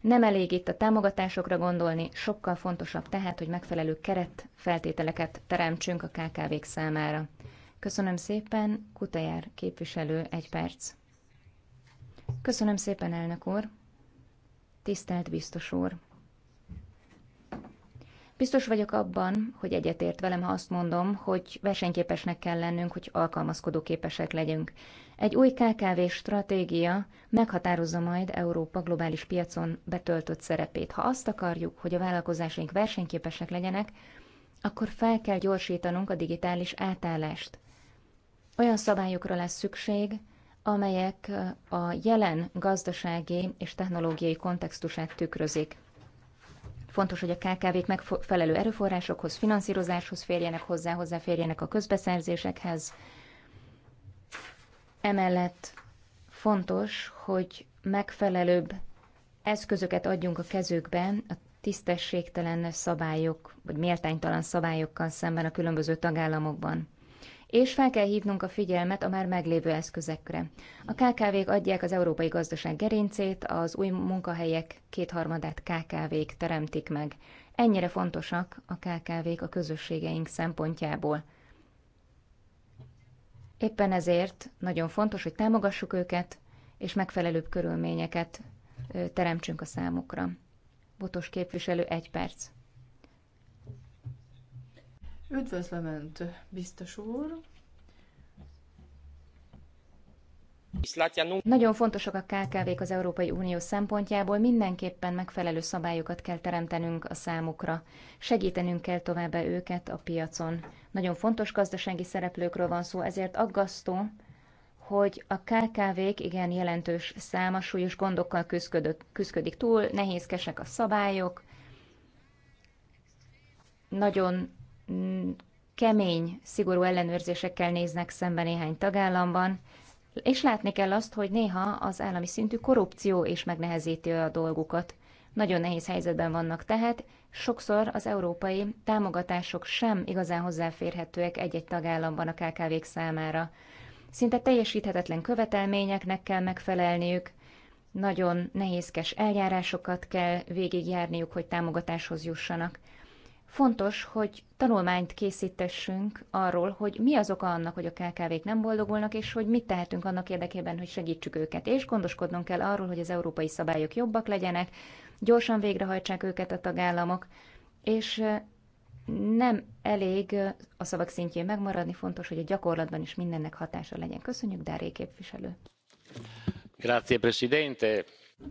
Nem elég itt a támogatásokra gondolni, sokkal fontosabb tehát, hogy megfelelő keret feltételeket teremtsünk a KKV-k számára. Köszönöm szépen, Kutajár képviselő, egy perc. Köszönöm szépen, elnök úr. Tisztelt biztos úr. Biztos vagyok abban, hogy egyetért velem, ha azt mondom, hogy versenyképesnek kell lennünk, hogy alkalmazkodó képesek legyünk. Egy új KKV stratégia meghatározza majd Európa globális piacon betöltött szerepét. Ha azt akarjuk, hogy a vállalkozásaink versenyképesek legyenek, akkor fel kell gyorsítanunk a digitális átállást. Olyan szabályokra lesz szükség, amelyek a jelen gazdasági és technológiai kontextusát tükrözik. Fontos, hogy a KKV-k megfelelő erőforrásokhoz, finanszírozáshoz férjenek hozzá, hozzáférjenek a közbeszerzésekhez. Emellett fontos, hogy megfelelőbb eszközöket adjunk a kezükbe a tisztességtelen szabályok, vagy méltánytalan szabályokkal szemben a különböző tagállamokban és fel kell hívnunk a figyelmet a már meglévő eszközekre. A KKV-k adják az európai gazdaság gerincét, az új munkahelyek kétharmadát KKV-k teremtik meg. Ennyire fontosak a KKV-k a közösségeink szempontjából. Éppen ezért nagyon fontos, hogy támogassuk őket, és megfelelőbb körülményeket teremtsünk a számukra. Botos képviselő, egy perc. Üdvözlöm Önt, biztos úr! Nagyon fontosak a KKV-k az Európai Unió szempontjából, mindenképpen megfelelő szabályokat kell teremtenünk a számukra. Segítenünk kell továbbá őket a piacon. Nagyon fontos gazdasági szereplőkről van szó, ezért aggasztó, hogy a KKV-k igen jelentős száma súlyos gondokkal küzdködik, küzdködik túl, nehézkesek a szabályok, nagyon Mm, kemény, szigorú ellenőrzésekkel néznek szembe néhány tagállamban, és látni kell azt, hogy néha az állami szintű korrupció is megnehezíti a dolgukat. Nagyon nehéz helyzetben vannak tehát, sokszor az európai támogatások sem igazán hozzáférhetőek egy-egy tagállamban a KKV-k számára. Szinte teljesíthetetlen követelményeknek kell megfelelniük, nagyon nehézkes eljárásokat kell végigjárniuk, hogy támogatáshoz jussanak. Fontos, hogy tanulmányt készítessünk arról, hogy mi az oka annak, hogy a KKV-k nem boldogulnak, és hogy mit tehetünk annak érdekében, hogy segítsük őket. És gondoskodnunk kell arról, hogy az európai szabályok jobbak legyenek, gyorsan végrehajtsák őket a tagállamok, és nem elég a szavak szintjén megmaradni, fontos, hogy a gyakorlatban is mindennek hatása legyen. Köszönjük, Dáré képviselő. Grazie, Presidente.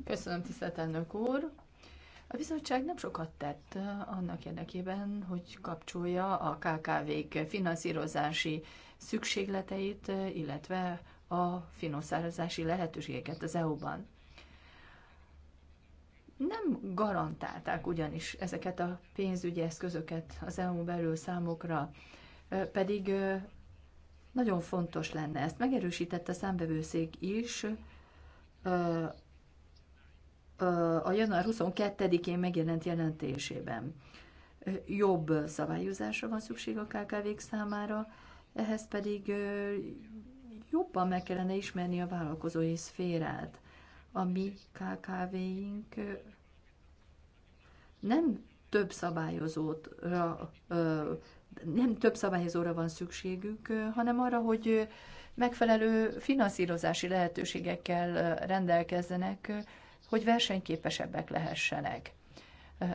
Köszönöm, tisztelt elnök úr. A bizottság nem sokat tett annak érdekében, hogy kapcsolja a KKV-k finanszírozási szükségleteit, illetve a finanszírozási lehetőségeket az EU-ban. Nem garantálták ugyanis ezeket a pénzügyi eszközöket az EU belül számokra, pedig nagyon fontos lenne. Ezt megerősítette a számbevőszék is a január 22-én megjelent jelentésében. Jobb szabályozásra van szükség a KKV-k számára, ehhez pedig jobban meg kellene ismerni a vállalkozói szférát. A mi KKV-ink nem több szabályozóra, nem több szabályozóra van szükségük, hanem arra, hogy megfelelő finanszírozási lehetőségekkel rendelkezzenek, hogy versenyképesebbek lehessenek.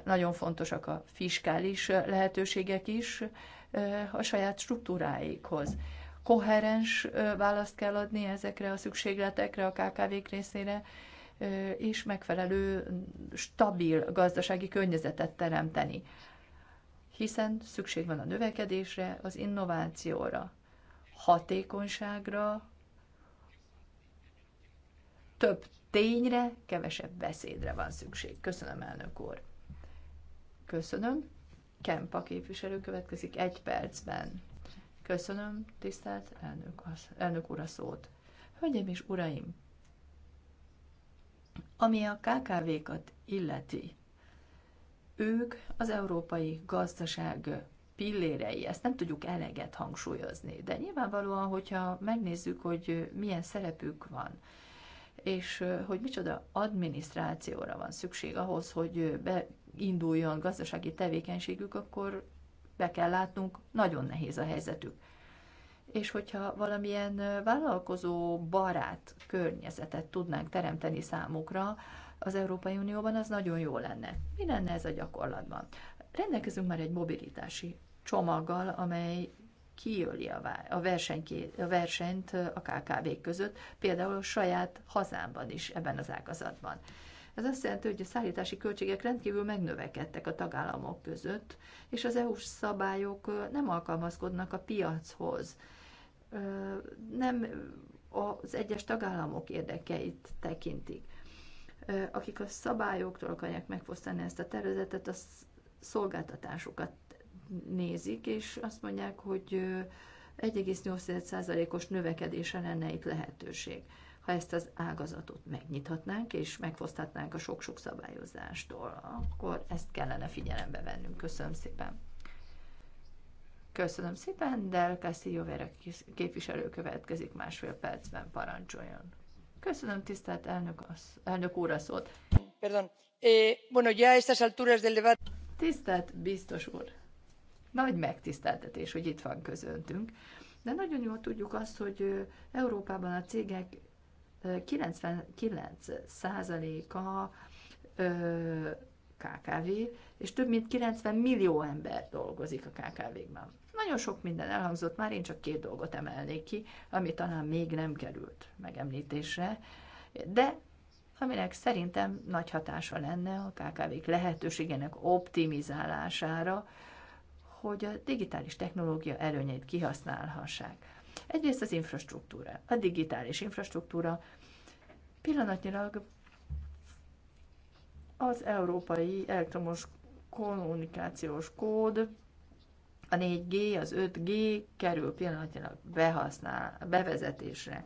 Nagyon fontosak a fiskális lehetőségek is eh, a saját struktúráikhoz. Koherens eh, választ kell adni ezekre a szükségletekre a KKV-k részére, eh, és megfelelő, stabil gazdasági környezetet teremteni. Hiszen szükség van a növekedésre, az innovációra, hatékonyságra, több tényre, kevesebb beszédre van szükség. Köszönöm, elnök úr. Köszönöm. Kempa képviselő következik egy percben. Köszönöm, tisztelt elnök, elnök úr a szót. Hölgyeim és uraim, ami a KKV-kat illeti, ők az európai gazdaság pillérei, ezt nem tudjuk eleget hangsúlyozni, de nyilvánvalóan, hogyha megnézzük, hogy milyen szerepük van, és hogy micsoda adminisztrációra van szükség ahhoz, hogy beinduljon gazdasági tevékenységük, akkor be kell látnunk, nagyon nehéz a helyzetük. És hogyha valamilyen vállalkozó barát környezetet tudnánk teremteni számukra az Európai Unióban, az nagyon jó lenne. Mi lenne ez a gyakorlatban? Rendelkezünk már egy mobilitási csomaggal, amely kiöli a, a, versenyké, a versenyt a kkv között, például a saját hazámban is ebben az ágazatban. Ez azt jelenti, hogy a szállítási költségek rendkívül megnövekedtek a tagállamok között, és az EU-s szabályok nem alkalmazkodnak a piachoz. Nem az egyes tagállamok érdekeit tekintik. Akik a szabályoktól akarják megfosztani ezt a területet, a szolgáltatásukat nézik, és azt mondják, hogy 1,8%-os növekedésre lenne itt lehetőség, ha ezt az ágazatot megnyithatnánk, és megfosztatnánk a sok-sok szabályozástól, akkor ezt kellene figyelembe vennünk. Köszönöm szépen. Köszönöm szépen, Del Castillo Vera képviselő következik másfél percben, parancsoljon. Köszönöm, tisztelt elnök, elnök úr a szót. Perdón. Eh, bueno, ya a estas alturas del debate... Tisztelt biztos úr, nagy megtiszteltetés, hogy itt van közöntünk. De nagyon jól tudjuk azt, hogy Európában a cégek 99%-a KKV, és több mint 90 millió ember dolgozik a KKV-kben. Nagyon sok minden elhangzott, már én csak két dolgot emelnék ki, ami talán még nem került megemlítésre, de aminek szerintem nagy hatása lenne a KKV-k lehetőségének optimizálására, hogy a digitális technológia előnyeit kihasználhassák. Egyrészt az infrastruktúra, a digitális infrastruktúra pillanatnyilag az európai elektromos kommunikációs kód, a 4G, az 5G kerül pillanatnyilag behasznál, bevezetésre.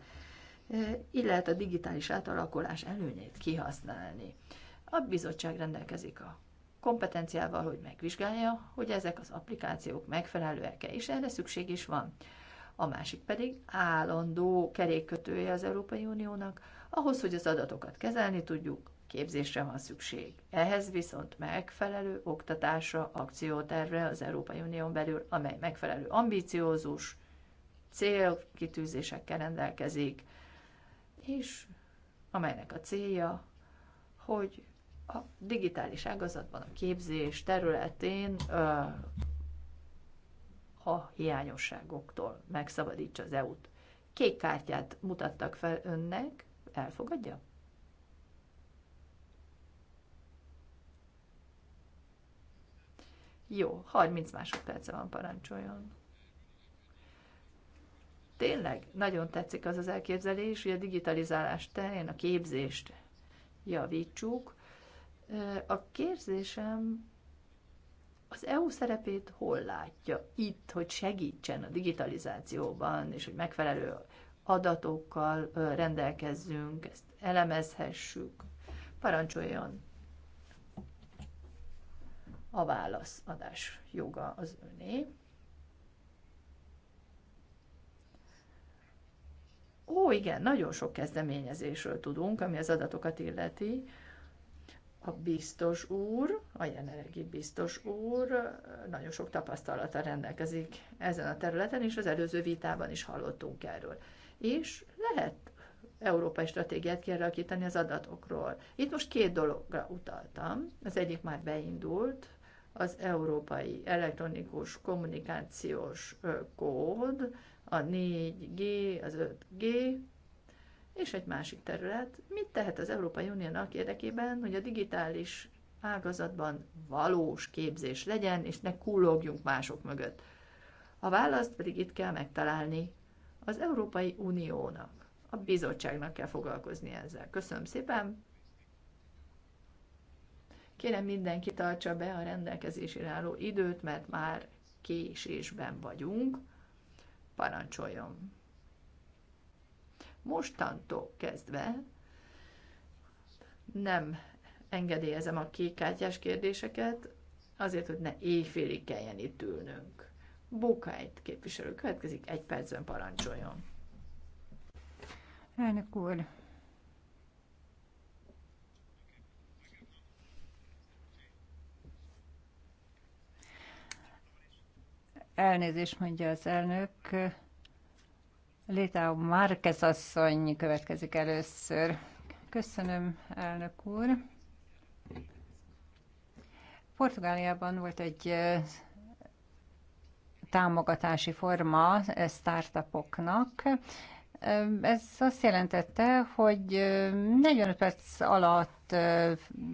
E, így lehet a digitális átalakulás előnyeit kihasználni. A bizottság rendelkezik a kompetenciával, hogy megvizsgálja, hogy ezek az applikációk megfelelőek-e, és erre szükség is van. A másik pedig állandó kerékkötője az Európai Uniónak, ahhoz, hogy az adatokat kezelni tudjuk, képzésre van szükség. Ehhez viszont megfelelő oktatásra, akciótervre az Európai Unión belül, amely megfelelő ambíciózus célkitűzésekkel rendelkezik, és amelynek a célja, hogy a digitális ágazatban, a képzés területén a hiányosságoktól megszabadítsa az EU-t. Kék kártyát mutattak fel önnek, elfogadja? Jó, 30 másodperce van, parancsoljon. Tényleg, nagyon tetszik az az elképzelés, hogy a digitalizálás terén a képzést javítsuk, a kérzésem az EU szerepét hol látja itt, hogy segítsen a digitalizációban, és hogy megfelelő adatokkal rendelkezzünk, ezt elemezhessük. Parancsoljon a adás joga az öné. Ó, igen, nagyon sok kezdeményezésről tudunk, ami az adatokat illeti a biztos úr, a jelenlegi biztos úr nagyon sok tapasztalata rendelkezik ezen a területen, és az előző vitában is hallottunk erről. És lehet európai stratégiát kialakítani az adatokról. Itt most két dologra utaltam. Az egyik már beindult, az európai elektronikus kommunikációs kód, a 4G, az 5G, és egy másik terület, mit tehet az Európai Uniónak érdekében, hogy a digitális ágazatban valós képzés legyen, és ne kullogjunk mások mögött. A választ pedig itt kell megtalálni az Európai Uniónak, a bizottságnak kell foglalkozni ezzel. Köszönöm szépen! Kérem mindenki tartsa be a rendelkezésére álló időt, mert már késésben vagyunk. Parancsoljon! mostantól kezdve nem engedélyezem a kékkártyás kérdéseket, azért, hogy ne éjfélig kelljen itt ülnünk. Bukájt képviselő következik, egy percben parancsoljon. Elnök úr, Elnézést mondja az elnök, Léta Márkez asszony következik először. Köszönöm, elnök úr. Portugáliában volt egy támogatási forma startupoknak, ez azt jelentette, hogy 45 perc alatt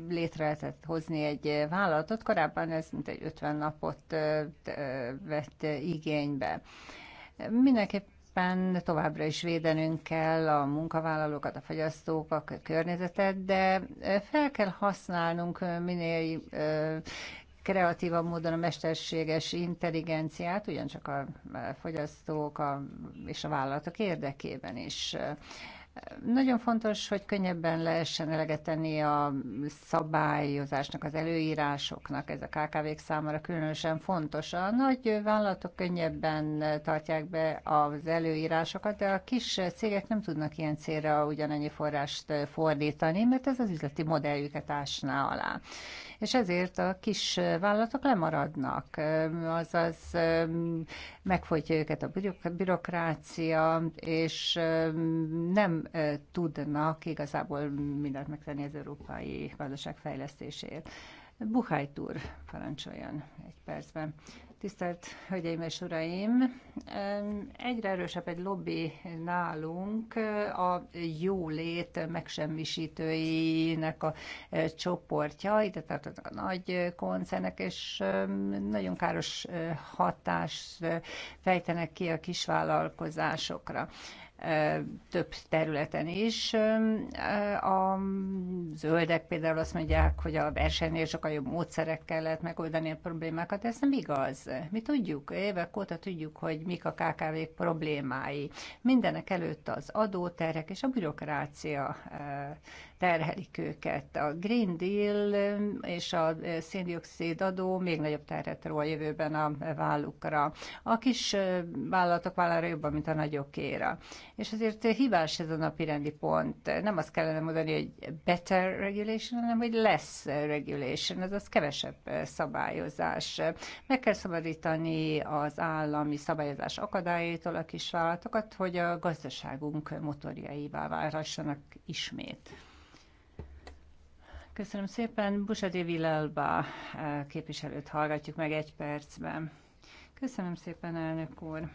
létre lehetett hozni egy vállalatot, korábban ez mintegy 50 napot vett igénybe. Mindenképp mindenképpen továbbra is védenünk kell a munkavállalókat, a fogyasztók, a környezetet, de fel kell használnunk minél kreatívabb módon a mesterséges intelligenciát, ugyancsak a fogyasztók a, és a vállalatok érdekében is. Nagyon fontos, hogy könnyebben lehessen eleget tenni a szabályozásnak, az előírásoknak. Ez a KKV-k számára különösen fontos. A nagy vállalatok könnyebben tartják be az előírásokat, de a kis cégek nem tudnak ilyen célra ugyanannyi forrást fordítani, mert ez az üzleti modelljüket ásná alá és ezért a kis vállalatok lemaradnak, azaz megfolytja őket a bürokrácia, és nem tudnak igazából mindent megtenni az európai gazdaság fejlesztéséért. Buhájtúr parancsoljon egy percben. Tisztelt Hölgyeim és Uraim! Egyre erősebb egy lobby nálunk eh, a jólét megsemmisítőinek a eh, csoportja, tehát tartoznak a nagy eh, koncernek, és nagyon káros hatást fejtenek ki a kisvállalkozásokra több területen is. A zöldek például azt mondják, hogy a versenynél sokkal jobb módszerekkel lehet megoldani a problémákat, ez nem igaz. Mi tudjuk, évek óta tudjuk, hogy mik a kkv problémái. Mindenek előtt az adóterhek és a bürokrácia terhelik őket. A Green Deal és a széndiokszid adó még nagyobb terhet ról a jövőben a vállukra. A kis vállalatok vállalra jobban, mint a nagyokéra és azért hibás ez a napi rendi pont. Nem azt kellene mondani, hogy better regulation, hanem hogy less regulation, azaz kevesebb szabályozás. Meg kell szabadítani az állami szabályozás akadályaitól a kisvállalatokat, hogy a gazdaságunk motorjaivá válhassanak ismét. Köszönöm szépen. Busadi Vilelba eh, képviselőt hallgatjuk meg egy percben. Köszönöm szépen, elnök úr.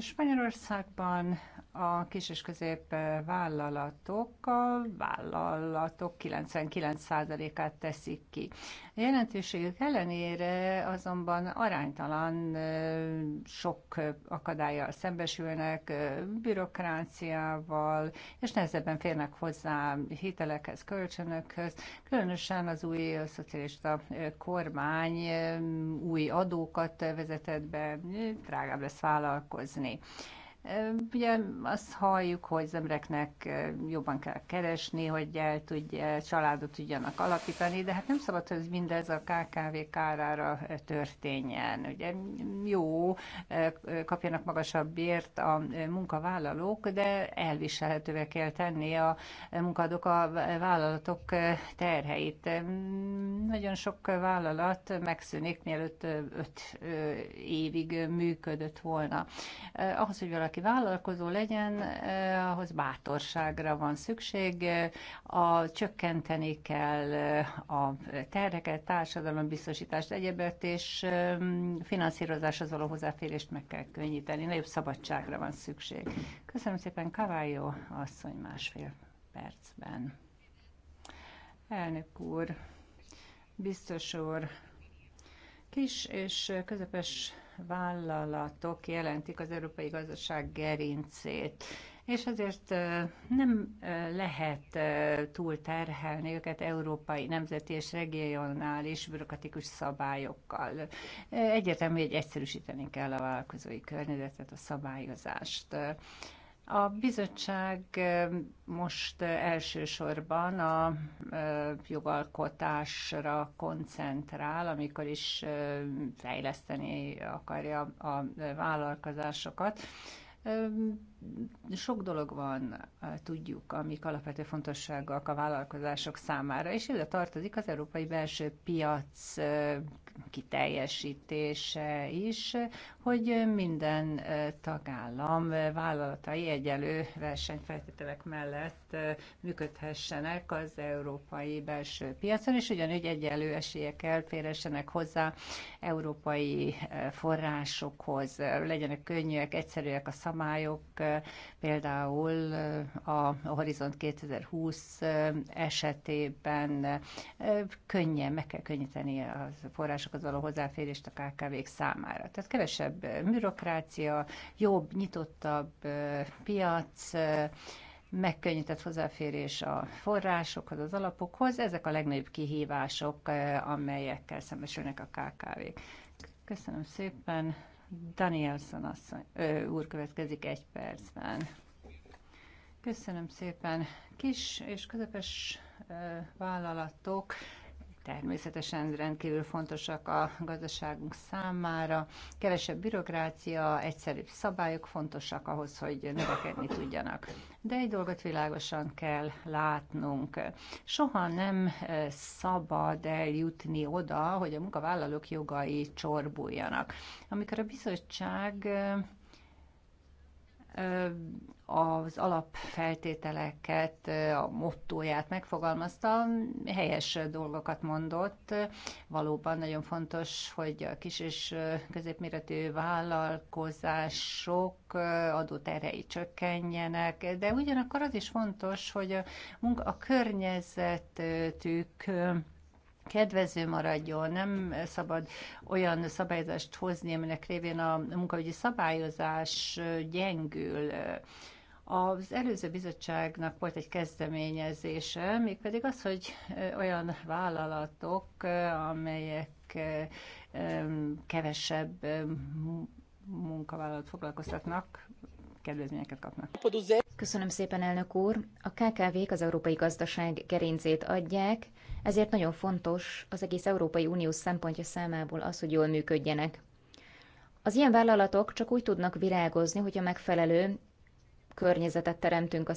Spanyolországban a kis és közép vállalatok a vállalatok 99%-át teszik ki. A jelentőségük ellenére azonban aránytalan sok akadályjal szembesülnek, bürokráciával, és nehezebben férnek hozzá hitelekhez, kölcsönökhöz. Különösen az új szocialista kormány új adókat vezetett be, drágább lesz vállalkozni tenni. Ugye azt halljuk, hogy az embereknek jobban kell keresni, hogy el tudja, családot tudjanak alapítani, de hát nem szabad, hogy mindez a KKV kárára történjen. Ugye jó, kapjanak magasabb bért a munkavállalók, de elviselhetővé kell tenni a munkadók a vállalatok terheit. Nagyon sok vállalat megszűnik, mielőtt öt évig működött volna. Ahhoz, hogy valaki aki vállalkozó legyen, eh, ahhoz bátorságra van szükség, a csökkenteni kell eh, a terheket, társadalombiztosítást, egyebet, és eh, finanszírozáshoz való hozzáférést meg kell könnyíteni, nagyobb szabadságra van szükség. Köszönöm szépen, Kavályó asszony másfél percben. Elnök úr, biztos úr, kis és közepes vállalatok jelentik az európai gazdaság gerincét és azért nem lehet túl terhelni őket európai, nemzeti és regionális bürokratikus szabályokkal. Egyértelmű, hogy egyszerűsíteni kell a vállalkozói környezetet, a szabályozást. A bizottság most elsősorban a jogalkotásra koncentrál, amikor is fejleszteni akarja a vállalkozásokat sok dolog van, eh, tudjuk, amik alapvető fontosságok a vállalkozások számára, és ide tartozik az európai belső piac eh, kiteljesítése is, hogy minden eh, tagállam vállalatai egyelő versenyfeltételek mellett működhessenek az európai belső piacon, és ugyanúgy egyelő esélyekkel férhessenek hozzá európai forrásokhoz, legyenek könnyűek, egyszerűek a szabályok, például a Horizont 2020 esetében könnyen, meg kell könnyíteni a forrásokhoz való hozzáférést a KKV-k számára. Tehát kevesebb bürokrácia, jobb, nyitottabb piac, megkönnyített hozzáférés a forrásokhoz, az alapokhoz. Ezek a legnagyobb kihívások, amelyekkel szembesülnek a KKV-k. Köszönöm szépen! Danielson asszony, ö, úr következik egy percben. Köszönöm szépen. Kis és közepes vállalatok természetesen rendkívül fontosak a gazdaságunk számára. Kevesebb bürokrácia, egyszerűbb szabályok fontosak ahhoz, hogy növekedni tudjanak. De egy dolgot világosan kell látnunk. Soha nem szabad eljutni oda, hogy a munkavállalók jogai csorbuljanak. Amikor a bizottság az alapfeltételeket, a mottóját megfogalmazta, helyes dolgokat mondott. Valóban nagyon fontos, hogy a kis és középméretű vállalkozások adóterei csökkenjenek, de ugyanakkor az is fontos, hogy a, munka, a környezetük kedvező maradjon, nem szabad olyan szabályozást hozni, aminek révén a munkaügyi szabályozás gyengül. Az előző bizottságnak volt egy kezdeményezése, mégpedig az, hogy olyan vállalatok, amelyek kevesebb munkavállalat foglalkoztatnak, kedvezményeket kapnak. Köszönöm szépen, elnök úr! A KKV-k az európai gazdaság gerincét adják, ezért nagyon fontos az egész Európai Unió szempontja számából az, hogy jól működjenek. Az ilyen vállalatok csak úgy tudnak virágozni, hogyha megfelelő környezetet teremtünk a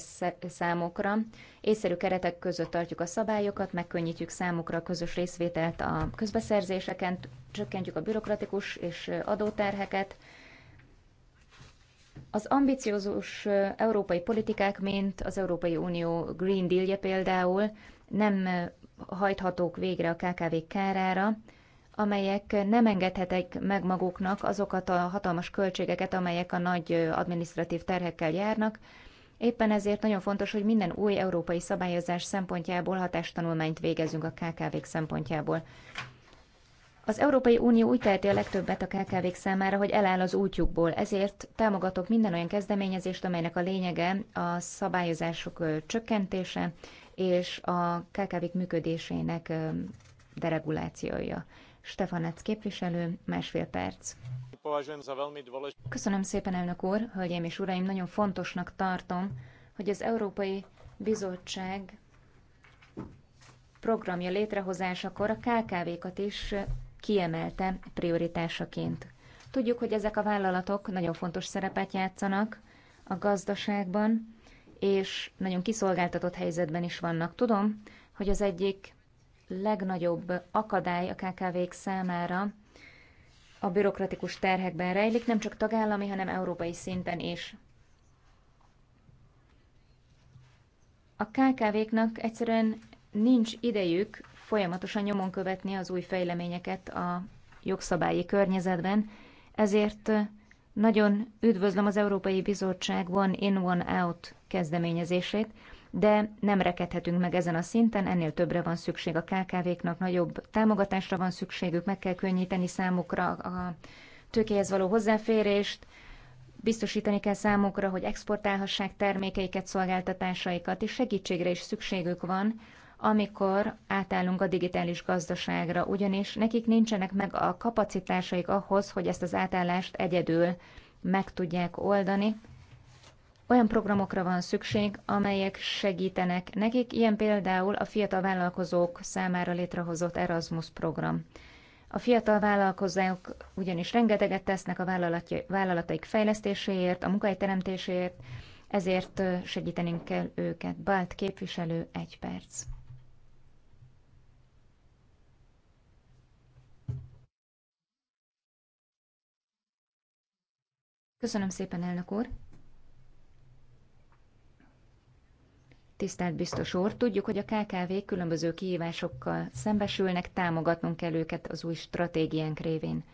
számokra, észszerű keretek között tartjuk a szabályokat, megkönnyítjük számukra a közös részvételt a közbeszerzéseken, csökkentjük a bürokratikus és adóterheket. Az ambiciózus európai politikák, mint az Európai Unió Green Deal-je például, nem hajthatók végre a KKV-k kárára, amelyek nem engedhetek meg maguknak azokat a hatalmas költségeket, amelyek a nagy administratív terhekkel járnak. Éppen ezért nagyon fontos, hogy minden új európai szabályozás szempontjából hatástanulmányt végezünk a KKV-k szempontjából. Az Európai Unió úgy teheti a legtöbbet a KKV-k számára, hogy eláll az útjukból, ezért támogatok minden olyan kezdeményezést, amelynek a lényege a szabályozások csökkentése és a kkv működésének deregulációja. Stefanec képviselő, másfél perc. Köszönöm szépen, elnök úr, hölgyeim és uraim, nagyon fontosnak tartom, hogy az Európai Bizottság programja létrehozásakor a KKV-kat is kiemelte prioritásaként. Tudjuk, hogy ezek a vállalatok nagyon fontos szerepet játszanak a gazdaságban, és nagyon kiszolgáltatott helyzetben is vannak. Tudom, hogy az egyik legnagyobb akadály a KKV-k számára a bürokratikus terhekben rejlik, nem csak tagállami, hanem európai szinten is. A KKV-knak egyszerűen nincs idejük folyamatosan nyomon követni az új fejleményeket a jogszabályi környezetben, ezért nagyon üdvözlöm az Európai Bizottság One In, One Out kezdeményezését, de nem rekedhetünk meg ezen a szinten, ennél többre van szükség a KKV-knak, nagyobb támogatásra van szükségük, meg kell könnyíteni számukra a tőkéhez való hozzáférést, biztosítani kell számukra, hogy exportálhassák termékeiket, szolgáltatásaikat, és segítségre is szükségük van, amikor átállunk a digitális gazdaságra, ugyanis nekik nincsenek meg a kapacitásaik ahhoz, hogy ezt az átállást egyedül meg tudják oldani. Olyan programokra van szükség, amelyek segítenek nekik, ilyen például a fiatal vállalkozók számára létrehozott Erasmus program. A fiatal vállalkozók ugyanis rengeteget tesznek a vállalataik fejlesztéséért, a munkahelyteremtéséért, ezért segítenünk kell őket. Bált képviselő, egy perc. Köszönöm szépen, elnök úr! Tisztelt biztos úr, tudjuk, hogy a kkv különböző kihívásokkal szembesülnek, támogatnunk kell őket az új stratégiánk révén.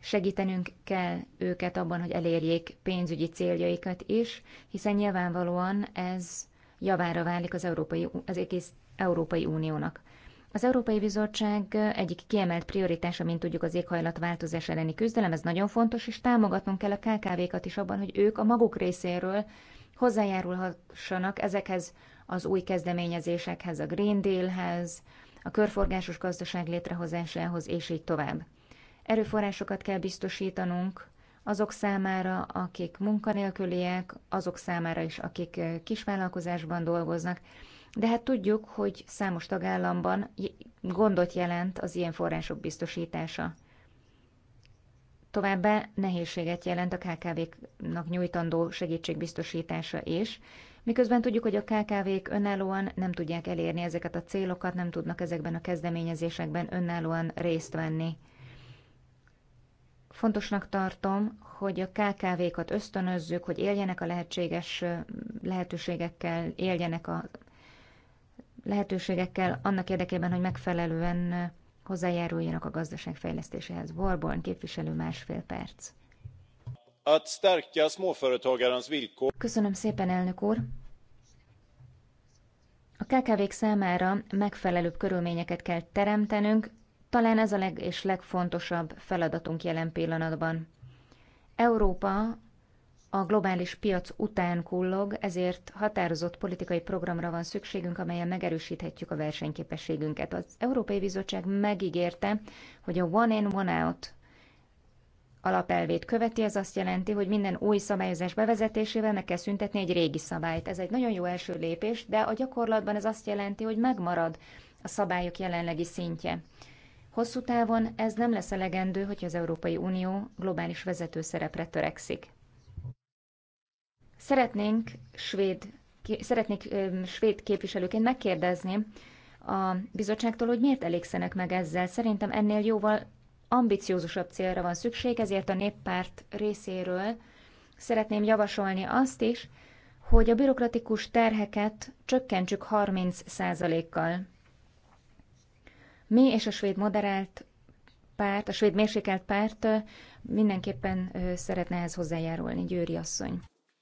Segítenünk kell őket abban, hogy elérjék pénzügyi céljaikat is, hiszen nyilvánvalóan ez javára válik az, Európai, az egész Európai Uniónak. Az Európai Bizottság egyik kiemelt prioritása, mint tudjuk, az éghajlatváltozás elleni küzdelem, ez nagyon fontos, és támogatnunk kell a KKV-kat is abban, hogy ők a maguk részéről hozzájárulhassanak ezekhez az új kezdeményezésekhez, a Green Dealhez, a körforgásos gazdaság létrehozásához, és így tovább. Erőforrásokat kell biztosítanunk azok számára, akik munkanélküliek, azok számára is, akik kisvállalkozásban dolgoznak, de hát tudjuk, hogy számos tagállamban gondot jelent az ilyen források biztosítása. Továbbá nehézséget jelent a KKV-knak nyújtandó segítségbiztosítása is, miközben tudjuk, hogy a KKV-k önállóan nem tudják elérni ezeket a célokat, nem tudnak ezekben a kezdeményezésekben önállóan részt venni. Fontosnak tartom, hogy a KKV-kat ösztönözzük, hogy éljenek a lehetséges lehetőségekkel, éljenek a lehetőségekkel annak érdekében, hogy megfelelően hozzájáruljanak a gazdaság fejlesztéséhez. Warborn képviselő másfél perc. Köszönöm szépen, elnök úr! A KKV-k számára megfelelőbb körülményeket kell teremtenünk, talán ez a leg és legfontosabb feladatunk jelen pillanatban. Európa a globális piac után kullog, ezért határozott politikai programra van szükségünk, amelyen megerősíthetjük a versenyképességünket. Az Európai Bizottság megígérte, hogy a one in, one out alapelvét követi, ez azt jelenti, hogy minden új szabályozás bevezetésével meg kell szüntetni egy régi szabályt. Ez egy nagyon jó első lépés, de a gyakorlatban ez azt jelenti, hogy megmarad a szabályok jelenlegi szintje. Hosszú távon ez nem lesz elegendő, hogy az Európai Unió globális vezető szerepre törekszik. Szeretnénk svéd, szeretnék svéd képviselőként megkérdezni a bizottságtól, hogy miért elégszenek meg ezzel. Szerintem ennél jóval ambiciózusabb célra van szükség, ezért a néppárt részéről szeretném javasolni azt is, hogy a bürokratikus terheket csökkentsük 30%-kal. Mi és a svéd moderált párt, a svéd mérsékelt párt mindenképpen szeretne ehhez hozzájárulni, Győri asszony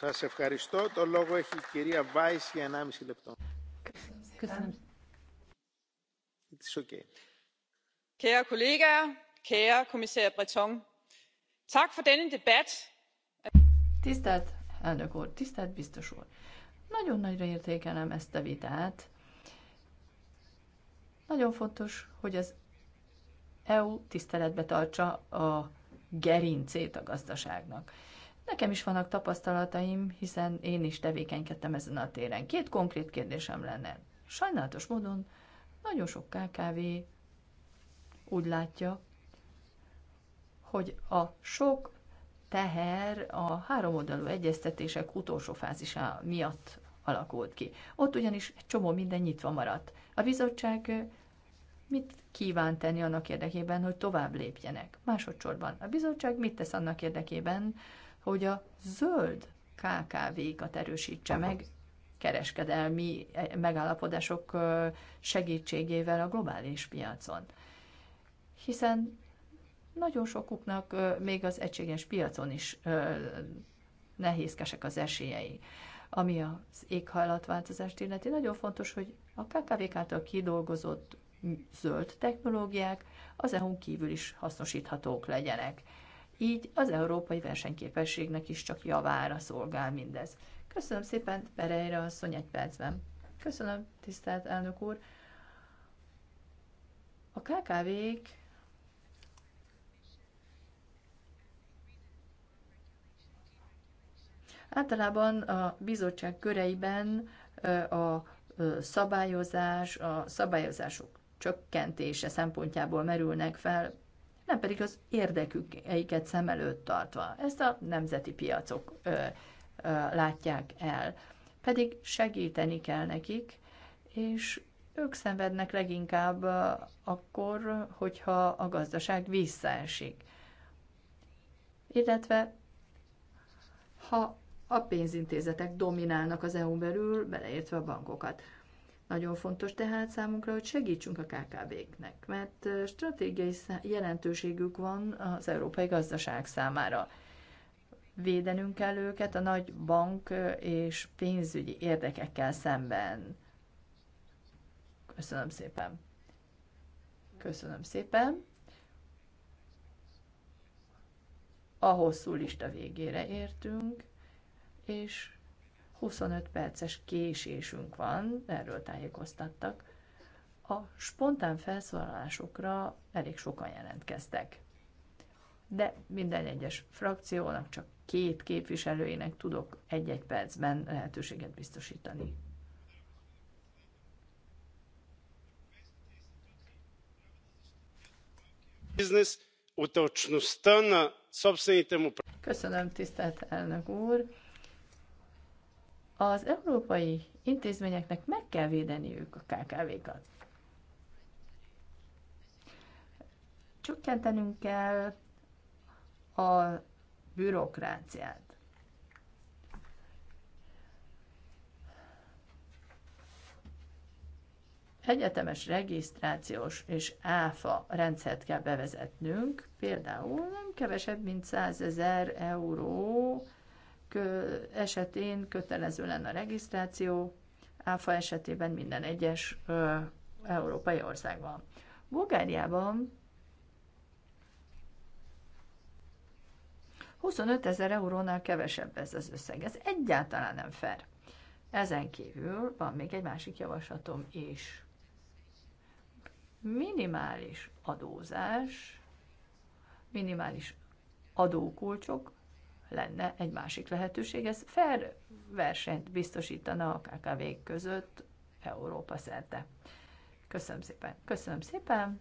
Köszönöm. It's okay. Kære kollegaer, kære kommissær Breton. Tak for denne debat. Tisztelt elnök úr, tisztelt biztos úr. Nagyon nagyra értékelem ezt a vitát. Nagyon fontos, hogy az EU tiszteletbe tartsa a gerincét a gazdaságnak. Nekem is vannak tapasztalataim, hiszen én is tevékenykedtem ezen a téren. Két konkrét kérdésem lenne. Sajnálatos módon nagyon sok KKV úgy látja, hogy a sok teher a háromoldalú egyeztetések utolsó fázisa miatt alakult ki. Ott ugyanis egy csomó minden nyitva maradt. A bizottság mit kíván tenni annak érdekében, hogy tovább lépjenek? Másodszorban a bizottság mit tesz annak érdekében, hogy a zöld KKV-kat erősítse meg kereskedelmi e, megállapodások segítségével a globális piacon. Hiszen nagyon sokuknak még az egységes piacon is nehézkesek az esélyei. Ami az éghajlatváltozást illeti, nagyon fontos, hogy a KKV-k által kidolgozott zöld technológiák az EU-n kívül is hasznosíthatók legyenek így az európai versenyképességnek is csak javára szolgál mindez. Köszönöm szépen, Pereira asszony egy percben. Köszönöm, tisztelt elnök úr. A KKV-k általában a bizottság köreiben a szabályozás, a szabályozások csökkentése szempontjából merülnek fel nem pedig az érdeküket szem előtt tartva. Ezt a nemzeti piacok ö, ö, látják el. Pedig segíteni kell nekik, és ők szenvednek leginkább akkor, hogyha a gazdaság visszaesik. Illetve ha a pénzintézetek dominálnak az EU-n belül, beleértve a bankokat. Nagyon fontos tehát számunkra, hogy segítsünk a KKV-knek, mert stratégiai jelentőségük van az európai gazdaság számára. Védenünk kell őket a nagy bank és pénzügyi érdekekkel szemben. Köszönöm szépen. Köszönöm szépen. A hosszú lista végére értünk, és 25 perces késésünk van, erről tájékoztattak. A spontán felszólalásokra elég sokan jelentkeztek. De minden egyes frakciónak csak két képviselőjének tudok egy-egy percben lehetőséget biztosítani. Köszönöm, tisztelt elnök úr! az európai intézményeknek meg kell védeniük a KKV-kat. Csökkentenünk kell a bürokráciát. egyetemes regisztrációs és áfa rendszert kell bevezetnünk, például nem kevesebb, mint 100 ezer euró esetén kötelező lenne a regisztráció, áfa esetében minden egyes ö, európai országban. Bulgáriában 25 ezer eurónál kevesebb ez az összeg. Ez egyáltalán nem fair. Ezen kívül van még egy másik javaslatom is. Minimális adózás, minimális adókulcsok lenne egy másik lehetőség. Ez fair versenyt biztosítana a kkv között Európa szerte. Köszönöm szépen. Köszönöm szépen.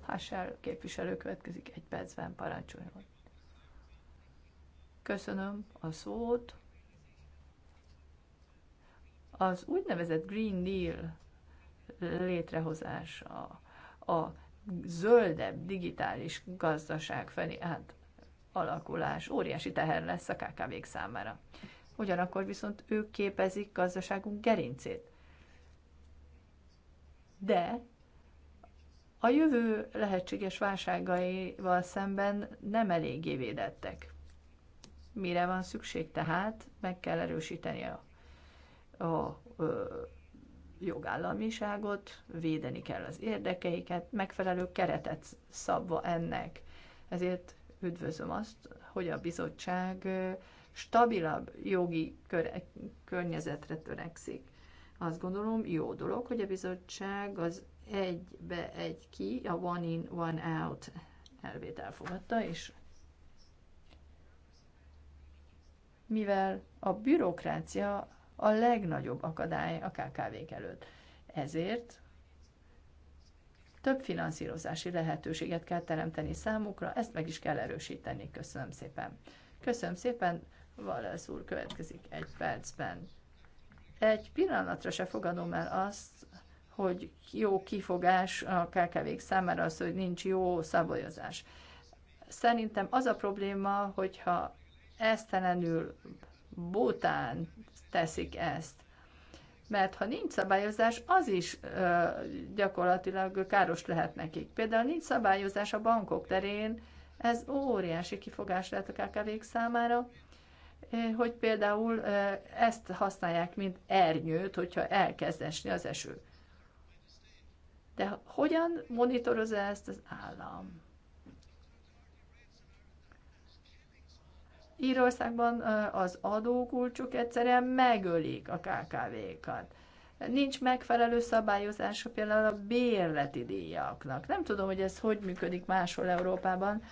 Hassel képviselő következik egy percben, parancsoljon. Köszönöm a szót. Az úgynevezett Green Deal létrehozása, a zöldebb digitális gazdaság felé, hát alakulás óriási teher lesz a kkv számára. Ugyanakkor viszont ők képezik gazdaságunk gerincét. De a jövő lehetséges válságaival szemben nem eléggé védettek. Mire van szükség tehát? Meg kell erősíteni a, a, a jogállamiságot, védeni kell az érdekeiket, megfelelő keretet szabva ennek. Ezért üdvözlöm azt, hogy a bizottság stabilabb jogi kör- környezetre törekszik. Azt gondolom, jó dolog, hogy a bizottság az egybe egy ki, a one in, one out elvét elfogadta, és mivel a bürokrácia a legnagyobb akadály a KKV-k előtt. Ezért több finanszírozási lehetőséget kell teremteni számukra, ezt meg is kell erősíteni. Köszönöm szépen. Köszönöm szépen, Valesz úr következik egy percben. Egy pillanatra se fogadom el azt, hogy jó kifogás a kelkevék számára az, hogy nincs jó szabályozás. Szerintem az a probléma, hogyha esztelenül bután teszik ezt mert ha nincs szabályozás, az is ö, gyakorlatilag káros lehet nekik. Például nincs szabályozás a bankok terén, ez óriási kifogás lehet a kkv számára, hogy például ö, ezt használják, mint ernyőt, hogyha elkezd esni az eső. De hogyan monitorozza ezt az állam? Írországban az adókulcsuk egyszerűen megölik a KKV-kat. Nincs megfelelő szabályozása például a bérleti díjaknak. Nem tudom, hogy ez hogy működik máshol Európában.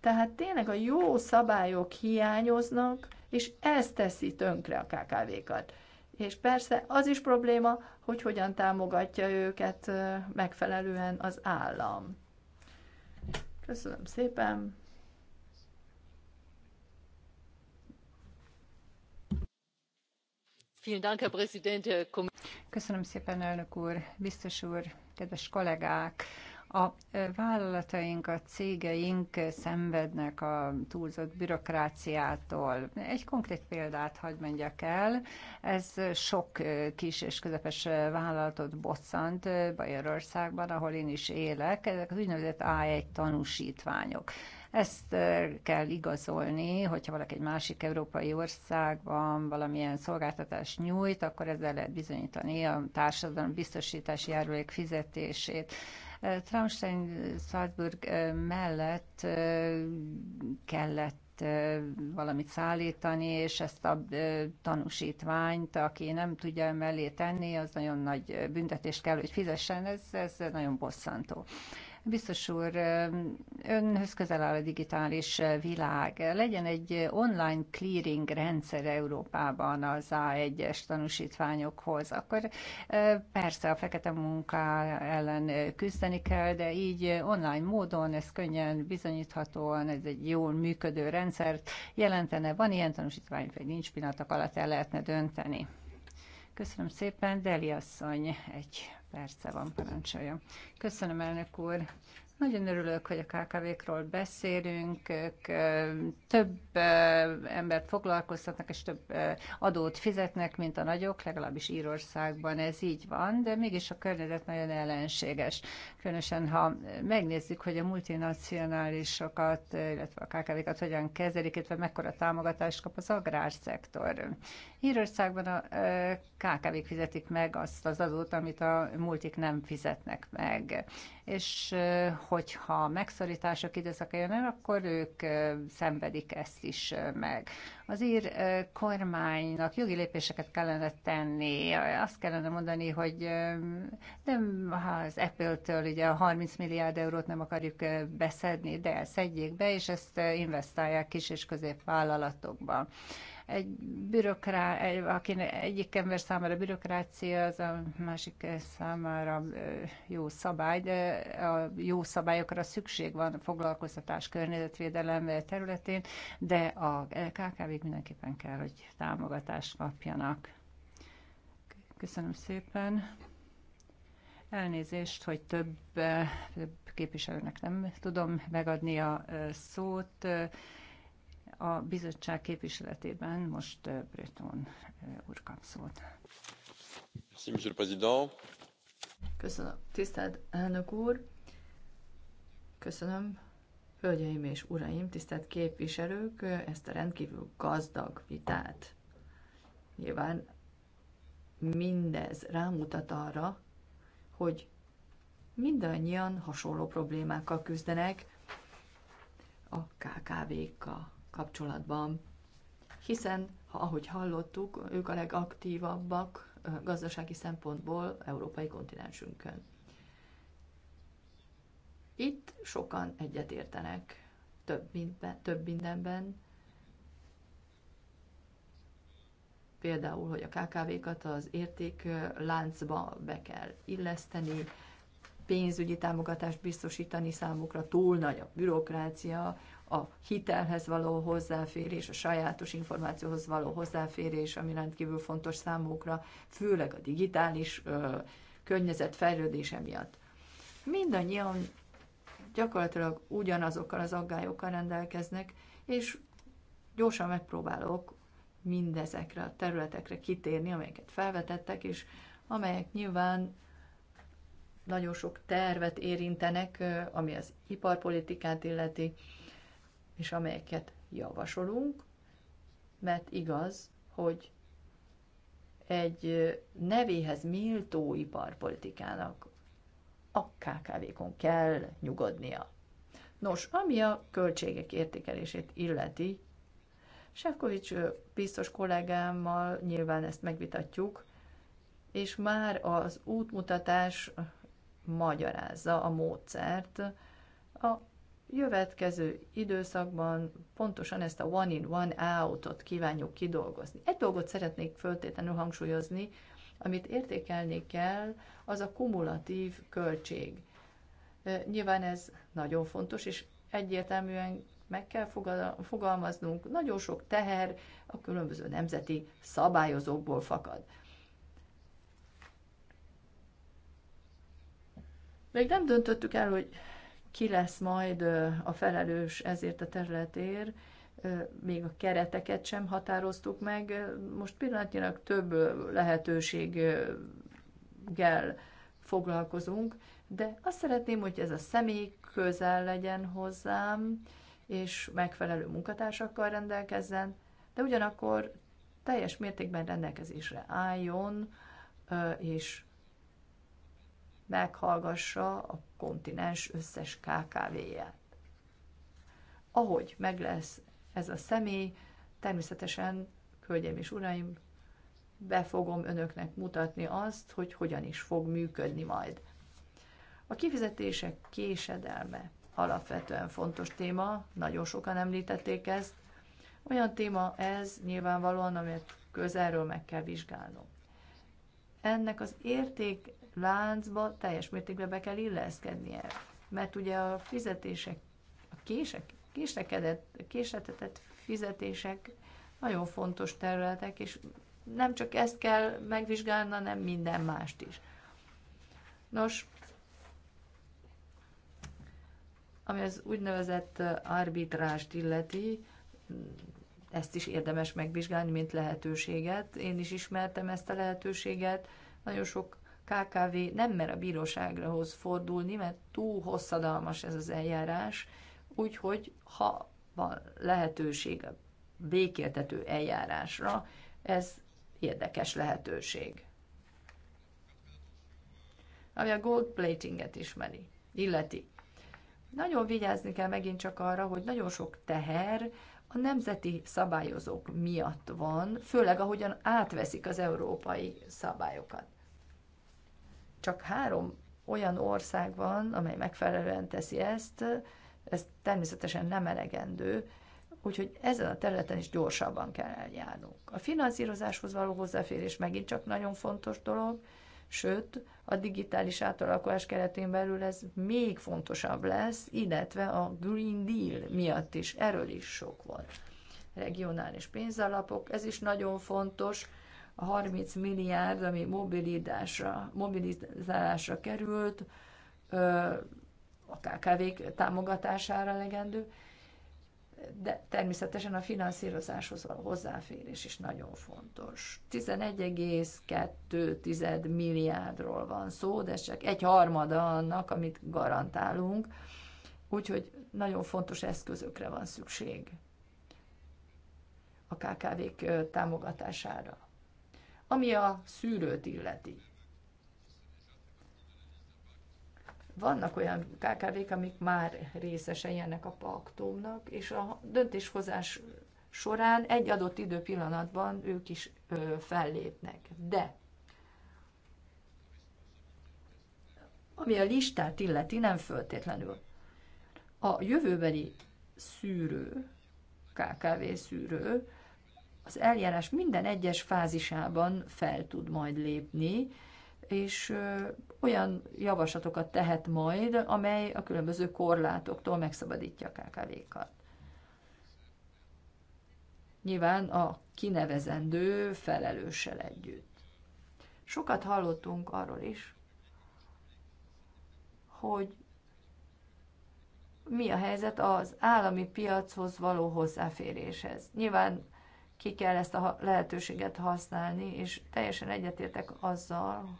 Tehát tényleg a jó szabályok hiányoznak, és ez teszi tönkre a KKV-kat. És persze az is probléma, hogy hogyan támogatja őket megfelelően az állam. Köszönöm szépen! Köszönöm szépen, elnök úr, biztos úr, kedves kollégák! A vállalataink, a cégeink szenvednek a túlzott bürokráciától. Egy konkrét példát hagyd mondjak el. Ez sok kis és közepes vállalatot bosszant Bajorországban, ahol én is élek. Ezek az úgynevezett A1 tanúsítványok. Ezt kell igazolni, hogyha valaki egy másik európai országban valamilyen szolgáltatást nyújt, akkor ezzel lehet bizonyítani a társadalom biztosítási járulék fizetését. Traunstein Salzburg mellett kellett valamit szállítani, és ezt a tanúsítványt, aki nem tudja mellé tenni, az nagyon nagy büntetést kell, hogy fizessen, ez, ez nagyon bosszantó. Biztos úr, önhöz közel áll a digitális világ. Legyen egy online clearing rendszer Európában az A1-es tanúsítványokhoz, akkor persze a fekete munka ellen küzdeni kell, de így online módon ez könnyen bizonyíthatóan, ez egy jól működő rendszert jelentene. Van ilyen tanúsítvány, vagy nincs pillanatok alatt el lehetne dönteni. Köszönöm szépen, Deli asszony, egy perce van, parancsolja. Köszönöm, elnök úr. Nagyon örülök, hogy a KKV-król beszélünk, ők több embert foglalkoztatnak, és több adót fizetnek, mint a nagyok, legalábbis Írországban ez így van, de mégis a környezet nagyon ellenséges. Különösen, ha megnézzük, hogy a multinacionálisokat, illetve a KKV-kat hogyan kezelik, illetve mekkora támogatást kap az agrárszektor. Írországban a KKV-k fizetik meg azt az adót, amit a multik nem fizetnek meg és hogyha megszorítások időszaka jönnek, akkor ők szenvedik ezt is meg. Az ír kormánynak jogi lépéseket kellene tenni, azt kellene mondani, hogy nem ha az Apple-től ugye a 30 milliárd eurót nem akarjuk beszedni, de szedjék be, és ezt investálják kis és középvállalatokba egy bürokrá, egy, aki egyik ember számára bürokrácia, az a másik számára jó szabály, de a jó szabályokra szükség van foglalkoztatás környezetvédelem területén, de a KKV-k mindenképpen kell, hogy támogatást kapjanak. Köszönöm szépen. Elnézést, hogy több, több képviselőnek nem tudom megadni a szót. A bizottság képviseletében most Breton úr kap szót. Köszönöm. Tisztelt elnök úr, köszönöm Hölgyeim és uraim, tisztelt képviselők, ezt a rendkívül gazdag vitát. Nyilván mindez rámutat arra, hogy mindannyian hasonló problémákkal küzdenek, a KKV-kkal kapcsolatban, hiszen, ha, ahogy hallottuk, ők a legaktívabbak gazdasági szempontból európai kontinensünkön. Itt sokan egyetértenek több, mindben, több mindenben, például, hogy a KKV-kat az értékláncba be kell illeszteni, pénzügyi támogatást biztosítani számukra, túl nagy a bürokrácia, a hitelhez való hozzáférés, a sajátos információhoz való hozzáférés, ami rendkívül fontos számukra, főleg a digitális ö, környezet fejlődése miatt. Mindannyian gyakorlatilag ugyanazokkal az aggályokkal rendelkeznek, és gyorsan megpróbálok mindezekre a területekre kitérni, amelyeket felvetettek, és amelyek nyilván nagyon sok tervet érintenek, ami az iparpolitikát illeti, és amelyeket javasolunk, mert igaz, hogy egy nevéhez méltó iparpolitikának a KKV-kon kell nyugodnia. Nos, ami a költségek értékelését illeti, Sefkovics biztos kollégámmal nyilván ezt megvitatjuk, és már az útmutatás magyarázza a módszert a jövetkező időszakban pontosan ezt a one in, one out-ot kívánjuk kidolgozni. Egy dolgot szeretnék föltétlenül hangsúlyozni, amit értékelni kell, az a kumulatív költség. Nyilván ez nagyon fontos, és egyértelműen meg kell fogalmaznunk, nagyon sok teher a különböző nemzeti szabályozókból fakad. Még nem döntöttük el, hogy ki lesz majd a felelős ezért a területért, még a kereteket sem határoztuk meg. Most pillanatnyilag több lehetőséggel foglalkozunk, de azt szeretném, hogy ez a személy közel legyen hozzám, és megfelelő munkatársakkal rendelkezzen, de ugyanakkor teljes mértékben rendelkezésre álljon, és meghallgassa a kontinens összes KKV-ját. Ahogy meg lesz ez a személy, természetesen, hölgyeim és uraim, be fogom önöknek mutatni azt, hogy hogyan is fog működni majd. A kifizetések késedelme alapvetően fontos téma, nagyon sokan említették ezt. Olyan téma ez nyilvánvalóan, amit közelről meg kell vizsgálnom. Ennek az érték láncba teljes mértékben be kell illeszkednie. Mert ugye a fizetések, a kések, késlekedett, késletetett fizetések nagyon fontos területek, és nem csak ezt kell megvizsgálni, hanem minden mást is. Nos, ami az úgynevezett arbitrást illeti, ezt is érdemes megvizsgálni, mint lehetőséget. Én is ismertem ezt a lehetőséget. Nagyon sok KKV nem mer a hoz fordulni, mert túl hosszadalmas ez az eljárás, úgyhogy ha van lehetőség a békéltető eljárásra, ez érdekes lehetőség. Ami a gold platinget ismeri, illeti. Nagyon vigyázni kell megint csak arra, hogy nagyon sok teher a nemzeti szabályozók miatt van, főleg ahogyan átveszik az európai szabályokat csak három olyan ország van, amely megfelelően teszi ezt, ez természetesen nem elegendő, úgyhogy ezen a területen is gyorsabban kell eljárnunk. A finanszírozáshoz való hozzáférés megint csak nagyon fontos dolog, sőt, a digitális átalakulás keretén belül ez még fontosabb lesz, illetve a Green Deal miatt is, erről is sok volt. Regionális pénzalapok, ez is nagyon fontos, a 30 milliárd, ami mobilizálásra került, a kkv támogatására legendő, de természetesen a finanszírozáshoz való hozzáférés is nagyon fontos. 11,2 milliárdról van szó, de ez csak egy harmada annak, amit garantálunk, úgyhogy nagyon fontos eszközökre van szükség a KKV-k támogatására. Ami a szűrőt illeti. Vannak olyan KKV-k, amik már részesei ennek a paktumnak, és a döntéshozás során egy adott időpillanatban ők is ö, fellépnek. De ami a listát illeti, nem föltétlenül. A jövőbeli szűrő, KKV szűrő, az eljárás minden egyes fázisában fel tud majd lépni, és olyan javaslatokat tehet majd, amely a különböző korlátoktól megszabadítja a KKV-kat. Nyilván a kinevezendő felelőssel együtt. Sokat hallottunk arról is, hogy mi a helyzet az állami piachoz való hozzáféréshez. Nyilván ki kell ezt a lehetőséget használni, és teljesen egyetértek azzal,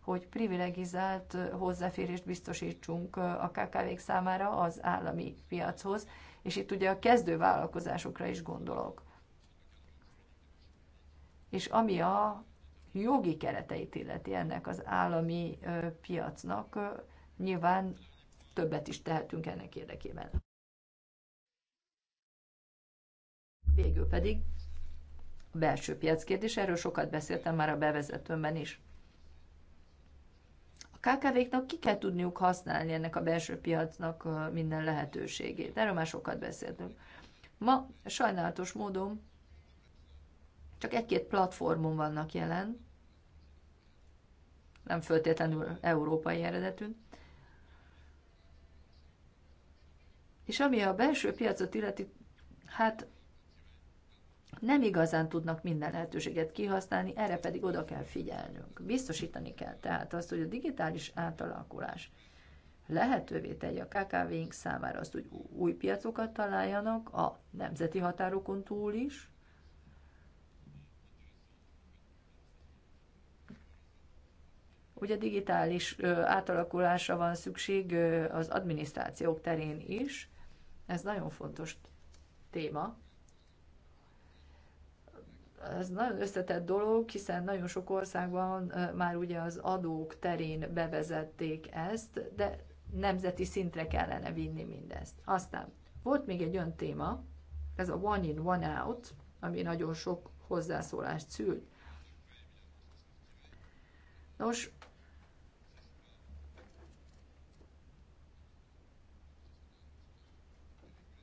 hogy privilegizált hozzáférést biztosítsunk a KKV-k számára az állami piachoz, és itt ugye a kezdő vállalkozásokra is gondolok. És ami a jogi kereteit illeti ennek az állami piacnak, nyilván többet is tehetünk ennek érdekében. Végül pedig a belső piac kérdés, erről sokat beszéltem már a bevezetőmben is. A KKV-knak ki kell tudniuk használni ennek a belső piacnak minden lehetőségét. Erről már sokat beszéltünk. Ma sajnálatos módon csak egy-két platformon vannak jelen, nem föltétlenül európai eredetű. És ami a belső piacot illeti, hát nem igazán tudnak minden lehetőséget kihasználni, erre pedig oda kell figyelnünk. Biztosítani kell tehát azt, hogy a digitális átalakulás lehetővé tegye a KKV-ink számára azt, hogy új piacokat találjanak a nemzeti határokon túl is, Ugye digitális átalakulásra van szükség az adminisztrációk terén is, ez nagyon fontos téma, ez nagyon összetett dolog, hiszen nagyon sok országban már ugye az adók terén bevezették ezt, de nemzeti szintre kellene vinni mindezt. Aztán volt még egy olyan téma, ez a one in, one out, ami nagyon sok hozzászólást szült. Nos,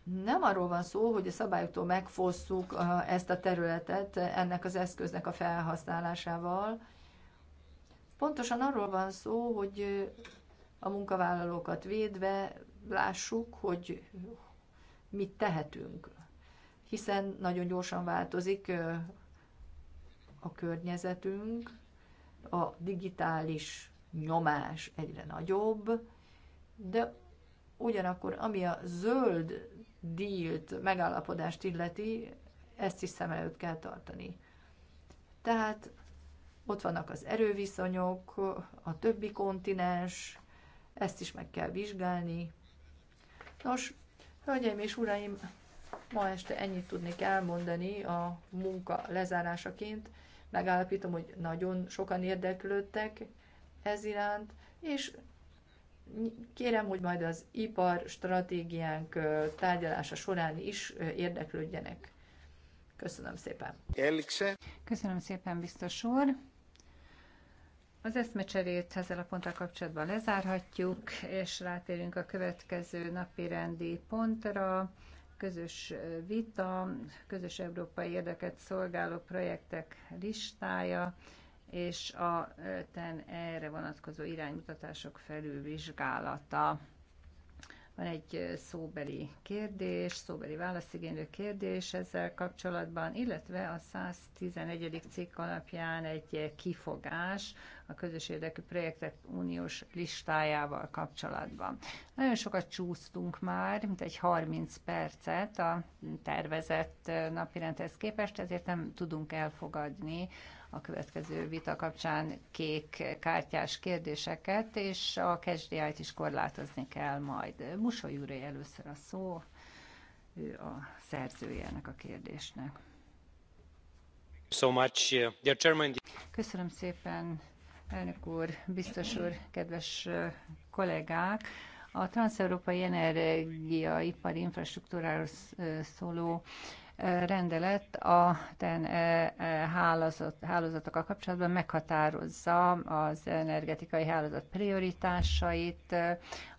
nem arról van szó, hogy a szabályoktól megfosszuk ezt a területet ennek az eszköznek a felhasználásával. Pontosan arról van szó, hogy a munkavállalókat védve lássuk, hogy mit tehetünk. Hiszen nagyon gyorsan változik a környezetünk, a digitális nyomás egyre nagyobb, de ugyanakkor ami a zöld dílt, megállapodást illeti, ezt is szem előtt kell tartani. Tehát ott vannak az erőviszonyok, a többi kontinens, ezt is meg kell vizsgálni. Nos, hölgyeim és uraim, ma este ennyit tudnék elmondani a munka lezárásaként. Megállapítom, hogy nagyon sokan érdeklődtek ez iránt, és kérem, hogy majd az ipar stratégiánk tárgyalása során is érdeklődjenek. Köszönöm szépen. Elkse. Köszönöm szépen, biztos úr. Az eszmecserét ezzel a ponttal kapcsolatban lezárhatjuk, és rátérünk a következő napi rendi pontra. Közös vita, közös európai érdeket szolgáló projektek listája és a ten erre vonatkozó iránymutatások felülvizsgálata. Van egy szóbeli kérdés, szóbeli válaszigénylő kérdés ezzel kapcsolatban, illetve a 111. cikk alapján egy kifogás a közös érdekű projektek uniós listájával kapcsolatban. Nagyon sokat csúsztunk már, mint egy 30 percet a tervezett napirendhez képest, ezért nem tudunk elfogadni a következő vita kapcsán kék kártyás kérdéseket, és a kezdiájt is korlátozni kell majd. Musoly úré először a szó, ő a szerzője ennek a kérdésnek. So much, uh, dear chairman. Köszönöm szépen, elnök úr, biztos úr, kedves uh, kollégák! A transeurópai energiaipari infrastruktúráról uh, szóló rendelet a ten hálózat, hálózatokkal kapcsolatban meghatározza az energetikai hálózat prioritásait,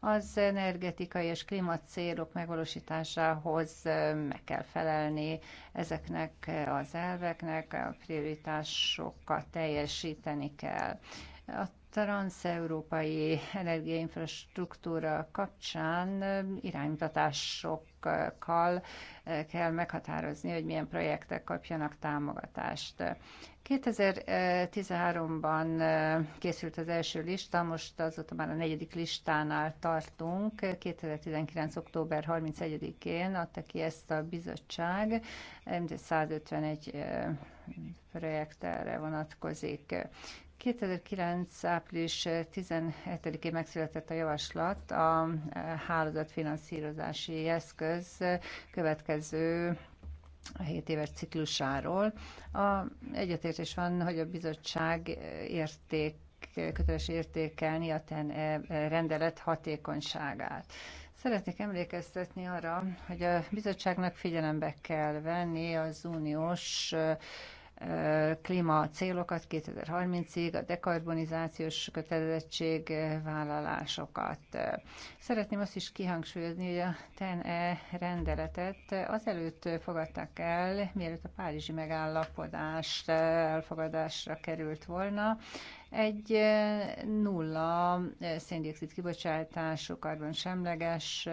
az energetikai és klímacélok megvalósításához meg kell felelni ezeknek az elveknek, a prioritásokat teljesíteni kell. A transeurópai energiainfrastruktúra kapcsán iránymutatásokkal kell meghatározni, hogy milyen projektek kapjanak támogatást. 2013-ban készült az első lista, most azóta már a negyedik listánál tartunk. 2019. október 31-én adta ki ezt a bizottság, 151 projekt erre vonatkozik. 2009. április 17-én megszületett a javaslat a eh, hálózatfinanszírozási eszköz következő 7 éves ciklusáról. A egyetértés van, hogy a bizottság érték köteles értékelni a TEN eh, rendelet hatékonyságát. Szeretnék emlékeztetni arra, hogy a bizottságnak figyelembe kell venni az uniós eh, klímacélokat célokat 2030-ig, a dekarbonizációs vállalásokat. Szeretném azt is kihangsúlyozni, hogy a TEN-E rendeletet azelőtt fogadták el, mielőtt a Párizsi megállapodást elfogadásra került volna, egy nulla széndiokszid kibocsátású, karbonsemleges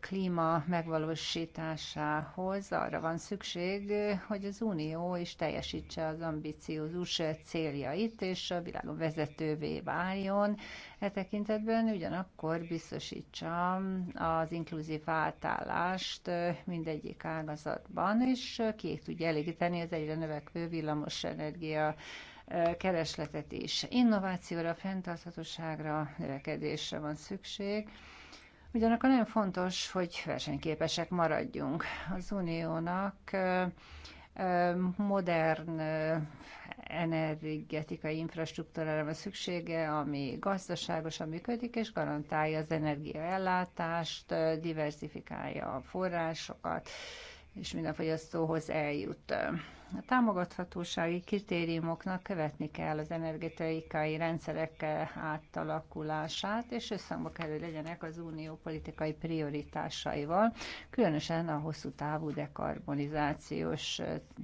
klíma megvalósításához arra van szükség, hogy az Unió is teljesítse az ambiciózus céljait, és a világon vezetővé váljon. E tekintetben ugyanakkor biztosítsa az inkluzív átállást mindegyik ágazatban, és ki tudja elégíteni az egyre növekvő energia keresletet is. Innovációra, fenntarthatóságra, növekedésre van szükség Ugyanakkor nagyon fontos, hogy versenyképesek maradjunk. Az uniónak modern energetikai infrastruktúrára van szüksége, ami gazdaságosan működik, és garantálja az energiaellátást, diversifikálja a forrásokat, és minden fogyasztóhoz eljut. A támogathatósági kritériumoknak követni kell az energetikai rendszerek átalakulását, és összhangba kell, hogy legyenek az unió politikai prioritásaival, különösen a hosszú távú dekarbonizációs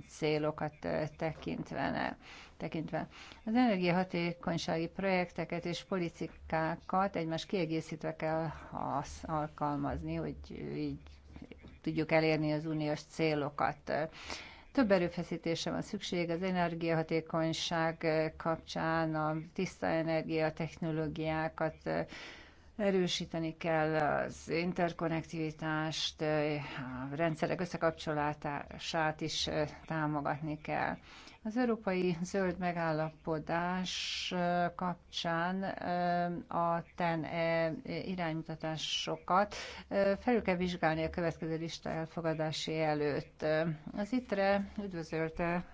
célokat tekintve tekintve. Az energiahatékonysági projekteket és politikákat egymást kiegészítve kell az alkalmazni, hogy így tudjuk elérni az uniós célokat. Több erőfeszítésre van szükség az energiahatékonyság eh, kapcsán, a tiszta energiatechnológiákat eh, Erősíteni kell az interkonnektivitást, a rendszerek összekapcsolását is támogatni kell. Az európai zöld megállapodás kapcsán a TEN e iránymutatásokat felül kell vizsgálni a következő lista elfogadási előtt. Az ITRE üdvözölte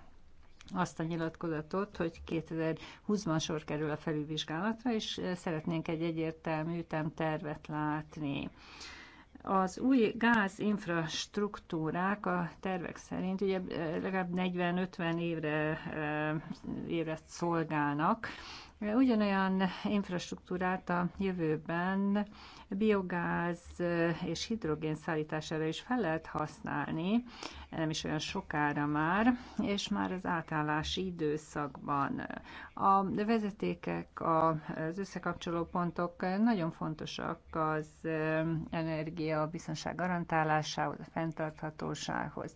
azt a nyilatkozatot, hogy 2020-ban sor kerül a felülvizsgálatra, és szeretnénk egy egyértelmű ütemtervet látni. Az új gázinfrastruktúrák a tervek szerint ugye legalább 40-50 évre, évre szolgálnak, Ugyanolyan infrastruktúrát a jövőben biogáz és hidrogén szállítására is fel lehet használni, nem is olyan sokára már, és már az átállási időszakban. A vezetékek, az összekapcsoló pontok nagyon fontosak az energia biztonság garantálásához, a fenntarthatósághoz.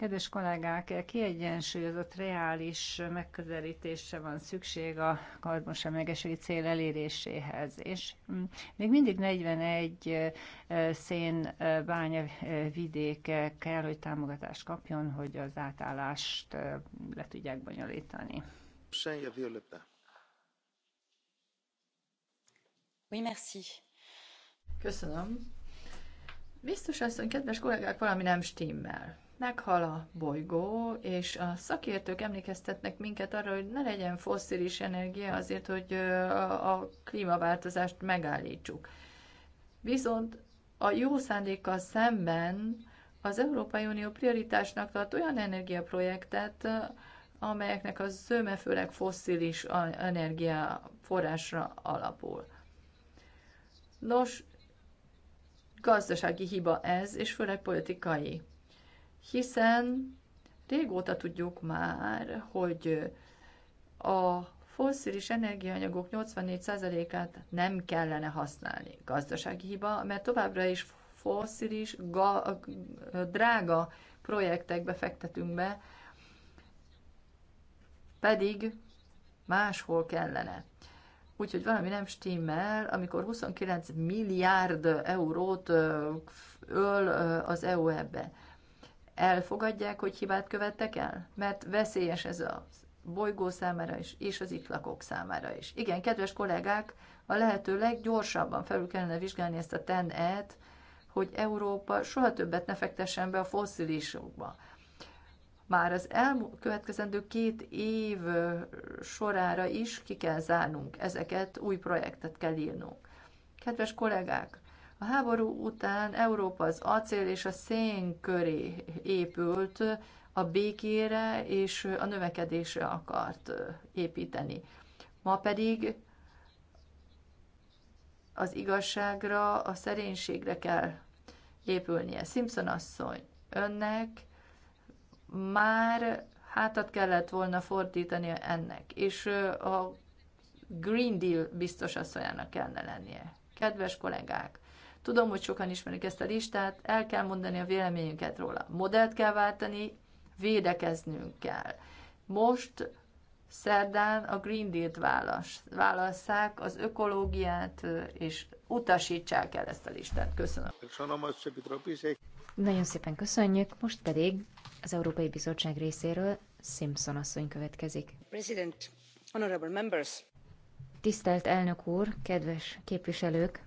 Kedves kollégák, kiegyensúlyozott, reális megközelítésre van szükség a karbonsemlegességi cél eléréséhez, és mm, még mindig 41 szénbánya vidéke kell, hogy támogatást kapjon, hogy az átállást le tudják bonyolítani. Köszönöm. Biztos hogy kedves kollégák, valami nem stimmel meghal a bolygó, és a szakértők emlékeztetnek minket arra, hogy ne legyen fosszilis energia azért, hogy a klímaváltozást megállítsuk. Viszont a jó szándékkal szemben az Európai Unió prioritásnak tart olyan energiaprojektet, amelyeknek a zöme főleg fosszilis energiaforrásra alapul. Nos, gazdasági hiba ez, és főleg politikai hiszen régóta tudjuk már, hogy a fosszilis energiaanyagok 84%-át nem kellene használni. Gazdasági hiba, mert továbbra is fosszilis, ga, drága projektekbe fektetünk be, pedig máshol kellene. Úgyhogy valami nem stimmel, amikor 29 milliárd eurót öl az EU ebbe elfogadják, hogy hibát követtek el? Mert veszélyes ez a bolygó számára is, és az itt lakók számára is. Igen, kedves kollégák, a lehető leggyorsabban felül kellene vizsgálni ezt a TEN-et, hogy Európa soha többet ne fektessen be a fosszilisokba. Már az elkövetkezendő két év sorára is ki kell zárnunk ezeket, új projektet kell írnunk. Kedves kollégák, a háború után Európa az acél és a szén köré épült, a békére és a növekedésre akart építeni. Ma pedig az igazságra, a szerénységre kell épülnie. Simpson asszony, önnek már hátat kellett volna fordítani ennek, és a Green Deal biztos asszonyának kellene lennie. Kedves kollégák, Tudom, hogy sokan ismerik ezt a listát, el kell mondani a véleményünket róla. Modellt kell váltani, védekeznünk kell. Most szerdán a Green Deal-t válasz, válasszák, az ökológiát, és utasítsák el ezt a listát. Köszönöm. Nagyon szépen köszönjük, most pedig az Európai Bizottság részéről Simpson asszony következik. President, honorable members. Tisztelt elnök úr, kedves képviselők!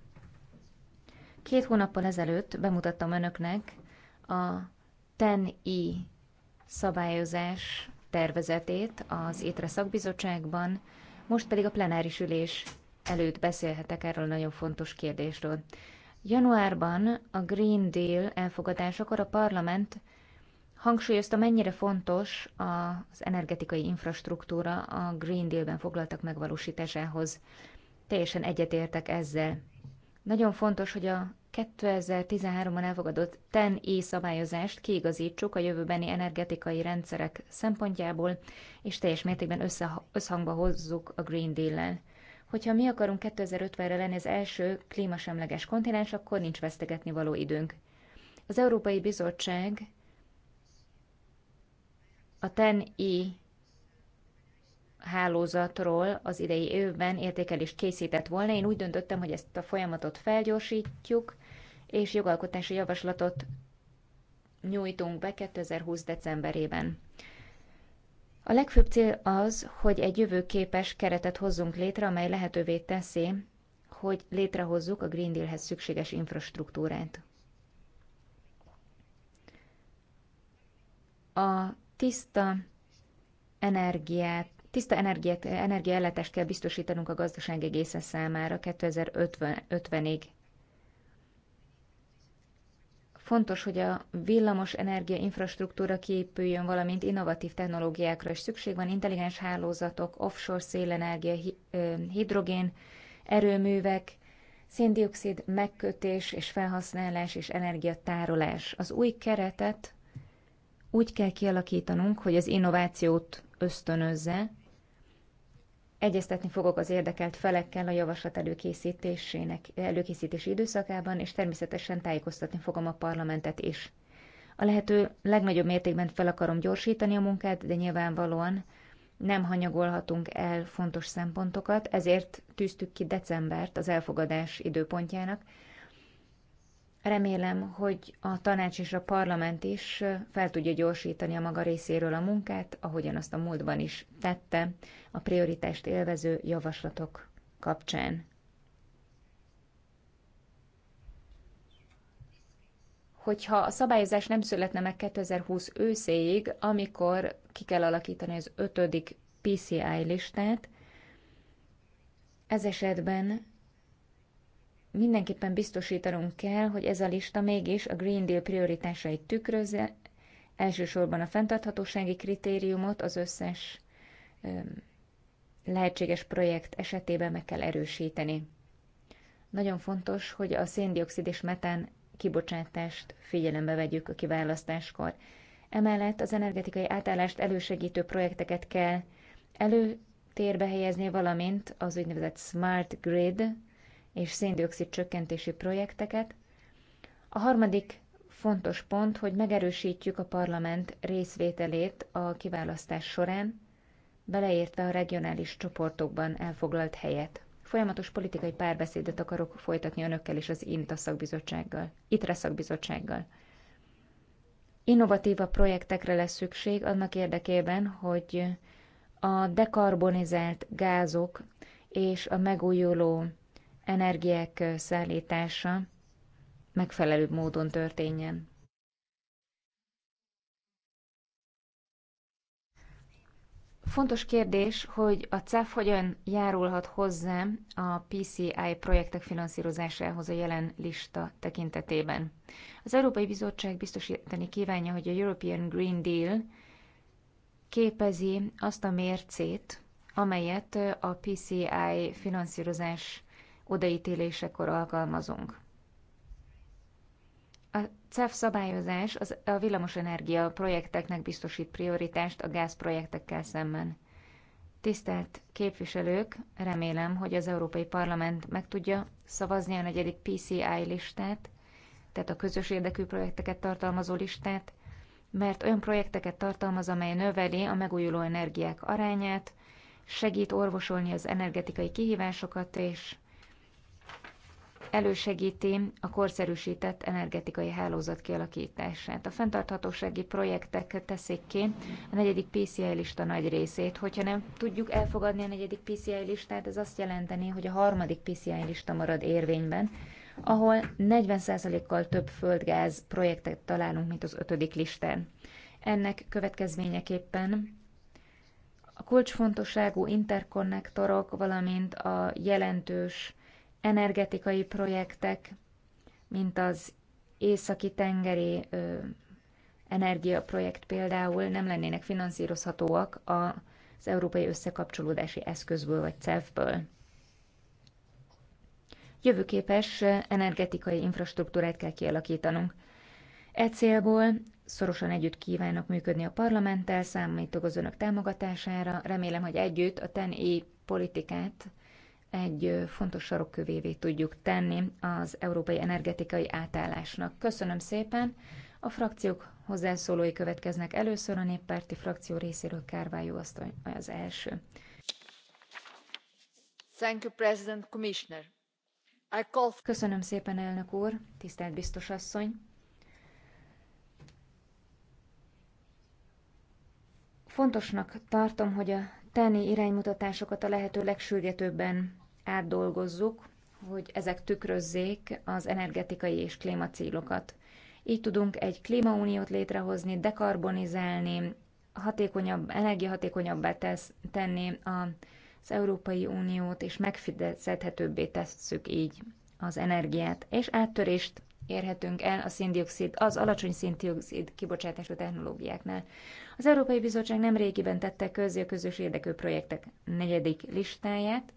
Két hónappal ezelőtt bemutattam önöknek a TEN-I szabályozás tervezetét az étre szakbizottságban, most pedig a plenáris ülés előtt beszélhetek erről nagyon fontos kérdésről. Januárban a Green Deal elfogadásakor a parlament hangsúlyozta, mennyire fontos az energetikai infrastruktúra a Green Deal-ben foglaltak megvalósításához. Teljesen egyetértek ezzel. Nagyon fontos, hogy a 2013-ban elfogadott TEN-E szabályozást kiigazítsuk a jövőbeni energetikai rendszerek szempontjából, és teljes mértékben össze, összhangba hozzuk a Green Deal-lel. Hogyha mi akarunk 2050-re lenni az első klímasemleges kontinens, akkor nincs vesztegetni való időnk. Az Európai Bizottság a TEN-E hálózatról az idei évben értékelést készített volna. Én úgy döntöttem, hogy ezt a folyamatot felgyorsítjuk, és jogalkotási javaslatot nyújtunk be 2020. decemberében. A legfőbb cél az, hogy egy jövőképes keretet hozzunk létre, amely lehetővé teszi, hogy létrehozzuk a Green Dealhez szükséges infrastruktúrát. A tiszta energiát Tiszta energiát, energiaellátást kell biztosítanunk a gazdaság egészen számára 2050-ig. Fontos, hogy a villamos energia infrastruktúra kiépüljön, valamint innovatív technológiákra is szükség van, intelligens hálózatok, offshore szélenergia, hidrogén, erőművek, széndiokszid megkötés és felhasználás és energiatárolás. Az új keretet úgy kell kialakítanunk, hogy az innovációt ösztönözze, Egyeztetni fogok az érdekelt felekkel a javaslat előkészítésének, előkészítési időszakában, és természetesen tájékoztatni fogom a parlamentet is. A lehető legnagyobb mértékben fel akarom gyorsítani a munkát, de nyilvánvalóan nem hanyagolhatunk el fontos szempontokat, ezért tűztük ki decembert az elfogadás időpontjának, Remélem, hogy a tanács és a parlament is fel tudja gyorsítani a maga részéről a munkát, ahogyan azt a múltban is tette a prioritást élvező javaslatok kapcsán. Hogyha a szabályozás nem születne meg 2020 őszéig, amikor ki kell alakítani az ötödik PCI listát, ez esetben mindenképpen biztosítanunk kell, hogy ez a lista mégis a Green Deal prioritásait tükrözze, elsősorban a fenntarthatósági kritériumot az összes lehetséges projekt esetében meg kell erősíteni. Nagyon fontos, hogy a széndiokszid és metán kibocsátást figyelembe vegyük a kiválasztáskor. Emellett az energetikai átállást elősegítő projekteket kell előtérbe helyezni, valamint az úgynevezett Smart Grid és széndiokszid csökkentési projekteket. A harmadik fontos pont, hogy megerősítjük a parlament részvételét a kiválasztás során, beleértve a regionális csoportokban elfoglalt helyet. Folyamatos politikai párbeszédet akarok folytatni önökkel és az INTA szakbizottsággal, ITRE szakbizottsággal. Innovatívabb projektekre lesz szükség annak érdekében, hogy a dekarbonizált gázok és a megújuló energiák szállítása megfelelő módon történjen. Fontos kérdés, hogy a CEF hogyan járulhat hozzá a PCI projektek finanszírozásához a jelen lista tekintetében. Az Európai Bizottság biztosítani kívánja, hogy a European Green Deal képezi azt a mércét, amelyet a PCI finanszírozás odaítélésekor alkalmazunk. A CEF szabályozás az a villamosenergia projekteknek biztosít prioritást a gázprojektekkel szemben. Tisztelt képviselők, remélem, hogy az Európai Parlament meg tudja szavazni a negyedik PCI listát, tehát a közös érdekű projekteket tartalmazó listát, mert olyan projekteket tartalmaz, amely növeli a megújuló energiák arányát, segít orvosolni az energetikai kihívásokat, és elősegíti a korszerűsített energetikai hálózat kialakítását. A fenntarthatósági projektek teszik ki a negyedik PCI lista nagy részét. Hogyha nem tudjuk elfogadni a negyedik PCI listát, ez azt jelenteni, hogy a harmadik PCI lista marad érvényben, ahol 40%-kal több földgáz projektet találunk, mint az ötödik listán. Ennek következményeképpen a kulcsfontosságú interkonnektorok, valamint a jelentős energetikai projektek, mint az északi tengeri ö, energiaprojekt például nem lennének finanszírozhatóak az Európai Összekapcsolódási Eszközből vagy CEF-ből. Jövőképes energetikai infrastruktúrát kell kialakítanunk. E célból szorosan együtt kívánok működni a parlamenttel, számítok az önök támogatására, remélem, hogy együtt a TEN-I politikát egy fontos sarokkövévé tudjuk tenni az európai energetikai átállásnak. Köszönöm szépen! A frakciók hozzászólói következnek először a néppárti frakció részéről Kárvályó asszony az első. Thank you, President Commissioner. I call... Köszönöm szépen, elnök úr, tisztelt biztos asszony. Fontosnak tartom, hogy a tenni iránymutatásokat a lehető legsürgetőbben átdolgozzuk, hogy ezek tükrözzék az energetikai és klímacélokat. Így tudunk egy klímauniót létrehozni, dekarbonizálni, hatékonyabb, energiahatékonyabbá tesz, tenni az Európai Uniót, és megfizethetőbbé tesszük így az energiát, és áttörést érhetünk el a szindioxid, az alacsony szindioxid kibocsátású technológiáknál. Az Európai Bizottság nem régiben tette közé a közös érdekű projektek negyedik listáját,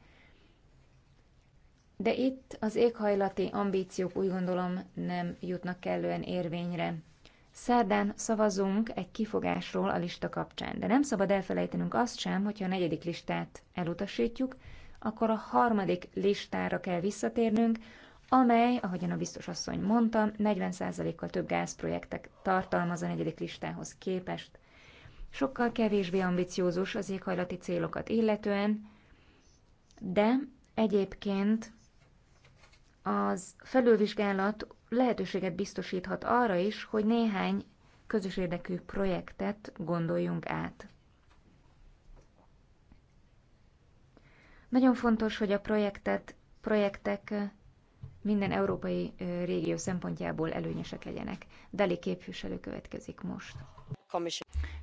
de itt az éghajlati ambíciók úgy gondolom nem jutnak kellően érvényre. Szerdán szavazunk egy kifogásról a lista kapcsán, de nem szabad elfelejtenünk azt sem, hogyha a negyedik listát elutasítjuk, akkor a harmadik listára kell visszatérnünk, amely, ahogyan a biztos asszony mondta, 40%-kal több gázprojektek tartalmaz a negyedik listához képest. Sokkal kevésbé ambiciózus az éghajlati célokat illetően, de egyébként az felülvizsgálat lehetőséget biztosíthat arra is, hogy néhány közös érdekű projektet gondoljunk át. Nagyon fontos, hogy a projektet, projektek minden európai régió szempontjából előnyösek legyenek. Deli képviselő következik most.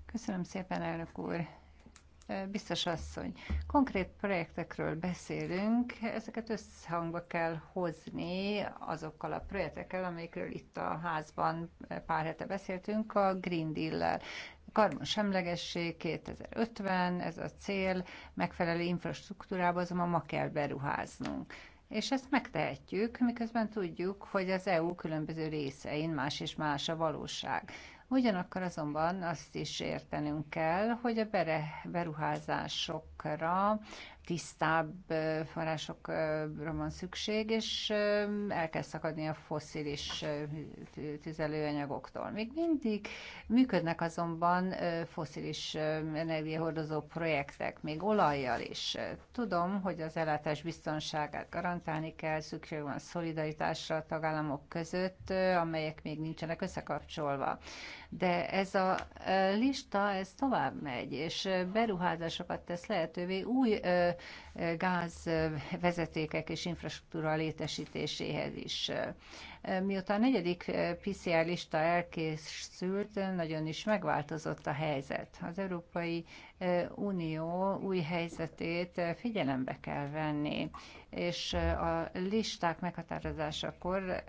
Köszönöm szépen, elnök úr! Biztos asszony, konkrét projektekről beszélünk, ezeket összhangba kell hozni azokkal a projektekkel, amikről itt a házban pár hete beszéltünk, a Green Deal-lel. Karbon semlegesség 2050, ez a cél, megfelelő infrastruktúrába azonban ma kell beruháznunk. És ezt megtehetjük, miközben tudjuk, hogy az EU különböző részein más és más a valóság. Ugyanakkor azonban azt is értenünk kell, hogy a beruházásokra tisztább forrásokra van szükség, és el kell szakadni a fosszilis tüzelőanyagoktól. Még mindig működnek azonban fosszilis energiahordozó projektek, még olajjal is. Tudom, hogy az ellátás biztonságát garantálni kell, szükség van szolidaritásra a tagállamok között, amelyek még nincsenek összekapcsolva. De ez a lista, ez tovább megy, és beruházásokat tesz lehetővé új gázvezetékek és infrastruktúra létesítéséhez is. Mióta a negyedik PCR lista elkészült, nagyon is megváltozott a helyzet. Az Európai Unió új helyzetét figyelembe kell venni, és a listák meghatározásakor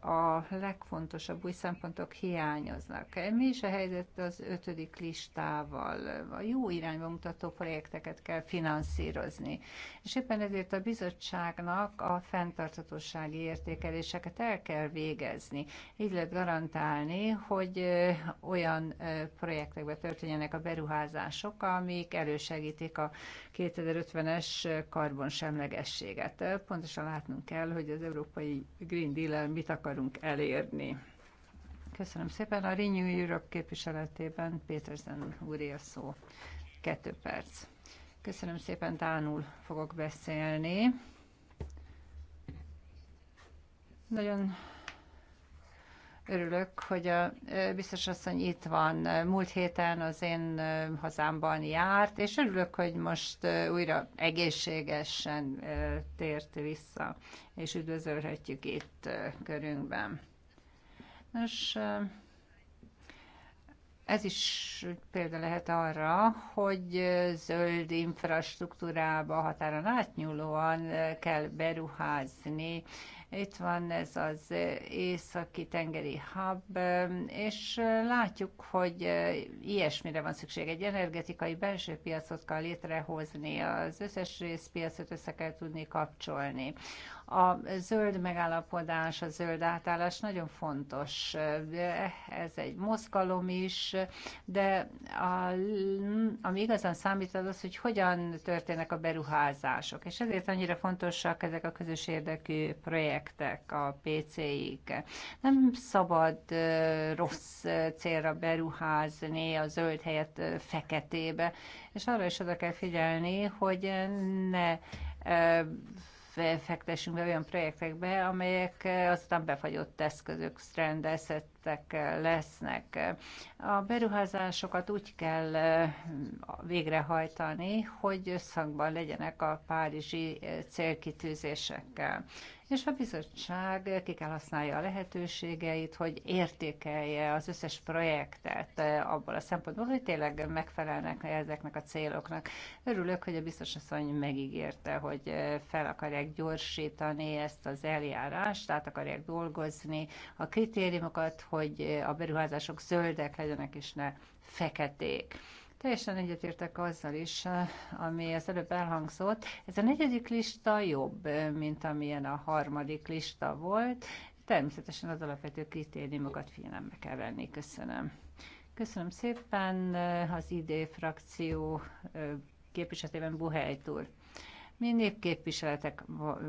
a legfontosabb új szempontok hiányoznak. Mi is a helyzet az ötödik listával? A jó irányba mutató projekteket kell finanszírozni. És éppen ezért a bizottságnak a fenntartatósági értékeléseket el kell végezni. Így lehet garantálni, hogy olyan projektekbe történjenek a beruházások, célok, amik elősegítik a 2050-es karbonsemlegességet. Pontosan látnunk kell, hogy az európai Green Deal-el mit akarunk elérni. Köszönöm szépen. A Renew Europe képviseletében Péterzen úré a szó. Kettő perc. Köszönöm szépen, Dánul fogok beszélni. Nagyon Örülök, hogy a biztos asszony itt van. Múlt héten az én hazámban járt, és örülök, hogy most újra egészségesen tért vissza, és üdvözölhetjük itt körünkben. Nos, ez is példa lehet arra, hogy zöld infrastruktúrába határon átnyúlóan kell beruházni, itt van ez az északi tengeri hub, ehm, és ehm, látjuk, hogy ehm, ilyesmire van szükség. Egy energetikai belső piacot kell létrehozni, az összes részpiacot össze kell tudni kapcsolni. A zöld megállapodás, a zöld átállás nagyon fontos. Ez egy mozgalom is, de a, ami igazán számít az az, hogy hogyan történnek a beruházások. És ezért annyira fontosak ezek a közös érdekű projektek, a PC-ik. Nem szabad rossz célra beruházni a zöld helyett feketébe, és arra is oda kell figyelni, hogy ne fektessünk be olyan projektekbe, amelyek eh, aztán befagyott eszközök, strandeszettek eh, lesznek. A beruházásokat úgy kell eh, végrehajtani, hogy összhangban legyenek a párizsi célkitűzésekkel és a bizottság ki kell használja a lehetőségeit, hogy értékelje az összes projektet eh, abból a szempontból, hogy tényleg megfelelnek ezeknek a céloknak. Örülök, hogy a biztos asszony megígérte, hogy eh, fel akarják gyorsítani ezt az eljárást, át akarják dolgozni a kritériumokat, hogy eh, a beruházások zöldek legyenek és ne feketék. Teljesen egyetértek azzal is, eh, ami az előbb elhangzott. Ez a negyedik lista jobb, eh, mint amilyen a harmadik lista volt. Természetesen az alapvető kritériumokat figyelembe kell venni. Köszönöm. Köszönöm szépen eh, az ID frakció képviseletében Buhelyt úr mi népképviseletek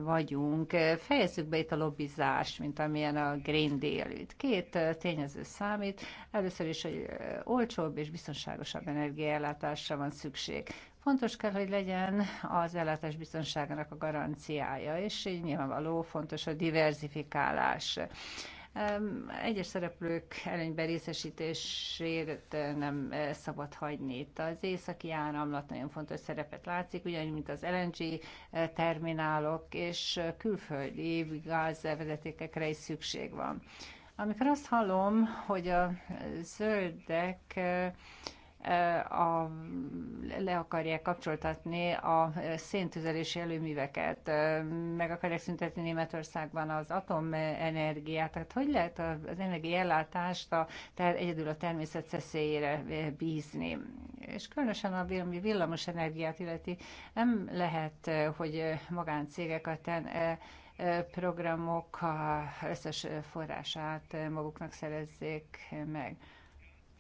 vagyunk, fejezzük be itt a lobbizást, mint amilyen a Green Deal. Itt két tényező számít. Először is, hogy olcsóbb és biztonságosabb energiaellátásra van szükség. Fontos kell, hogy legyen az ellátás biztonságának a garanciája, és így nyilvánvaló fontos a diversifikálás egyes szereplők előnyben részesítésért eh, nem eh, szabad hagyni. Itt az északi áramlat nagyon fontos szerepet látszik, ugyanúgy, mint az LNG eh, terminálok, és külföldi gázvezetékekre is szükség van. Amikor azt hallom, hogy a zöldek a, le akarják kapcsoltatni a széntüzelési előműveket, meg akarják szüntetni Németországban az atomenergiát. Tehát hogy lehet az energiállátást a, tehát egyedül a természet szeszélyére bízni? És különösen a villamos energiát illeti nem lehet, hogy magáncégek a ten, programok összes forrását maguknak szerezzék meg.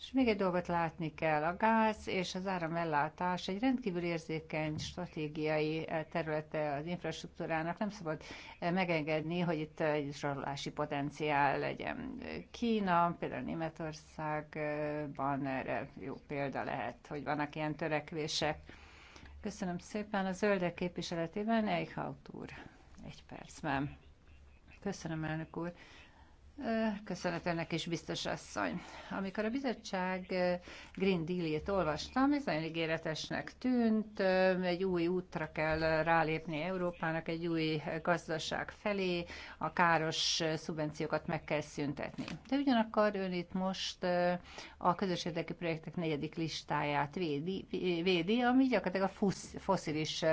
És még egy dolgot látni kell. A gáz és az áramellátás egy rendkívül érzékeny stratégiai eh, területe az infrastruktúrának. Nem szabad eh, megengedni, hogy itt eh, egy zsarolási potenciál legyen. Kína, például Németországban erre jó példa lehet, hogy vannak ilyen törekvések. Köszönöm szépen. A zöldek képviseletében Eichhaut úr. Egy perc nem. Köszönöm, elnök úr. Köszönet önnek is, biztos asszony. Amikor a bizottság eh, Green Deal-ét olvastam, ez nagyon ígéretesnek tűnt, egy új útra kell rálépni Európának, egy új gazdaság felé, a káros eh, szubvenciókat meg kell szüntetni. De ugyanakkor ön itt most eh, a közös érdekű projektek negyedik listáját védi, védi ami gyakorlatilag a foszilis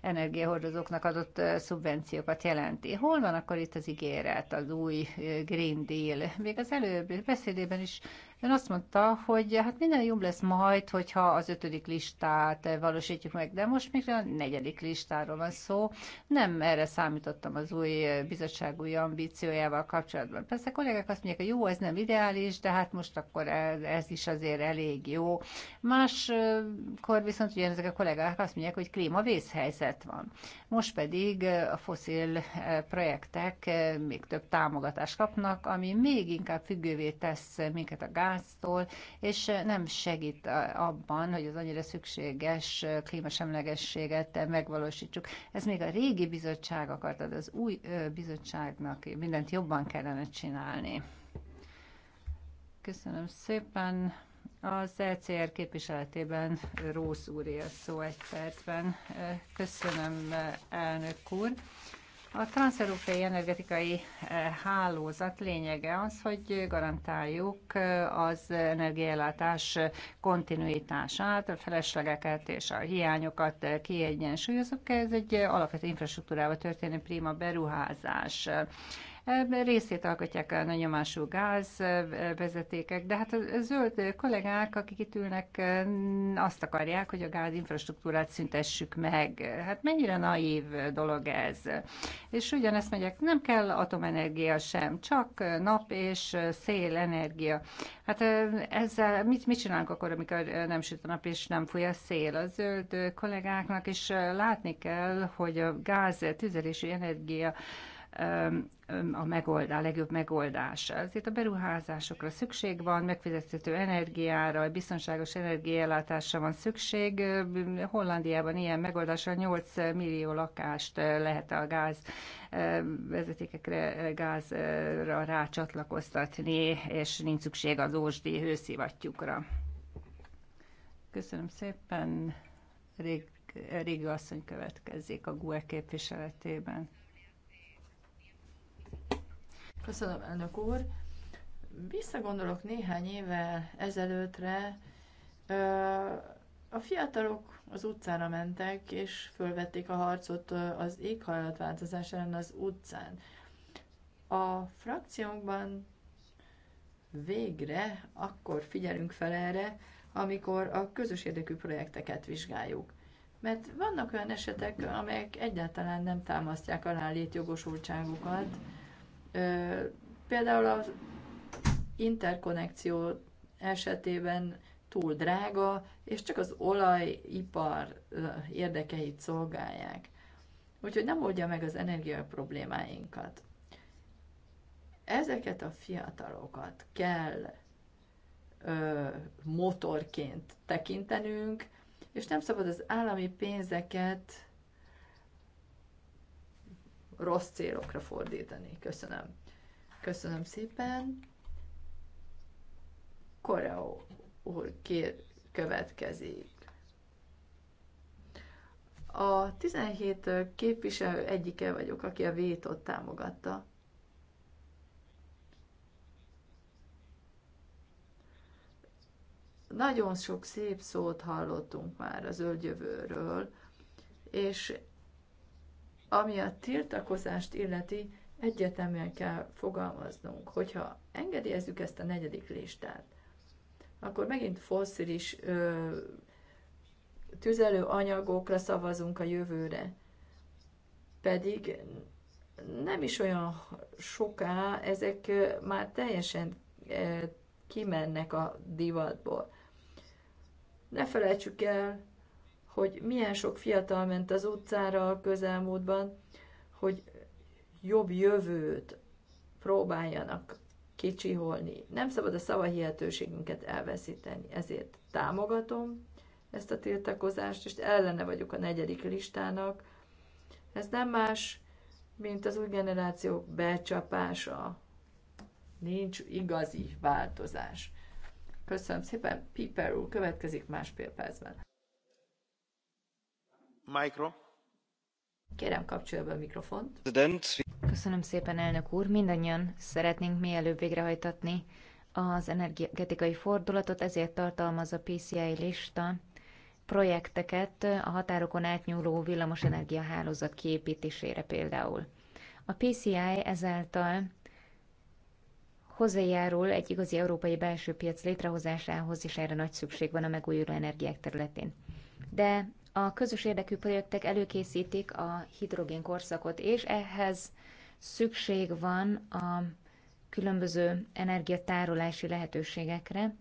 energiahordozóknak adott szubvenciókat jelenti. Hol van akkor itt az ígéret, az új Green Green Deal. Még az előbb beszédében is Ön azt mondta, hogy hát minden jobb lesz majd, hogyha az ötödik listát valósítjuk meg, de most még a negyedik listáról van szó. Nem erre számítottam az új bizottság új ambíciójával kapcsolatban. Persze a kollégák azt mondják, hogy jó, ez nem ideális, de hát most akkor ez, ez is azért elég jó. Máskor viszont ugyanezek a kollégák azt mondják, hogy klímavészhelyzet van. Most pedig a foszil projektek még több támogatást kapnak, ami még inkább függővé tesz minket a gáz gáztól, és nem segít abban, hogy az annyira szükséges klímasemlegességet megvalósítsuk. Ez még a régi bizottság akartad, az új bizottságnak mindent jobban kellene csinálni. Köszönöm szépen. Az LCR e képviseletében Rósz úr szó egy percben. Köszönöm, elnök úr. A transzeurópai energetikai eh, hálózat lényege az, hogy garantáljuk eh, az energiállátás kontinuitását, a feleslegeket és a hiányokat eh, kiegyensúlyozunk. Ez egy alapvető infrastruktúrával történő prima beruházás részét alkotják a nyomású gáz vezetékek. de hát a zöld kollégák, akik itt ülnek, azt akarják, hogy a gáz infrastruktúrát szüntessük meg. Hát mennyire naív dolog ez. És ugyanezt megyek, nem kell atomenergia sem, csak nap és szélenergia. Hát ezzel mit, mit csinálunk akkor, amikor nem süt a nap és nem fúj a szél? A zöld kollégáknak is látni kell, hogy a gáz tüzelési energia a, megoldás, a legjobb megoldás. azért a beruházásokra szükség van, megfizethető energiára, biztonságos energiállátásra van szükség. Hollandiában ilyen megoldásra 8 millió lakást lehet a gáz vezetékekre, gázra rácsatlakoztatni, és nincs szükség az ósdi hőszivattyúkra. Köszönöm szépen. Rég, Régi asszony következik a GUE képviseletében. Köszönöm, elnök úr. Visszagondolok néhány évvel ezelőttre, a fiatalok az utcára mentek, és fölvették a harcot az éghajlatváltozás ellen az utcán. A frakciónkban végre akkor figyelünk fel erre, amikor a közös érdekű projekteket vizsgáljuk. Mert vannak olyan esetek, amelyek egyáltalán nem támasztják alá létjogosultságukat, Például az interkonnekció esetében túl drága, és csak az olajipar érdekeit szolgálják. Úgyhogy nem oldja meg az energia problémáinkat. Ezeket a fiatalokat kell ö, motorként tekintenünk, és nem szabad az állami pénzeket rossz célokra fordítani. Köszönöm. Köszönöm szépen. Koreó úr kér, következik. A 17 képviselő egyike vagyok, aki a vétót támogatta. Nagyon sok szép szót hallottunk már a zöld jövőről, és ami a tiltakozást illeti, egyetemben kell fogalmaznunk, hogyha engedélyezzük ezt a negyedik listát, akkor megint fosszilis ö, tüzelőanyagokra szavazunk a jövőre. Pedig nem is olyan soká, ezek már teljesen kimennek a divatból. Ne felejtsük el hogy milyen sok fiatal ment az utcára a közelmúltban, hogy jobb jövőt próbáljanak kicsiholni. Nem szabad a szavahihetőségünket elveszíteni, ezért támogatom ezt a tiltakozást, és ellene vagyok a negyedik listának. Ez nem más, mint az új generációk becsapása. Nincs igazi változás. Köszönöm szépen, Piper úr, következik másfél percben. Micro. Kérem, kapcsolja be a mikrofont. Köszönöm szépen, elnök úr. Mindannyian szeretnénk mielőbb végrehajtatni az energetikai fordulatot, ezért tartalmaz a PCI lista projekteket a határokon átnyúló villamosenergia hálózat kiépítésére például. A PCI ezáltal hozzájárul egy igazi európai belső piac létrehozásához, és erre nagy szükség van a megújuló energiák területén. De a közös érdekű projektek előkészítik a hidrogén korszakot, és ehhez szükség van a különböző energiatárolási lehetőségekre,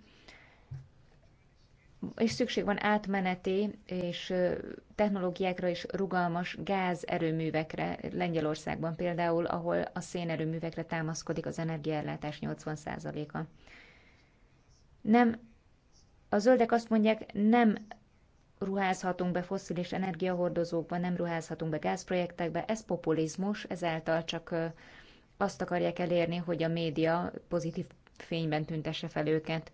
és szükség van átmeneti és technológiákra és rugalmas gázerőművekre, Lengyelországban például, ahol a szénerőművekre támaszkodik az energiaellátás 80%-a. Nem, a zöldek azt mondják, nem ruházhatunk be fosszilis energiahordozókba, nem ruházhatunk be gázprojektekbe, ez populizmus, ezáltal csak azt akarják elérni, hogy a média pozitív fényben tüntesse fel őket.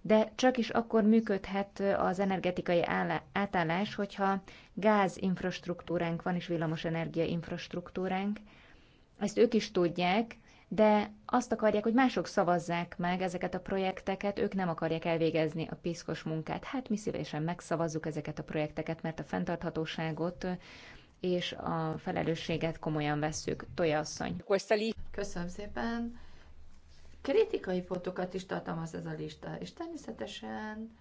De csak is akkor működhet az energetikai átállás, hogyha gázinfrastruktúránk van és villamosenergia infrastruktúránk. Ezt ők is tudják, de azt akarják, hogy mások szavazzák meg ezeket a projekteket, ők nem akarják elvégezni a piszkos munkát. Hát mi szívesen megszavazzuk ezeket a projekteket, mert a fenntarthatóságot és a felelősséget komolyan vesszük. Tolja asszony. Köszönöm szépen. Kritikai pontokat is tartalmaz ez a lista, és természetesen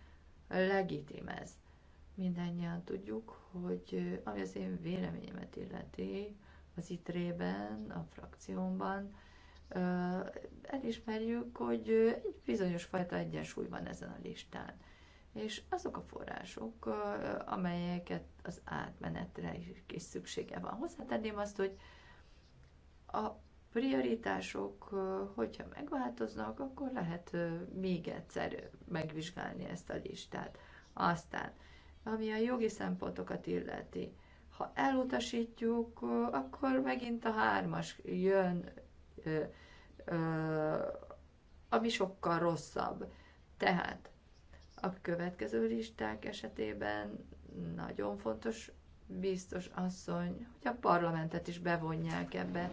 legitim ez. Mindennyian tudjuk, hogy ami az én véleményemet illeti, az itrében, a frakciómban, elismerjük, hogy egy bizonyos fajta egyensúly van ezen a listán. És azok a források, amelyeket az átmenetre is szüksége van. Hozzátenném azt, hogy a prioritások, hogyha megváltoznak, akkor lehet még egyszer megvizsgálni ezt a listát. Aztán, ami a jogi szempontokat illeti, ha elutasítjuk, akkor megint a hármas jön ami sokkal rosszabb. Tehát a következő listák esetében nagyon fontos biztos asszony, hogy a parlamentet is bevonják ebbe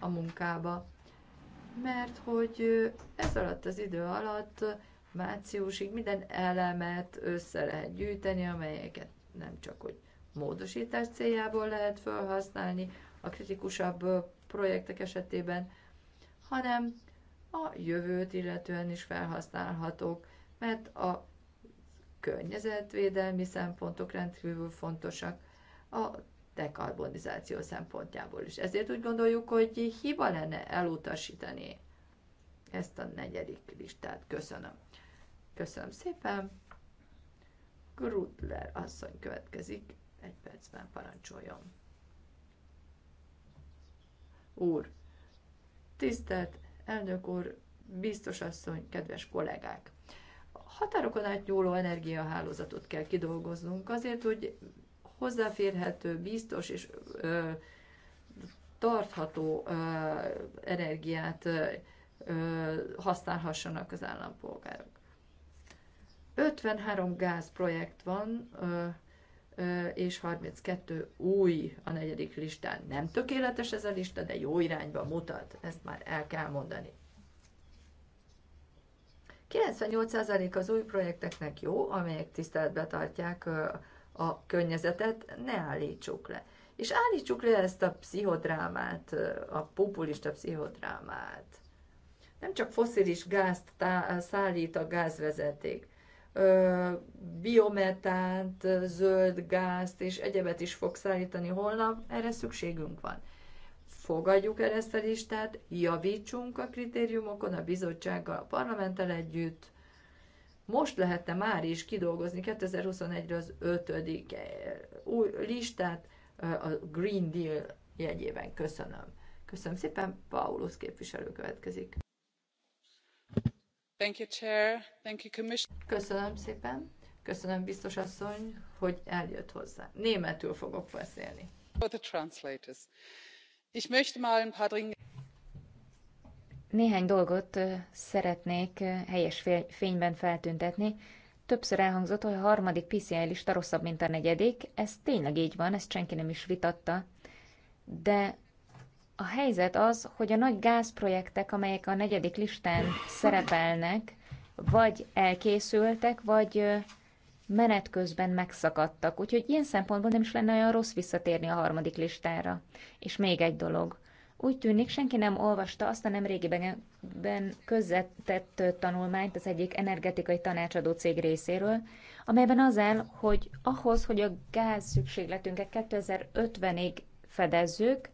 a munkába. Mert hogy ez alatt az idő alatt márciusig minden elemet össze lehet gyűjteni, amelyeket nem csak hogy módosítás céljából lehet felhasználni, a kritikusabb projektek esetében, hanem a jövőt illetően is felhasználhatók, mert a környezetvédelmi szempontok rendkívül fontosak a dekarbonizáció szempontjából is. Ezért úgy gondoljuk, hogy hiba lenne elutasítani ezt a negyedik listát. Köszönöm. Köszönöm szépen. Grudler asszony következik. Egy percben parancsoljon. Úr, Tisztelt elnök úr, biztos asszony, kedves kollégák! A határokon átnyúló energiahálózatot kell kidolgoznunk azért, hogy hozzáférhető, biztos és ö, tartható ö, energiát ö, használhassanak az állampolgárok. 53 gázprojekt van, ö, és 32 új a negyedik listán. Nem tökéletes ez a lista, de jó irányba mutat, ezt már el kell mondani. 98% az új projekteknek jó, amelyek tiszteletbe tartják a környezetet, ne állítsuk le. És állítsuk le ezt a pszichodrámát, a populista pszichodrámát. Nem csak foszilis gázt szállít a gázvezeték, biometánt, zöld gázt és egyebet is fog szállítani holnap, erre szükségünk van. Fogadjuk el ezt a listát, javítsunk a kritériumokon a bizottsággal, a parlamenttel együtt. Most lehetne már is kidolgozni 2021-re az ötödik eh, új listát a Green Deal jegyében. Köszönöm. Köszönöm szépen, Paulus képviselő következik. Köszönöm szépen. Köszönöm, biztos asszony, hogy eljött hozzá. Németül fogok beszélni. Néhány dolgot szeretnék helyes fényben feltüntetni. Többször elhangzott, hogy a harmadik PCI lista rosszabb, mint a negyedik. Ez tényleg így van, ezt senki nem is vitatta. De a helyzet az, hogy a nagy gázprojektek, amelyek a negyedik listán szerepelnek, vagy elkészültek, vagy menet közben megszakadtak. Úgyhogy ilyen szempontból nem is lenne olyan rossz visszatérni a harmadik listára. És még egy dolog. Úgy tűnik, senki nem olvasta azt a nemrégiben közzetett tanulmányt az egyik energetikai tanácsadó cég részéről, amelyben az áll, hogy ahhoz, hogy a gáz szükségletünket 2050-ig fedezzük,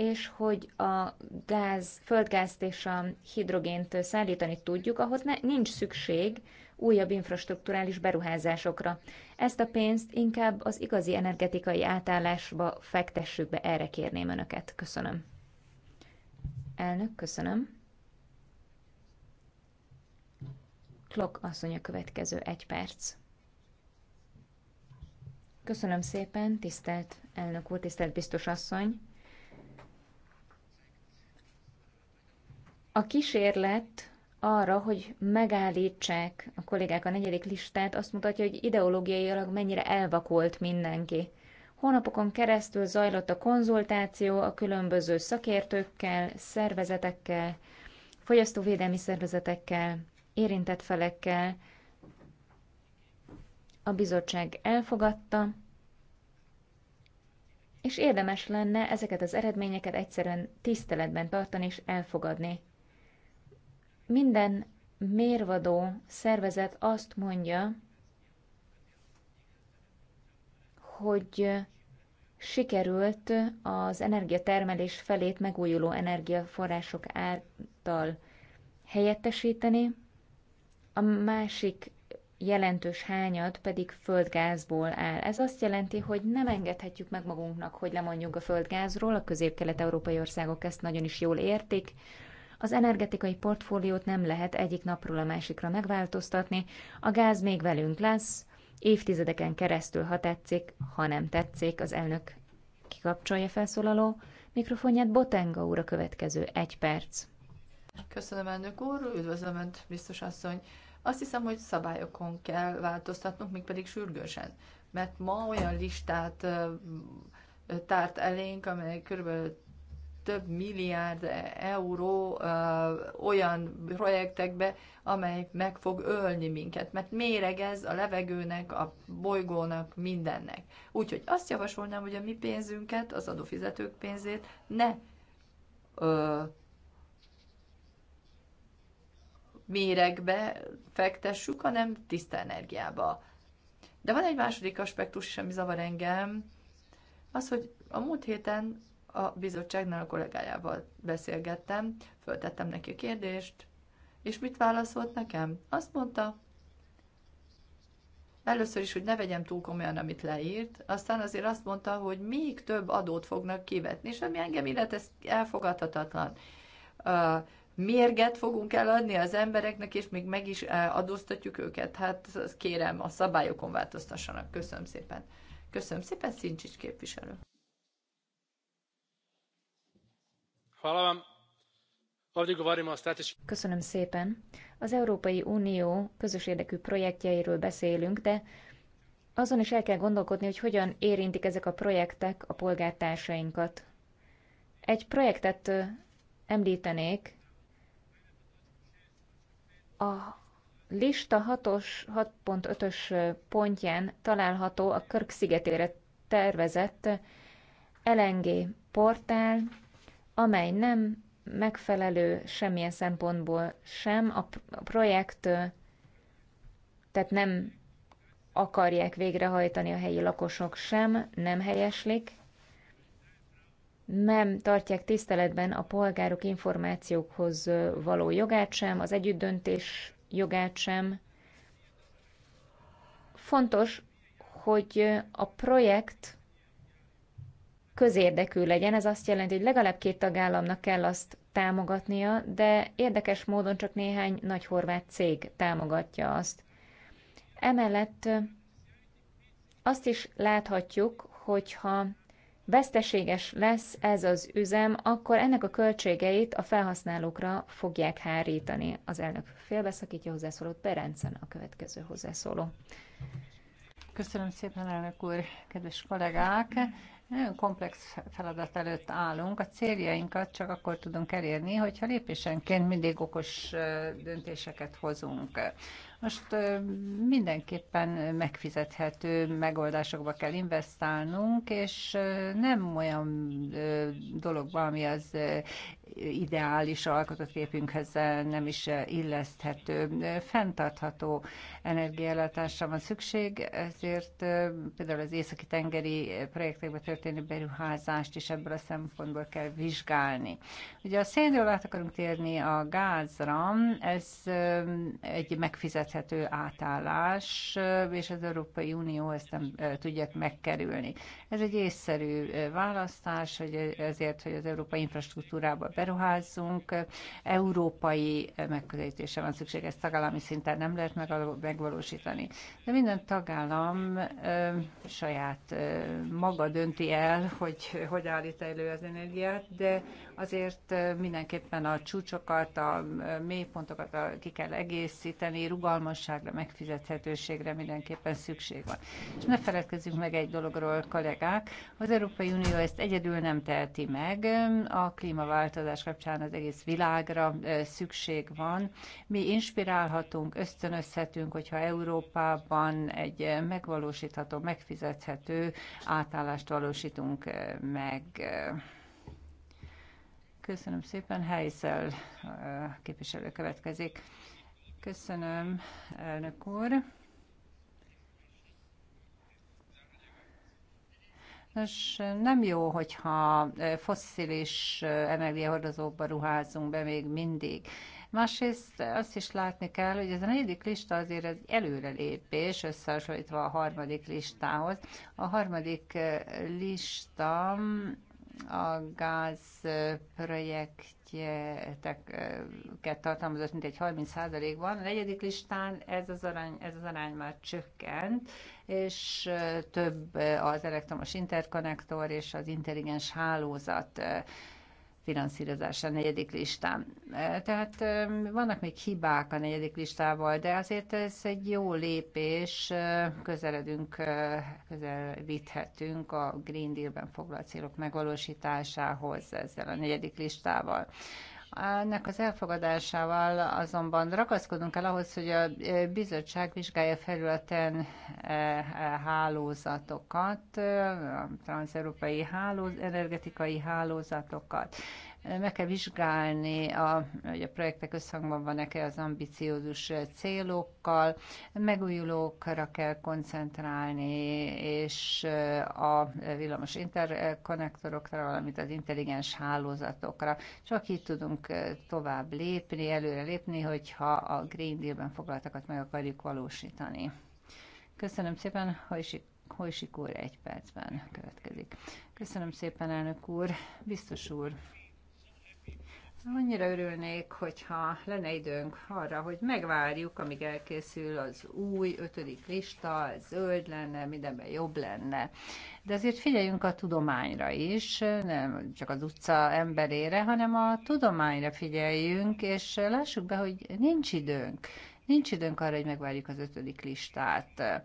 és hogy a gáz, földgázt és a hidrogént szállítani tudjuk, ahhoz ne, nincs szükség újabb infrastruktúrális beruházásokra. Ezt a pénzt inkább az igazi energetikai átállásba fektessük be, erre kérném Önöket. Köszönöm. Elnök, köszönöm. Klok asszony a következő egy perc. Köszönöm szépen, tisztelt elnök úr, tisztelt biztos asszony. A kísérlet arra, hogy megállítsák a kollégák a negyedik listát, azt mutatja, hogy ideológiailag mennyire elvakult mindenki. Hónapokon keresztül zajlott a konzultáció a különböző szakértőkkel, szervezetekkel, fogyasztóvédelmi szervezetekkel, érintett felekkel. A bizottság elfogadta, és érdemes lenne ezeket az eredményeket egyszerűen tiszteletben tartani és elfogadni. Minden mérvadó szervezet azt mondja, hogy sikerült az energiatermelés felét megújuló energiaforrások által helyettesíteni, a másik jelentős hányad pedig földgázból áll. Ez azt jelenti, hogy nem engedhetjük meg magunknak, hogy lemondjunk a földgázról, a közép-kelet-európai országok ezt nagyon is jól értik, az energetikai portfóliót nem lehet egyik napról a másikra megváltoztatni, a gáz még velünk lesz, évtizedeken keresztül, ha tetszik, ha nem tetszik, az elnök kikapcsolja felszólaló mikrofonját, Botenga úr a következő egy perc. Köszönöm, elnök úr, üdvözlöm önt, biztos asszony. Azt hiszem, hogy szabályokon kell változtatnunk, még pedig sürgősen. Mert ma olyan listát tárt elénk, amely körülbelül több milliárd euró olyan projektekbe, amely meg fog ölni minket, mert méregez a levegőnek, a bolygónak, mindennek. Úgyhogy azt javasolnám, hogy a mi pénzünket, az adófizetők pénzét ne ö, méregbe fektessük, hanem tiszta energiába. De van egy második aspektus is, ami zavar engem, az, hogy a múlt héten a bizottságnál a kollégájával beszélgettem, föltettem neki a kérdést, és mit válaszolt nekem? Azt mondta, először is, hogy ne vegyem túl komolyan, amit leírt, aztán azért azt mondta, hogy még több adót fognak kivetni, és ami engem illet, ez elfogadhatatlan. Uh, mérget fogunk eladni az embereknek, és még meg is eh, adóztatjuk őket. Hát kérem, a szabályokon változtassanak. Köszönöm szépen. Köszönöm szépen, Szincsics képviselő. Köszönöm szépen. Az Európai Unió közös érdekű projektjeiről beszélünk, de azon is el kell gondolkodni, hogy hogyan érintik ezek a projektek a polgártársainkat. Egy projektet említenék, a lista 6-os, 6.5-ös pontján található a Körk szigetére tervezett LNG portál, amely nem megfelelő semmilyen szempontból sem, a projekt, tehát nem akarják végrehajtani a helyi lakosok sem, nem helyeslik, nem tartják tiszteletben a polgárok információkhoz való jogát sem, az együttdöntés jogát sem. Fontos, hogy a projekt közérdekű legyen. Ez azt jelenti, hogy legalább két tagállamnak kell azt támogatnia, de érdekes módon csak néhány nagy horvát cég támogatja azt. Emellett azt is láthatjuk, hogyha veszteséges lesz ez az üzem, akkor ennek a költségeit a felhasználókra fogják hárítani. Az elnök félbeszakítja hozzászólót, Berencen a következő hozzászóló. Köszönöm szépen, elnök úr, kedves kollégák! Nagyon komplex feladat előtt állunk, a céljainkat csak akkor tudunk elérni, hogyha lépésenként mindig okos döntéseket hozunk. Most mindenképpen megfizethető megoldásokba kell investálnunk, és nem olyan dologba, ami az ideális alkotóképünkhöz nem is illeszthető. Fenntartható energiállátásra van szükség, ezért például az északi tengeri projektekbe történő beruházást is ebből a szempontból kell vizsgálni. Ugye a szénről át akarunk térni a gázra, ez egy megfizethető átállás, és az Európai Unió ezt nem tudja megkerülni. Ez egy észszerű választás, hogy ezért, hogy az európai infrastruktúrába beruházzunk. Európai megközelítése van szükség, ezt tagállami szinten nem lehet megvalósítani. De minden tagállam saját maga dönti el, hogy hogy állít elő az energiát, de azért mindenképpen a csúcsokat, a mélypontokat ki kell egészíteni, rugalmasságra, megfizethetőségre mindenképpen szükség van. És ne feledkezzünk meg egy dologról, kollégák, az Európai Unió ezt egyedül nem teheti meg, a klímaváltozás klímaváltozás kapcsán az egész világra szükség van. Mi inspirálhatunk, ösztönözhetünk, hogyha Európában egy megvalósítható, megfizethető átállást valósítunk meg. Köszönöm szépen. Heisel képviselő következik. Köszönöm, elnök úr. Nos, nem jó, hogyha fosszilis energiahordozókba ruházunk be még mindig. Másrészt azt is látni kell, hogy ez a negyedik lista azért az előrelépés, összehasonlítva a harmadik listához. A harmadik lista a projektjeket tartalmazott mintegy 30%-ban. A negyedik listán ez az, arány, ez az arány már csökkent, és több az elektromos interkonnektor és az intelligens hálózat finanszírozása a negyedik listán. E, tehát e, vannak még hibák a negyedik listával, de azért ez egy jó lépés, e, közeledünk, közel vithetünk a Green Deal-ben foglalt célok megvalósításához ezzel a negyedik listával. Ennek az elfogadásával azonban ragaszkodunk el ahhoz, hogy a bizottság vizsgálja felületen eh, eh, hálózatokat, eh, a transeurópai hálóz, energetikai hálózatokat. Meg kell vizsgálni, a, hogy a projektek összhangban vannak-e az ambiciózus célokkal, megújulókra kell koncentrálni, és a villamos interkonnektorokra, valamint az intelligens hálózatokra. Csak így tudunk tovább lépni, előre lépni, hogyha a Green Deal-ben foglaltakat meg akarjuk valósítani. Köszönöm szépen, Hajsik Hojsik úr egy percben következik. Köszönöm szépen, elnök úr, biztos úr. Annyira örülnék, hogyha lenne időnk arra, hogy megvárjuk, amíg elkészül az új ötödik lista, zöld lenne, mindenben jobb lenne. De azért figyeljünk a tudományra is, nem csak az utca emberére, hanem a tudományra figyeljünk, és lássuk be, hogy nincs időnk. Nincs időnk arra, hogy megvárjuk az ötödik listát.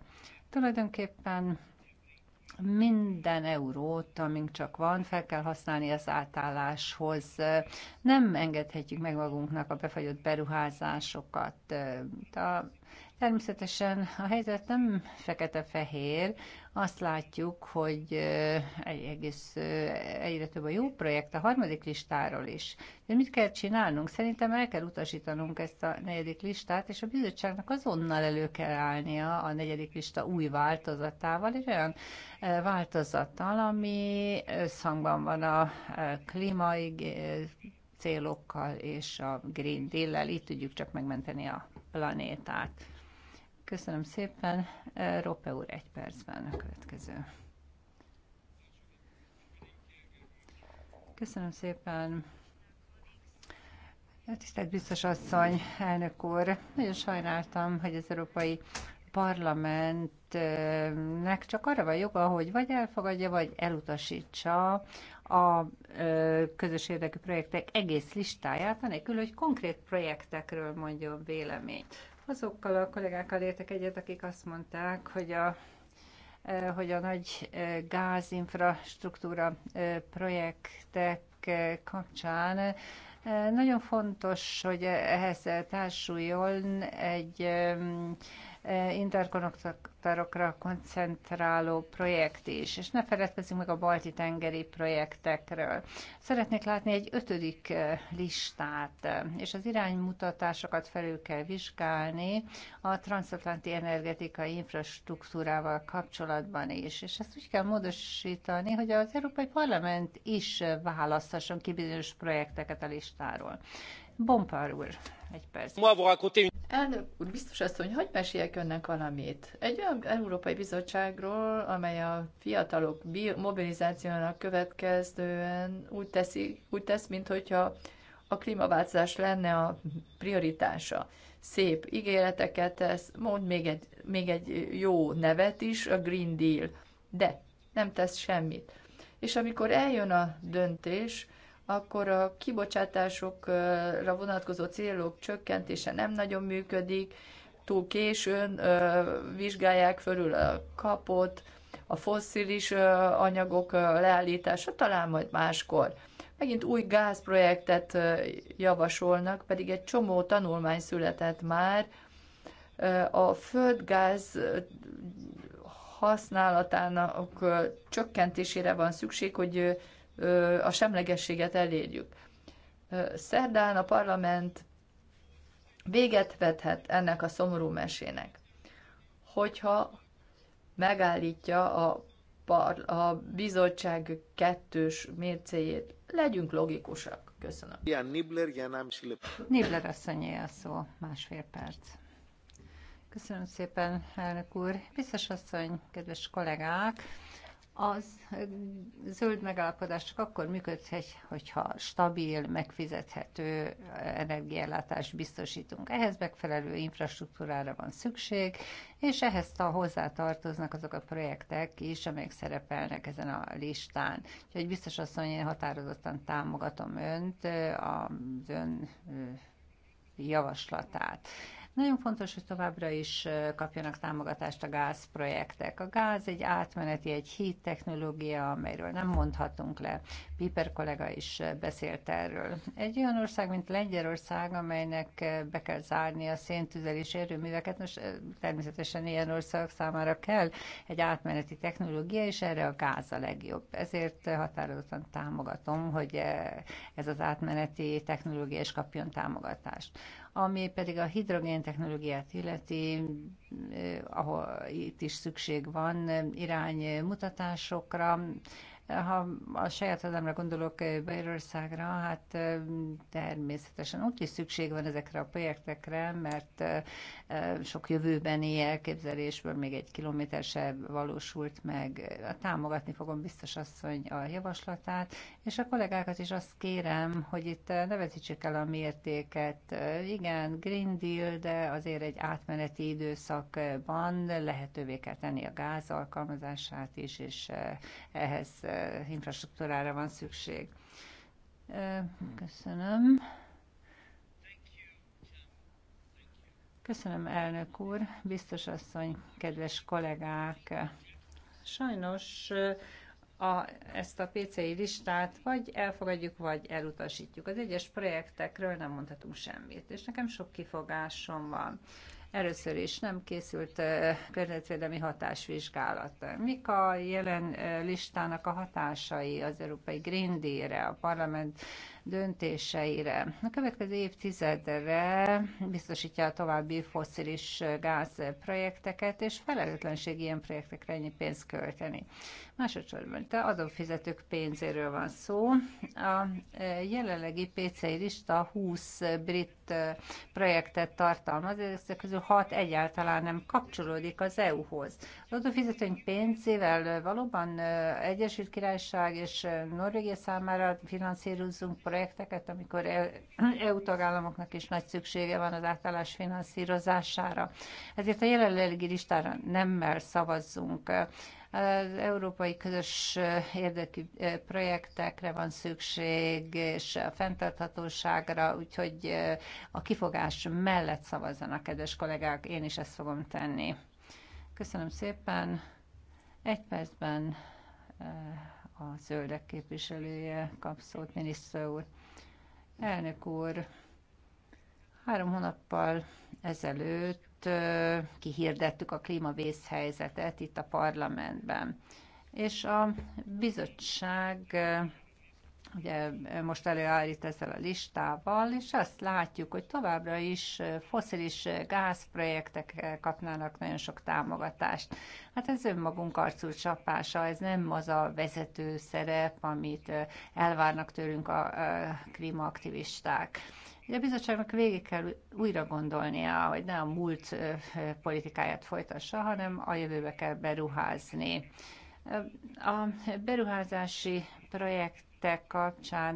Tulajdonképpen minden eurót, amink csak van, fel kell használni az átálláshoz. Nem engedhetjük meg magunknak a befagyott beruházásokat. A Természetesen a helyzet nem fekete-fehér. Azt látjuk, hogy egy egész, egyre több a jó projekt a harmadik listáról is. De mit kell csinálnunk? Szerintem el kell utasítanunk ezt a negyedik listát, és a bizottságnak azonnal elő kell állnia a negyedik lista új változatával, egy olyan változattal, ami összhangban van a klímai célokkal és a Green Deal-lel. Így tudjuk csak megmenteni a planétát. Köszönöm szépen. Rope úr egy percben a következő. Köszönöm szépen. Tisztelt biztos asszony, elnök úr, nagyon sajnáltam, hogy az Európai Parlamentnek csak arra van joga, hogy vagy elfogadja, vagy elutasítsa a közös érdekű projektek egész listáját, anélkül, hogy konkrét projektekről mondjon véleményt. Azokkal a kollégákkal értek egyet, akik azt mondták, hogy a hogy a nagy gázinfrastruktúra projektek kapcsán nagyon fontos, hogy ehhez társuljon egy interkonnektorokra koncentráló projekt is, és ne feledkezzünk meg a balti tengeri projektekről. Szeretnék látni egy ötödik eh, listát, eh, és az iránymutatásokat felül kell vizsgálni a transatlanti energetikai infrastruktúrával kapcsolatban is, és ezt úgy kell módosítani, hogy az Európai Parlament is eh, választhasson ki bizonyos projekteket a listáról. Bompár úr, egy perc. Elnök úr, biztos azt, hogy hagyd meséljek önnek valamit. Egy olyan Európai Bizottságról, amely a fiatalok mobilizációnak következően úgy, teszi, úgy tesz, mintha a klímaváltozás lenne a prioritása. Szép ígéreteket tesz, mond még egy, még egy jó nevet is, a Green Deal, de nem tesz semmit. És amikor eljön a döntés, akkor a kibocsátásokra vonatkozó célok csökkentése nem nagyon működik, túl későn vizsgálják fölül a kapot, a fosszilis anyagok leállítása, talán majd máskor. Megint új gázprojektet javasolnak, pedig egy csomó tanulmány született már. A földgáz használatának csökkentésére van szükség, hogy a semlegességet elérjük. Szerdán a parlament véget vethet ennek a szomorú mesének, hogyha megállítja a, par, a bizottság kettős mércéjét. Legyünk logikusak. Köszönöm. Nibler asszonyé a szó. Másfél perc. Köszönöm szépen, elnök úr. Biztos asszony, kedves kollégák! Az zöld megállapodás csak akkor működhet, hogyha stabil, megfizethető energiállátást biztosítunk. Ehhez megfelelő infrastruktúrára van szükség, és ehhez a hozzá tartoznak azok a projektek is, amelyek szerepelnek ezen a listán. Úgyhogy biztos mondja, én határozottan támogatom önt, az ön javaslatát. Nagyon fontos, hogy továbbra is kapjanak támogatást a gázprojektek. A gáz egy átmeneti, egy híd technológia, amelyről nem mondhatunk le. Piper kollega is beszélt erről. Egy olyan ország, mint Lengyelország, amelynek be kell zárni a széntüzelés erőműveket, most természetesen ilyen országok számára kell egy átmeneti technológia, és erre a gáz a legjobb. Ezért határozottan támogatom, hogy ez az átmeneti technológia is kapjon támogatást. Ami pedig a hidrogén technológiát illeti, eh, ahol itt is szükség van iránymutatásokra, ha a saját hazámra gondolok, eh, Bajorországra, hát eh, természetesen ott is szükség van ezekre a projektekre, mert sok jövőbeni elképzelésből még egy kilométer se valósult meg. Támogatni fogom biztos asszony a javaslatát, és a kollégákat is azt kérem, hogy itt nevezítsék el a mértéket. Igen, Green Deal, de azért egy átmeneti időszakban lehetővé kell tenni a gáz alkalmazását is, és ehhez infrastruktúrára van szükség. Köszönöm. Köszönöm, elnök úr, biztos asszony, kedves kollégák. Sajnos a, ezt a PCI listát vagy elfogadjuk, vagy elutasítjuk. Az egyes projektekről nem mondhatunk semmit, és nekem sok kifogásom van. Először is nem készült környezetvédelmi hatásvizsgálat. Mik a jelen listának a hatásai az Európai Green Deal-re, a parlament döntéseire. A következő évtizedre biztosítja a további foszilis projekteket és felelőtlenség ilyen projektekre ennyi pénzt költeni. Másodszorban te adófizetők pénzéről van szó. A e, jelenlegi PCI lista 20 brit e, projektet tartalmaz, ezek közül 6 egyáltalán nem kapcsolódik az EU-hoz adófizetőink pénzével valóban Egyesült Királyság és Norvégia számára finanszírozzunk projekteket, amikor EU e tagállamoknak is nagy szüksége van az átállás finanszírozására. Ezért a jelenlegi listára nemmel szavazzunk az európai közös érdekű projektekre van szükség, és a fenntarthatóságra, úgyhogy a kifogás mellett szavazzanak, kedves kollégák, én is ezt fogom tenni. Köszönöm szépen. Egy percben eh, a zöldek képviselője kap szót, miniszter úr. Elnök úr, három hónappal ezelőtt eh, kihirdettük a klímavészhelyzetet itt a parlamentben, és a bizottság eh, ugye most előállít ezzel a listával, és azt látjuk, hogy továbbra is foszilis gázprojektek kapnának nagyon sok támogatást. Hát ez önmagunk arcú csapása, ez nem az a vezető szerep, amit elvárnak tőlünk a klímaaktivisták. Ugye a bizottságnak végig kell újra gondolnia, hogy ne a múlt politikáját folytassa, hanem a jövőbe kell beruházni. A beruházási projekt projektek kapcsán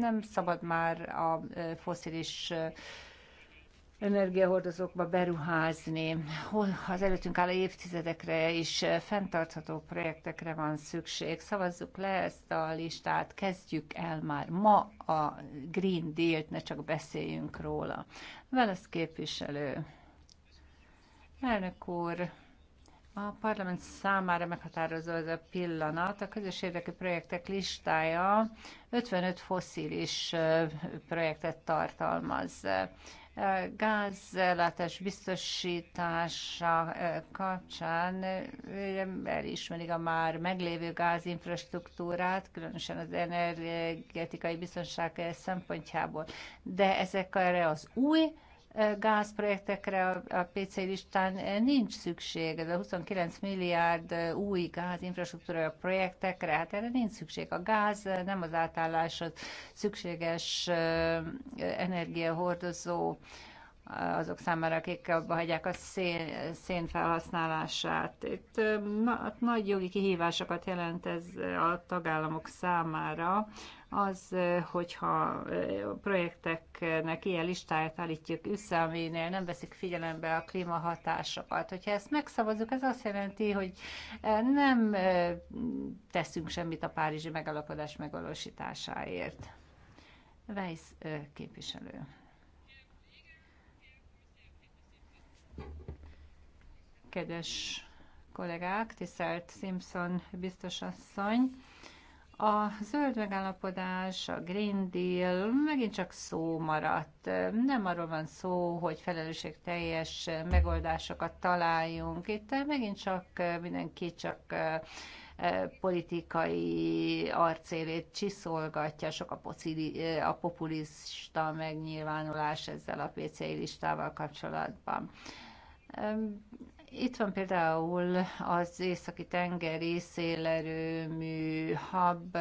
nem szabad már a foszilis energiahordozókba beruházni. Az előttünk álló évtizedekre is fenntartható projektekre van szükség. Szavazzuk le ezt a listát, kezdjük el már ma a Green Deal-t, ne csak beszéljünk róla. Velesz képviselő. Elnök úr, a parlament számára meghatározó ez a pillanat. A közös érdekű projektek listája 55 foszilis projektet tartalmaz gázellátás biztosítása kapcsán elismerik a már meglévő gázinfrastruktúrát, különösen az energetikai biztonság szempontjából. De ezekre az új gázprojektekre a PC listán nincs szükség, ez a 29 milliárd új gázinfrastruktúra projektekre, hát erre nincs szükség. A gáz nem az átálláshoz szükséges energiahordozó azok számára, akik abba hagyják a szén, szén felhasználását. Itt na, hát nagy jogi kihívásokat jelent ez a tagállamok számára, az, hogyha projekteknek ilyen listáját állítjuk össze, aminél nem veszik figyelembe a klímahatásokat. Hogyha ezt megszavazzuk, ez azt jelenti, hogy nem teszünk semmit a Párizsi megalapodás megvalósításáért. Weiss képviselő. Kedves kollégák, tisztelt Simpson biztosasszony! A zöld megállapodás, a Green Deal megint csak szó maradt. Nem arról van szó, hogy felelősségteljes megoldásokat találjunk. Itt megint csak mindenki csak politikai arcélét csiszolgatja, sok a, pocili, a populista megnyilvánulás ezzel a PCI listával kapcsolatban. Itt van például az északi tengeri szélerőmű hub,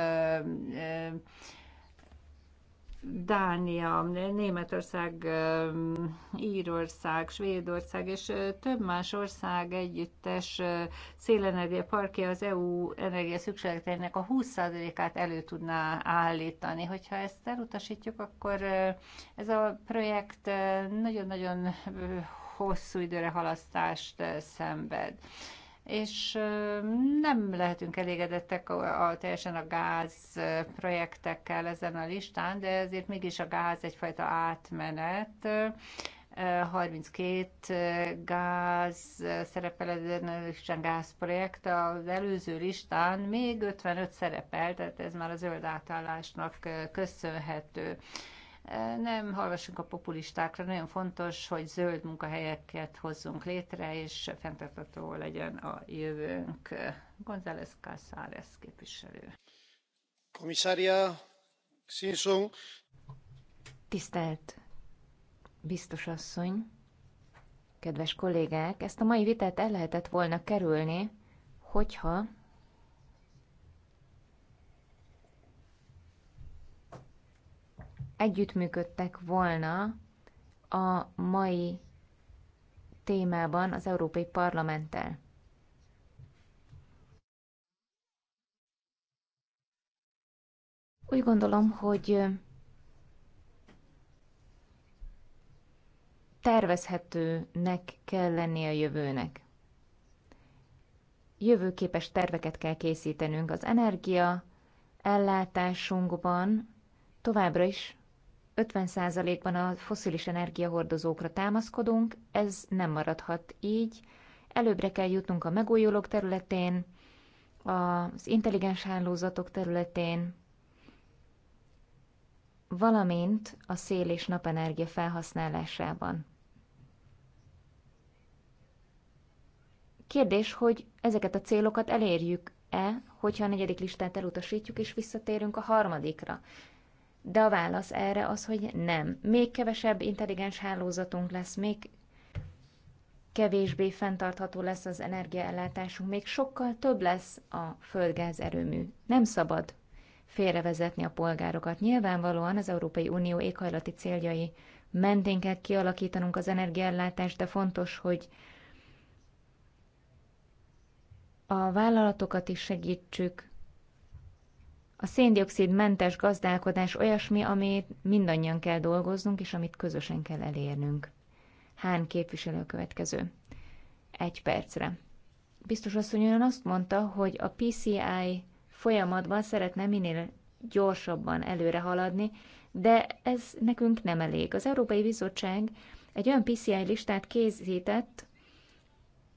Dánia, Németország, Írország, Svédország és több más ország együttes szélenergia parkja az EU energia szükségleteinek a 20%-át elő tudná állítani. Hogyha ezt elutasítjuk, akkor ez a projekt nagyon-nagyon hosszú időre halasztást eh, szenved és eh, nem lehetünk elégedettek a, a, teljesen a gáz eh, projektekkel ezen a listán, de ezért mégis a gáz egyfajta átmenet. 32 gáz szerepel ezen a listán gázprojekt, az előző listán még 55 szerepel, tehát ez már a zöld átállásnak köszönhető nem hallgassunk a populistákra, nagyon fontos, hogy zöld munkahelyeket hozzunk létre, és fenntartható legyen a jövőnk. González Cázares képviselő. Komisária Simpson. Tisztelt biztos asszony, kedves kollégák, ezt a mai vitát el lehetett volna kerülni, hogyha együttműködtek volna a mai témában az Európai Parlamenttel. Úgy gondolom, hogy tervezhetőnek kell lennie a jövőnek. Jövőképes terveket kell készítenünk az energia ellátásunkban, továbbra is 50%-ban a foszilis energiahordozókra támaszkodunk, ez nem maradhat így. Előbbre kell jutnunk a megújulók területén, az intelligens hálózatok területén, valamint a szél és napenergia felhasználásában. Kérdés, hogy ezeket a célokat elérjük-e, hogyha a negyedik listát elutasítjuk és visszatérünk a harmadikra de a válasz erre az, hogy nem. Még kevesebb intelligens hálózatunk lesz, még kevésbé fenntartható lesz az energiaellátásunk, még sokkal több lesz a földgáz erőmű. Nem szabad félrevezetni a polgárokat. Nyilvánvalóan az Európai Unió éghajlati céljai mentén kell kialakítanunk az energiaellátást, de fontos, hogy a vállalatokat is segítsük, a mentes gazdálkodás olyasmi, amit mindannyian kell dolgoznunk, és amit közösen kell elérnünk. Hán képviselő következő. Egy percre. Biztos asszony olyan azt mondta, hogy a PCI folyamatban szeretne minél gyorsabban előre haladni, de ez nekünk nem elég. Az Európai Bizottság egy olyan PCI listát készített,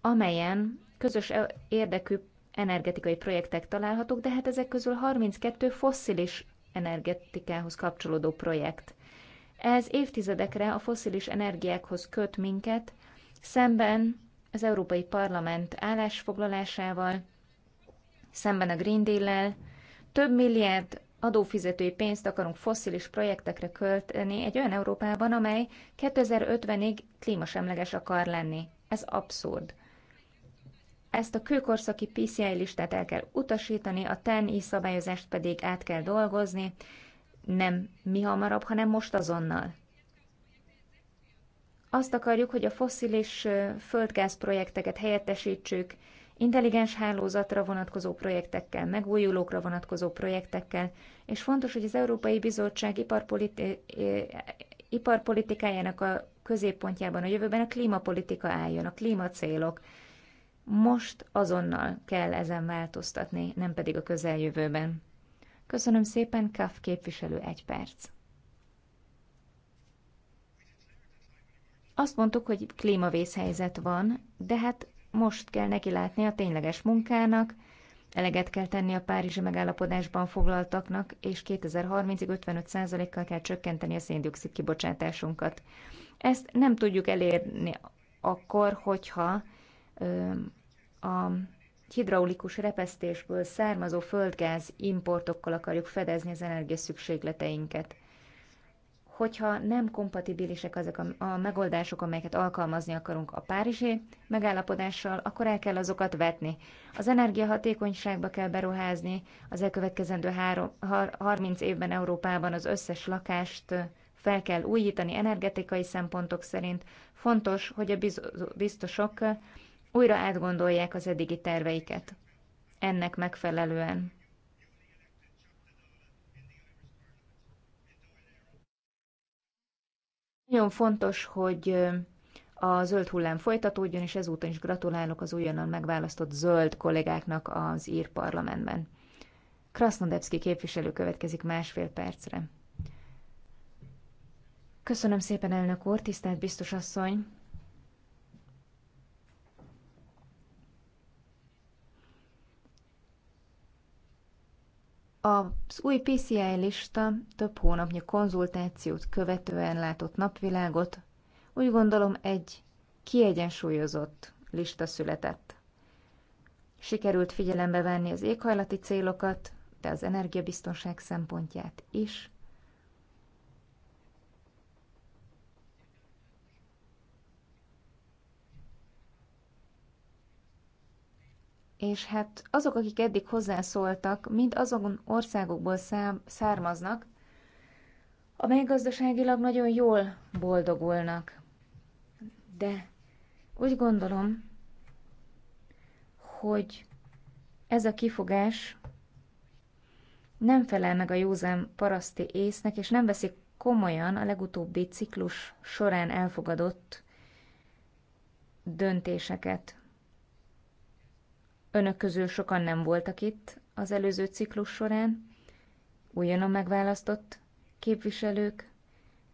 amelyen közös e- érdekű energetikai projektek találhatók, de hát ezek közül 32 fosszilis energetikához kapcsolódó projekt. Ez évtizedekre a fosszilis energiákhoz köt minket, szemben az Európai Parlament állásfoglalásával, szemben a Green Deal-lel, több milliárd adófizetői pénzt akarunk fosszilis projektekre költeni egy olyan Európában, amely 2050-ig klímasemleges akar lenni. Ez abszurd. Ezt a kőkorszaki PCI listát el kell utasítani, a TEN-i szabályozást pedig át kell dolgozni, nem mi hamarabb, hanem most azonnal. Azt akarjuk, hogy a fosszilis földgáz projekteket helyettesítsük, intelligens hálózatra vonatkozó projektekkel, megújulókra vonatkozó projektekkel, és fontos, hogy az Európai Bizottság iparpoliti- iparpolitikájának a középpontjában a jövőben a klímapolitika álljon, a klímacélok, most azonnal kell ezen változtatni, nem pedig a közeljövőben. Köszönöm szépen, KAF képviselő egy perc. Azt mondtuk, hogy klímavészhelyzet van, de hát most kell neki látni a tényleges munkának, eleget kell tenni a Párizsi megállapodásban foglaltaknak, és 2030-ig 55%-kal kell csökkenteni a széndiokszid kibocsátásunkat. Ezt nem tudjuk elérni akkor, hogyha a hidraulikus repesztésből származó földgáz importokkal akarjuk fedezni az energiaszükségleteinket. Hogyha nem kompatibilisek azok a, megoldások, amelyeket alkalmazni akarunk a párizsi megállapodással, akkor el kell azokat vetni. Az energiahatékonyságba kell beruházni, az elkövetkezendő három, 30 évben Európában az összes lakást fel kell újítani energetikai szempontok szerint. Fontos, hogy a biztosok újra átgondolják az eddigi terveiket. Ennek megfelelően. Nagyon fontos, hogy a zöld hullám folytatódjon, és ezúton is gratulálok az újonnan megválasztott zöld kollégáknak az ír parlamentben. Krasnodebski képviselő következik másfél percre. Köszönöm szépen, elnök úr, tisztelt biztos asszony! Az új PCI lista több hónapnyi konzultációt követően látott napvilágot, úgy gondolom egy kiegyensúlyozott lista született. Sikerült figyelembe venni az éghajlati célokat, de az energiabiztonság szempontját is, és hát azok, akik eddig hozzászóltak, mind azon országokból szám, származnak, amelyek gazdaságilag nagyon jól boldogulnak. De úgy gondolom, hogy ez a kifogás nem felel meg a józan paraszti észnek, és nem veszik komolyan a legutóbbi ciklus során elfogadott döntéseket. Önök közül sokan nem voltak itt az előző ciklus során, újonnan megválasztott képviselők.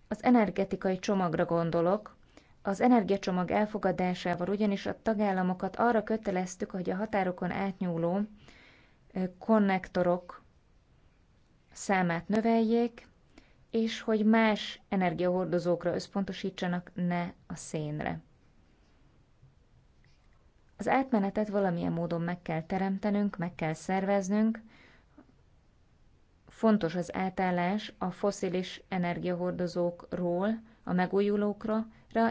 Az energetikai csomagra gondolok. Az energiacsomag elfogadásával ugyanis a tagállamokat arra köteleztük, hogy a határokon átnyúló konnektorok számát növeljék, és hogy más energiahordozókra összpontosítsanak, ne a szénre. Az átmenetet valamilyen módon meg kell teremtenünk, meg kell szerveznünk. Fontos az átállás a foszilis energiahordozókról, a megújulókra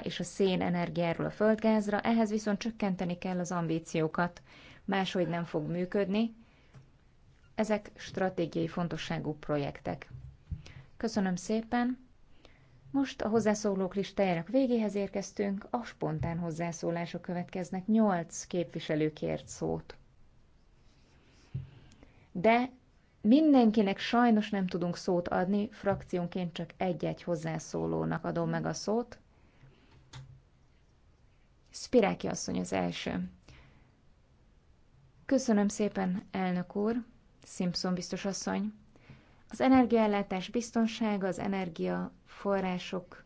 és a szénenergiáról a földgázra, ehhez viszont csökkenteni kell az ambíciókat, máshogy nem fog működni. Ezek stratégiai fontosságú projektek. Köszönöm szépen! Most a hozzászólók listájának végéhez érkeztünk, a spontán hozzászólások következnek. Nyolc képviselő kért szót. De mindenkinek sajnos nem tudunk szót adni, frakciónként csak egy-egy hozzászólónak adom meg a szót. Spiráki asszony az első. Köszönöm szépen, elnök úr, Simpson biztos asszony. Az energiaellátás biztonsága, az energia források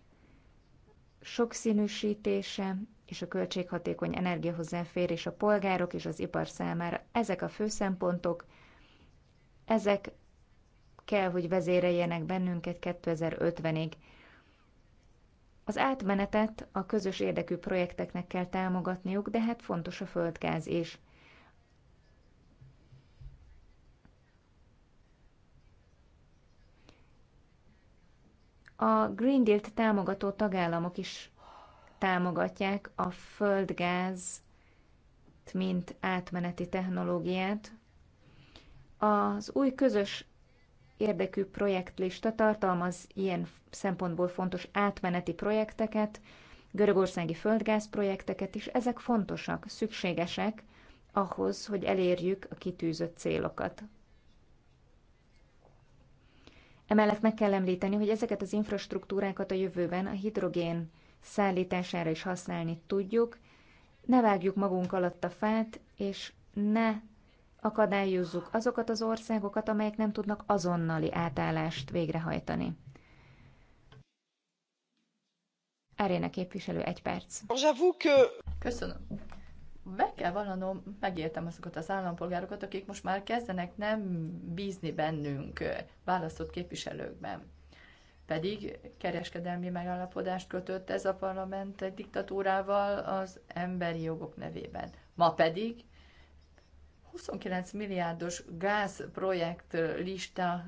sokszínűsítése és a költséghatékony energiahozzáférés a polgárok és az ipar számára. Ezek a fő szempontok, ezek kell, hogy vezéreljenek bennünket 2050-ig. Az átmenetet a közös érdekű projekteknek kell támogatniuk, de hát fontos a földgáz is. A Green Deal-t támogató tagállamok is támogatják a földgáz, mint átmeneti technológiát. Az új közös érdekű projektlista tartalmaz ilyen szempontból fontos átmeneti projekteket, görögországi földgáz projekteket is, ezek fontosak, szükségesek ahhoz, hogy elérjük a kitűzött célokat. Emellett meg kell említeni, hogy ezeket az infrastruktúrákat a jövőben a hidrogén szállítására is használni tudjuk, ne vágjuk magunk alatt a fát, és ne akadályozzuk azokat az országokat, amelyek nem tudnak azonnali átállást végrehajtani. Aréna képviselő, egy perc. Köszönöm be kell vallanom, megértem azokat az állampolgárokat, akik most már kezdenek nem bízni bennünk, választott képviselőkben. Pedig kereskedelmi megállapodást kötött ez a parlament egy diktatúrával az emberi jogok nevében. Ma pedig 29 milliárdos gázprojekt lista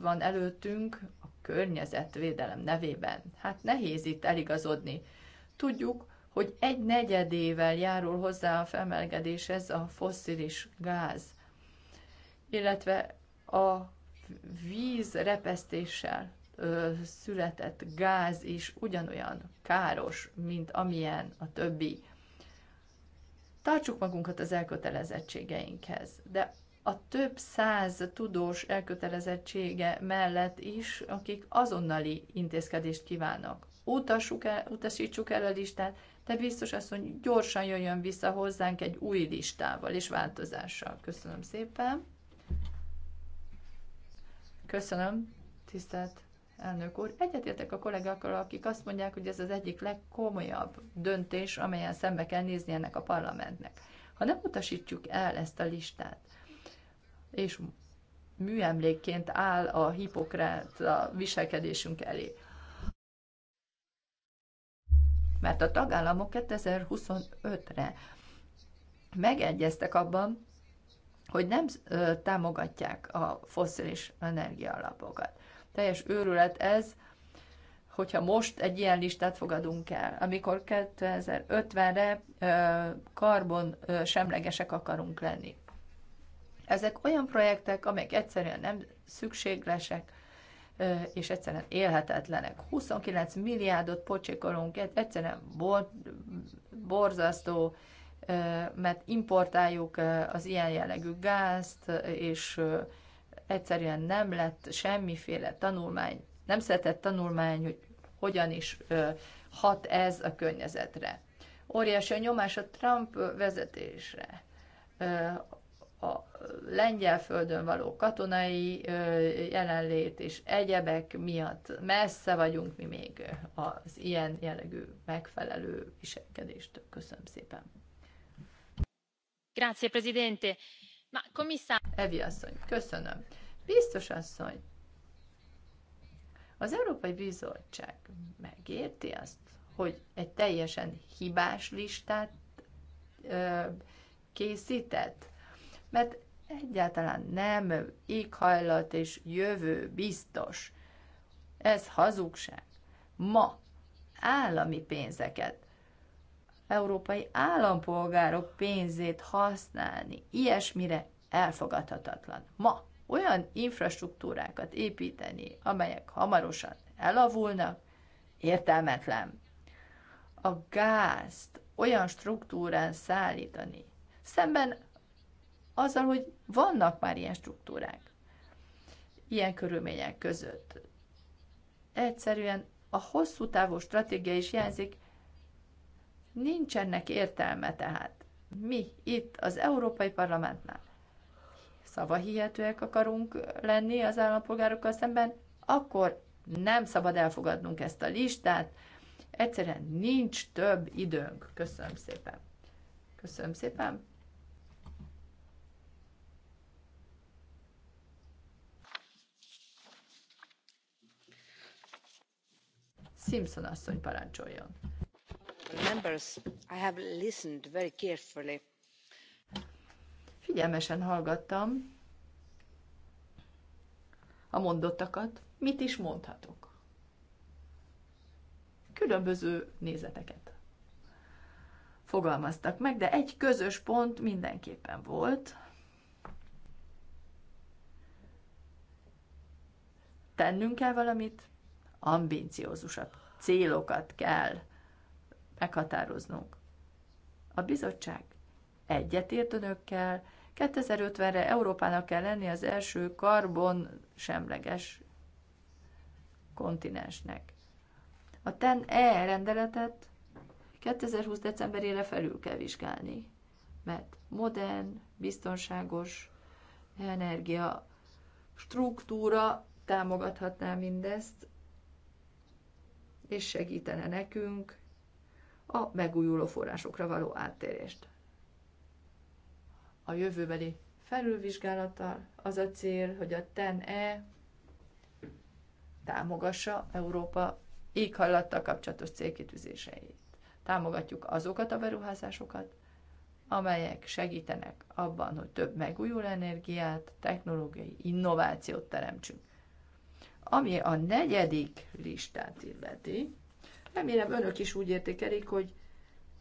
van előttünk a környezetvédelem nevében. Hát nehéz itt eligazodni. Tudjuk, hogy egy negyedével járul hozzá a felmelegedéshez a fosszilis gáz, illetve a víz repesztéssel ö, született gáz is ugyanolyan káros, mint amilyen a többi. Tartsuk magunkat az elkötelezettségeinkhez, de a több száz tudós elkötelezettsége mellett is, akik azonnali intézkedést kívánnak. Utassuk el, utasítsuk el a listát, de biztos asszony gyorsan jöjjön vissza hozzánk egy új listával és változással. Köszönöm szépen. Köszönöm, tisztelt elnök úr. Egyetértek a kollégákkal, akik azt mondják, hogy ez az egyik legkomolyabb döntés, amelyen szembe kell nézni ennek a parlamentnek. Ha nem utasítjuk el ezt a listát, és műemlékként áll a hipokrát a viselkedésünk elé, mert a tagállamok 2025-re megegyeztek abban, hogy nem támogatják a foszilis energiaalapokat. Teljes őrület ez, hogyha most egy ilyen listát fogadunk el, amikor 2050-re karbon semlegesek akarunk lenni. Ezek olyan projektek, amelyek egyszerűen nem szükséglesek, és egyszerűen élhetetlenek. 29 milliárdot pocsékolunk, egyszerűen bor, borzasztó, mert importáljuk az ilyen jellegű gázt, és egyszerűen nem lett semmiféle tanulmány, nem született tanulmány, hogy hogyan is hat ez a környezetre. Óriási a nyomás a Trump vezetésre a lengyel földön való katonai jelenlét és egyebek miatt messze vagyunk mi még az ilyen jellegű megfelelő viselkedést. Köszönöm szépen. Grazie, Presidente. Ma, commissar... Evi asszony, köszönöm. Biztos asszony, az Európai Bizottság megérti azt, hogy egy teljesen hibás listát ö, készített, mert egyáltalán nem éghajlat és jövő biztos. Ez hazugság. Ma állami pénzeket, európai állampolgárok pénzét használni, ilyesmire elfogadhatatlan. Ma olyan infrastruktúrákat építeni, amelyek hamarosan elavulnak, értelmetlen. A gázt olyan struktúrán szállítani, szemben azzal, hogy vannak már ilyen struktúrák, ilyen körülmények között. Egyszerűen a hosszú távú stratégia is jelzik, nincsenek értelme tehát. Mi itt az Európai Parlamentnál szavahihetőek akarunk lenni az állampolgárokkal szemben, akkor nem szabad elfogadnunk ezt a listát. Egyszerűen nincs több időnk. Köszönöm szépen. Köszönöm szépen. Simpson asszony parancsoljon. Figyelmesen hallgattam a mondottakat. Mit is mondhatok? Különböző nézeteket fogalmaztak meg, de egy közös pont mindenképpen volt. Tennünk kell valamit, ambíciózusabb célokat kell meghatároznunk. A bizottság egyetért önökkel, 2050-re Európának kell lenni az első karbon semleges kontinensnek. A TEN-E rendeletet 2020. decemberére felül kell vizsgálni, mert modern, biztonságos energia struktúra támogathatná mindezt, és segítene nekünk a megújuló forrásokra való áttérést. A jövőbeli felülvizsgálattal az a cél, hogy a TEN-E támogassa Európa éghajlattal kapcsolatos célkitűzéseit. Támogatjuk azokat a beruházásokat, amelyek segítenek abban, hogy több megújuló energiát, technológiai innovációt teremtsünk. Ami a negyedik listát illeti, remélem önök is úgy értékelik, hogy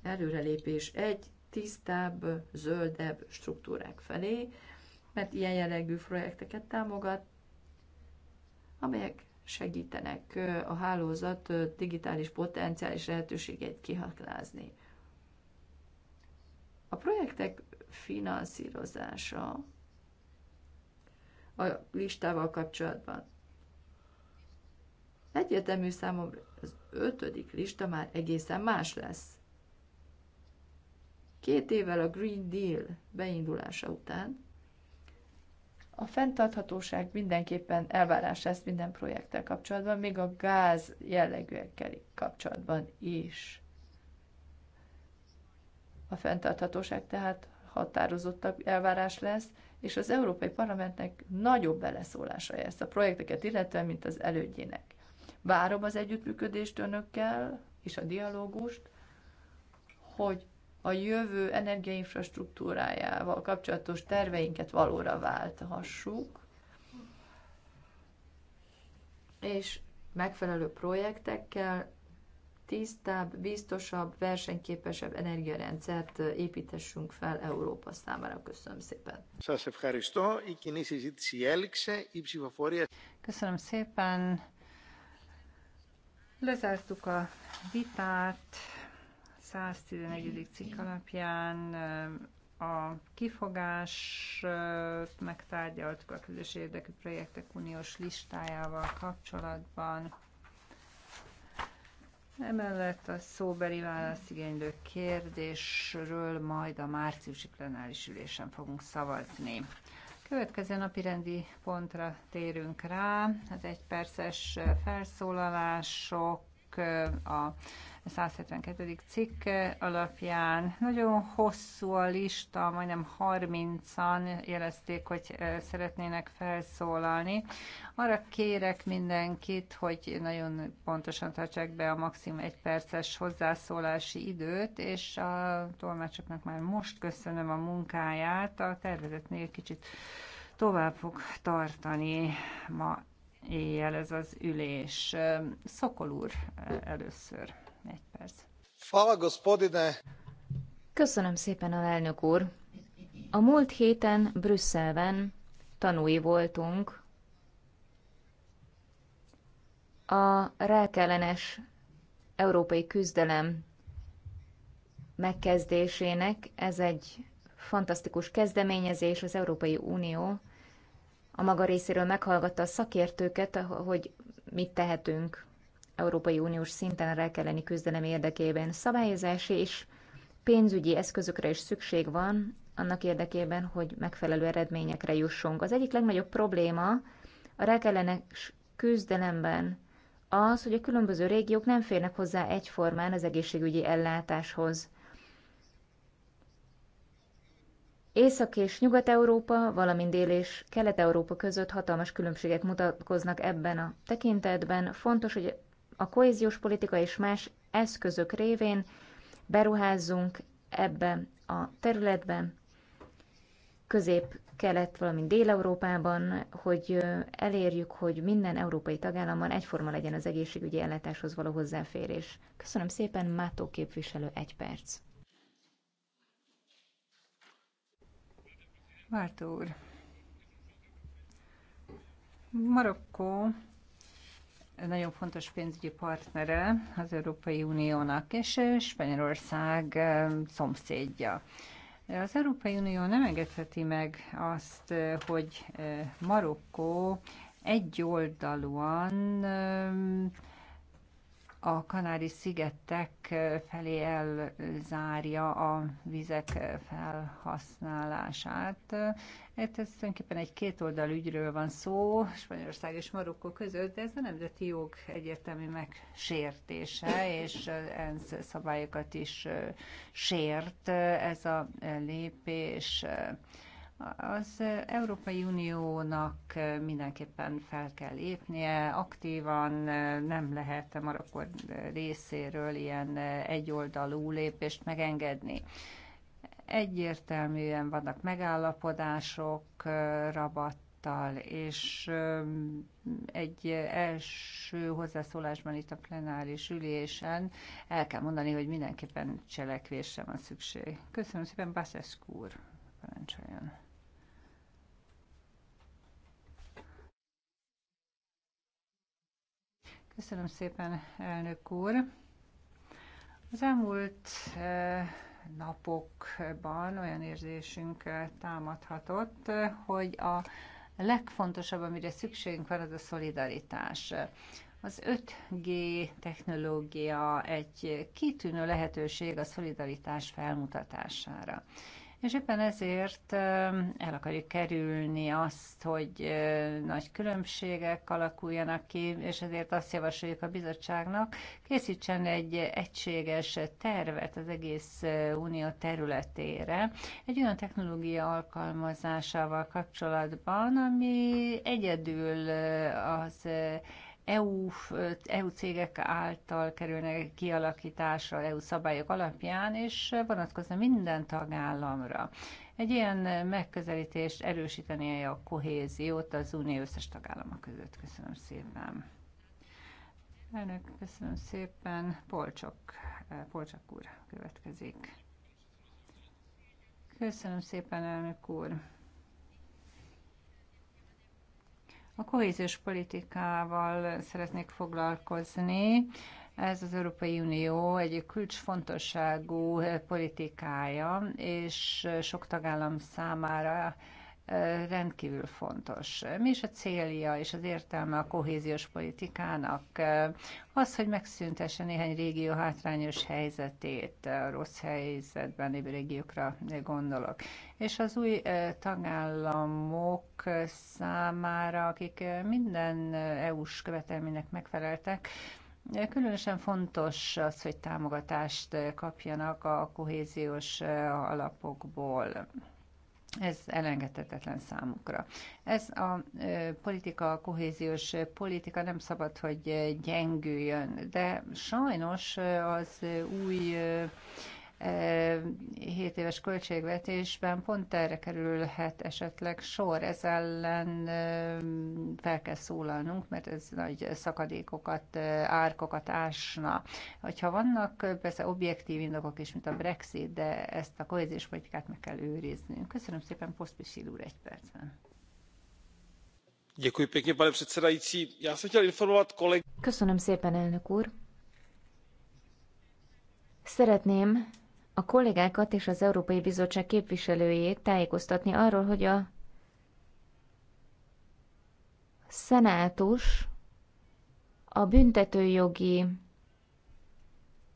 előrelépés egy tisztább, zöldebb struktúrák felé, mert ilyen jellegű projekteket támogat, amelyek segítenek a hálózat digitális potenciális lehetőségeit kihaklázni. A projektek finanszírozása a listával kapcsolatban Egyértelmű számomra az ötödik lista már egészen más lesz. Két évvel a Green Deal beindulása után a fenntarthatóság mindenképpen elvárás lesz minden projekttel kapcsolatban, még a gáz jellegűekkel kapcsolatban is. A fenntarthatóság tehát határozottabb elvárás lesz, és az Európai Parlamentnek nagyobb beleszólása lesz a projekteket illetően, mint az elődjének. Várom az együttműködést önökkel és a dialógust, hogy a jövő energiainfrastruktúrájával kapcsolatos terveinket valóra válthassuk, és megfelelő projektekkel tisztább, biztosabb, versenyképesebb energiarendszert építessünk fel Európa számára. Köszönöm szépen. Köszönöm szépen. Lezártuk a vitát 111. cikk alapján a kifogás megtárgyaltuk a közös érdekű projektek uniós listájával kapcsolatban. Emellett a szóbeli válaszigénylő kérdésről majd a márciusi plenáris ülésen fogunk szavazni következő napi rendi pontra térünk rá, az egyperces felszólalások, a 172. cikk alapján. Nagyon hosszú a lista, majdnem 30-an jelezték, hogy szeretnének felszólalni. Arra kérek mindenkit, hogy nagyon pontosan tartsák be a maximum egy perces hozzászólási időt, és a tolmácsoknak már most köszönöm a munkáját. A tervezetnél kicsit tovább fog tartani ma éjjel ez az ülés. Szokol úr először. Egy perc. Köszönöm szépen, alelnök úr! A múlt héten Brüsszelben tanúi voltunk a rákellenes európai küzdelem megkezdésének. Ez egy fantasztikus kezdeményezés, az Európai Unió a maga részéről meghallgatta a szakértőket, hogy mit tehetünk Európai Uniós szinten rá kelleni küzdelem érdekében. Szabályozási és pénzügyi eszközökre is szükség van annak érdekében, hogy megfelelő eredményekre jussunk. Az egyik legnagyobb probléma a rák ellenes küzdelemben az, hogy a különböző régiók nem férnek hozzá egyformán az egészségügyi ellátáshoz. Észak és Nyugat-Európa, valamint Dél és Kelet-Európa között hatalmas különbségek mutatkoznak ebben a tekintetben. Fontos, hogy a kohéziós politika és más eszközök révén beruházzunk ebbe a területbe, közép-kelet, valamint Dél-Európában, hogy elérjük, hogy minden európai tagállamban egyforma legyen az egészségügyi ellátáshoz való hozzáférés. Köszönöm szépen, Mátó képviselő, egy perc. Váltó úr. Marokkó nagyon fontos pénzügyi partnere az Európai Uniónak, és Spanyolország szomszédja. Az Európai Unió nem engedheti meg azt, hogy Marokkó egyoldalúan a Kanári-szigetek felé elzárja a vizek felhasználását. Itt hát ez tulajdonképpen egy kétoldal ügyről van szó, Spanyolország és Marokkó között, de ez a nemzeti jog egyértelmű megsértése, és ENSZ szabályokat is sért ez a lépés. Az Európai Uniónak mindenképpen fel kell lépnie, aktívan nem lehet a Marokkor részéről ilyen egyoldalú lépést megengedni. Egyértelműen vannak megállapodások, rabat és egy első hozzászólásban itt a plenáris ülésen el kell mondani, hogy mindenképpen cselekvésre van szükség. Köszönöm szépen, Baszeszk úr, parancsoljon. Köszönöm szépen, elnök úr. Az elmúlt eh, napokban olyan érzésünk eh, támadhatott, eh, hogy a legfontosabb, amire szükségünk van, az a szolidaritás. Az 5G technológia egy kitűnő lehetőség a szolidaritás felmutatására. És éppen ezért el akarjuk kerülni azt, hogy nagy különbségek alakuljanak ki, és ezért azt javasoljuk a bizottságnak, készítsen egy egységes tervet az egész unió területére, egy olyan technológia alkalmazásával kapcsolatban, ami egyedül az EU, EU cégek által kerülnek kialakításra EU szabályok alapján, és vonatkozna minden tagállamra. Egy ilyen megközelítést erősítenie a kohéziót az unió összes tagállama között. Köszönöm szépen. Elnök, köszönöm szépen. Polcsok, Polcsok úr következik. Köszönöm szépen, elnök úr. A kohéziós politikával szeretnék foglalkozni. Ez az Európai Unió egy kulcsfontosságú politikája, és sok tagállam számára rendkívül fontos. Mi is a célja és az értelme a kohéziós politikának? Az, hogy megszüntesse néhány régió hátrányos helyzetét, rossz helyzetben lévő régiókra gondolok. És az új tagállamok számára, akik minden EU-s követelménynek megfeleltek, Különösen fontos az, hogy támogatást kapjanak a kohéziós alapokból. Ez elengedhetetlen számukra. Ez a politika, a kohéziós politika nem szabad, hogy gyengüljön, de sajnos az új 7 eh, éves költségvetésben pont erre kerülhet esetleg sor. Ez ellen eh, fel kell szólalnunk, mert ez nagy szakadékokat, eh, árkokat ásna. Hogyha vannak persze objektív indokok is, mint a Brexit, de ezt a kohéziós politikát meg kell őrizni. Köszönöm szépen, Poszpisil úr, egy percben. köszönöm szépen elnök úr szeretném a kollégákat és az Európai Bizottság képviselőjét tájékoztatni arról, hogy a szenátus a büntetőjogi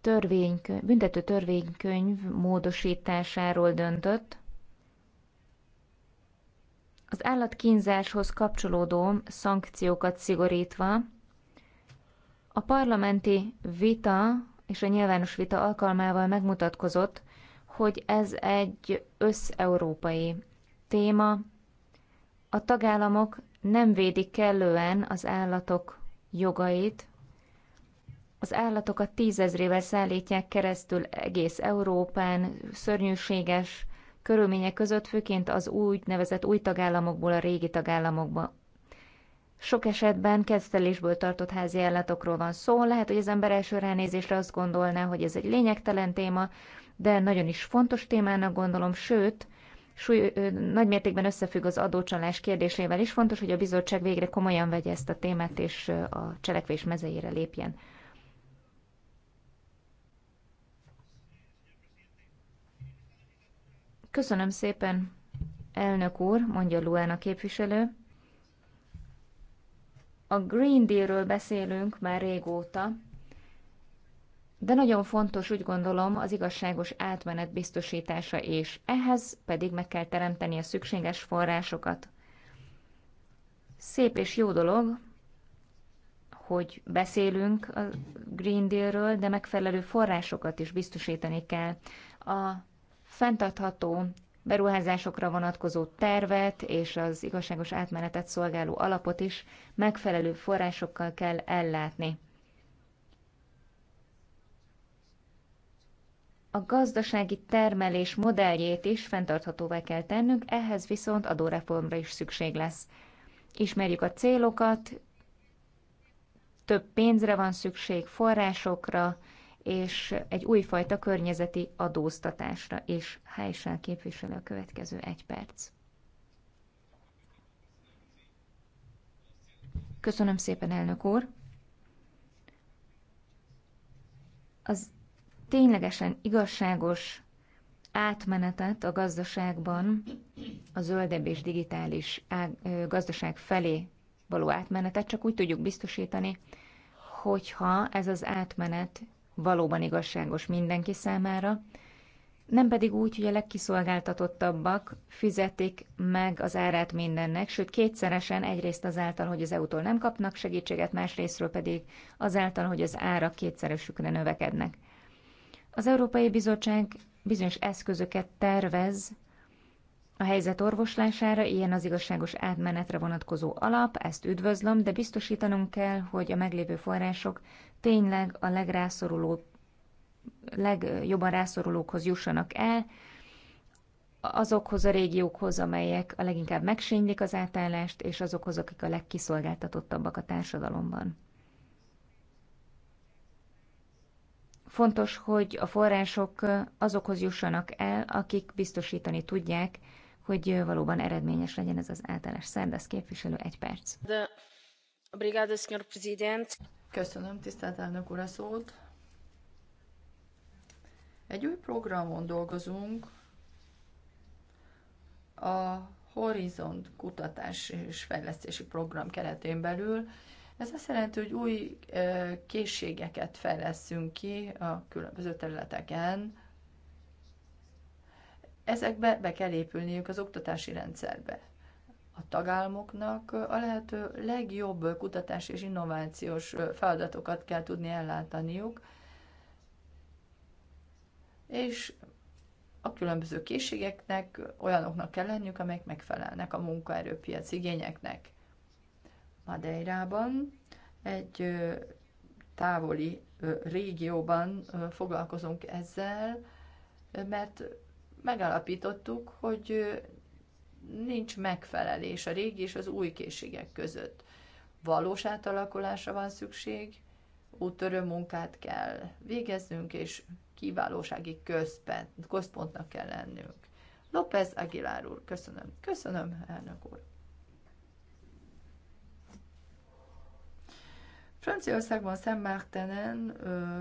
törvénykönyv, büntető törvénykönyv módosításáról döntött. Az állatkínzáshoz kapcsolódó szankciókat szigorítva, a parlamenti vita és a nyilvános vita alkalmával megmutatkozott, hogy ez egy összeurópai téma. A tagállamok nem védik kellően az állatok jogait, az állatokat tízezrével szállítják keresztül egész Európán, szörnyűséges körülmények között, főként az úgynevezett új tagállamokból a régi tagállamokba sok esetben kezdtelésből tartott házi állatokról van szó, lehet, hogy az ember első ránézésre azt gondolná, hogy ez egy lényegtelen téma, de nagyon is fontos témának gondolom, sőt, súly, ö, nagy mértékben összefügg az adócsalás kérdésével is. Fontos, hogy a bizottság végre komolyan vegye ezt a témát, és a cselekvés mezeire lépjen. Köszönöm szépen, elnök úr, mondja Luán a képviselő. A Green Deal-ről beszélünk már régóta, de nagyon fontos úgy gondolom az igazságos átmenet biztosítása és ehhez pedig meg kell teremteni a szükséges forrásokat. Szép és jó dolog, hogy beszélünk a Green Deal-ről, de megfelelő forrásokat is biztosítani kell. A fenntartható beruházásokra vonatkozó tervet és az igazságos átmenetet szolgáló alapot is megfelelő forrásokkal kell ellátni. A gazdasági termelés modelljét is fenntarthatóvá kell tennünk, ehhez viszont adóreformra is szükség lesz. Ismerjük a célokat, több pénzre van szükség, forrásokra, és egy újfajta környezeti adóztatásra, és Helysel képviselő a következő egy perc. Köszönöm szépen, elnök úr! Az ténylegesen igazságos átmenetet a gazdaságban, a zöldebb és digitális gazdaság felé való átmenetet csak úgy tudjuk biztosítani, hogyha ez az átmenet valóban igazságos mindenki számára, nem pedig úgy, hogy a legkiszolgáltatottabbak fizetik meg az árát mindennek, sőt kétszeresen egyrészt azáltal, hogy az EU-tól nem kapnak segítséget, másrésztről pedig azáltal, hogy az árak kétszeresükre növekednek. Az Európai Bizottság bizonyos eszközöket tervez a helyzet orvoslására, ilyen az igazságos átmenetre vonatkozó alap, ezt üdvözlöm, de biztosítanunk kell, hogy a meglévő források tényleg a legrászoruló, legjobban rászorulókhoz jussanak el, azokhoz a régiókhoz, amelyek a leginkább megsénylik az átállást, és azokhoz, akik a legkiszolgáltatottabbak a társadalomban. Fontos, hogy a források azokhoz jussanak el, akik biztosítani tudják, hogy valóban eredményes legyen ez az általános Szerdasz képviselő, egy perc. De Köszönöm, tisztelt elnök úr, a szót. Egy új programon dolgozunk, a Horizont kutatás és fejlesztési program keretén belül. Ez azt jelenti, hogy új készségeket fejleszünk ki a különböző területeken. Ezekbe be kell épülniük az oktatási rendszerbe a tagállamoknak a lehető legjobb kutatás és innovációs feladatokat kell tudni ellátaniuk, és a különböző készségeknek olyanoknak kell lenniük, amelyek megfelelnek a munkaerőpiac igényeknek. Madeirában egy távoli régióban foglalkozunk ezzel, mert megállapítottuk, hogy nincs megfelelés a régi és az új készségek között. Valós átalakulásra van szükség, úttörő munkát kell végeznünk, és kiválósági központnak kell lennünk. López Aguilar úr, köszönöm. Köszönöm, elnök úr. Franciaországban Szent Mártenen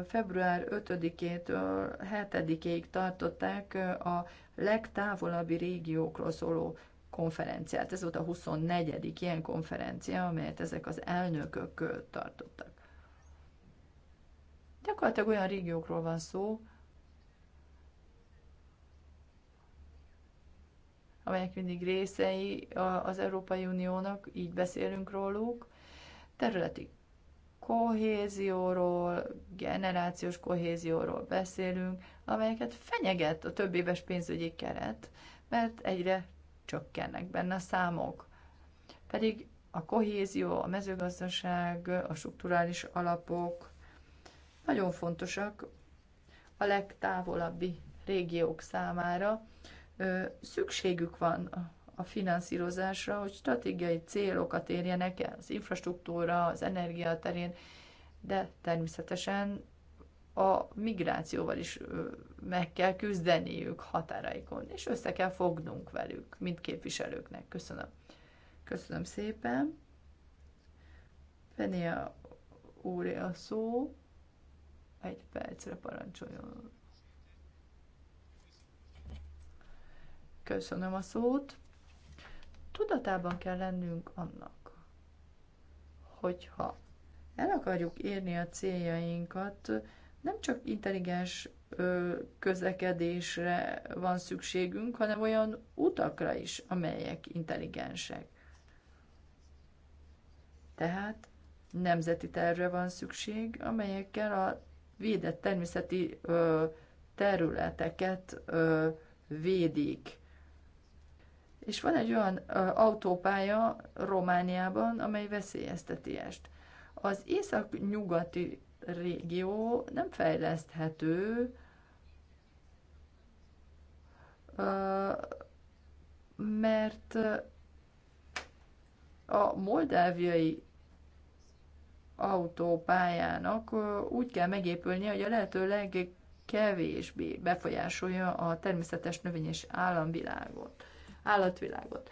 február 5-től 7-ig tartották a legtávolabbi régiókról szóló konferenciát. Ez volt a 24. ilyen konferencia, amelyet ezek az elnökök tartottak. Gyakorlatilag olyan régiókról van szó, amelyek mindig részei az Európai Uniónak, így beszélünk róluk, területi kohézióról, generációs kohézióról beszélünk, amelyeket fenyeget a több éves pénzügyi keret, mert egyre csökkennek benne a számok. Pedig a kohézió, a mezőgazdaság, a strukturális alapok nagyon fontosak a legtávolabbi régiók számára. Szükségük van a finanszírozásra, hogy stratégiai célokat érjenek el az infrastruktúra, az energia terén, de természetesen a migrációval is meg kell küzdeniük határaikon, és össze kell fognunk velük, mint képviselőknek. Köszönöm. Köszönöm szépen. Fenia úr a szó. Egy percre parancsoljon. Köszönöm a szót. Tudatában kell lennünk annak, hogyha el akarjuk érni a céljainkat, nem csak intelligens közlekedésre van szükségünk, hanem olyan utakra is, amelyek intelligensek. Tehát nemzeti tervre van szükség, amelyekkel a védett természeti ö, területeket ö, védik. És van egy olyan ö, autópálya Romániában, amely veszélyeztetiest. Az észak-nyugati régió nem fejleszthető, mert a moldáviai autópályának úgy kell megépülni, hogy a lehető legkevésbé befolyásolja a természetes növény és államvilágot, állatvilágot.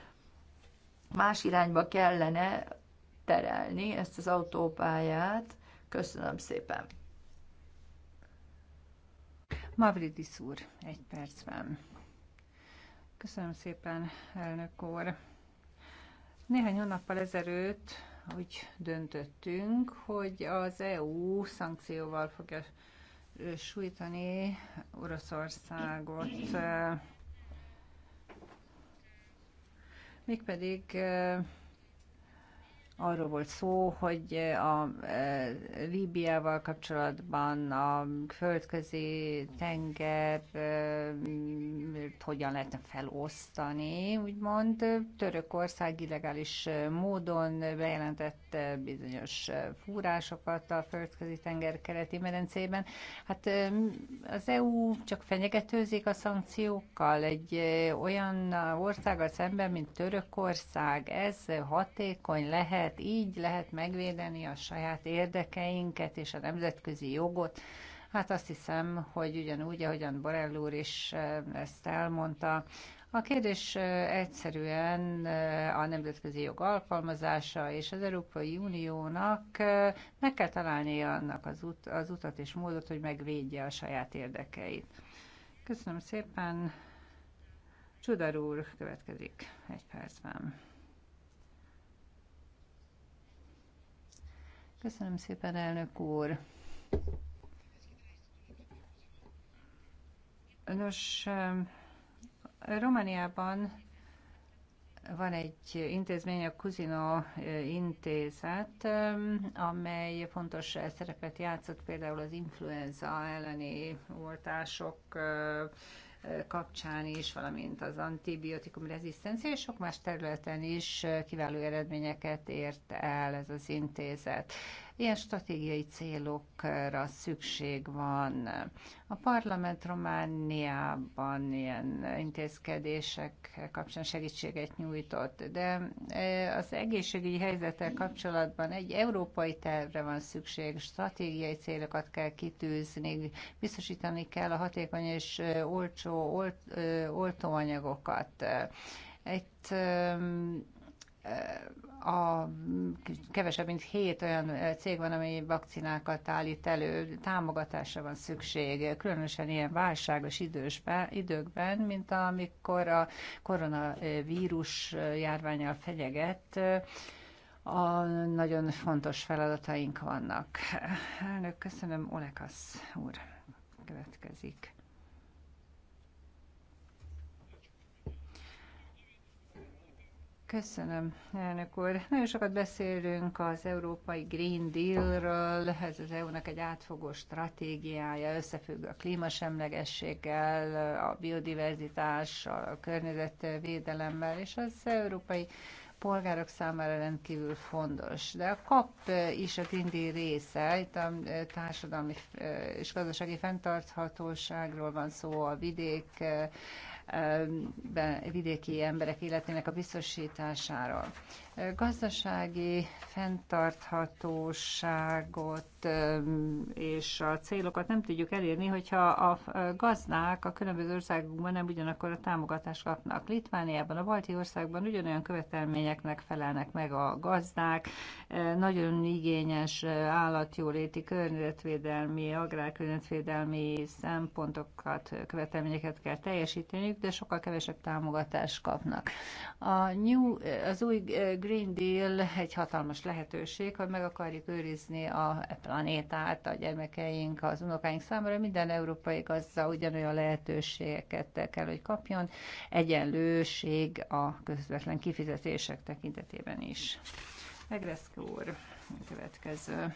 Más irányba kellene terelni ezt az autópályát, Köszönöm szépen. Mavridis úr, egy percben. Köszönöm szépen, elnök úr. Néhány hónappal ezelőtt úgy döntöttünk, hogy az EU szankcióval fogja sújtani Oroszországot, mégpedig arról volt szó, hogy a e, Líbiával kapcsolatban a földközi tenger e, hogyan lehetne felosztani, úgymond Törökország illegális e, módon bejelentett bizonyos fúrásokat a földközi tenger keleti medencében. Hát az EU csak fenyegetőzik a szankciókkal egy olyan országgal szemben, mint Törökország. Ez hatékony lehet lehet, így lehet megvédeni a saját érdekeinket és a nemzetközi jogot. Hát azt hiszem, hogy ugyanúgy, ahogyan Borrell úr is ezt elmondta, a kérdés egyszerűen a nemzetközi jog alkalmazása és az Európai Uniónak meg kell találni annak az, ut- az utat és módot, hogy megvédje a saját érdekeit. Köszönöm szépen. Csudar úr következik egy percben. Köszönöm szépen, elnök úr. Nos, Romániában van egy intézmény, a Kuzino eh, intézet, amely fontos eh, szerepet játszott például az influenza elleni oltások eh, kapcsán is, valamint az antibiotikum rezisztencia és sok más területen is kiváló eredményeket ért el ez az intézet. Ilyen stratégiai célokra szükség van. A parlament Romániában ilyen intézkedések kapcsán segítséget nyújtott, de e, az egészségügyi helyzettel kapcsolatban egy európai tervre van szükség, stratégiai célokat kell kitűzni, biztosítani kell a hatékony és e, olcsó olt, e, oltóanyagokat. Egy a kevesebb mint hét olyan cég van, amely vakcinákat állít elő, támogatásra van szükség, különösen ilyen válságos idősben, időkben, mint amikor a koronavírus járványal fenyeget, a nagyon fontos feladataink vannak. Elnök, köszönöm, Olekasz úr következik. Köszönöm, elnök úr. Nagyon sokat beszélünk az európai Green Deal-ről, ez az EU-nak egy átfogó stratégiája, összefügg a klímasemlegességgel, a biodiverzitás, a környezetvédelemmel, és az európai polgárok számára rendkívül fontos. De a KAP is a Green Deal része, itt a társadalmi és gazdasági fenntarthatóságról van szó, a vidék vidéki emberek életének a biztosítására gazdasági fenntarthatóságot és a célokat nem tudjuk elérni, hogyha a gazdák a különböző országokban nem ugyanakkor a támogatást kapnak. Litvániában, a balti országban ugyanolyan követelményeknek felelnek meg a gazdák, nagyon igényes állatjóléti, környezetvédelmi, agrárkörnyezetvédelmi szempontokat, követelményeket kell teljesíteniük, de sokkal kevesebb támogatást kapnak. A new, az új Green Deal egy hatalmas lehetőség, hogy meg akarjuk őrizni a planétát, a gyermekeink, az unokáink számára. Minden európai gazda ugyanolyan lehetőségeket kell, hogy kapjon. Egyenlőség a közvetlen kifizetések tekintetében is. Megreszkó úr, következő.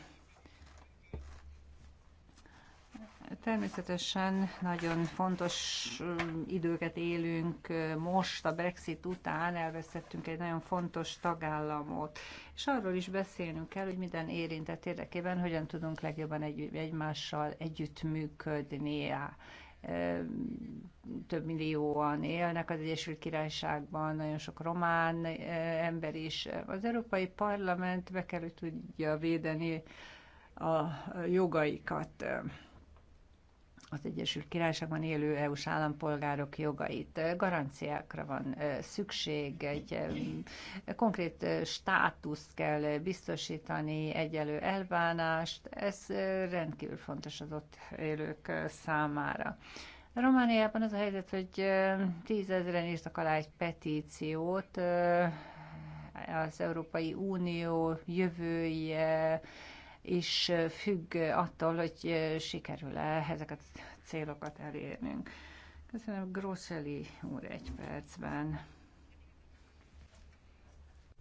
Természetesen nagyon fontos um, időket élünk uh, most, a Brexit után elvesztettünk egy nagyon fontos tagállamot, és arról is beszélnünk kell, hogy minden érintett érdekében hogyan tudunk legjobban egy, egymással együttműködni um, több millióan élnek az Egyesült Királyságban, nagyon sok román uh, ember is. Az Európai Parlament be kell, hogy tudja védeni a jogaikat az Egyesült Királyságban élő EU-s állampolgárok jogait. Garanciákra van szükség, egy konkrét státuszt kell biztosítani, egyelő elvánást. ez rendkívül fontos az ott élők számára. Romániában az a helyzet, hogy tízezeren írtak alá egy petíciót az Európai Unió jövője, is függ attól, hogy sikerül-e ezeket a célokat elérnünk. Köszönöm, Grosseli úr egy percben.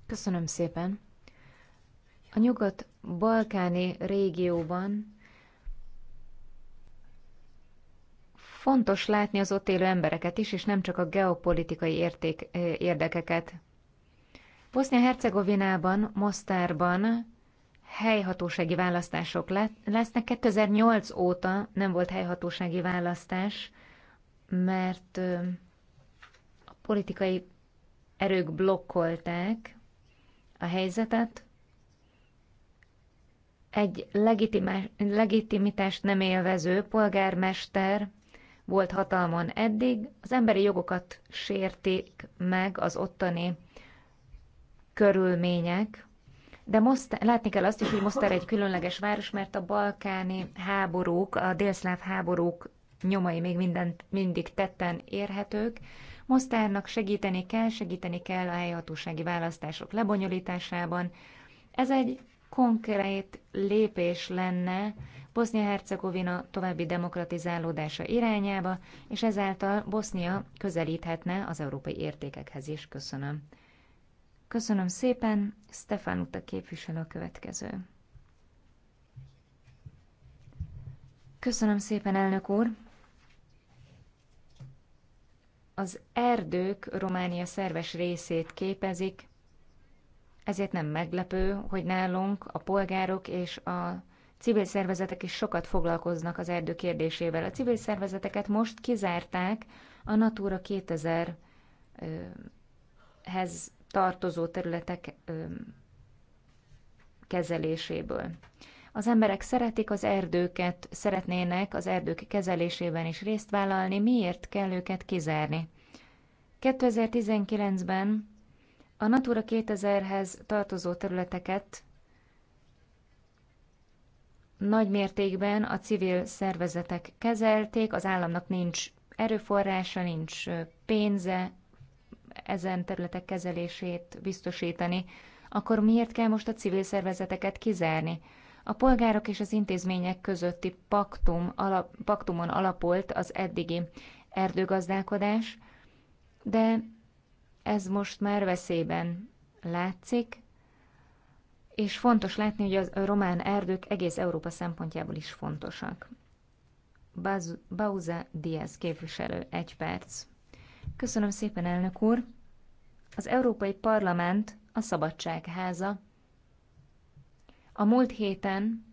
Köszönöm szépen. A nyugat-balkáni régióban fontos látni az ott élő embereket is, és nem csak a geopolitikai érték, eh, érdekeket. Bosznia-Hercegovinában, Mostárban helyhatósági választások lesznek. 2008 óta nem volt helyhatósági választás, mert a politikai erők blokkolták a helyzetet. Egy legitimitást nem élvező polgármester volt hatalmon eddig, az emberi jogokat sérték meg az ottani körülmények, de most látni kell azt is, hogy Mostar er egy különleges város, mert a balkáni háborúk, a délszláv háborúk nyomai még minden, mindig tetten érhetők. Mostárnak segíteni kell, segíteni kell a helyhatósági választások lebonyolításában. Ez egy konkrét lépés lenne Bosznia-Hercegovina további demokratizálódása irányába, és ezáltal Bosznia közelíthetne az európai értékekhez is. Köszönöm. Köszönöm szépen, Stefan Uta képviselő a következő. Köszönöm szépen, elnök úr! Az erdők Románia szerves részét képezik, ezért nem meglepő, hogy nálunk a polgárok és a civil szervezetek is sokat foglalkoznak az erdő kérdésével. A civil szervezeteket most kizárták a Natura 2000-hez tartozó területek kezeléséből. Az emberek szeretik az erdőket, szeretnének az erdők kezelésében is részt vállalni, miért kell őket kizárni? 2019-ben a Natura 2000-hez tartozó területeket nagy mértékben a civil szervezetek kezelték, az államnak nincs erőforrása, nincs pénze ezen területek kezelését biztosítani, akkor miért kell most a civil szervezeteket kizárni? A polgárok és az intézmények közötti paktum, alap, paktumon alapult az eddigi erdőgazdálkodás, de ez most már veszélyben látszik, és fontos látni, hogy a román erdők egész Európa szempontjából is fontosak. Bauza Diaz képviselő, egy perc. Köszönöm szépen, elnök úr. Az Európai Parlament a Szabadságháza. A múlt héten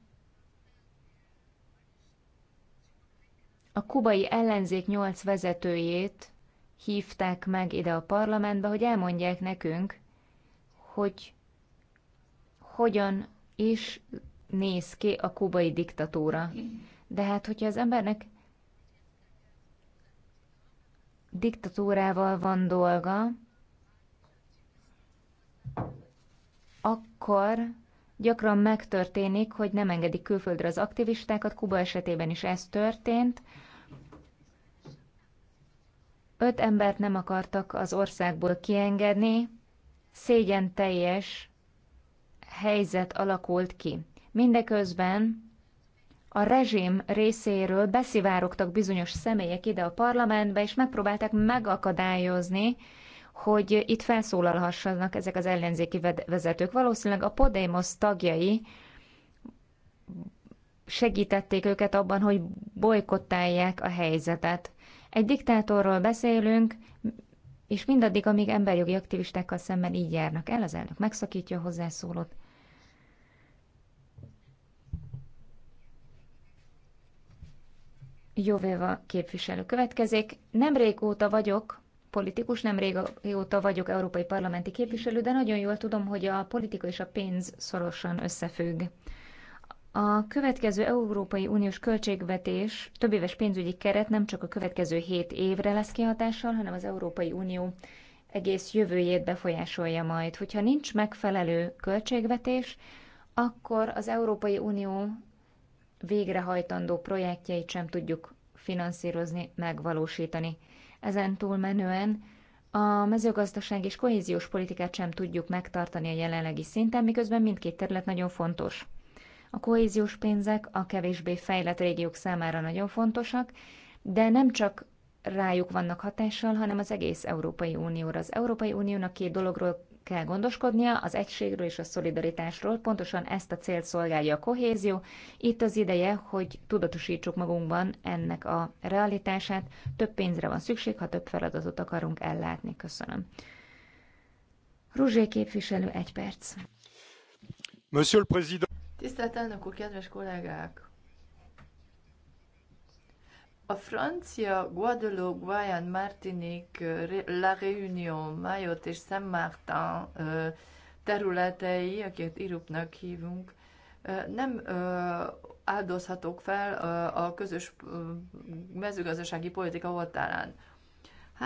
a kubai ellenzék nyolc vezetőjét hívták meg ide a parlamentbe, hogy elmondják nekünk, hogy hogyan is néz ki a kubai diktatúra. De hát, hogyha az embernek diktatúrával van dolga, akkor gyakran megtörténik, hogy nem engedik külföldre az aktivistákat, Kuba esetében is ez történt. Öt embert nem akartak az országból kiengedni, szégyen teljes helyzet alakult ki. Mindeközben a rezsim részéről beszivárogtak bizonyos személyek ide a parlamentbe, és megpróbálták megakadályozni, hogy itt felszólalhassanak ezek az ellenzéki vezetők. Valószínűleg a Podemos tagjai segítették őket abban, hogy bolykottálják a helyzetet. Egy diktátorról beszélünk, és mindaddig, amíg emberjogi aktivistákkal szemben így járnak el, az elnök megszakítja a hozzászólót. Jóvéva képviselő következik. Nem régóta vagyok politikus, nem régóta vagyok európai parlamenti képviselő, de nagyon jól tudom, hogy a politika és a pénz szorosan összefügg. A következő Európai Uniós költségvetés több éves pénzügyi keret nem csak a következő hét évre lesz kihatással, hanem az Európai Unió egész jövőjét befolyásolja majd. Hogyha nincs megfelelő költségvetés, akkor az Európai Unió végrehajtandó projektjeit sem tudjuk finanszírozni, megvalósítani. Ezen túlmenően a mezőgazdaság és kohéziós politikát sem tudjuk megtartani a jelenlegi szinten, miközben mindkét terület nagyon fontos. A kohéziós pénzek a kevésbé fejlett régiók számára nagyon fontosak, de nem csak rájuk vannak hatással, hanem az egész Európai Unióra. Az Európai Uniónak két dologról kell gondoskodnia az egységről és a szolidaritásról. Pontosan ezt a célt szolgálja a kohézió. Itt az ideje, hogy tudatosítsuk magunkban ennek a realitását. Több pénzre van szükség, ha több feladatot akarunk ellátni. Köszönöm. Ruzsé képviselő, egy perc. Monsieur le Président. Tisztelt elnök úr, kedves kollégák! A francia Guadeloupe, Guayan, Martinique, euh, La Réunion, Mayotte és Saint Martin euh, területei, akiket Irupnak hívunk, euh, nem áldozhatók fel a közös mezőgazdasági politika oltárán.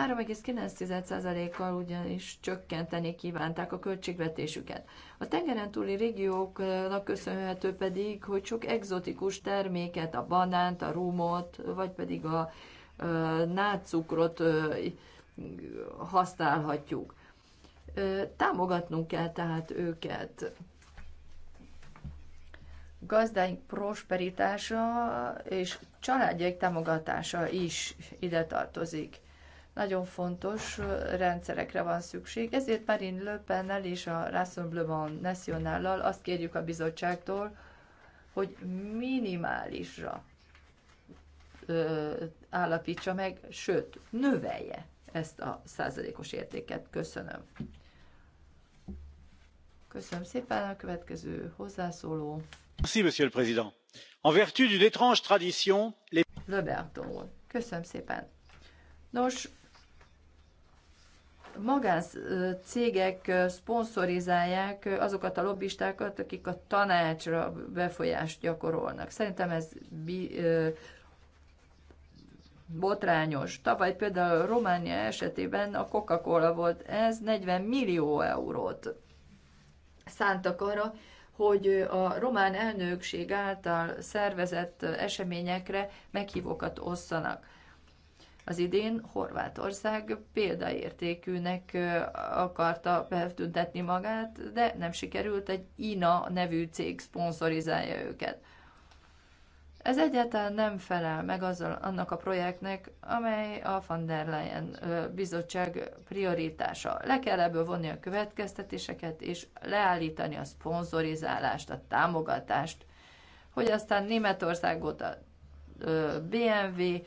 3,9%-kal ugyanis csökkenteni kívánták a költségvetésüket. A tengeren túli régióknak köszönhető pedig, hogy sok egzotikus terméket, a banánt, a rumot, vagy pedig a nátszukrot használhatjuk. Támogatnunk kell tehát őket. Gazdáink prosperitása és családjaik támogatása is ide tartozik nagyon fontos rendszerekre van szükség. Ezért Marine Le pen és a Rassemblement Nationallal azt kérjük a bizottságtól, hogy minimálisra ö, állapítsa meg, sőt, növelje ezt a százalékos értéket. Köszönöm. Köszönöm szépen a következő hozzászóló. Merci, monsieur le président. En vertu d'une étrange tradition, les... Roberto, köszönöm szépen. Nos, cégek szponszorizálják azokat a lobbistákat, akik a tanácsra befolyást gyakorolnak. Szerintem ez bi, ö, botrányos. Tavaly például Románia esetében a Coca-Cola volt, ez 40 millió eurót szántak arra, hogy a román elnökség által szervezett eseményekre meghívókat osszanak az idén Horvátország példaértékűnek akarta feltüntetni magát, de nem sikerült, egy INA nevű cég szponzorizálja őket. Ez egyáltalán nem felel meg azzal, annak a projektnek, amely a van der Leyen bizottság prioritása. Le kell ebből vonni a következtetéseket, és leállítani a szponzorizálást, a támogatást, hogy aztán Németországot, a BMW,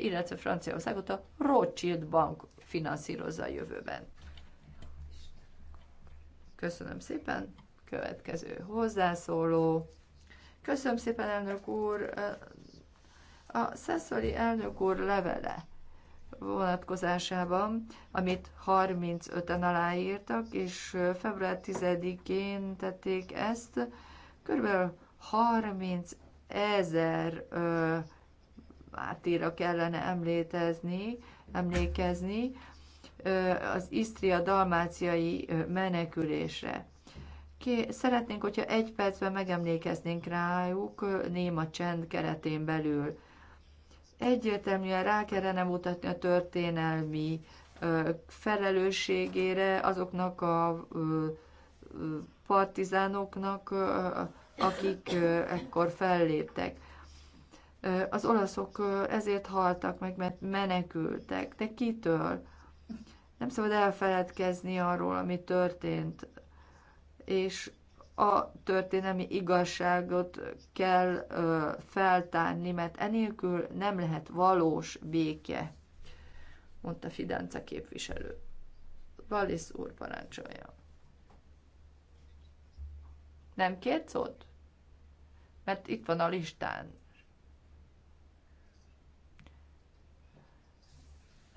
illetve Franciaországot a Rothschild Bank finanszírozza a jövőben. Köszönöm szépen. Következő hozzászóló. Köszönöm szépen, elnök úr. A Szeszori elnök úr levele vonatkozásában, amit 35-en aláírtak, és február 10-én tették ezt, kb. 30 ezer ö, mártíra kellene emlétezni, emlékezni ö, az Isztria-dalmáciai menekülésre. Ké, szeretnénk, hogyha egy percben megemlékeznénk rájuk néma csend keretén belül. Egyértelműen rá kellene mutatni a történelmi ö, felelősségére azoknak a ö, partizánoknak, ö, akik ekkor felléptek. Az olaszok ezért haltak meg, mert menekültek. De kitől? Nem szabad elfeledkezni arról, ami történt, és a történelmi igazságot kell feltárni, mert enélkül nem lehet valós béke, mondta Fidánca képviselő. Valisz úr parancsolja. Nem két szót? Mert itt van a listán.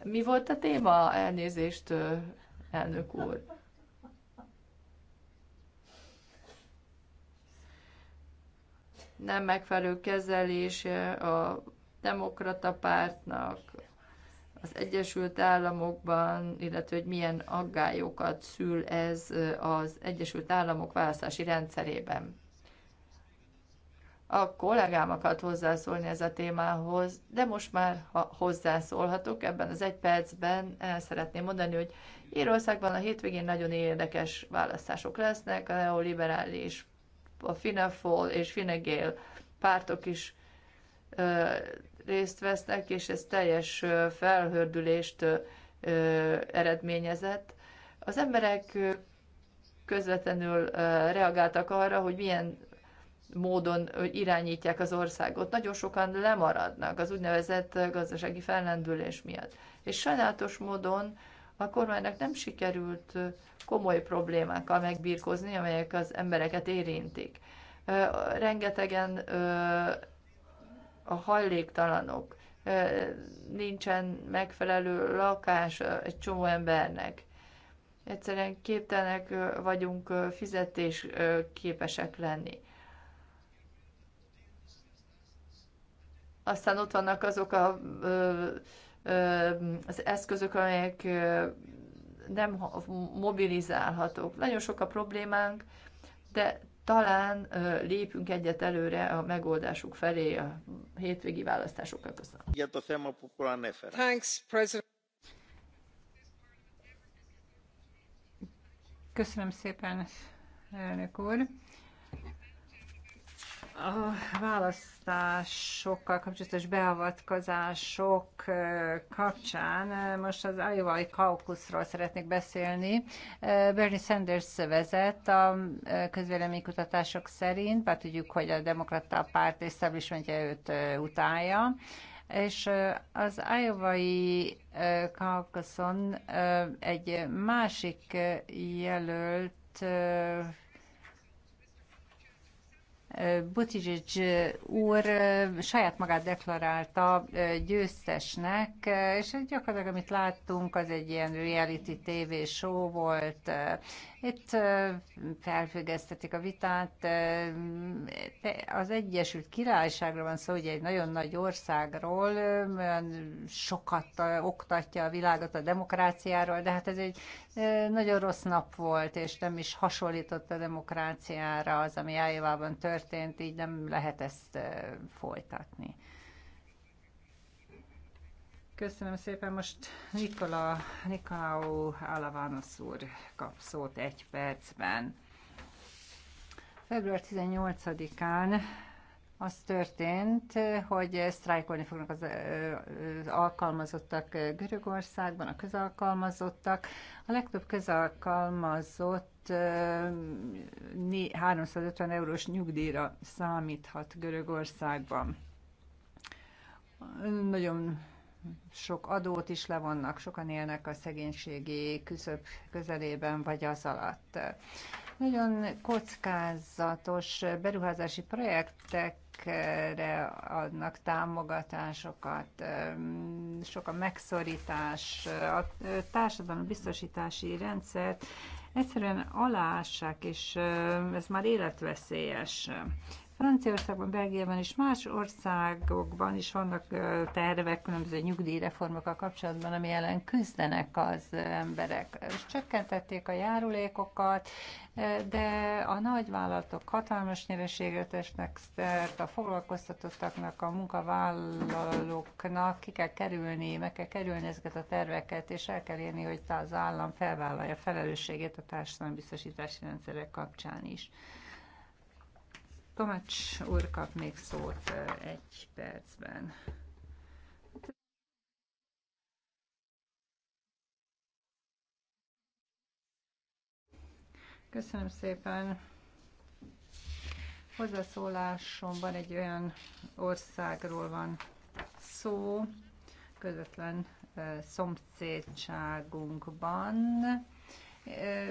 Mi volt a téma? Elnézést, elnök úr. Nem megfelelő kezelés a demokrata pártnak, az Egyesült Államokban, illetve hogy milyen aggályokat szül ez az Egyesült Államok választási rendszerében. A kollégám akart hozzászólni ez a témához, de most már ha hozzászólhatok ebben az egy percben, el szeretném mondani, hogy Írországban a hétvégén nagyon érdekes választások lesznek, a neoliberális, a Finafol és Finegél pártok is részt vesznek, és ez teljes felhördülést eredményezett. Az emberek közvetlenül reagáltak arra, hogy milyen módon irányítják az országot. Nagyon sokan lemaradnak az úgynevezett gazdasági fellendülés miatt. És sajnálatos módon a kormánynak nem sikerült komoly problémákkal megbírkozni, amelyek az embereket érintik. Rengetegen a hajléktalanok, nincsen megfelelő lakás egy csomó embernek. Egyszerűen képtelenek vagyunk fizetés képesek lenni. Aztán ott vannak azok a, az eszközök, amelyek nem mobilizálhatók. Nagyon sok a problémánk, de talán lépünk egyet előre a megoldásuk felé a hétvégi választásokkal. Köszönöm. Thanks, President. Köszönöm szépen, elnök úr. A választásokkal kapcsolatos beavatkozások kapcsán most az Iowa-i kaukuszról szeretnék beszélni. Bernie Sanders vezet a közvéleménykutatások szerint, bár tudjuk, hogy a demokrata párt establishmentje őt utálja, és az Iowa-i kaukuszon egy másik jelölt Buttigieg úr saját magát deklarálta győztesnek, és gyakorlatilag amit láttunk, az egy ilyen reality TV show volt, itt felfüggesztetik a vitát. Az Egyesült Királyságra van szó, ugye egy nagyon nagy országról, olyan sokat oktatja a világot a demokráciáról, de hát ez egy nagyon rossz nap volt, és nem is hasonlított a demokráciára az, ami Ájvában történt, így nem lehet ezt folytatni. Köszönöm szépen. Most Nikola, Nikolau Alavanos úr kap szót egy percben. Február 18-án az történt, hogy sztrájkolni fognak az alkalmazottak Görögországban, a közalkalmazottak. A legtöbb közalkalmazott 350 eurós nyugdíjra számíthat Görögországban. Nagyon sok adót is levonnak, sokan élnek a szegénységi küszöb közelében vagy az alatt. Nagyon kockázatos beruházási projektek adnak támogatásokat, sok a megszorítás, a társadalmi biztosítási rendszert egyszerűen alássák, és ez már életveszélyes. Franciaországban, Belgiában és más országokban is vannak tervek, különböző nyugdíjreformokkal kapcsolatban, ami ellen küzdenek az emberek. Csökkentették a járulékokat, de a nagyvállalatok hatalmas nyereséget esnek szert, a foglalkoztatottaknak, a munkavállalóknak ki kell kerülni, meg kell kerülni ezeket a terveket, és el kell érni, hogy az állam felvállalja felelősségét a társadalombiztosítási rendszerek kapcsán is. Tomács úr kap még szót egy percben. Köszönöm szépen. Hozzászólásomban egy olyan országról van szó, közvetlen szomszédságunkban,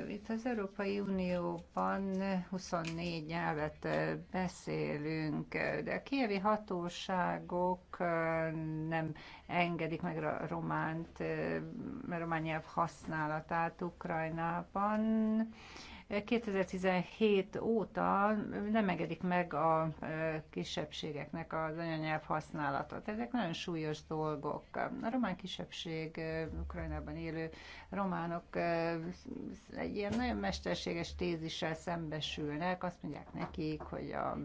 itt az Európai Unióban 24 nyelvet beszélünk, de a kievi hatóságok nem engedik meg a románt, a román nyelv használatát Ukrajnában. 2017 óta nem engedik meg a kisebbségeknek az anyanyelv használatot. Ezek nagyon súlyos dolgok. A román kisebbség, Ukrajnában élő románok egy ilyen nagyon mesterséges tézissel szembesülnek, azt mondják nekik, hogy a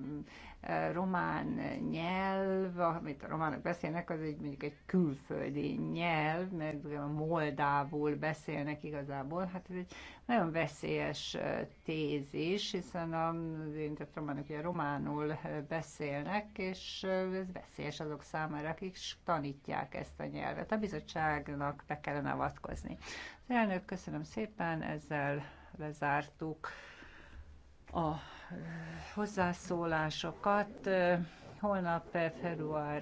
román nyelv, amit a románok beszélnek, az egy mondjuk egy külföldi nyelv, mert a moldávul beszélnek igazából, hát ez egy nagyon veszélyes tézis, hiszen a, tehát románok ugye románul beszélnek, és ez veszélyes azok számára, akik tanítják ezt a nyelvet. A bizottságnak be kellene avatkozni. Az elnök, köszönöm szépen, ezzel lezártuk a hozzászólásokat. Holnap február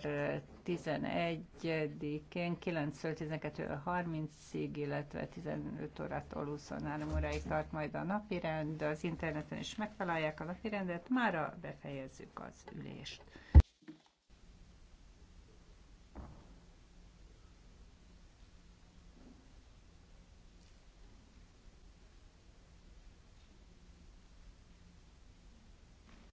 11-én 9-12.30-ig, illetve 15 órától 23 óráig tart majd a napirend, az interneten is megtalálják a napirendet, mára befejezzük az ülést.